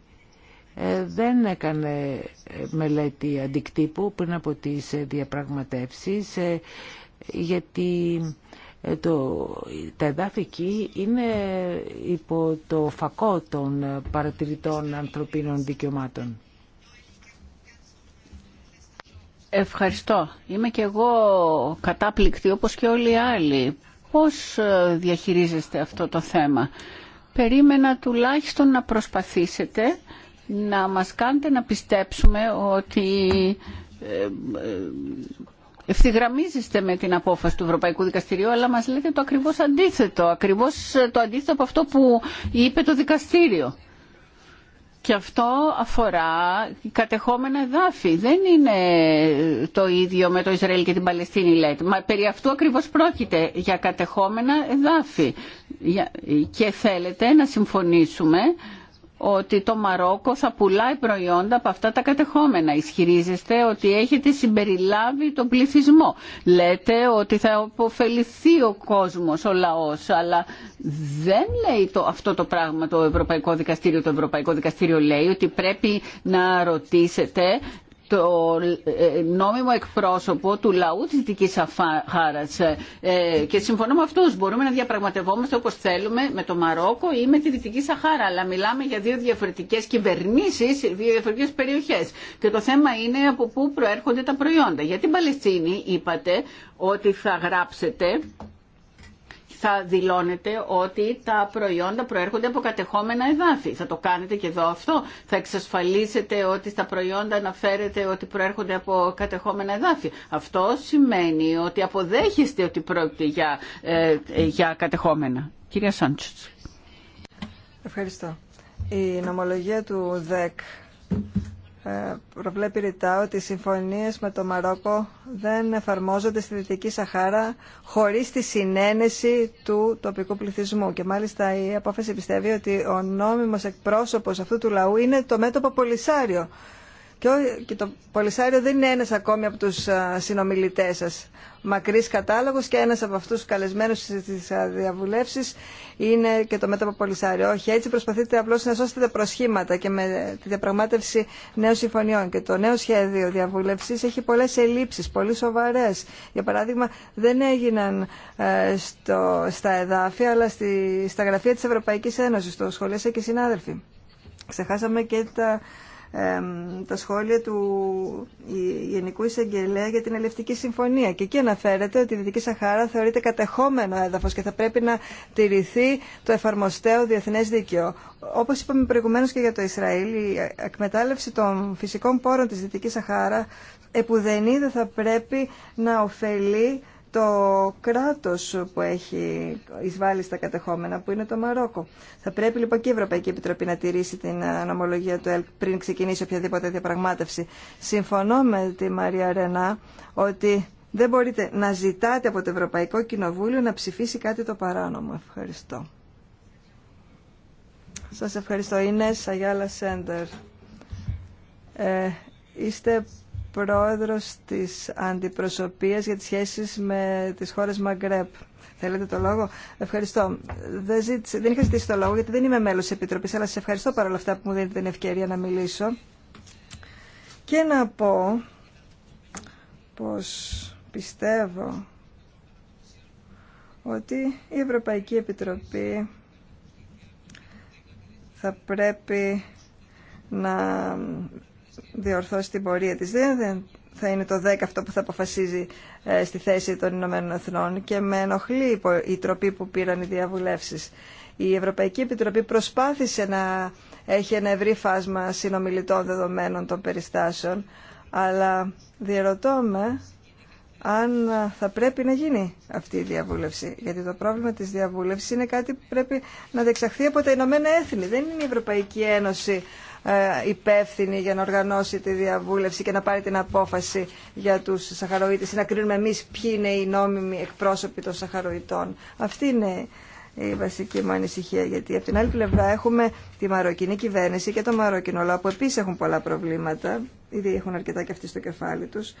ε, δεν έκανε μελέτη αντικτύπου πριν από τις διαπραγματεύσεις, γιατί ε, το, τα εδάφη εκεί είναι υπό το φακό των παρατηρητών ανθρωπίνων δικαιωμάτων. Ευχαριστώ. Είμαι και εγώ κατάπληκτη όπως και όλοι οι άλλοι. Πώς ε, διαχειρίζεστε αυτό το θέμα. Περίμενα τουλάχιστον να προσπαθήσετε να μας κάνετε να πιστέψουμε ότι ε, ευθυγραμμίζεστε με την απόφαση του Ευρωπαϊκού Δικαστηρίου, αλλά μας λέτε το ακριβώς αντίθετο, ακριβώς το αντίθετο από αυτό που είπε το δικαστήριο. Και αυτό αφορά κατεχόμενα εδάφη. Δεν είναι το ίδιο με το Ισραήλ και την Παλαιστίνη, λέτε. Μα περί αυτού ακριβώς πρόκειται για κατεχόμενα εδάφη. Και θέλετε να συμφωνήσουμε ότι το Μαρόκο θα πουλάει προϊόντα από αυτά τα κατεχόμενα. Ισχυρίζεστε ότι έχετε συμπεριλάβει τον πληθυσμό. Λέτε ότι θα αποφεληθεί ο κόσμος, ο λαός, αλλά δεν λέει το, αυτό το πράγμα το Ευρωπαϊκό Δικαστήριο. Το Ευρωπαϊκό Δικαστήριο λέει ότι πρέπει να ρωτήσετε το ε, ε, νόμιμο εκπρόσωπο του λαού της Δυτικής ε, ε, και συμφωνώ με αυτούς. Μπορούμε να διαπραγματευόμαστε όπως θέλουμε με το Μαρόκο ή με τη Δυτική Σαχάρα, αλλά μιλάμε για δύο διαφορετικές κυβερνήσεις, δύο διαφορετικές περιοχές. Και το θέμα είναι από πού προέρχονται τα προϊόντα. Για την Παλαιστίνη είπατε ότι θα γράψετε θα δηλώνετε ότι τα προϊόντα προέρχονται από κατεχόμενα εδάφη. Θα το κάνετε και εδώ αυτό. Θα εξασφαλίσετε ότι στα προϊόντα αναφέρετε ότι προέρχονται από κατεχόμενα εδάφη. Αυτό σημαίνει ότι αποδέχεστε ότι πρόκειται για, ε, για κατεχόμενα. Κυρία Σάντσουτς. Ευχαριστώ. Η νομολογία του ΔΕΚ ε, προβλέπει ρητά ότι οι συμφωνίες με το Μαρόκο δεν εφαρμόζονται στη Δυτική Σαχάρα χωρίς τη συνένεση του τοπικού πληθυσμού. Και μάλιστα η απόφαση πιστεύει ότι ο νόμιμος εκπρόσωπος αυτού του λαού είναι το μέτωπο Πολυσάριο. Και το Πολυσάριο δεν είναι ένας ακόμη από τους ε, συνομιλητές σας. Μακρύς κατάλογος και ένας από αυτούς καλεσμένους στις ε, διαβουλεύσεις είναι και το μέτωπο Πολυσάριο. Όχι, έτσι προσπαθείτε απλώ να σώσετε τα προσχήματα και με τη διαπραγμάτευση νέων συμφωνιών. Και το νέο σχέδιο διαβούλευση έχει πολλέ ελλείψει, πολύ σοβαρέ. Για παράδειγμα, δεν έγιναν ε, στο, στα εδάφια, αλλά στη, στα γραφεία τη Ευρωπαϊκή Ένωση, στο σχολείο και συνάδελφοι. Ξεχάσαμε και τα τα σχόλια του Γενικού Εισαγγελέα για την Ελευτική Συμφωνία. Και εκεί αναφέρεται ότι η Δυτική Σαχάρα θεωρείται κατεχόμενο έδαφο και θα πρέπει να τηρηθεί το εφαρμοστέο διεθνές δίκαιο. Όπως είπαμε προηγουμένως και για το Ισραήλ, η εκμετάλλευση των φυσικών πόρων της Δυτική Σαχάρα επουδενή δεν θα πρέπει να ωφελεί το κράτος που έχει εισβάλλει στα κατεχόμενα, που είναι το Μαρόκο. Θα πρέπει λοιπόν και η Ευρωπαϊκή Επιτροπή να τηρήσει την νομολογία του ΕΛΚ πριν ξεκινήσει οποιαδήποτε διαπραγμάτευση. Συμφωνώ με τη Μαρία Ρενά ότι δεν μπορείτε να ζητάτε από το Ευρωπαϊκό Κοινοβούλιο να ψηφίσει κάτι το παράνομο. Ευχαριστώ. Σας ευχαριστώ. Είναι Σαγιάλα Σέντερ. Ε, είστε πρόεδρος της Αντιπροσωπείας για τις σχέσεις με τις χώρες Μαγκρέπ. Θέλετε το λόγο. Ευχαριστώ. Δεν, ζήτησε, δεν είχα ζητήσει το λόγο γιατί δεν είμαι μέλος της Επιτροπής, αλλά σας ευχαριστώ παρόλα αυτά που μου δίνετε την ευκαιρία να μιλήσω. Και να πω πως πιστεύω ότι η Ευρωπαϊκή Επιτροπή θα πρέπει να διορθώσει την πορεία της. Δεν, θα είναι το 10 αυτό που θα αποφασίζει ε, στη θέση των Ηνωμένων Εθνών και με ενοχλεί η τροπή που πήραν οι διαβουλεύσεις. Η Ευρωπαϊκή Επιτροπή προσπάθησε να έχει ένα ευρύ φάσμα συνομιλητών δεδομένων των περιστάσεων, αλλά διαρωτώ με αν θα πρέπει να γίνει αυτή η διαβούλευση. Γιατί το πρόβλημα της διαβούλευσης είναι κάτι που πρέπει να δεξαχθεί από τα Ηνωμένα Έθνη. Δεν είναι η Ευρωπαϊκή Ένωση ε, υπεύθυνη για να οργανώσει τη διαβούλευση και να πάρει την απόφαση για τους Σαχαροίτες ή να κρίνουμε εμείς ποιοι είναι οι νόμιμοι εκπρόσωποι των Σαχαροϊτών. Αυτή είναι η βασική μου ανησυχία, γιατί από την άλλη πλευρά έχουμε τη μαροκινή κυβέρνηση και το μαροκινό λαό που επίσης έχουν πολλά προβλήματα, ήδη έχουν αρκετά και αυτοί στο κεφάλι τους.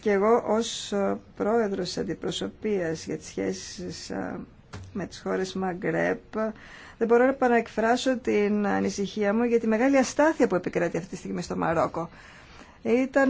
Και εγώ ως ε, πρόεδρος αντιπροσωπείας για τις σχέσεις ε, με τις χώρες Μαγκρέπ δεν μπορώ να εκφράσω την ανησυχία μου για τη μεγάλη αστάθεια που επικρατεί αυτή τη στιγμή στο Μαρόκο. Ήταν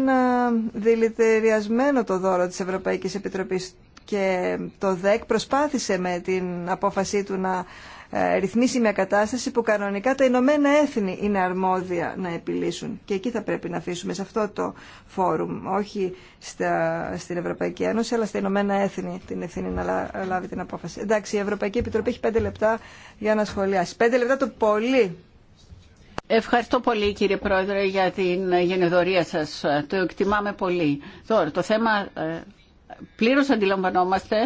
δηλητηριασμένο το δώρο της Ευρωπαϊκής Επιτροπής και το ΔΕΚ προσπάθησε με την απόφασή του να ε, ρυθμίσει μια κατάσταση που κανονικά τα Ηνωμένα Έθνη είναι αρμόδια να επιλύσουν. Και εκεί θα πρέπει να αφήσουμε σε αυτό το φόρουμ, όχι στα, στην Ευρωπαϊκή Ένωση, αλλά στα Ηνωμένα Έθνη την ευθύνη να λάβει την απόφαση. Εντάξει, η Ευρωπαϊκή Επιτροπή έχει πέντε λεπτά για να σχολιάσει. Πέντε λεπτά το πολύ. Ευχαριστώ πολύ κύριε Πρόεδρε για την γενεδορία σας. Το εκτιμάμε πολύ. Τώρα, το θέμα ε, πλήρως αντιλαμβανόμαστε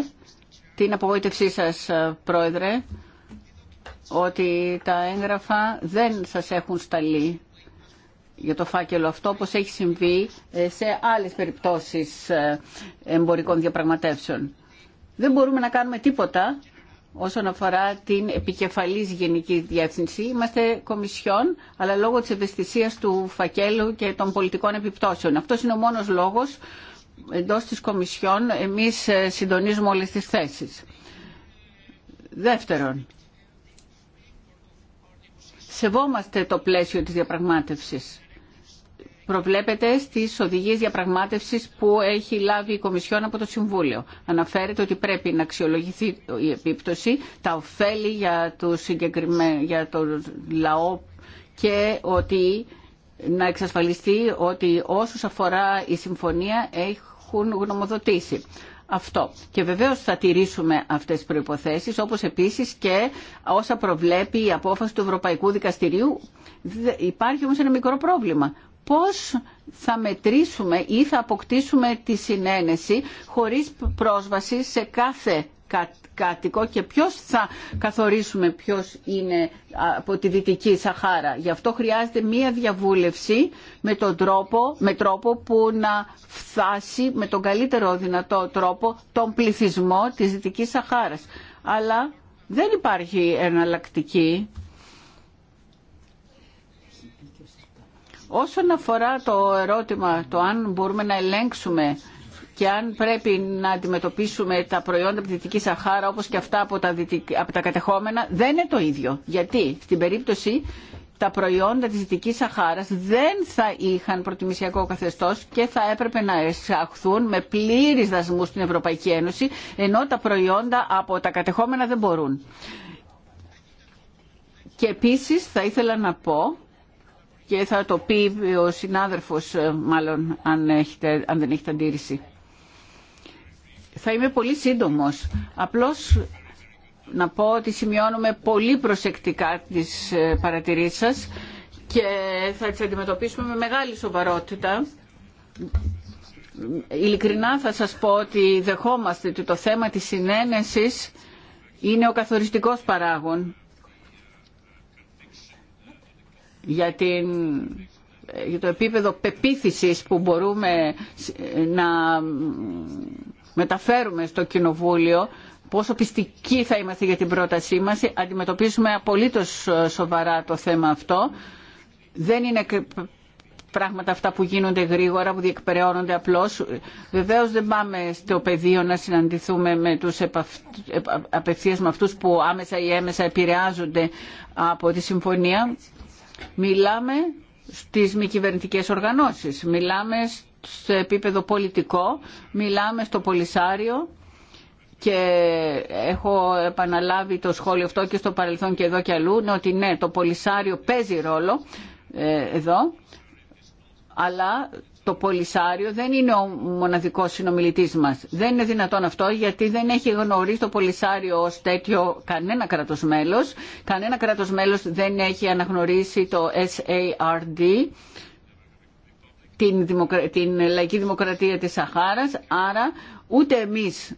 την απογοήτευσή σας ε, Πρόεδρε ότι τα έγγραφα δεν σας έχουν σταλεί για το φάκελο αυτό, όπως έχει συμβεί ε, σε άλλες περιπτώσεις ε, εμπορικών διαπραγματεύσεων. Δεν μπορούμε να κάνουμε τίποτα όσον αφορά την επικεφαλής γενική διεύθυνση. Είμαστε κομισιόν, αλλά λόγω της ευαισθησίας του φακέλου και των πολιτικών επιπτώσεων. Αυτός είναι ο μόνος λόγος εντός της κομισιόν εμείς ε, συντονίζουμε όλες τις θέσεις. Δεύτερον, σεβόμαστε το πλαίσιο της διαπραγμάτευσης. Προβλέπεται στις οδηγίες διαπραγμάτευσης που έχει λάβει η Κομισιόν από το Συμβούλιο. Αναφέρεται ότι πρέπει να αξιολογηθεί η επίπτωση, τα ωφέλη για το, για το λαό και ότι να εξασφαλιστεί ότι όσους αφορά η συμφωνία έχουν γνωμοδοτήσει αυτό. Και βεβαίως θα τηρήσουμε αυτές τις προϋποθέσεις, όπως επίσης και όσα προβλέπει η απόφαση του Ευρωπαϊκού Δικαστηρίου. Υπάρχει όμως ένα μικρό πρόβλημα. Πώς θα μετρήσουμε ή θα αποκτήσουμε τη συνένεση χωρίς πρόσβαση σε κάθε και ποιος θα καθορίσουμε ποιος είναι από τη Δυτική Σαχάρα. Γι' αυτό χρειάζεται μία διαβούλευση με, τον τρόπο, με τρόπο που να φτάσει με τον καλύτερο δυνατό τρόπο τον πληθυσμό της Δυτικής Σαχάρας. Αλλά δεν υπάρχει εναλλακτική. Όσον αφορά το ερώτημα το αν μπορούμε να ελέγξουμε και αν πρέπει να αντιμετωπίσουμε τα προϊόντα από τη Δυτική Σαχάρα όπως και αυτά από τα, κατεχόμενα δεν είναι το ίδιο. Γιατί στην περίπτωση τα προϊόντα της Δυτικής Σαχάρας δεν θα είχαν προτιμησιακό καθεστώς και θα έπρεπε να εισαχθούν με πλήρης δασμού στην Ευρωπαϊκή Ένωση ενώ τα προϊόντα από τα κατεχόμενα δεν μπορούν. Και επίσης θα ήθελα να πω και θα το πει ο συνάδελφος ε, μάλλον αν, έχετε, αν δεν έχετε αντίρρηση. Θα είμαι πολύ σύντομος. Απλώς να πω ότι σημειώνουμε πολύ προσεκτικά τις ε, παρατηρήσεις σας και θα τις αντιμετωπίσουμε με μεγάλη σοβαρότητα. Ειλικρινά θα σας πω ότι δεχόμαστε ότι το θέμα της συνένεσης είναι ο καθοριστικός παράγων για, την, για το επίπεδο πεποίθησης που μπορούμε ε, να μεταφέρουμε στο Κοινοβούλιο πόσο πιστικοί θα είμαστε για την πρότασή μας. Αντιμετωπίζουμε απολύτως ε, σοβαρά το θέμα αυτό. Δεν είναι πράγματα αυτά που γίνονται γρήγορα, που διεκπεραιώνονται απλώς. Βεβαίως δεν πάμε στο πεδίο να συναντηθούμε με τους απευθείας με αυτούς που άμεσα ή έμεσα επηρεάζονται από τη συμφωνία. Μιλάμε στις μη κυβερνητικέ οργανώσεις. Μιλάμε σε επίπεδο πολιτικό, μιλάμε στο Πολυσάριο και έχω επαναλάβει το σχόλιο αυτό και στο παρελθόν και εδώ και αλλού, ναι, ότι ναι, το Πολυσάριο παίζει ρόλο ε, εδώ, αλλά το Πολυσάριο δεν είναι ο μοναδικός συνομιλητής μας. Δεν είναι δυνατόν αυτό γιατί δεν έχει γνωρίσει το Πολυσάριο ως τέτοιο κανένα κράτος μέλος. Κανένα κράτος μέλος δεν έχει αναγνωρίσει το SARD την, λαϊκή δημοκρατία της Σαχάρας, άρα ούτε εμείς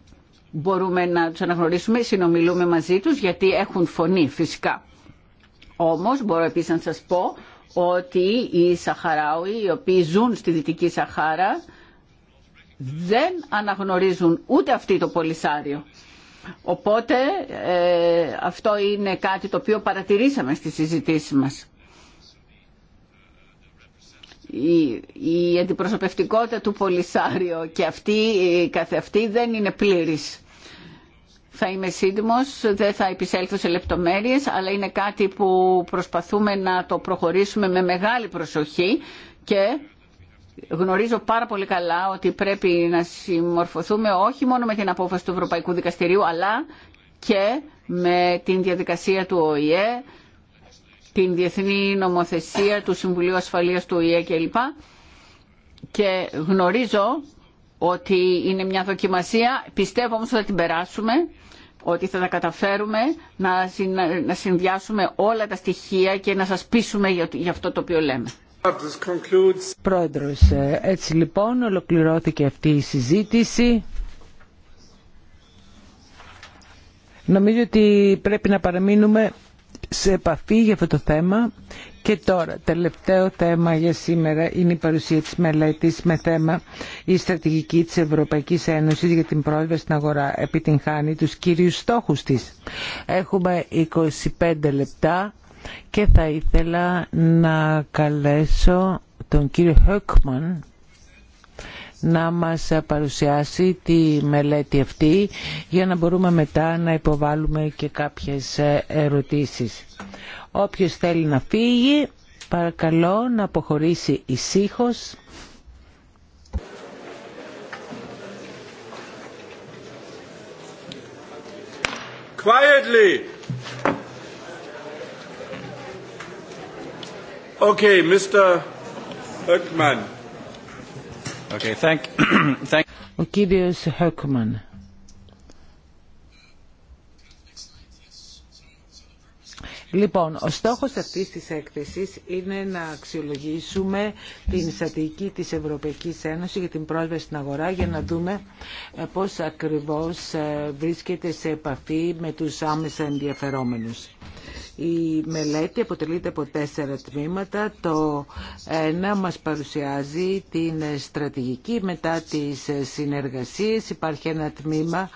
μπορούμε να τους αναγνωρίσουμε, συνομιλούμε μαζί τους γιατί έχουν φωνή φυσικά. Όμως μπορώ επίσης να σας πω ότι οι Σαχαράουοι οι οποίοι ζουν στη Δυτική Σαχάρα δεν αναγνωρίζουν ούτε αυτή το πολυσάριο. Οπότε ε, αυτό είναι κάτι το οποίο παρατηρήσαμε στις συζητήσεις μας η, η αντιπροσωπευτικότητα του πολισαριο και αυτή καθεαυτή δεν είναι πλήρης. Θα είμαι σύντομος, δεν θα επισέλθω σε λεπτομέρειες, αλλά είναι κάτι που προσπαθούμε να το προχωρήσουμε με μεγάλη προσοχή και γνωρίζω πάρα πολύ καλά ότι πρέπει να συμμορφωθούμε όχι μόνο με την απόφαση του Ευρωπαϊκού Δικαστηρίου, αλλά και με την διαδικασία του ΟΗΕ, την διεθνή νομοθεσία του Συμβουλίου Ασφαλείας του ΟΗΕ κλπ. Και γνωρίζω ότι είναι μια δοκιμασία, πιστεύω όμως ότι θα την περάσουμε, ότι θα τα καταφέρουμε να συνδυάσουμε όλα τα στοιχεία και να σας πείσουμε για αυτό το οποίο λέμε. Πρόεδρος, ε, έτσι λοιπόν ολοκληρώθηκε αυτή η συζήτηση. Νομίζω ότι πρέπει να παραμείνουμε σε επαφή για αυτό το θέμα. Και τώρα, τελευταίο θέμα για σήμερα είναι η παρουσία της μελέτης με θέμα η στρατηγική της Ευρωπαϊκής Ένωσης για την πρόσβαση στην αγορά επιτυγχάνει τους κύριους στόχους της. Έχουμε 25 λεπτά και θα ήθελα να καλέσω τον κύριο Χέκμαν να μας παρουσιάσει τη μελέτη αυτή για να μπορούμε μετά να υποβάλουμε και κάποιες ερωτήσεις. Όποιος θέλει να φύγει, παρακαλώ να αποχωρήσει ησύχως. Quietly. Okay, Mr. (clears throat) Λοιπόν, ο στόχος αυτής της έκθεσης είναι να αξιολογήσουμε την στατική της Ευρωπαϊκής Ένωσης για την πρόσβαση στην αγορά για να δούμε ε, πώς ακριβώς ε, βρίσκεται σε επαφή με τους άμεσα ενδιαφερόμενους. Η μελέτη αποτελείται από τέσσερα τμήματα. Το ένα μας παρουσιάζει την στρατηγική μετά τις συνεργασίες. Υπάρχει ένα τμήμα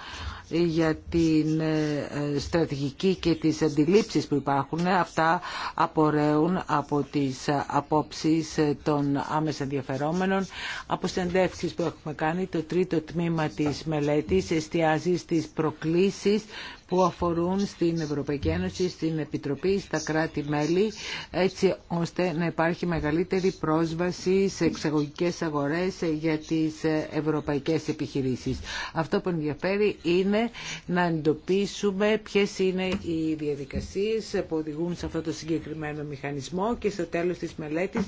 για την ε, στρατηγική και τις αντιλήψεις που υπάρχουν. Αυτά απορρέουν από τις απόψεις των άμεσα ενδιαφερόμενων. Από συνδεύξεις που έχουμε κάνει, το τρίτο τμήμα της μελέτης εστιάζει στις προκλήσεις που αφορούν στην Ευρωπαϊκή Ένωση, στην Επιτροπή, στα κράτη-μέλη, έτσι ώστε να υπάρχει μεγαλύτερη πρόσβαση σε εξαγωγικές αγορές για τις ευρωπαϊκές επιχειρήσεις. Αυτό που ενδιαφέρει είναι να εντοπίσουμε ποιες είναι οι διαδικασίες που οδηγούν σε αυτό το συγκεκριμένο μηχανισμό και στο τέλος της μελέτης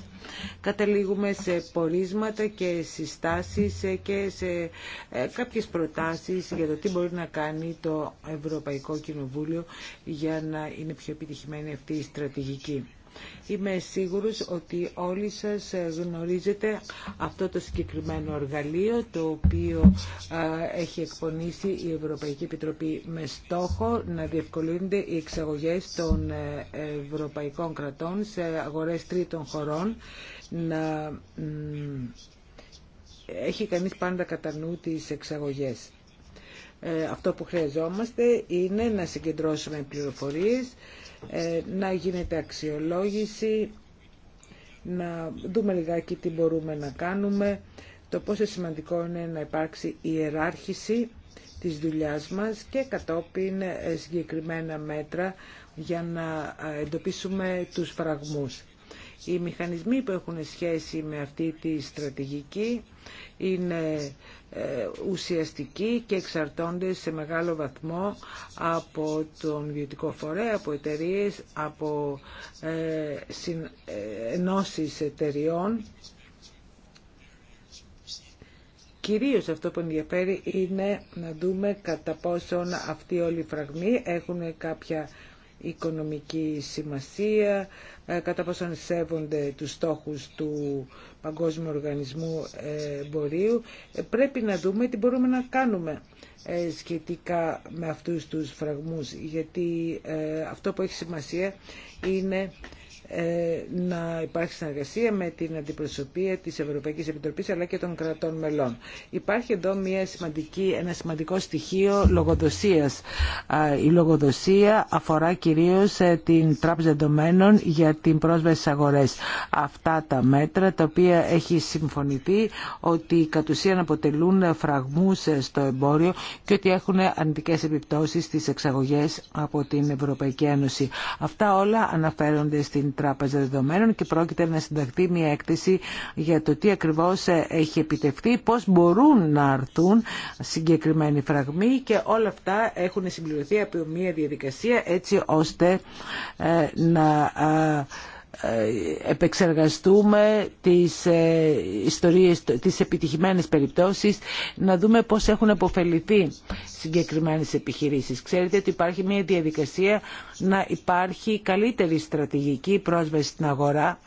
καταλήγουμε σε πορίσματα και συστάσεις και σε ε, κάποιες προτάσεις για το τι μπορεί να κάνει το Ευρωπαϊκό Ευρωπαϊκό Κοινοβούλιο για να είναι πιο επιτυχημένη αυτή η στρατηγική. Είμαι σίγουρος ότι όλοι σας γνωρίζετε αυτό το συγκεκριμένο εργαλείο το οποίο έχει εκπονήσει η Ευρωπαϊκή Επιτροπή με στόχο να διευκολύνονται οι εξαγωγές των ε, ευρωπαϊκών κρατών σε αγορές τρίτων χωρών να έχει κανείς πάντα κατά νου τις εξαγωγές. Ε, αυτό που χρειαζόμαστε είναι να συγκεντρώσουμε πληροφορίες, ε, να γίνεται αξιολόγηση, να δούμε λιγάκι τι μπορούμε να κάνουμε, το πόσο σημαντικό είναι να υπάρξει ιεράρχηση της δουλειάς μας και κατόπιν ε, συγκεκριμένα μέτρα για να εντοπίσουμε τους φραγμούς. Οι μηχανισμοί που έχουν σχέση με αυτή τη στρατηγική είναι ε, ουσιαστική και εξαρτώνται σε μεγάλο βαθμό από τον ιδιωτικό φορέα, από εταιρείε, από ε, ε, ενώσεις εταιριών. Κυρίως αυτό που ενδιαφέρει είναι να δούμε κατά πόσον αυτοί όλοι οι φραγμοί έχουν κάποια οικονομική σημασία, ε, κατά πόσον σέβονται τους στόχους του Παγκόσμιου Οργανισμού Εμπορίου. Ε, πρέπει να δούμε τι μπορούμε να κάνουμε ε, σχετικά με αυτούς τους φραγμούς, γιατί αυτό που έχει σημασία είναι ε, να υπάρχει συνεργασία με την αντιπροσωπεία της Ευρωπαϊκής Επιτροπής αλλά και των κρατών μελών. Υπάρχει εδώ μια σημαντική, ένα σημαντικό στοιχείο λογοδοσίας. Η λογοδοσία αφορά κυρίως ε, την Τράπεζα εντομένων για την πρόσβαση στις αγορές. Αυτά τα μέτρα τα οποία έχει συμφωνηθεί ότι κατ' ουσίαν αποτελούν φραγμούς ε, στο εμπόριο και ότι έχουν αρνητικές επιπτώσεις στις εξαγωγές από την Ευρωπαϊκή Ένωση. Αυτά όλα αναφέρονται στην Τράπεζα και πρόκειται να συνταχθεί μια έκθεση για το τι ακριβώς ε, έχει επιτευχθεί, πώς μπορούν να αρθούν συγκεκριμένοι φραγμοί και όλα αυτά έχουν συμπληρωθεί από μια διαδικασία έτσι ώστε ε, να ε, επεξεργαστούμε τις ιστορίες, τις επιτυχημένες περιπτώσεις, να δούμε πώς έχουν αποφεληθεί συγκεκριμένες επιχειρήσεις. Ξέρετε ότι υπάρχει μια διαδικασία να υπάρχει καλύτερη στρατηγική πρόσβαση στην αγορά,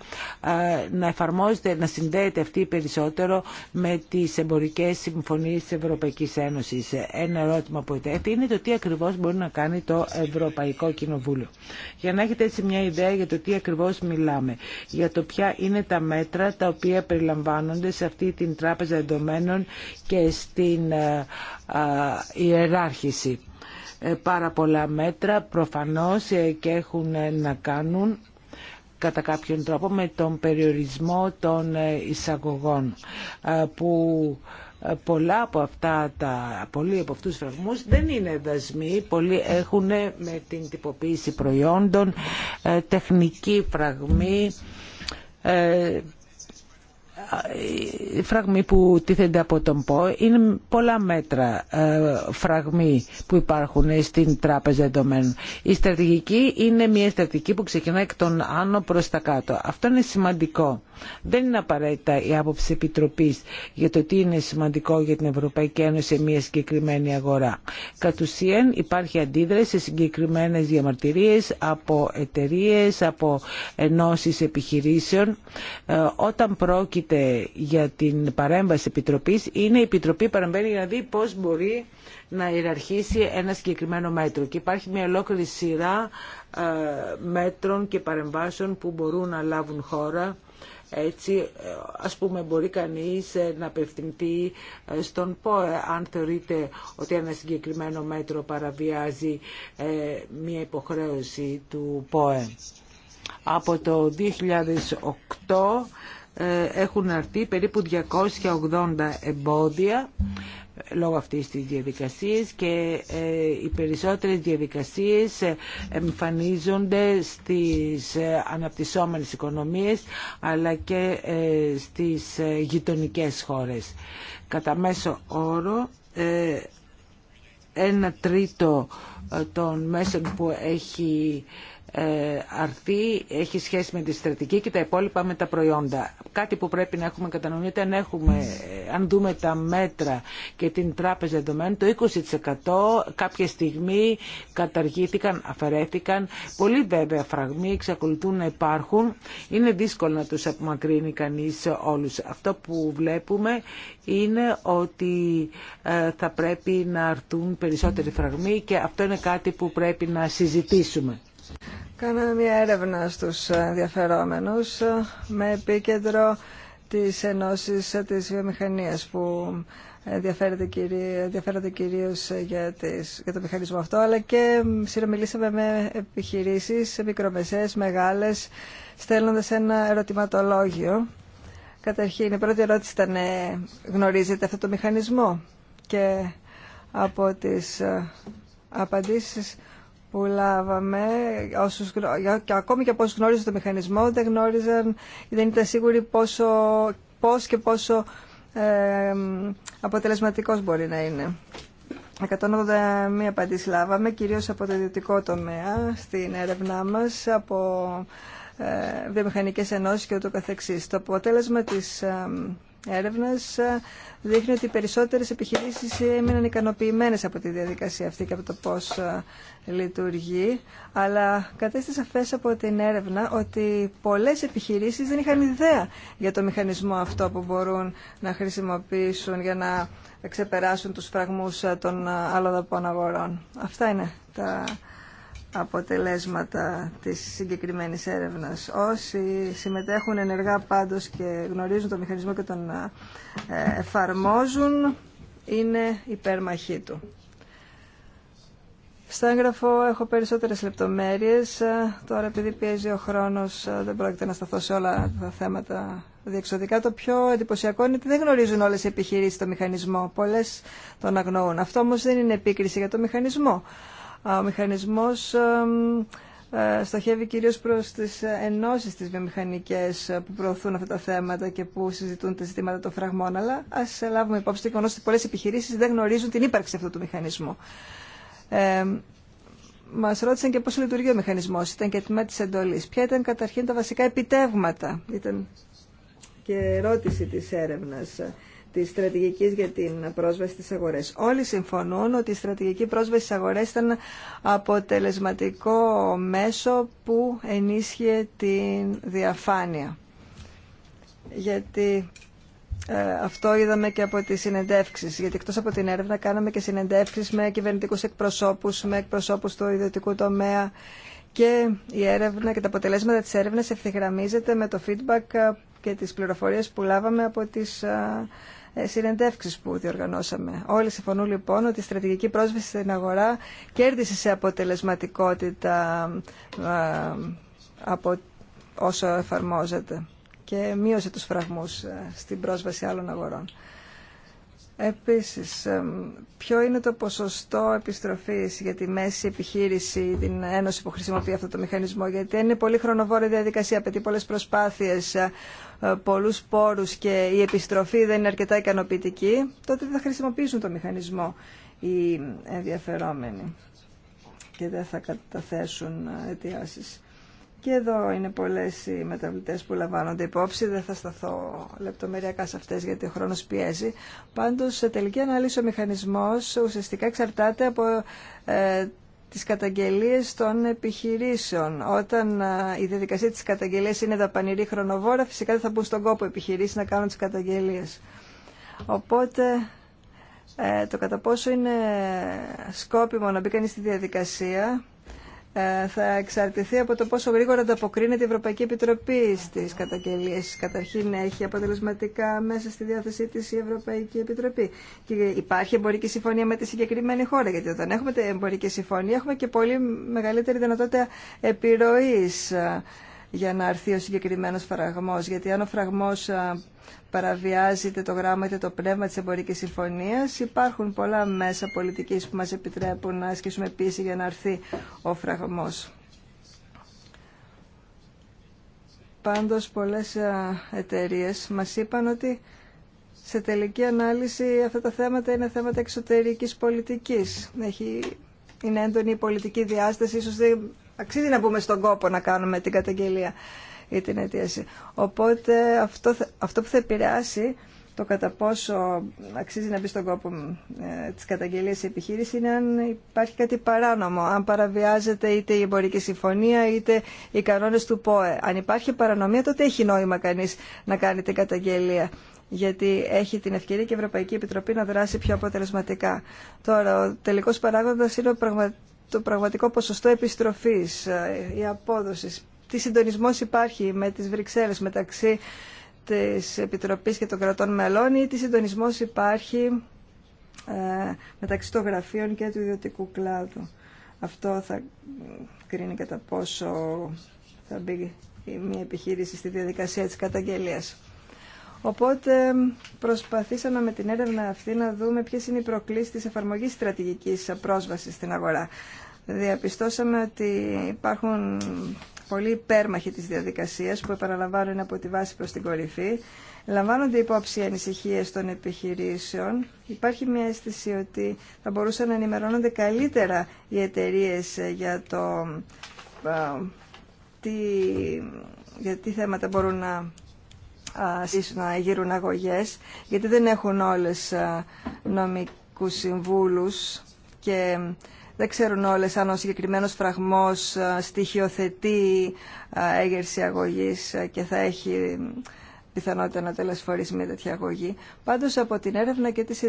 ε, να εφαρμόζεται, να συνδέεται αυτή περισσότερο με τις εμπορικές συμφωνίες της Ευρωπαϊκής Ένωσης. Ένα ερώτημα που ετέθη είναι το τι ακριβώς μπορεί να κάνει το Ευρωπαϊκό Κοινοβούλιο. Για να έχετε έτσι μια ιδέα για το τι ακριβώς μιλάμε, για το ποια είναι τα μέτρα τα οποία περιλαμβάνονται σε αυτή την τράπεζα δεδομένων και στην ε, ε, ιεράρχηση. Ε, πάρα πολλά μέτρα προφανώς ε, και έχουν ε, να κάνουν κατά κάποιον τρόπο με τον περιορισμό των εισαγωγών που πολλά από αυτά τα, πολλοί από αυτούς τους φραγμούς δεν είναι δασμοί, πολλοί έχουν με την τυποποίηση προϊόντων, τεχνική φραγμή, οι φραγμοί που τίθενται από τον ΠΟ είναι πολλά μέτρα ε, φραγμοί που υπάρχουν στην τράπεζα δεδομένων. Η στρατηγική είναι μια στρατηγική που ξεκινάει εκ των άνω προς τα κάτω. Αυτό είναι σημαντικό. Δεν είναι απαραίτητα η άποψη Επιτροπής για το τι είναι σημαντικό για την Ευρωπαϊκή Ένωση σε μια συγκεκριμένη αγορά. Κατ' ουσίαν υπάρχει αντίδραση σε συγκεκριμένες διαμαρτυρίες από εταιρείε, από ενώσεις επιχειρήσεων ε, όταν για την παρέμβαση επιτροπής είναι η επιτροπή παρεμβαίνει για να δει πώς μπορεί να ιεραρχήσει ένα συγκεκριμένο μέτρο και υπάρχει μια ολόκληρη σειρά ε, μέτρων και παρεμβάσεων που μπορούν να λάβουν χώρα έτσι ε, ας πούμε μπορεί κανείς ε, να απευθυνθεί στον ΠΟΕ αν θεωρείται ότι ένα συγκεκριμένο μέτρο παραβιάζει μια υποχρέωση του ΠΟΕ. Από το 2008 ε, έχουν αρθεί περίπου 280 εμπόδια λόγω αυτής της διαδικασίας και ε, οι περισσότερες διαδικασίες εμφανίζονται στις ε, αναπτυσσόμενες οικονομίες αλλά και στις γειτονικές χώρες. Κατά μέσο όρο ένα τρίτο των μέσων που έχει ε, αρθεί, έχει σχέση με τη στρατηγική και τα υπόλοιπα με τα προϊόντα. Κάτι που πρέπει να έχουμε κατανοηθεί, αν, έχουμε, ε, αν δούμε τα μέτρα και την τράπεζα δεδομένων, το 20% κάποια στιγμή καταργήθηκαν, αφαιρέθηκαν. πολύ βέβαια φραγμοί εξακολουθούν να υπάρχουν. Είναι δύσκολο να τους απομακρύνει κανείς όλους. Αυτό που βλέπουμε είναι ότι ε, θα πρέπει να αρθούν περισσότεροι φραγμοί και αυτό είναι κάτι που πρέπει να συζητήσουμε. Κάναμε μια έρευνα στους ενδιαφερόμενους με επίκεντρο της Ενώσης της Βιομηχανίας που ενδιαφέρονται κυρίω για, για το μηχανισμό αυτό αλλά και συνομιλήσαμε με επιχειρήσεις μικρομεσαίες, μεγάλες στέλνοντας ένα ερωτηματολόγιο Καταρχήν, η πρώτη ερώτηση ήταν ε, γνωρίζετε αυτό το μηχανισμό και από τις ε, απαντήσεις που λάβαμε, όσους, και ακόμη και από όσους γνώριζαν το μηχανισμό, δεν γνώριζαν, δεν ήταν σίγουροι πόσο, πώς και πόσο ε, αποτελεσματικός μπορεί να είναι. 181 απαντήσεις λάβαμε, κυρίως από το ιδιωτικό τομέα, στην έρευνά μας, από ε, βιομηχανικές ενώσεις και ούτω καθεξής. Το αποτέλεσμα της έρευνας ε, δείχνει ότι οι περισσότερες επιχειρήσεις έμειναν ικανοποιημένες από τη διαδικασία αυτή και από το πώς ε, λειτουργεί, αλλά κατέστησα σαφές από την έρευνα ότι πολλές επιχειρήσεις δεν είχαν ιδέα για το μηχανισμό αυτό που μπορούν να χρησιμοποιήσουν για να ξεπεράσουν τους φραγμούς ε, των άλλων δαπών αγορών. Αυτά είναι τα αποτελέσματα της συγκεκριμένης έρευνας. Όσοι συμμετέχουν ενεργά πάντως και γνωρίζουν το μηχανισμό και τον ε, εφαρμόζουν, είναι υπέρμαχοί του. Στο έγγραφο έχω περισσότερες λεπτομέρειες. Τώρα επειδή πιέζει ο χρόνος ε, δεν πρόκειται να σταθώ σε όλα τα θέματα διεξοδικά. Το πιο εντυπωσιακό είναι ότι δεν γνωρίζουν όλες οι επιχειρήσεις το μηχανισμό. Πολλές τον αγνοούν. Αυτό όμως δεν είναι επίκριση για το μηχανισμό. Ο μηχανισμός ε, στοχεύει κυρίως προς τις ε, ενώσεις τις βιομηχανικές ε, που προωθούν αυτά τα θέματα και που συζητούν τα ζητήματα των φραγμών, αλλά ας λάβουμε υπόψη το γεγονός ότι πολλές επιχειρήσεις δεν γνωρίζουν την ύπαρξη αυτού του μηχανισμού. Ε, Μα ρώτησαν και πώ λειτουργεί ο μηχανισμό. Ήταν και τμήμα τη εντολή. Ποια ήταν καταρχήν τα βασικά επιτεύγματα, ήταν και ερώτηση τη έρευνα τη στρατηγικής για την πρόσβαση στις αγορές. Όλοι συμφωνούν ότι η στρατηγική πρόσβαση στις αγορές ήταν αποτελεσματικό μέσο που ενίσχυε την διαφάνεια. Γιατί ε, αυτό είδαμε και από τις συνεντεύξεις, γιατί εκτός από την έρευνα κάναμε και συνεντεύξεις με κυβερνητικούς εκπροσώπους, με εκπροσώπους του ιδιωτικού τομέα και η έρευνα και τα αποτελέσματα της έρευνας ευθυγραμμίζεται με το feedback και τις πληροφορίες που λάβαμε από τις ε, ε, συνεντεύξεις που διοργανώσαμε. Όλοι συμφωνούν λοιπόν ότι η στρατηγική πρόσβαση στην αγορά κέρδισε σε αποτελεσματικότητα ε, από όσο εφαρμόζεται και μείωσε τους φραγμούς ε, στην πρόσβαση άλλων αγορών. Επίσης, ποιο είναι το ποσοστό επιστροφής για τη μέση επιχείρηση την ένωση που χρησιμοποιεί αυτό το μηχανισμό, γιατί είναι πολύ χρονοβόρη διαδικασία, απαιτεί πολλές προσπάθειες, ε, πολλούς πόρους και η επιστροφή δεν είναι αρκετά ικανοποιητική, τότε δεν θα χρησιμοποιήσουν το μηχανισμό οι ενδιαφερόμενοι και δεν θα καταθέσουν ε, αιτιάσεις. Και εδώ είναι πολλές οι μεταβλητές που λαμβάνονται υπόψη. Δεν θα σταθώ λεπτομεριακά σε αυτές γιατί ο χρόνος πιέζει. Πάντως, σε τελική ανάλυση ο μηχανισμός ουσιαστικά εξαρτάται από ε, τις καταγγελίες των επιχειρήσεων. Όταν η διαδικασία της καταγγελίας είναι δαπανηρή χρονοβόρα, φυσικά δεν θα μπουν στον κόπο επιχειρήσει να κάνουν τις καταγγελίες. Οπότε ε, το κατά πόσο είναι σκόπιμο να μπει κανείς στη διαδικασία ε, θα εξαρτηθεί από το πόσο γρήγορα ανταποκρίνεται η Ευρωπαϊκή Επιτροπή στις καταγγελίες. Καταρχήν έχει αποτελεσματικά μέσα στη διάθεσή της η Ευρωπαϊκή Επιτροπή. Και υπάρχει εμπορική συμφωνία με τη συγκεκριμένη χώρα, γιατί όταν έχουμε εμπορική συμφωνία έχουμε και πολύ μεγαλύτερη δυνατότητα επιρροή για να αρθεί ο συγκεκριμένος φραγμός. Γιατί αν ο φραγμός παραβιάζει το γράμμα είτε το πνεύμα της εμπορικής συμφωνία. υπάρχουν πολλά μέσα πολιτικής που μας επιτρέπουν να ασκήσουμε πίεση για να αρθεί ο φραγμός. Πάντως πολλές εταιρείε μας είπαν ότι σε τελική ανάλυση αυτά τα θέματα είναι θέματα εξωτερικής πολιτικής. Έχει, είναι έντονη η πολιτική διάσταση, ίσως αξίζει να μπούμε στον κόπο να κάνουμε την καταγγελία ή την αιτίαση. Οπότε αυτό, αυτό που θα επηρεάσει το κατά πόσο αξίζει να μπει στον κόπο ε, της καταγγελίας η επιχείρηση είναι αν υπάρχει κάτι παράνομο, αν παραβιάζεται είτε η εμπορική συμφωνία είτε οι κανόνες του ΠΟΕ. Αν υπάρχει παρανομία τότε έχει νόημα κανείς να κάνει την καταγγελία γιατί έχει την ευκαιρία και η Ευρωπαϊκή Επιτροπή να δράσει πιο αποτελεσματικά. Τώρα, ο τελικός παράγοντα είναι ο, πραγματικό το πραγματικό ποσοστό επιστροφής, ε, η απόδοση. Τι συντονισμός υπάρχει με τις Βρυξέλλες μεταξύ της Επιτροπής και των κρατών μελών ή τι συντονισμός υπάρχει ε, μεταξύ των γραφείων και του ιδιωτικού κλάδου. Αυτό θα κρίνει κατά πόσο θα μπει μια επιχείρηση στη διαδικασία της καταγγελίας. Οπότε προσπαθήσαμε με την έρευνα αυτή να δούμε ποιε είναι οι προκλήσει τη εφαρμογή στρατηγικής πρόσβαση στην αγορά. Διαπιστώσαμε ότι υπάρχουν πολλοί υπέρμαχοι τη διαδικασία που επαναλαμβάνουν από τη βάση προ την κορυφή. Λαμβάνονται υπόψη οι ανησυχίε των επιχειρήσεων. Υπάρχει μια αίσθηση ότι θα μπορούσαν να ενημερώνονται καλύτερα οι εταιρείε ε, για το τι, για τι θέματα μπορούν να να γύρουν αγωγές, γιατί δεν έχουν όλες νομικούς συμβούλους και δεν ξέρουν όλες αν ο συγκεκριμένος φραγμός στοιχειοθετεί έγερση αγωγής και θα έχει πιθανότητα να τελεσφορήσει μια τέτοια αγωγή. Πάντως από την έρευνα και τις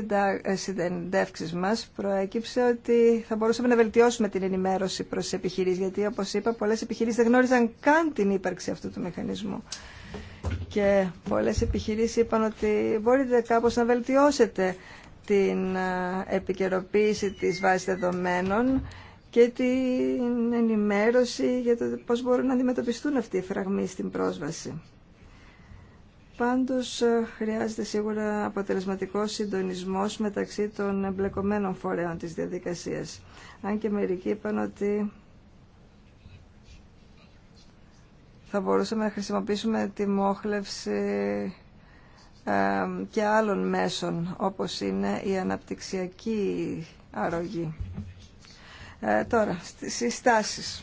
συντεύξεις ε, μας προέκυψε ότι θα μπορούσαμε να βελτιώσουμε την ενημέρωση προς τις επιχειρήσεις γιατί όπως είπα πολλές επιχειρήσεις δεν γνώριζαν καν την ύπαρξη αυτού του μηχανισμού. Και πολλές επιχειρήσεις είπαν ότι μπορείτε κάπως να βελτιώσετε την ε, επικαιροποίηση της βάσης δεδομένων και την ενημέρωση για το πώς μπορούν να αντιμετωπιστούν αυτοί οι φραγμοί στην πρόσβαση. Πάντως ε, χρειάζεται σίγουρα αποτελεσματικός συντονισμός μεταξύ των εμπλεκομένων φορέων της διαδικασίας. Αν και μερικοί είπαν ότι θα μπορούσαμε να χρησιμοποιήσουμε τη μόχλευση και άλλων μέσων, όπως είναι η αναπτυξιακή αρρωγή. Ε, τώρα, στις συστάσεις.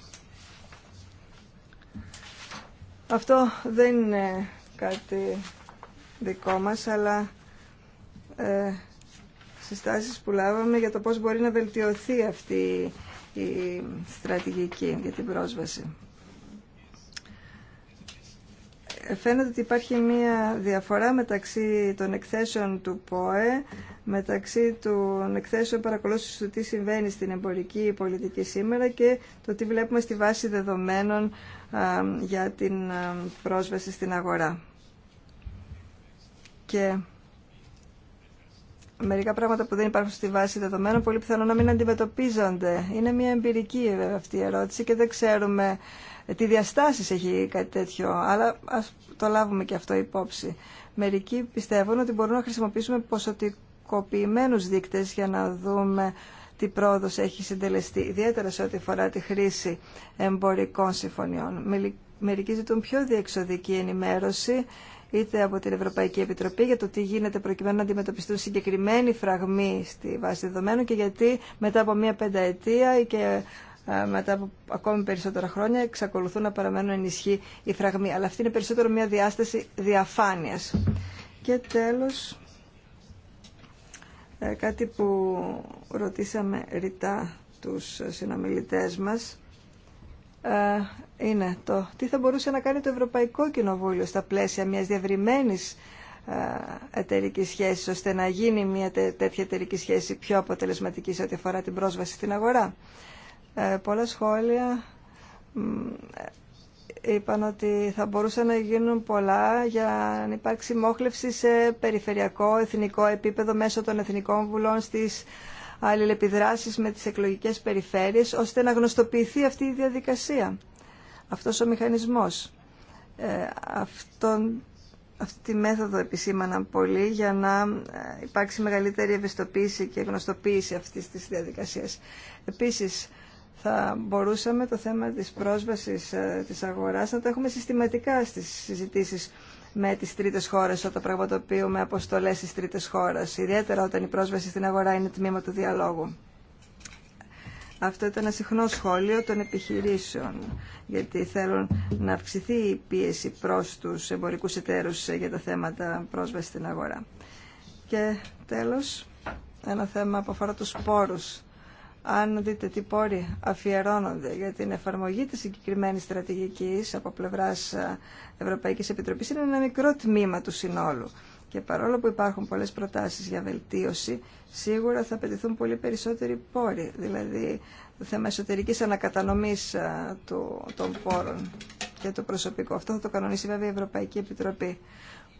Αυτό δεν είναι κάτι δικό μας, αλλά ε, συστάσεις που λάβαμε για το πώς μπορεί να βελτιωθεί αυτή η στρατηγική για την πρόσβαση φαίνεται ότι υπάρχει μία διαφορά μεταξύ των εκθέσεων του ΠΟΕ, μεταξύ των εκθέσεων παρακολούθησης του τι συμβαίνει στην εμπορική πολιτική σήμερα και το τι βλέπουμε στη βάση δεδομένων για την πρόσβαση στην αγορά. Και μερικά πράγματα που δεν υπάρχουν στη βάση δεδομένων πολύ πιθανό να μην αντιμετωπίζονται. Είναι μια εμπειρική αυτή η ερώτηση και δεν ξέρουμε τι διαστάσεις έχει κάτι τέτοιο, αλλά ας το λάβουμε και αυτό υπόψη. Μερικοί πιστεύουν ότι μπορούμε να χρησιμοποιήσουμε ποσοτικοποιημένους δείκτες για να δούμε τι πρόοδος έχει συντελεστεί, ιδιαίτερα σε ό,τι αφορά τη χρήση εμπορικών συμφωνιών. Μερικοί ζητούν πιο διεξοδική ενημέρωση είτε από την Ευρωπαϊκή Επιτροπή για το τι γίνεται προκειμένου να αντιμετωπιστούν συγκεκριμένοι φραγμοί στη βάση δεδομένων και γιατί μετά από μία πενταετία και ε, μετά από ακόμη περισσότερα χρόνια εξακολουθούν να παραμένουν ενισχύ οι φραγμοί. Αλλά αυτή είναι περισσότερο μια διάσταση διαφάνειας. Και τέλος, ε, κάτι που ρωτήσαμε ρητά τους συνομιλητές μας ε, είναι το τι θα μπορούσε να κάνει το Ευρωπαϊκό Κοινοβούλιο στα πλαίσια μιας διαβριμένης εταιρική σχέση, ώστε να γίνει μια τέτοια εταιρική σχέση πιο αποτελεσματική σε ό,τι αφορά την πρόσβαση στην αγορά. Ε, πολλά σχόλια ε, είπαν ότι θα μπορούσαν να γίνουν πολλά για να υπάρξει μόχλευση σε περιφερειακό, εθνικό επίπεδο μέσω των εθνικών βουλών στις αλληλεπιδράσεις με τις εκλογικές περιφέρειες, ώστε να γνωστοποιηθεί αυτή η διαδικασία, αυτός ο μηχανισμός. Ε, αυτόν, αυτή τη μέθοδο επισήμαναν πολύ για να ε, υπάρξει μεγαλύτερη ευαισθητοποίηση και γνωστοποίηση αυτής της διαδικασίας. Επίσης, θα μπορούσαμε το θέμα της πρόσβασης ε, της αγοράς να το έχουμε συστηματικά στις συζητήσεις με τις τρίτες χώρες όταν πραγματοποιούμε αποστολές στις τρίτες χώρες, ιδιαίτερα όταν η πρόσβαση στην αγορά είναι τμήμα του διαλόγου. Αυτό ήταν ένα συχνό σχόλιο των επιχειρήσεων, γιατί θέλουν να αυξηθεί η πίεση προς τους εμπορικούς εταίρους ε, για τα θέματα πρόσβαση στην αγορά. Και τέλος, ένα θέμα που αφορά τους πόρους αν δείτε τι πόροι αφιερώνονται για την εφαρμογή της συγκεκριμένη στρατηγικής από πλευράς ε, Ευρωπαϊκής Επιτροπής είναι ένα μικρό τμήμα του συνόλου. Και παρόλο που υπάρχουν πολλές προτάσεις για βελτίωση, σίγουρα θα απαιτηθούν πολύ περισσότεροι πόροι, δηλαδή το θέμα εσωτερικής ανακατανομής ε, των πόρων και το προσωπικό. Αυτό θα το κανονίσει βέβαια η Ευρωπαϊκή Επιτροπή.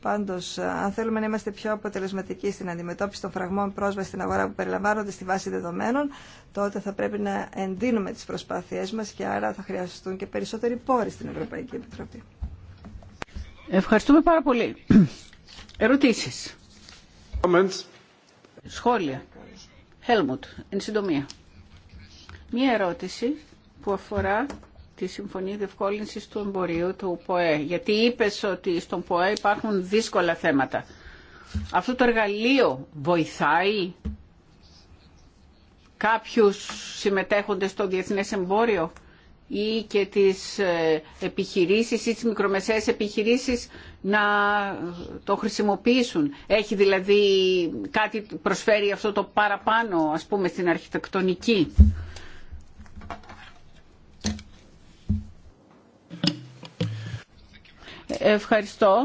Πάντως, αν θέλουμε να είμαστε πιο αποτελεσματικοί στην αντιμετώπιση των φραγμών πρόσβαση στην αγορά που περιλαμβάνονται στη βάση δεδομένων, τότε θα πρέπει να εντείνουμε τις προσπάθειές μας και άρα θα χρειαστούν και περισσότεροι πόροι στην Ευρωπαϊκή Επιτροπή. Ευχαριστούμε πάρα πολύ. (clears throat) Ερωτήσει. Σχόλια. Χέλμουτ, εν συντομία. Μία ερώτηση που αφορά τη Συμφωνία Διευκόλυνση του Εμπορίου του ΠΟΕ, γιατί είπε ότι στον ΠΟΕ υπάρχουν δύσκολα θέματα. Αυτό το εργαλείο βοηθάει κάποιους συμμετέχοντες στο διεθνές εμπόριο ή και τις ε, επιχειρήσεις ή τις μικρομεσαίες επιχειρήσεις να το χρησιμοποιήσουν. Έχει δηλαδή κάτι προσφέρει αυτό το παραπάνω ας πούμε στην αρχιτεκτονική Ευχαριστώ,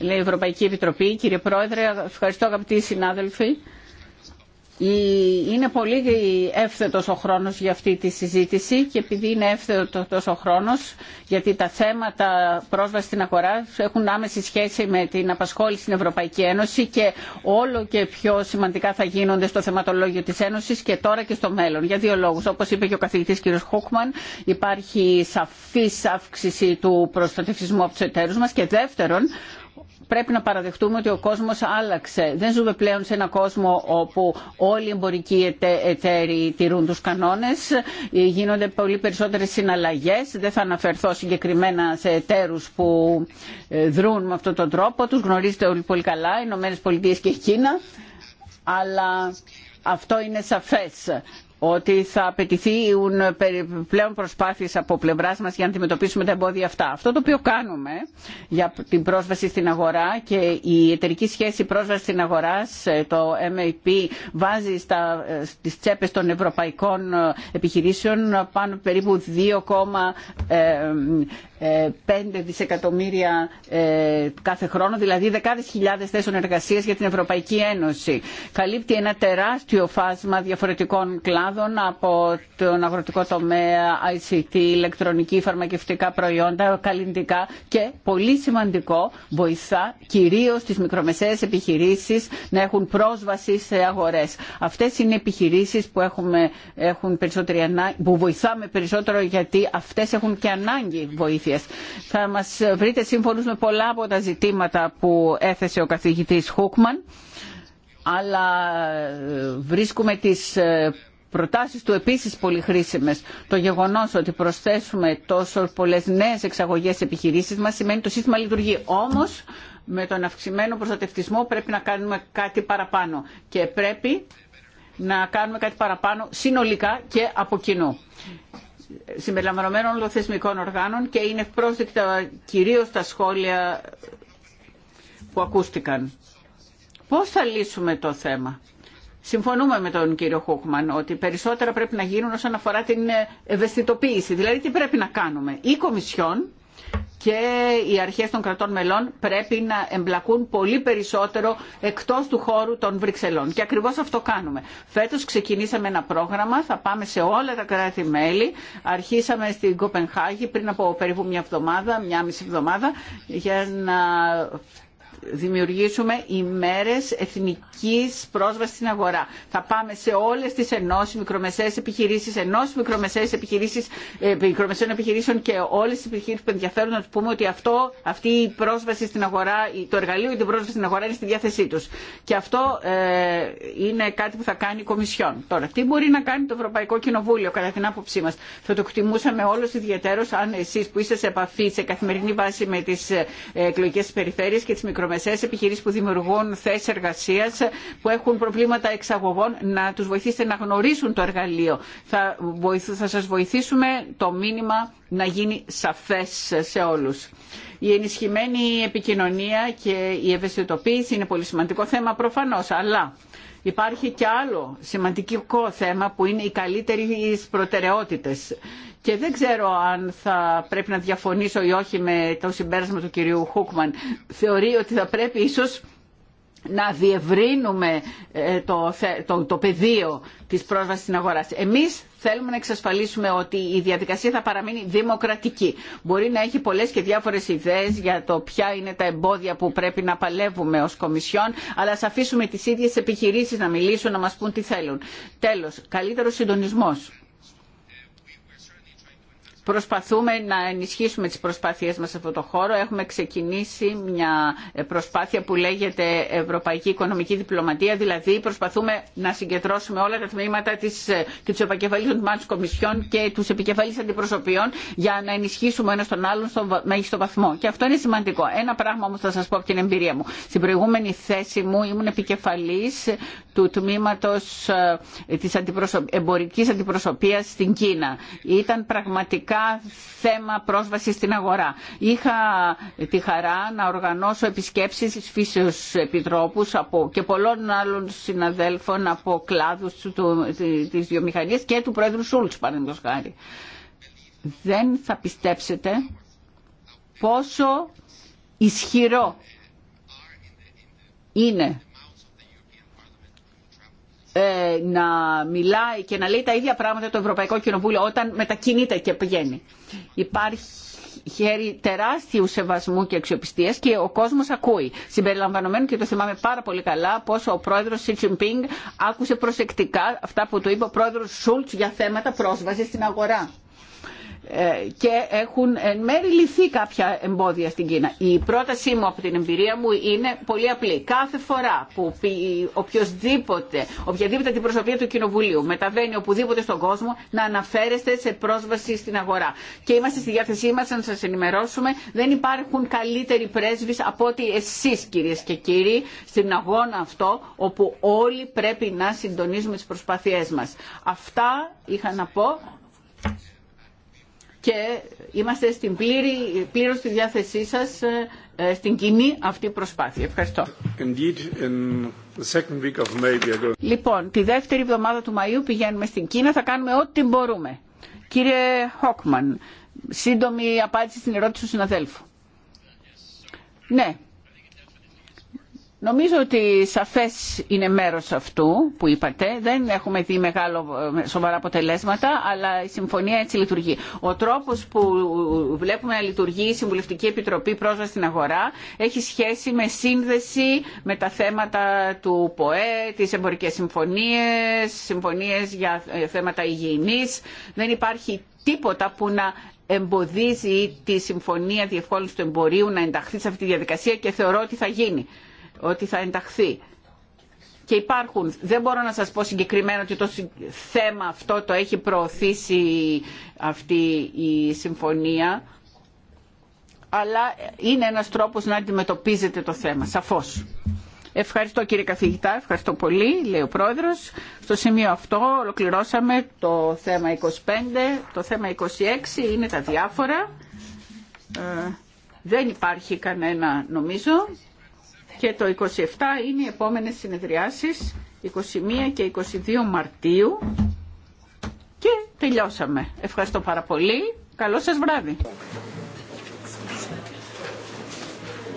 λέει η Ευρωπαϊκή Επιτροπή. Κύριε Πρόεδρε, ευχαριστώ αγαπητοί συνάδελφοι. Είναι πολύ εύθετος ο χρόνος για αυτή τη συζήτηση και επειδή είναι εύθετος ο χρόνος γιατί τα θέματα πρόσβαση στην αγορά έχουν άμεση σχέση με την απασχόληση στην Ευρωπαϊκή Ένωση και όλο και πιο σημαντικά θα γίνονται στο θεματολόγιο της Ένωσης και τώρα και στο μέλλον. Για δύο λόγους. Όπως είπε και ο καθηγητής κ. Χούκμαν υπάρχει σαφής αύξηση του προστατευτισμού από τους εταίρους μας και δεύτερον πρέπει να παραδεχτούμε ότι ο κόσμος άλλαξε. Δεν ζούμε πλέον σε ένα κόσμο όπου όλοι οι εμπορικοί εταίροι τηρούν τους κανόνες. Ε, γίνονται πολύ περισσότερες συναλλαγές. Δεν θα αναφερθώ συγκεκριμένα σε εταίρους που ε, δρούν με αυτόν τον τρόπο. Τους γνωρίζετε όλοι πολύ καλά, οι Ηνωμένες Πολιτείες και η Κίνα. Αλλά αυτό είναι σαφές ότι θα απαιτηθεί πλέον προσπάθειες από πλευράς μας για να αντιμετωπίσουμε τα εμπόδια αυτά. Αυτό το οποίο κάνουμε για την πρόσβαση στην αγορά και η εταιρική σχέση πρόσβαση στην αγορά, το MAP βάζει στα, ε, στις τσέπες των ευρωπαϊκών ε, επιχειρήσεων πάνω περίπου 2,5%. 5 ε, δισεκατομμύρια ε, κάθε χρόνο, δηλαδή δεκάδες χιλιάδες θέσεων εργασίας για την Ευρωπαϊκή Ένωση. Καλύπτει ένα τεράστιο φάσμα διαφορετικών κλάδων από τον αγροτικό τομέα, ICT, ηλεκτρονική, φαρμακευτικά προϊόντα, καλλιντικά και πολύ σημαντικό βοηθά κυρίως τις μικρομεσαίες επιχειρήσεις να έχουν πρόσβαση σε αγορές. Αυτές είναι επιχειρήσεις που, έχουν που βοηθάμε περισσότερο γιατί αυτές έχουν και ανάγκη βοήθεια θα μας βρείτε σύμφωνος με πολλά από τα ζητήματα που έθεσε ο καθηγητής Χούκμαν, αλλά ε, βρίσκουμε τις ε, προτάσεις του επίσης πολύ χρήσιμες. Το γεγονός ότι προσθέσουμε τόσο πολλές νέες εξαγωγές επιχειρήσεις μας σημαίνει το σύστημα λειτουργεί. Όμως με τον αυξημένο προστατευτισμό πρέπει να κάνουμε κάτι παραπάνω και πρέπει να κάνουμε κάτι παραπάνω συνολικά και από κοινού συμπεριλαμβανομένων των οργάνων και είναι πρόσδεκτα κυρίως τα σχόλια που ακούστηκαν. Πώς θα λύσουμε το θέμα. Συμφωνούμε με τον κύριο Χούκμαν ότι περισσότερα πρέπει να γίνουν όσον αφορά την ευαισθητοποίηση. Δηλαδή τι πρέπει να κάνουμε. Η Κομισιόν και οι αρχές των κρατών μελών πρέπει να εμπλακούν πολύ περισσότερο εκτός του χώρου των Βρυξελών. Και ακριβώς αυτό κάνουμε. Φέτος ξεκινήσαμε ένα πρόγραμμα, θα πάμε σε όλα τα κράτη-μέλη. Αρχίσαμε στην Κοπενχάγη πριν από περίπου μια εβδομάδα, μια μισή εβδομάδα, για να δημιουργήσουμε ημέρες εθνικής πρόσβασης στην αγορά. Θα πάμε σε όλες τις ενώσεις μικρομεσαίες επιχειρήσεις, ενώσεις μικρομεσαίες επιχειρήσεις, ε, μικρομεσαίων επιχειρήσεων και όλες τις επιχειρήσεις που ενδιαφέρουν να του πούμε ότι αυτό, αυτή η πρόσβαση στην αγορά, το εργαλείο ή την πρόσβαση στην αγορά είναι στη διάθεσή τους. Και αυτό ε, είναι κάτι που θα κάνει η Κομισιόν. Τώρα, τι μπορεί να κάνει το Ευρωπαϊκό Κοινοβούλιο κατά την άποψή μας. Θα το εκτιμούσαμε όλος ιδιαίτερος αν εσείς που είστε σε επαφή σε καθημερινή βάση με τις ε, εκλογικές περιφέρειες και τις μικρομεσαίες μικρομεσαίες επιχειρήσεις που δημιουργούν θέσεις εργασίας, που έχουν προβλήματα εξαγωγών, να τους βοηθήσετε να γνωρίσουν το εργαλείο. Θα, θα σας βοηθήσουμε το μήνυμα να γίνει σαφές σε όλους. Η ενισχυμένη επικοινωνία και η ευαισθητοποίηση είναι πολύ σημαντικό θέμα προφανώς, αλλά υπάρχει και άλλο σημαντικό θέμα που είναι οι καλύτερες προτεραιότητες και δεν ξέρω αν θα πρέπει να διαφωνήσω ή όχι με το συμπέρασμα του κυρίου Χούκμαν. Θεωρεί ότι θα πρέπει ίσως να διευρύνουμε ε, το, το, το πεδίο της πρόσβασης στην αγορά. Εμείς θέλουμε να εξασφαλίσουμε ότι η διαδικασία θα παραμείνει δημοκρατική. Μπορεί να έχει πολλές και διάφορες ιδέες για το ποια είναι τα εμπόδια που πρέπει να παλεύουμε ως Κομισιόν, αλλά ας αφήσουμε τις ίδιες επιχειρήσεις να μιλήσουν, να μας πούν τι θέλουν. Τέλος, καλύτερος συντονισμός Προσπαθούμε να ενισχύσουμε τις προσπάθειές μας σε αυτό το χώρο. Έχουμε ξεκινήσει μια προσπάθεια που λέγεται Ευρωπαϊκή Οικονομική Διπλωματία, δηλαδή προσπαθούμε να συγκεντρώσουμε όλα τα τμήματα της, και τους επικεφαλής των τμήματων της Κομισιόν και τους επικεφαλής αντιπροσωπιών για να ενισχύσουμε ένα τον άλλον στο μέγιστο βαθμό. Και αυτό είναι σημαντικό. Ένα πράγμα όμως θα σας πω από την εμπειρία μου. Στην προηγούμενη θέση μου ήμουν επικεφαλής του τμήματος ε, της αντιπροσω... αντιπροσωπείας στην Κίνα. Ήταν πραγματικά θέμα πρόσβαση στην αγορά. Είχα τη χαρά να οργανώσω επισκέψεις φύσεως επιτρόπους από, και πολλών άλλων συναδέλφων από κλάδους του, της βιομηχανίας και του Πρόεδρου Σούλτς, παραδείγματος χάρη. Δεν θα πιστέψετε πόσο ισχυρό είναι ε, να μιλάει και να λέει τα ίδια πράγματα το Ευρωπαϊκό Κοινοβούλιο όταν μετακινείται και πηγαίνει. Υπάρχει χέρι τεράστιου σεβασμού και αξιοπιστία και ο κόσμο ακούει. Συμπεριλαμβανομένου και το θυμάμαι πάρα πολύ καλά πόσο ο πρόεδρο Τσιμπίνγκ άκουσε προσεκτικά αυτά που του είπε ο πρόεδρο Σούλτ για θέματα πρόσβαση στην αγορά. Ε, και έχουν εν μέρη λυθεί κάποια εμπόδια στην Κίνα. Η πρότασή μου από την εμπειρία μου είναι πολύ απλή. Κάθε φορά που οποιοδήποτε, οποιαδήποτε την προσωπία του Κοινοβουλίου μεταβαίνει οπουδήποτε στον κόσμο να αναφέρεστε σε πρόσβαση στην αγορά. Και είμαστε στη διάθεσή μα να σα ενημερώσουμε. Δεν υπάρχουν καλύτεροι πρέσβεις από ότι εσεί, κύριε και κύριοι στην αγώνα αυτό όπου όλοι πρέπει να συντονίζουμε τι προσπάθειές μα. Αυτά είχα να πω και είμαστε στην πλήρη, πλήρως στη διάθεσή σας ε, ε, στην κοινή αυτή προσπάθεια. Ευχαριστώ. Λοιπόν, τη δεύτερη εβδομάδα του Μαΐου πηγαίνουμε στην Κίνα, θα κάνουμε ό,τι μπορούμε. Κύριε Χόκμαν, σύντομη απάντηση στην ερώτηση του συναδέλφου. Ναι, Νομίζω ότι σαφές είναι μέρος αυτού που είπατε. Δεν έχουμε δει μεγάλο, ε, σοβαρά αποτελέσματα, αλλά η συμφωνία έτσι λειτουργεί. Ο τρόπος που βλέπουμε να λειτουργεί η Συμβουλευτική Επιτροπή Πρόσβαση στην Αγορά έχει σχέση με σύνδεση με τα θέματα του ΠΟΕ, τις εμπορικές συμφωνίες, συμφωνίες για ε, θέματα υγιεινής. Δεν υπάρχει τίποτα που να εμποδίζει τη Συμφωνία διευκόλυνση του Εμπορίου να ενταχθεί σε αυτή τη διαδικασία και θεωρώ ότι θα γίνει ότι θα ενταχθεί. Και υπάρχουν, δεν μπορώ να σας πω συγκεκριμένα ότι το θέμα αυτό το έχει προωθήσει αυτή η συμφωνία, αλλά είναι ένας τρόπος να αντιμετωπίζετε το θέμα, σαφώς. Ευχαριστώ κύριε καθηγητά, ευχαριστώ πολύ, λέει ο πρόεδρος. Στο σημείο αυτό ολοκληρώσαμε το θέμα 25, το θέμα 26 είναι τα διάφορα. Ε, δεν υπάρχει κανένα νομίζω. Και το 27 είναι οι επόμενες συνεδριάσεις, 21 και 22 Μαρτίου. Και τελειώσαμε. Ευχαριστώ πάρα πολύ. Καλό σας βράδυ.